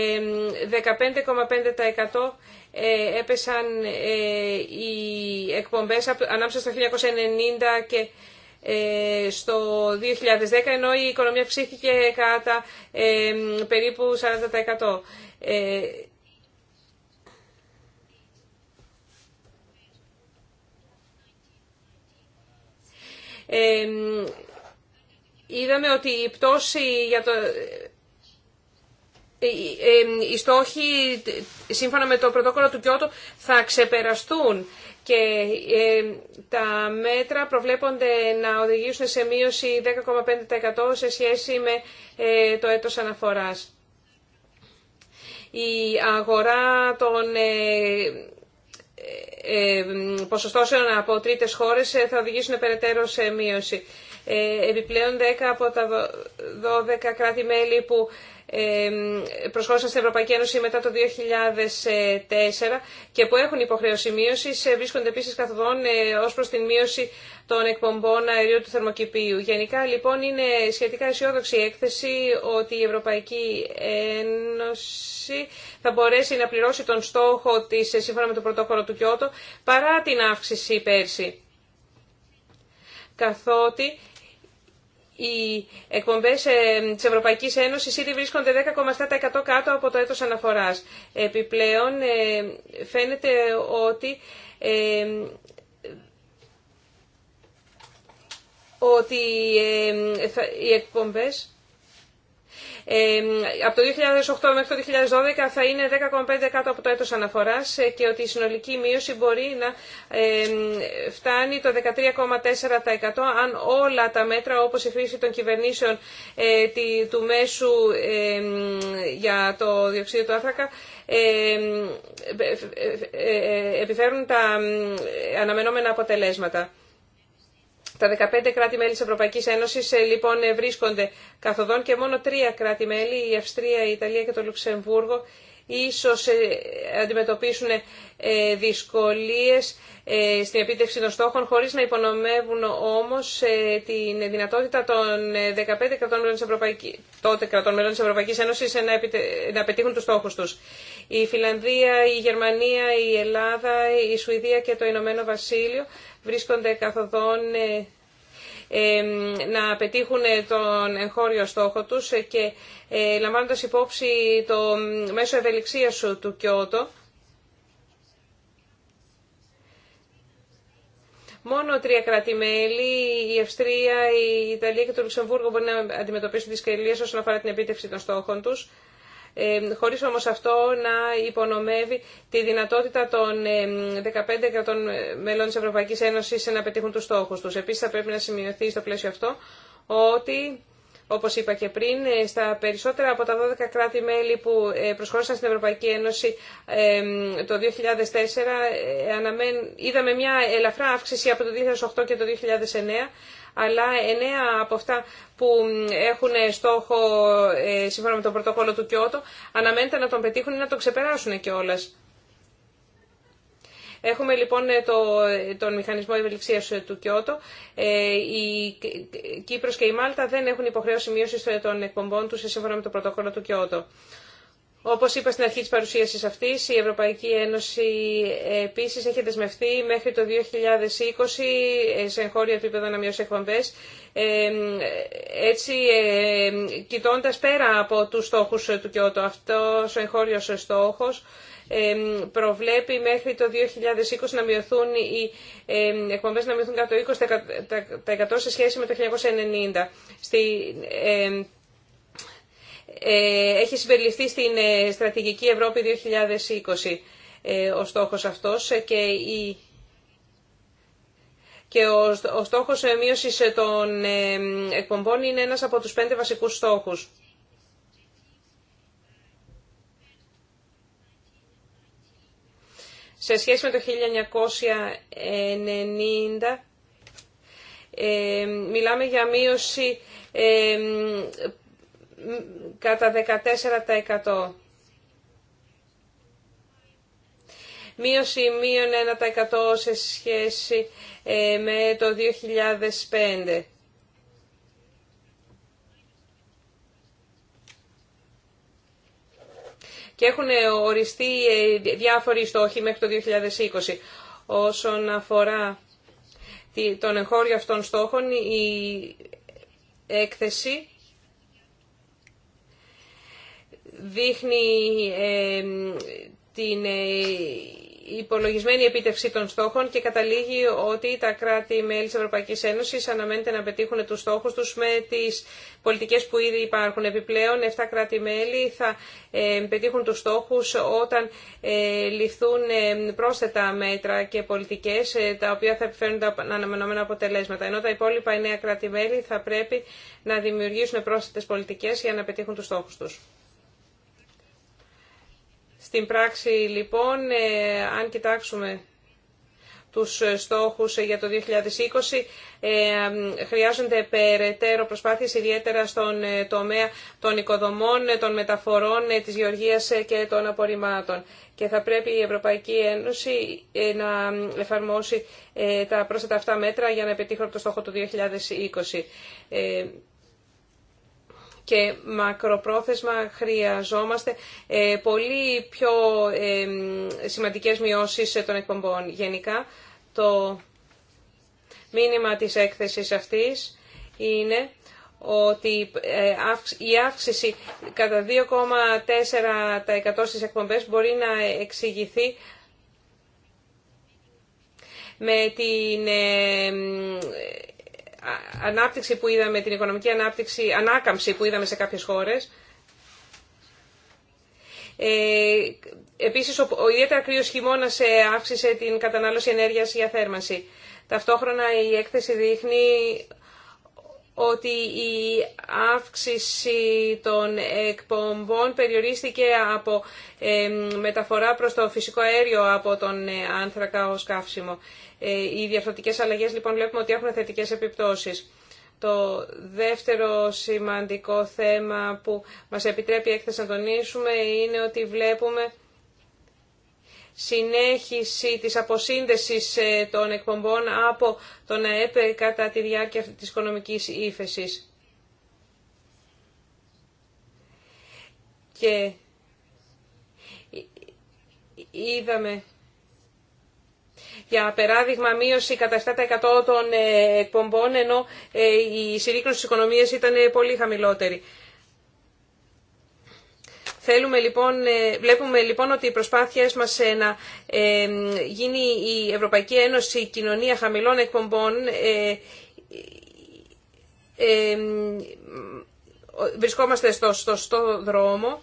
έπεσαν οι εκπομπές ανάμεσα στο 1990 και ε, στο 2010, ενώ η οικονομία αυξήθηκε κατά ε, περίπου 40%. Ε, ε, είδαμε ότι η πτώση για το... οι στόχοι, σύμφωνα με το πρωτόκολλο του Κιώτο, θα ξεπεραστούν και ε, τα μέτρα προβλέπονται να οδηγήσουν σε μείωση 10,5% σε σχέση με ε, το έτος αναφοράς. Η αγορά των ε, ποσοστώσεων από τρίτες χώρες θα οδηγήσουν περαιτέρω σε μείωση. Επιπλέον 10 από τα 12 κράτη-μέλη που προσχώρησαν στην Ευρωπαϊκή Ένωση μετά το 2004 και που έχουν υποχρέωση μείωση ε, βρίσκονται επίση καθοδόν ε, ω προ την μείωση των εκπομπών αερίου του θερμοκηπίου. Γενικά λοιπόν είναι σχετικά αισιόδοξη η έκθεση ότι η Ευρωπαϊκή Ένωση θα μπορέσει να πληρώσει τον στόχο τη ε, σύμφωνα με το πρωτόκολλο του Κιώτο παρά την αύξηση πέρσι καθότι οι εκπομπές ε, τη ευρωπαϊκή Ένωση ήδη βρίσκονται 10,7% κάτω από το έτος αναφοράς. Επιπλέον ε, φαίνεται ότι ε, ότι οι εκπομπές από το 2008 μέχρι το 2012 θα είναι 10,5 κάτω από το έτος αναφοράς ε, και ότι η συνολική μείωση μπορεί να φτάνει το 13,4% αν όλα τα μέτρα όπως η χρήση των κυβερνήσεων ε, του μέσου για το διοξείδιο του άνθρακα ε, επιφέρουν τα αναμενόμενα αποτελέσματα. Τα 15 κράτη-μέλη της Ευρωπαϊκής Ένωσης ε, λοιπόν ε, βρίσκονται καθοδόν και μόνο τρία κράτη-μέλη, η Αυστρία, η Ιταλία και το Λουξεμβούργο, ίσως ε, αντιμετωπίσουν ε, δυσκολίες ε, στην επίτευξη των στόχων χωρίς να υπονομεύουν όμως την δυνατότητα των 15 κρατών μελών της Ευρωπαϊκής, τότε κρατών μελών της Ευρωπαϊκής Ένωσης να, να πετύχουν τους στόχους τους. Η Φιλανδία, η Γερμανία, η Ελλάδα, η Σουηδία και το Ηνωμένο Βασίλειο βρίσκονται καθοδόν να πετύχουν τον εγχώριο στόχο τους και ε, λαμβάνοντας υπόψη το μέσο ευελιξίας του Κιώτο, Μόνο τρία κράτη-μέλη, η Αυστρία, η Ιταλία και το Λουξεμβούργο μπορεί να αντιμετωπίσουν δυσκολίε όσον αφορά την επίτευξη των στόχων τους χωρίς όμως αυτό να υπονομεύει τη δυνατότητα των 15 κρατών ε, μελών της Ευρωπαϊκής Ένωσης να πετύχουν τους στόχους τους. Επίσης θα πρέπει να σημειωθεί στο πλαίσιο αυτό ότι όπως είπα και πριν, ε, στα περισσότερα από τα 12 κράτη-μέλη που ε, προσχώρησαν στην Ευρωπαϊκή Ένωση το 2004, είδαμε μια ελαφρά αύξηση από το 2008 και το 2009, αλλά εννέα από αυτά που έχουν στόχο ε, σύμφωνα με το πρωτόκολλο του Κιώτο αναμένεται να τον πετύχουν ή να τον ξεπεράσουν κιόλα. Έχουμε λοιπόν ε, το, τον μηχανισμό ευελιξίας ε, του Κιώτο. η Κύπρος και η Μάλτα δεν έχουν υποχρέωση μείωση των εκπομπών τους σύμφωνα με το πρωτόκολλο του Κιώτο. Όπως είπα στην αρχή της παρουσίασης αυτής, η Ευρωπαϊκή Ένωση επίσης έχει δεσμευτεί μέχρι το 2020 ε, σε εγχώριο επίπεδο να μειώσει εκπομπές, ε, έτσι ε, κοιτώντας πέρα από τους στόχους του Κιώτο. Αυτός ο εγχώριος στόχος προβλέπει μέχρι το 2020 να μειωθούν οι εκπομπές να μειωθούν κατά το 20% σε σχέση με το 1990. Στη ε, έχει συμπεριληφθεί στην ε, Στρατηγική Ευρώπη 2020 ε, ο στόχος αυτός και η και ο στόχος μείωσης των εκπομπών είναι ένας από τους πέντε βασικούς στόχους. Σε σχέση με το 1990, μιλάμε για μείωση κατά 14%. Μείωση μείον 1% σε σχέση ε, με το 2005. Και έχουν οριστεί ε, διάφοροι στόχοι μέχρι το 2020. Όσον αφορά τον εγχώριο αυτών στόχων, η έκθεση δείχνει την ε, υπολογισμένη επίτευξη των στόχων και καταλήγει ότι τα κράτη-μέλη της Ευρωπαϊκής Ένωσης αναμένεται να πετύχουν τους στόχους τους με τις πολιτικές που ήδη υπάρχουν. Επιπλέον, 7 κράτη-μέλη θα πετύχουν τους στόχους όταν ε, ληφθούν πρόσθετα μέτρα και πολιτικές ε, τα οποία θα επιφέρουν τα αναμενόμενα αποτελέσματα. Ενώ τα υπόλοιπα 9 κράτη-μέλη θα πρέπει να δημιουργήσουν πρόσθετες πολιτικές για να πετύχουν τους στόχους τους. Στην πράξη λοιπόν, ε, αν κοιτάξουμε τους ε, στόχους ε, για το 2020. Χρειάζονται περαιτέρω προσπάθειες ιδιαίτερα στον τομέα των οικοδομών, των μεταφορών, της γεωργίας και των απορριμμάτων. Και θα πρέπει η Ευρωπαϊκή Ένωση να εφαρμόσει τα πρόσθετα αυτά μέτρα για να επιτύχουν το στόχο του 2020 και μακροπρόθεσμα χρειαζόμαστε ε, πολύ πιο ε, σημαντικές μειώσεις των εκπομπών. Γενικά, το μήνυμα της έκθεσης αυτής είναι ότι ε, η αύξηση κατά 2,4% στις εκπομπές μπορεί να εξηγηθεί με την ανάπτυξη που είδαμε, την οικονομική ανάπτυξη, ανάκαμψη που είδαμε σε κάποιες χώρες. Ε, επίσης, ο, ο ιδιαίτερα κρύος χειμώνας ε, αύξησε την κατανάλωση ενέργειας για θέρμανση. Ταυτόχρονα η έκθεση δείχνει ότι η αύξηση των εκπομπών περιορίστηκε από μεταφορά προς το φυσικό αέριο από τον ε, άνθρακα ως καύσιμο. Ε, οι διαφορετικές αλλαγές λοιπόν βλέπουμε ότι έχουν θετικές επιπτώσεις. Το δεύτερο σημαντικό θέμα που μας επιτρέπει έκθεση να τονίσουμε είναι ότι βλέπουμε συνέχιση της αποσύνδεσης ε, των εκπομπών από τον ΑΕΠ κατά τη διάρκεια της οικονομικής ύφεσης. Και είδαμε για παράδειγμα μείωση κατά 7% των ε, εκπομπών ενώ ε, η συρρήκνωση της οικονομίας ήταν πολύ χαμηλότερη. Θέλουμε λοιπόν, ε, βλέπουμε λοιπόν ότι οι προσπάθειές μας να ε, γίνει η Ευρωπαϊκή Ένωση κοινωνία χαμηλών εκπομπών ε, βρισκόμαστε στο σωστό δρόμο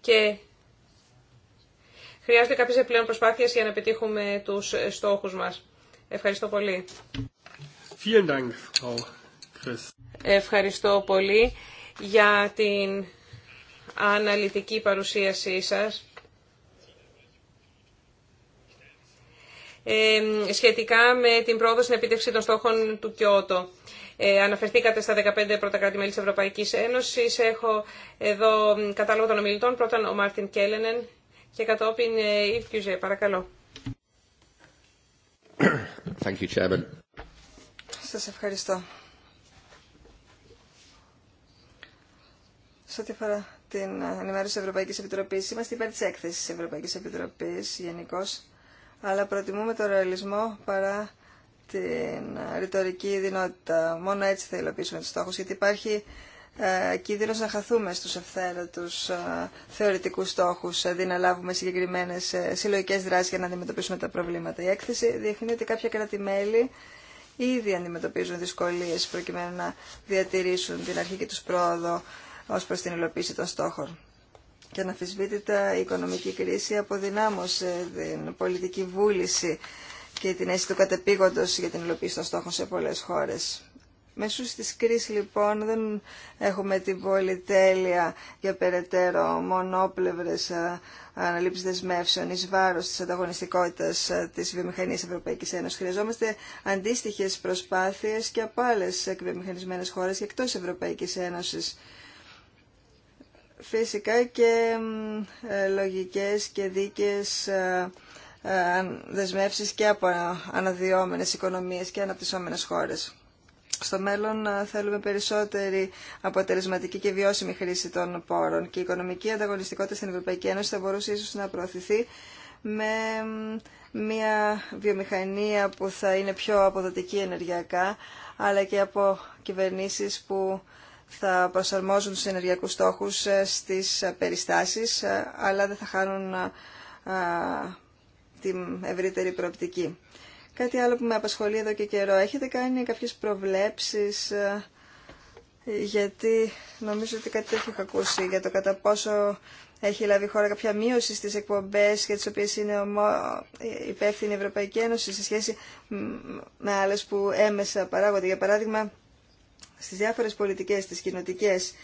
και χρειάζονται κάποιες επιπλέον προσπάθειες για να πετύχουμε τους στόχους μας. Ευχαριστώ πολύ. Vielen Dank, Frau Ευχαριστώ πολύ για την αναλυτική παρουσίασή σας. Ε, σχετικά με την πρόοδο στην επίτευξη των στόχων του Κιώτο. Ε, αναφερθήκατε στα 15 πρώτα της Ευρωπαϊκής Ένωσης. Έχω εδώ κατάλογο των ομιλητών. Πρώτα ο Μάρτιν Κέλενεν και κατόπιν ε, η Φιουζέ. Παρακαλώ. Thank you, Chairman. Σας ευχαριστώ. Σε ό,τι αφορά την ενημέρωση τη Ευρωπαϊκή Επιτροπή, είμαστε υπέρ τη έκθεση τη Ευρωπαϊκή Επιτροπή γενικώ, αλλά προτιμούμε τον ρεαλισμό παρά την ρητορική δυνότητα. Μόνο έτσι θα υλοποιήσουμε του στόχου, γιατί υπάρχει ε, κίνδυνος να χαθούμε στου ευθέρωτους ε, θεωρητικούς στόχους, ε, αντί να λάβουμε συγκεκριμένε ε, συλλογικές δράσεις για να αντιμετωπίσουμε τα προβλήματα. Η έκθεση δείχνει ότι κάποια κράτη-μέλη ήδη αντιμετωπίζουν δυσκολίε προκειμένου να διατηρήσουν την αρχική του πρόοδο ως προς την υλοποίηση των στόχων. Και αναφυσβήτητα η οικονομική κρίση αποδυνάμωσε την πολιτική βούληση και την αίσθηση του κατεπήγοντος για την υλοποίηση των στόχων σε πολλές χώρες. Μέσω της κρίση, λοιπόν δεν έχουμε την πολυτέλεια για περαιτέρω μονόπλευρες ε, αναλήψεις δεσμεύσεων εις βάρος της ανταγωνιστικότητας ε, της βιομηχανίας Ευρωπαϊκής Ένωσης. Χρειαζόμαστε αντίστοιχες προσπάθειες και από άλλες εκβιομηχανισμένες χώρες και εκτός Ευρωπαϊκής Ένωσης φυσικά και ε, λογικές και δίκες ε, ε, δεσμεύσεις και από αναδυόμενες οικονομίες και αναπτυσσόμενες χώρες. Στο μέλλον θέλουμε περισσότερη αποτελεσματική και βιώσιμη χρήση των πόρων και η οικονομική ανταγωνιστικότητα στην Ευρωπαϊκή Ένωση θα μπορούσε ίσως να προωθηθεί με μια βιομηχανία που θα είναι πιο αποδοτική ενεργειακά αλλά και από κυβερνήσεις που θα προσαρμόζουν τους ενεργειακούς στόχους ε, στις ε, περιστάσεις, ε, αλλά δεν θα χάνουν την ευρύτερη προοπτική. Κάτι άλλο που με απασχολεί εδώ και καιρό. Έχετε κάνει κάποιες προβλέψεις, γιατί νομίζω ότι κάτι τέτοιο έχω ακούσει, για το κατά πόσο έχει λάβει η χώρα κάποια μείωση στις εκπομπές για τις οποίες είναι υπεύθυνη η Ευρωπαϊκή Ένωση σε σχέση με άλλες που έμεσα παράγονται. Για παράδειγμα, στις διάφορες πολιτικές, στις κοινοτικές,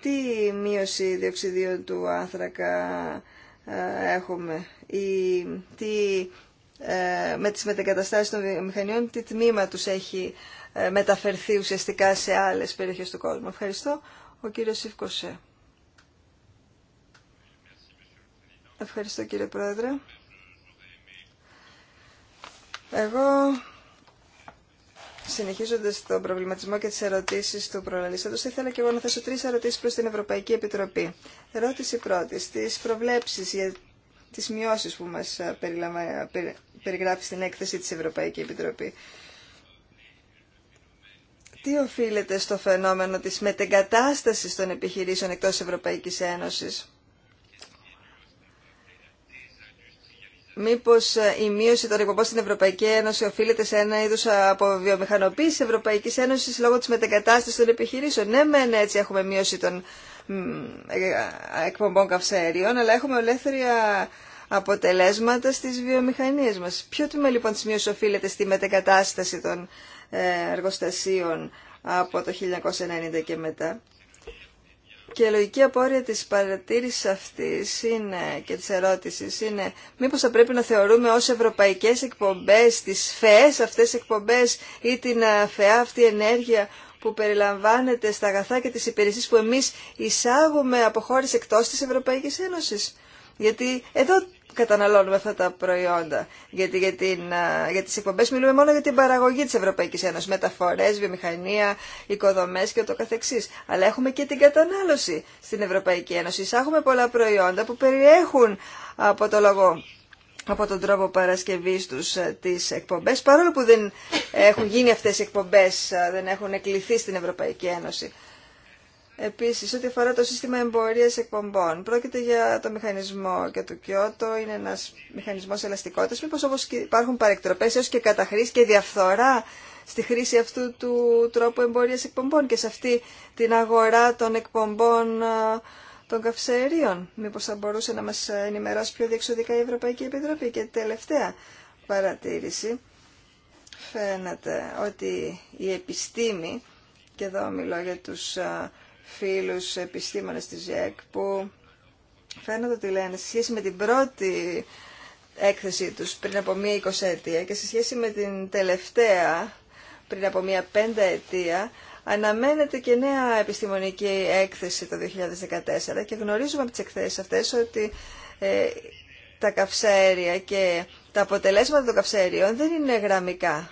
τι μείωση διοξιδίων του άνθρακα ε, έχουμε ή τι, ε, με τις μετεγκαταστάσεις των μηχανιών, τι τμήμα τους έχει ε, μεταφερθεί ουσιαστικά σε άλλες περιοχές του κόσμου. Ευχαριστώ. Ο κύριος Σιφκοσέ. Ευχαριστώ κύριε Πρόεδρε. Εγώ Συνεχίζοντα τον προβληματισμό και τι ερωτήσει του προλαλήσαντο, ήθελα και εγώ να θέσω τρει ερωτήσει προ την Ευρωπαϊκή Επιτροπή. Ερώτηση πρώτη. Τι προβλέψει για τι μειώσει που μα ε, περιγράφει στην έκθεση τη Ευρωπαϊκή Επιτροπή. Τι οφείλεται στο φαινόμενο της μετεγκατάστασης των επιχειρήσεων εκτός Ευρωπαϊκής Ένωσης Μήπω ε, η μείωση των εκπομπών στην Ευρωπαϊκή Ένωση οφείλεται σε ένα είδους ε, αποβιομηχανοποίηση τη Ευρωπαϊκής Ένωση λόγω της μετεγκατάστασης των επιχειρήσεων. Ναι, μεν έτσι έχουμε μείωση των ε, εκπομπών καυσαερίων, αλλά έχουμε ολέθρια αποτελέσματα στις βιομηχανίες μας. Ποιο τμήμα λοιπόν της μείωσης οφείλεται στη μετεγκατάσταση των εργοστασίων από το 1990 και μετά. Και η λογική απόρρια της παρατήρησης αυτής είναι, και της ερώτησης είναι μήπως θα πρέπει να θεωρούμε ως ευρωπαϊκές εκπομπές τις φές αυτές εκπομπές ή την ε, φαιά αυτή ενέργεια που περιλαμβάνεται στα αγαθά και τις υπηρεσίες που εμείς εισάγουμε από χώρες εκτός της Ευρωπαϊκής Ένωσης. Γιατί εδώ καταναλώνουμε αυτά τα προϊόντα. Γιατί για, την, για τις εκπομπές μιλούμε μόνο για την παραγωγή της Ευρωπαϊκής Ένωσης, μεταφορές, βιομηχανία, οικοδομές και το καθεξής. Αλλά έχουμε και την κατανάλωση στην Ευρωπαϊκή Ένωση. Εισάγουμε πολλά προϊόντα που περιέχουν από το λόγο από τον τρόπο παρασκευής τους τις εκπομπές, παρόλο που δεν έχουν γίνει αυτές οι εκπομπές, δεν έχουν εκλειθεί στην Ευρωπαϊκή Ένωση. Επίσης, ό,τι αφορά το σύστημα εμπορίας εκπομπών, πρόκειται για το μηχανισμό και το Κιώτο, είναι ένας μηχανισμός ελαστικότητας. Μήπως όπως υπάρχουν παρεκτροπές έως και καταχρήση και διαφθορά στη χρήση αυτού του τρόπου εμπορίας εκπομπών και σε αυτή την αγορά των εκπομπών των καυσαερίων. Μήπως θα μπορούσε να μας ενημερώσει πιο διεξοδικά η Ευρωπαϊκή Επιτροπή. Και τελευταία παρατήρηση. Φαίνεται ότι η επιστήμη, και εδώ μιλώ για τους φίλους επιστήμονες της ΖΕΚ που φαίνεται ότι λένε σε σχέση με την πρώτη έκθεσή τους πριν από μία εικοσαετία και σε σχέση με την τελευταία πριν από μία ετία αναμένεται και νέα επιστημονική έκθεση το 2014 και γνωρίζουμε από τις εκθέσεις αυτές ότι ε, τα καυσαέρια και τα αποτελέσματα των καυσαέριων δεν είναι γραμμικά.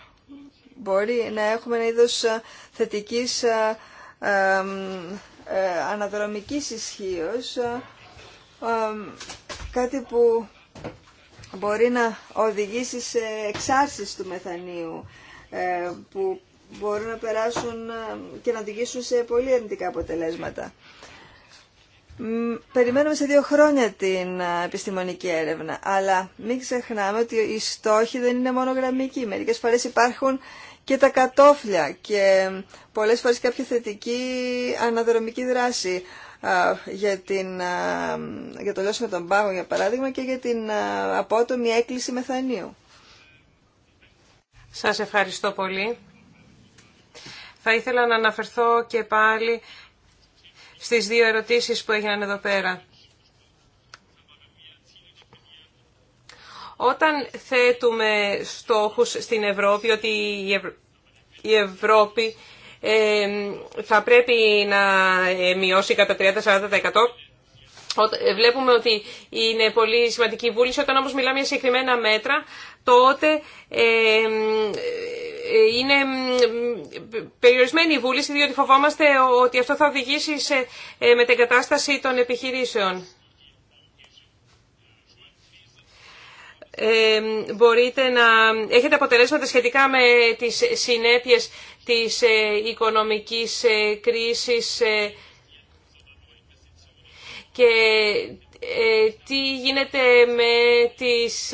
Μπορεί να έχουμε ένα είδος ε, θετικής ε, ε, αναδρομικής ισχύω, κάτι που μπορεί να οδηγήσει σε εξάρσεις του μεθανίου ε, που μπορούν να περάσουν ε, και να οδηγήσουν σε πολύ αρνητικά αποτελέσματα. Περιμένουμε σε δύο χρόνια την επιστημονική έρευνα, αλλά μην ξεχνάμε ότι οι στόχοι δεν είναι μόνο γραμμικοί. Μερικές φορές υπάρχουν και τα κατόφλια και πολλές φορές κάποια θετική αναδρομική δράση για, την, για το λιώσιμο των πάγων για παράδειγμα και για την απότομη έκκληση μεθανίου. Σας ευχαριστώ πολύ. Θα ήθελα να αναφερθώ και πάλι στις δύο ερωτήσεις που έγιναν εδώ πέρα. Όταν θέτουμε στόχους στην Ευρώπη, ότι η Ευρώπη ε, θα πρέπει να ε, μειώσει κατά 30-40%, ε, Βλέπουμε ότι είναι πολύ σημαντική η βούληση. Όταν όμως μιλάμε για συγκεκριμένα μέτρα, τότε είναι περιορισμένη η βούληση, διότι φοβόμαστε ότι αυτό θα οδηγήσει σε μετεγκατάσταση των επιχειρήσεων. μπορείτε να έχετε αποτελέσματα σχετικά με τις συνέπειες της ε, οικονομικής ε, κρίσης ε, και τι γίνεται με τις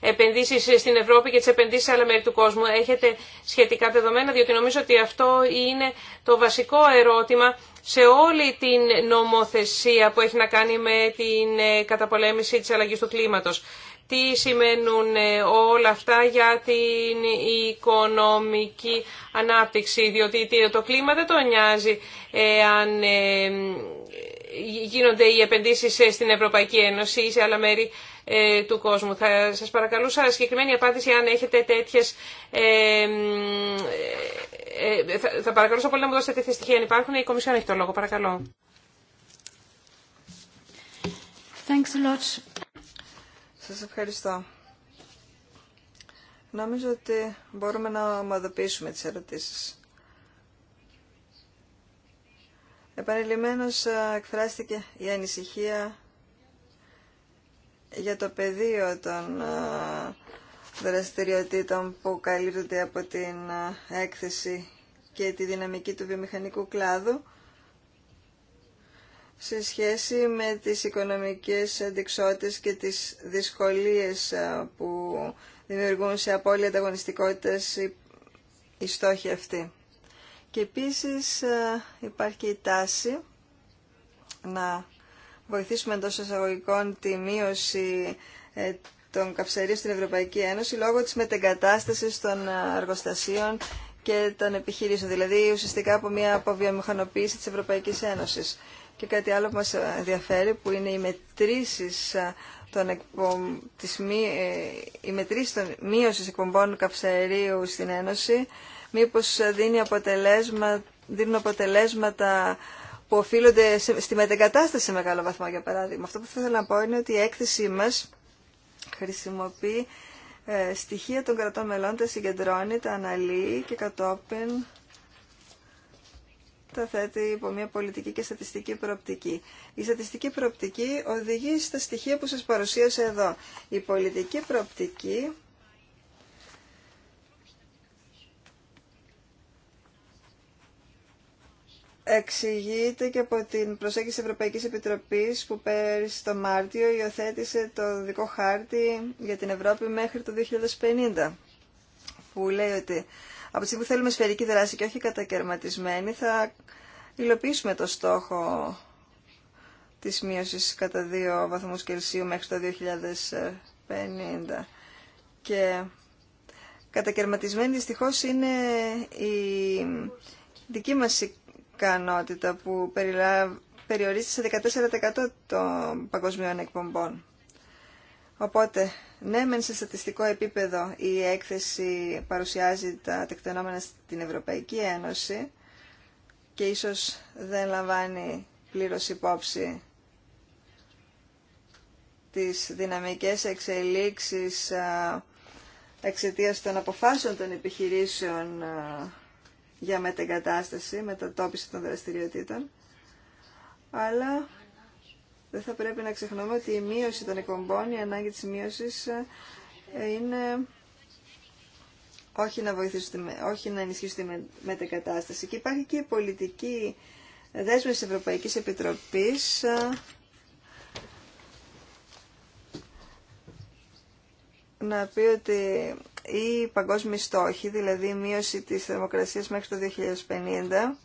επενδύσεις στην Ευρώπη και τις επενδύσεις σε άλλα μέρη του κόσμου. Έχετε σχετικά δεδομένα, διότι νομίζω ότι αυτό είναι το βασικό ερώτημα σε όλη την νομοθεσία που έχει να κάνει με την καταπολέμηση της αλλαγής του κλίματος τι σημαίνουν ε, όλα αυτά για την οικονομική ανάπτυξη, διότι το κλίμα δεν το νοιάζει ε, αν ε, γίνονται οι επενδύσεις στην Ευρωπαϊκή Ένωση ή σε άλλα μέρη του κόσμου. Θα σας παρακαλούσα συγκεκριμένη απάντηση αν έχετε τέτοιες... θα, παρακαλούσα πολύ να μου δώσετε τέτοια στοιχεία αν υπάρχουν. Η Κομισιόν έχει το λόγο. Παρακαλώ. Thanks a lot. Σας ευχαριστώ. Νομίζω ότι μπορούμε να ομαδοποιήσουμε τις ερωτήσεις. Επανειλημμένως ε, εκφράστηκε η ανησυχία για το πεδίο των ε, δραστηριοτήτων που καλύπτονται από την ε, έκθεση και τη δυναμική του βιομηχανικού κλάδου σε σχέση με τις οικονομικές αντικσότητες και τις δυσκολίες ε, που δημιουργούν σε απώλεια ανταγωνιστικότητας οι στόχοι αυτοί. Και επίσης ε, υπάρχει και η τάση να βοηθήσουμε εντό εισαγωγικών τη μείωση ε, των καυσαρίων στην Ευρωπαϊκή Ένωση λόγω της μετεγκατάστασης των εργοστασίων και των επιχειρήσεων, δηλαδή ουσιαστικά από μια αποβιομηχανοποίηση της Ευρωπαϊκής Ένωσης. Και κάτι άλλο που μας ενδιαφέρει που είναι οι μετρήσεις ε, των εκπομ... της μη... η ε, μετρήση των μείωσης εκπομπών καυσαερίου στην Ένωση μήπως ε, δίνει αποτελέσμα... δίνουν αποτελέσματα που οφείλονται στη μετεγκατάσταση σε μεγάλο βαθμό για παράδειγμα. Αυτό που θα ήθελα να πω είναι ότι η έκθεσή μας χρησιμοποιεί στοιχεία των κρατών μελών, τα συγκεντρώνει, τα αναλύει και κατόπιν τα θέτει υπό μια πολιτική και στατιστική προοπτική. Η στατιστική προοπτική οδηγεί στα στοιχεία που σας παρουσίασα εδώ. Η πολιτική προοπτική εξηγείται και από την προσέγγιση Ευρωπαϊκής Επιτροπής που πέρυσι το Μάρτιο υιοθέτησε το δικό χάρτη για την Ευρώπη μέχρι το 2050 που λέει ότι από τη στιγμή που θέλουμε σφαιρική δράση και όχι κατακαιρματισμένη, θα υλοποιήσουμε το στόχο της μείωσης κατά 2 βαθμού Κελσίου μέχρι το 2050. Και κατακαιρματισμένη δυστυχώ είναι η δική μας ικανότητα που περιορίζεται σε 14% των παγκοσμίων εκπομπών. Οπότε ναι, μεν σε στατιστικό επίπεδο η έκθεση παρουσιάζει τα τεκτενόμενα στην Ευρωπαϊκή Ένωση και ίσως δεν λαμβάνει πλήρως υπόψη τις δυναμικές εξελίξεις εξαιτία των αποφάσεων των επιχειρήσεων για μετεγκατάσταση, μετατόπιση των δραστηριοτήτων, αλλά δεν θα πρέπει να ξεχνάμε ότι η μείωση των εκπομπών, η ανάγκη της μείωσης ε, είναι όχι να, όχι να ενισχύσει τη μετεκατάσταση. Και υπάρχει και η πολιτική δέσμευση της Ευρωπαϊκής Επιτροπής ε, να πει ότι η παγκόσμια στόχοι, δηλαδή η μείωση της θερμοκρασίας μέχρι το 2050,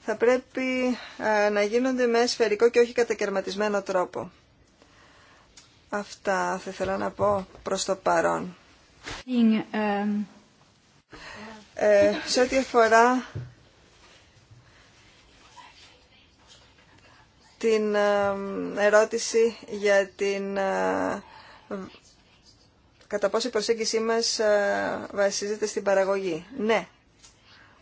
θα πρέπει ε, να γίνονται με σφαιρικό και όχι κατακαιρματισμένο τρόπο. Αυτά θα ήθελα να πω προς το παρόν. Um, ε, σε ό,τι αφορά την ε, ερώτηση για την ε, κατά πόσο η προσέγγιση μας βασίζεται στην παραγωγή. Ναι,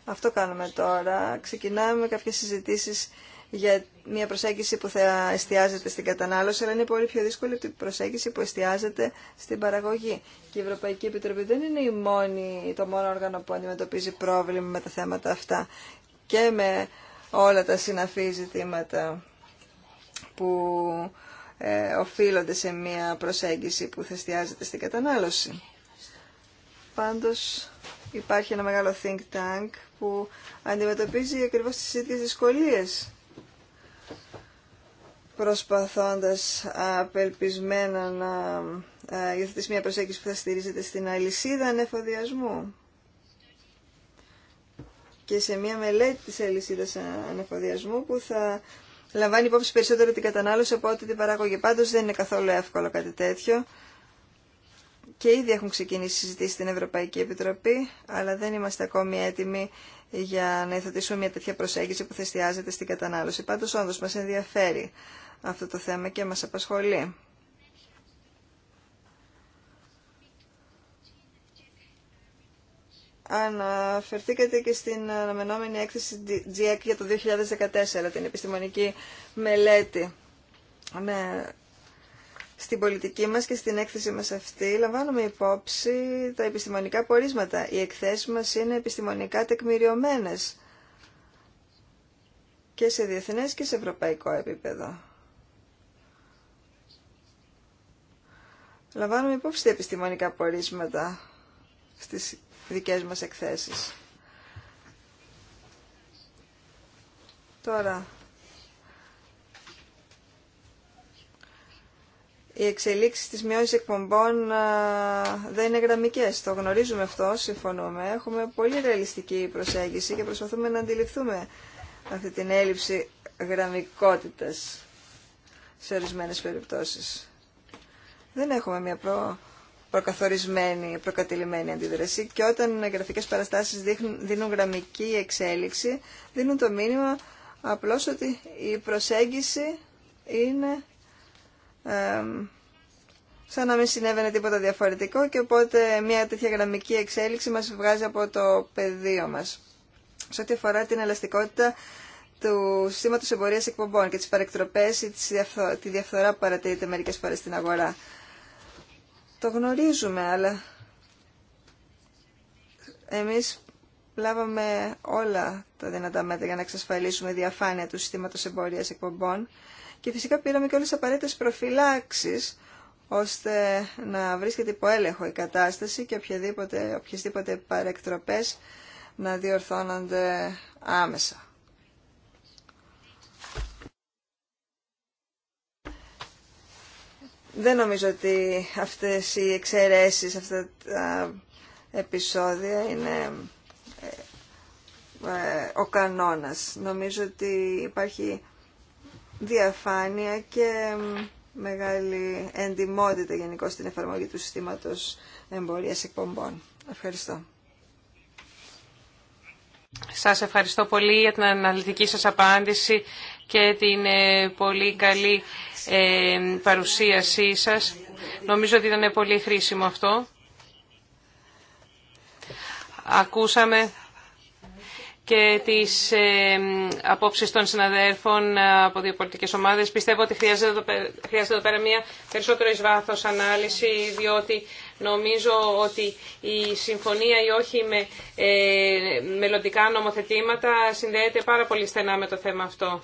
αυτό κάνουμε τώρα. Ξεκινάμε με κάποιες συζητήσεις για μια προσέγγιση που θα εστιάζεται στην κατανάλωση, αλλά είναι πολύ πιο δύσκολη την προσέγγιση που εστιάζεται στην παραγωγή. Και η Ευρωπαϊκή Επιτροπή δεν είναι η μόνη, το μόνο όργανο που αντιμετωπίζει πρόβλημα με τα θέματα αυτά και με όλα τα συναφή ζητήματα που ε, οφείλονται σε μια προσέγγιση που θα εστιάζεται στην κατανάλωση. Πάντως υπάρχει ένα μεγάλο think tank που αντιμετωπίζει ακριβώς τις ίδιες δυσκολίες προσπαθώντας απελπισμένα να ε, υιοθετήσει μια προσέγγιση που θα στηρίζεται στην αλυσίδα ανεφοδιασμού. Και σε μια μελέτη της αλυσίδας ανεφοδιασμού που θα λαμβάνει υπόψη περισσότερο την κατανάλωση από ό,τι την παράγωγη. Πάντως δεν είναι καθόλου εύκολο κάτι τέτοιο και ήδη έχουν ξεκινήσει συζητήσει στην Ευρωπαϊκή Επιτροπή, αλλά δεν είμαστε ακόμη έτοιμοι για να υιοθετήσουμε μια τέτοια προσέγγιση που θεστιάζεται στην κατανάλωση. Πάντως, όντω μας ενδιαφέρει αυτό το θέμα και μας απασχολεί. Αναφερθήκατε και στην αναμενόμενη έκθεση GEC για το 2014, την επιστημονική μελέτη στην πολιτική μας και στην έκθεση μας αυτή λαμβάνουμε υπόψη τα επιστημονικά πορίσματα. Οι εκθέσεις μας είναι επιστημονικά τεκμηριωμένες και σε διεθνές και σε ευρωπαϊκό επίπεδο. Λαμβάνουμε υπόψη τα επιστημονικά πορίσματα στις δικές μας εκθέσεις. Τώρα, οι εξελίξει της μειώση εκπομπών δεν είναι γραμμικές. Το γνωρίζουμε αυτό, συμφωνούμε. Έχουμε πολύ ρεαλιστική προσέγγιση και προσπαθούμε να αντιληφθούμε αυτή την έλλειψη γραμμικότητας σε ορισμένε περιπτώσεις. Δεν έχουμε μια προ... προκαθορισμένη, προκατηλημένη αντίδραση και όταν οι γραφικές παραστάσεις δίνουν γραμμική εξέλιξη, δίνουν το μήνυμα απλώς ότι η προσέγγιση είναι ε, σαν να μην συνέβαινε τίποτα διαφορετικό και οπότε μια τέτοια γραμμική εξέλιξη μας βγάζει από το πεδίο μας. Σε ό,τι αφορά την ελαστικότητα του συστήματος εμπορίας εκπομπών και τις παρεκτροπές ή τη διαφθορά που παρατηρείται μερικές φορές στην αγορά. Το γνωρίζουμε, αλλά εμείς λάβαμε όλα τα δυνατά μέτρα για να εξασφαλίσουμε διαφάνεια του συστήματος εμπορίας εκπομπών και φυσικά πήραμε και όλες τις απαραίτητες προφυλάξεις ώστε να βρίσκεται υπό έλεγχο η κατάσταση και οποιαδήποτε, οποιασδήποτε παρεκτροπές να διορθώνονται άμεσα. Δεν νομίζω ότι αυτές οι εξαιρέσεις, αυτά τα επεισόδια είναι ε, ε, ο κανόνας. Νομίζω ότι υπάρχει διαφάνεια και μεγάλη εντιμότητα γενικώ στην εφαρμογή του συστήματος εμπορίας εκπομπών. Ευχαριστώ. Σας ευχαριστώ πολύ για την αναλυτική σας απάντηση και την ε, πολύ καλή ε, παρουσίασή σας. Νομίζω ότι ήταν πολύ χρήσιμο αυτό. Ακούσαμε και τις ε, απόψεις των συναδέρφων από δύο πολιτικές ομάδες. Πιστεύω ότι χρειάζεται εδώ, χρειάζεται εδώ πέρα μια περισσότερο εις βάθος ανάλυση, διότι νομίζω ότι η συμφωνία ή όχι με ε, μελλοντικά νομοθετήματα συνδέεται πάρα πολύ στενά με το θέμα αυτό.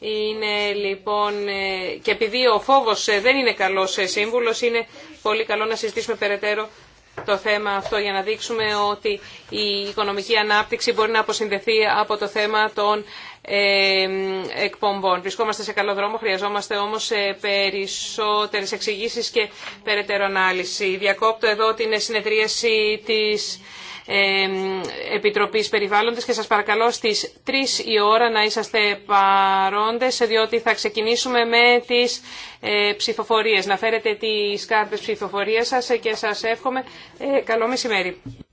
Είναι λοιπόν, ε, και επειδή ο φόβος ε, δεν είναι καλός σύμβουλος, είναι πολύ καλό να συζητήσουμε περαιτέρω το θέμα αυτό για να δείξουμε ότι η οικονομική ανάπτυξη μπορεί να αποσυνδεθεί από το θέμα των ε, εκπομπών. Βρισκόμαστε σε καλό δρόμο, χρειαζόμαστε όμως ε, περισσότερες εξηγήσει και περαιτέρω ανάλυση. Διακόπτω εδώ την συνεδρίαση της Επιτροπής Περιβάλλοντος και σας παρακαλώ στις 3 η ώρα να είσαστε παρόντες διότι θα ξεκινήσουμε με τις ε, ψηφοφορίες. Να φέρετε τις κάρτες ψηφοφορίας σας και σας εύχομαι ε, καλό μεσημέρι.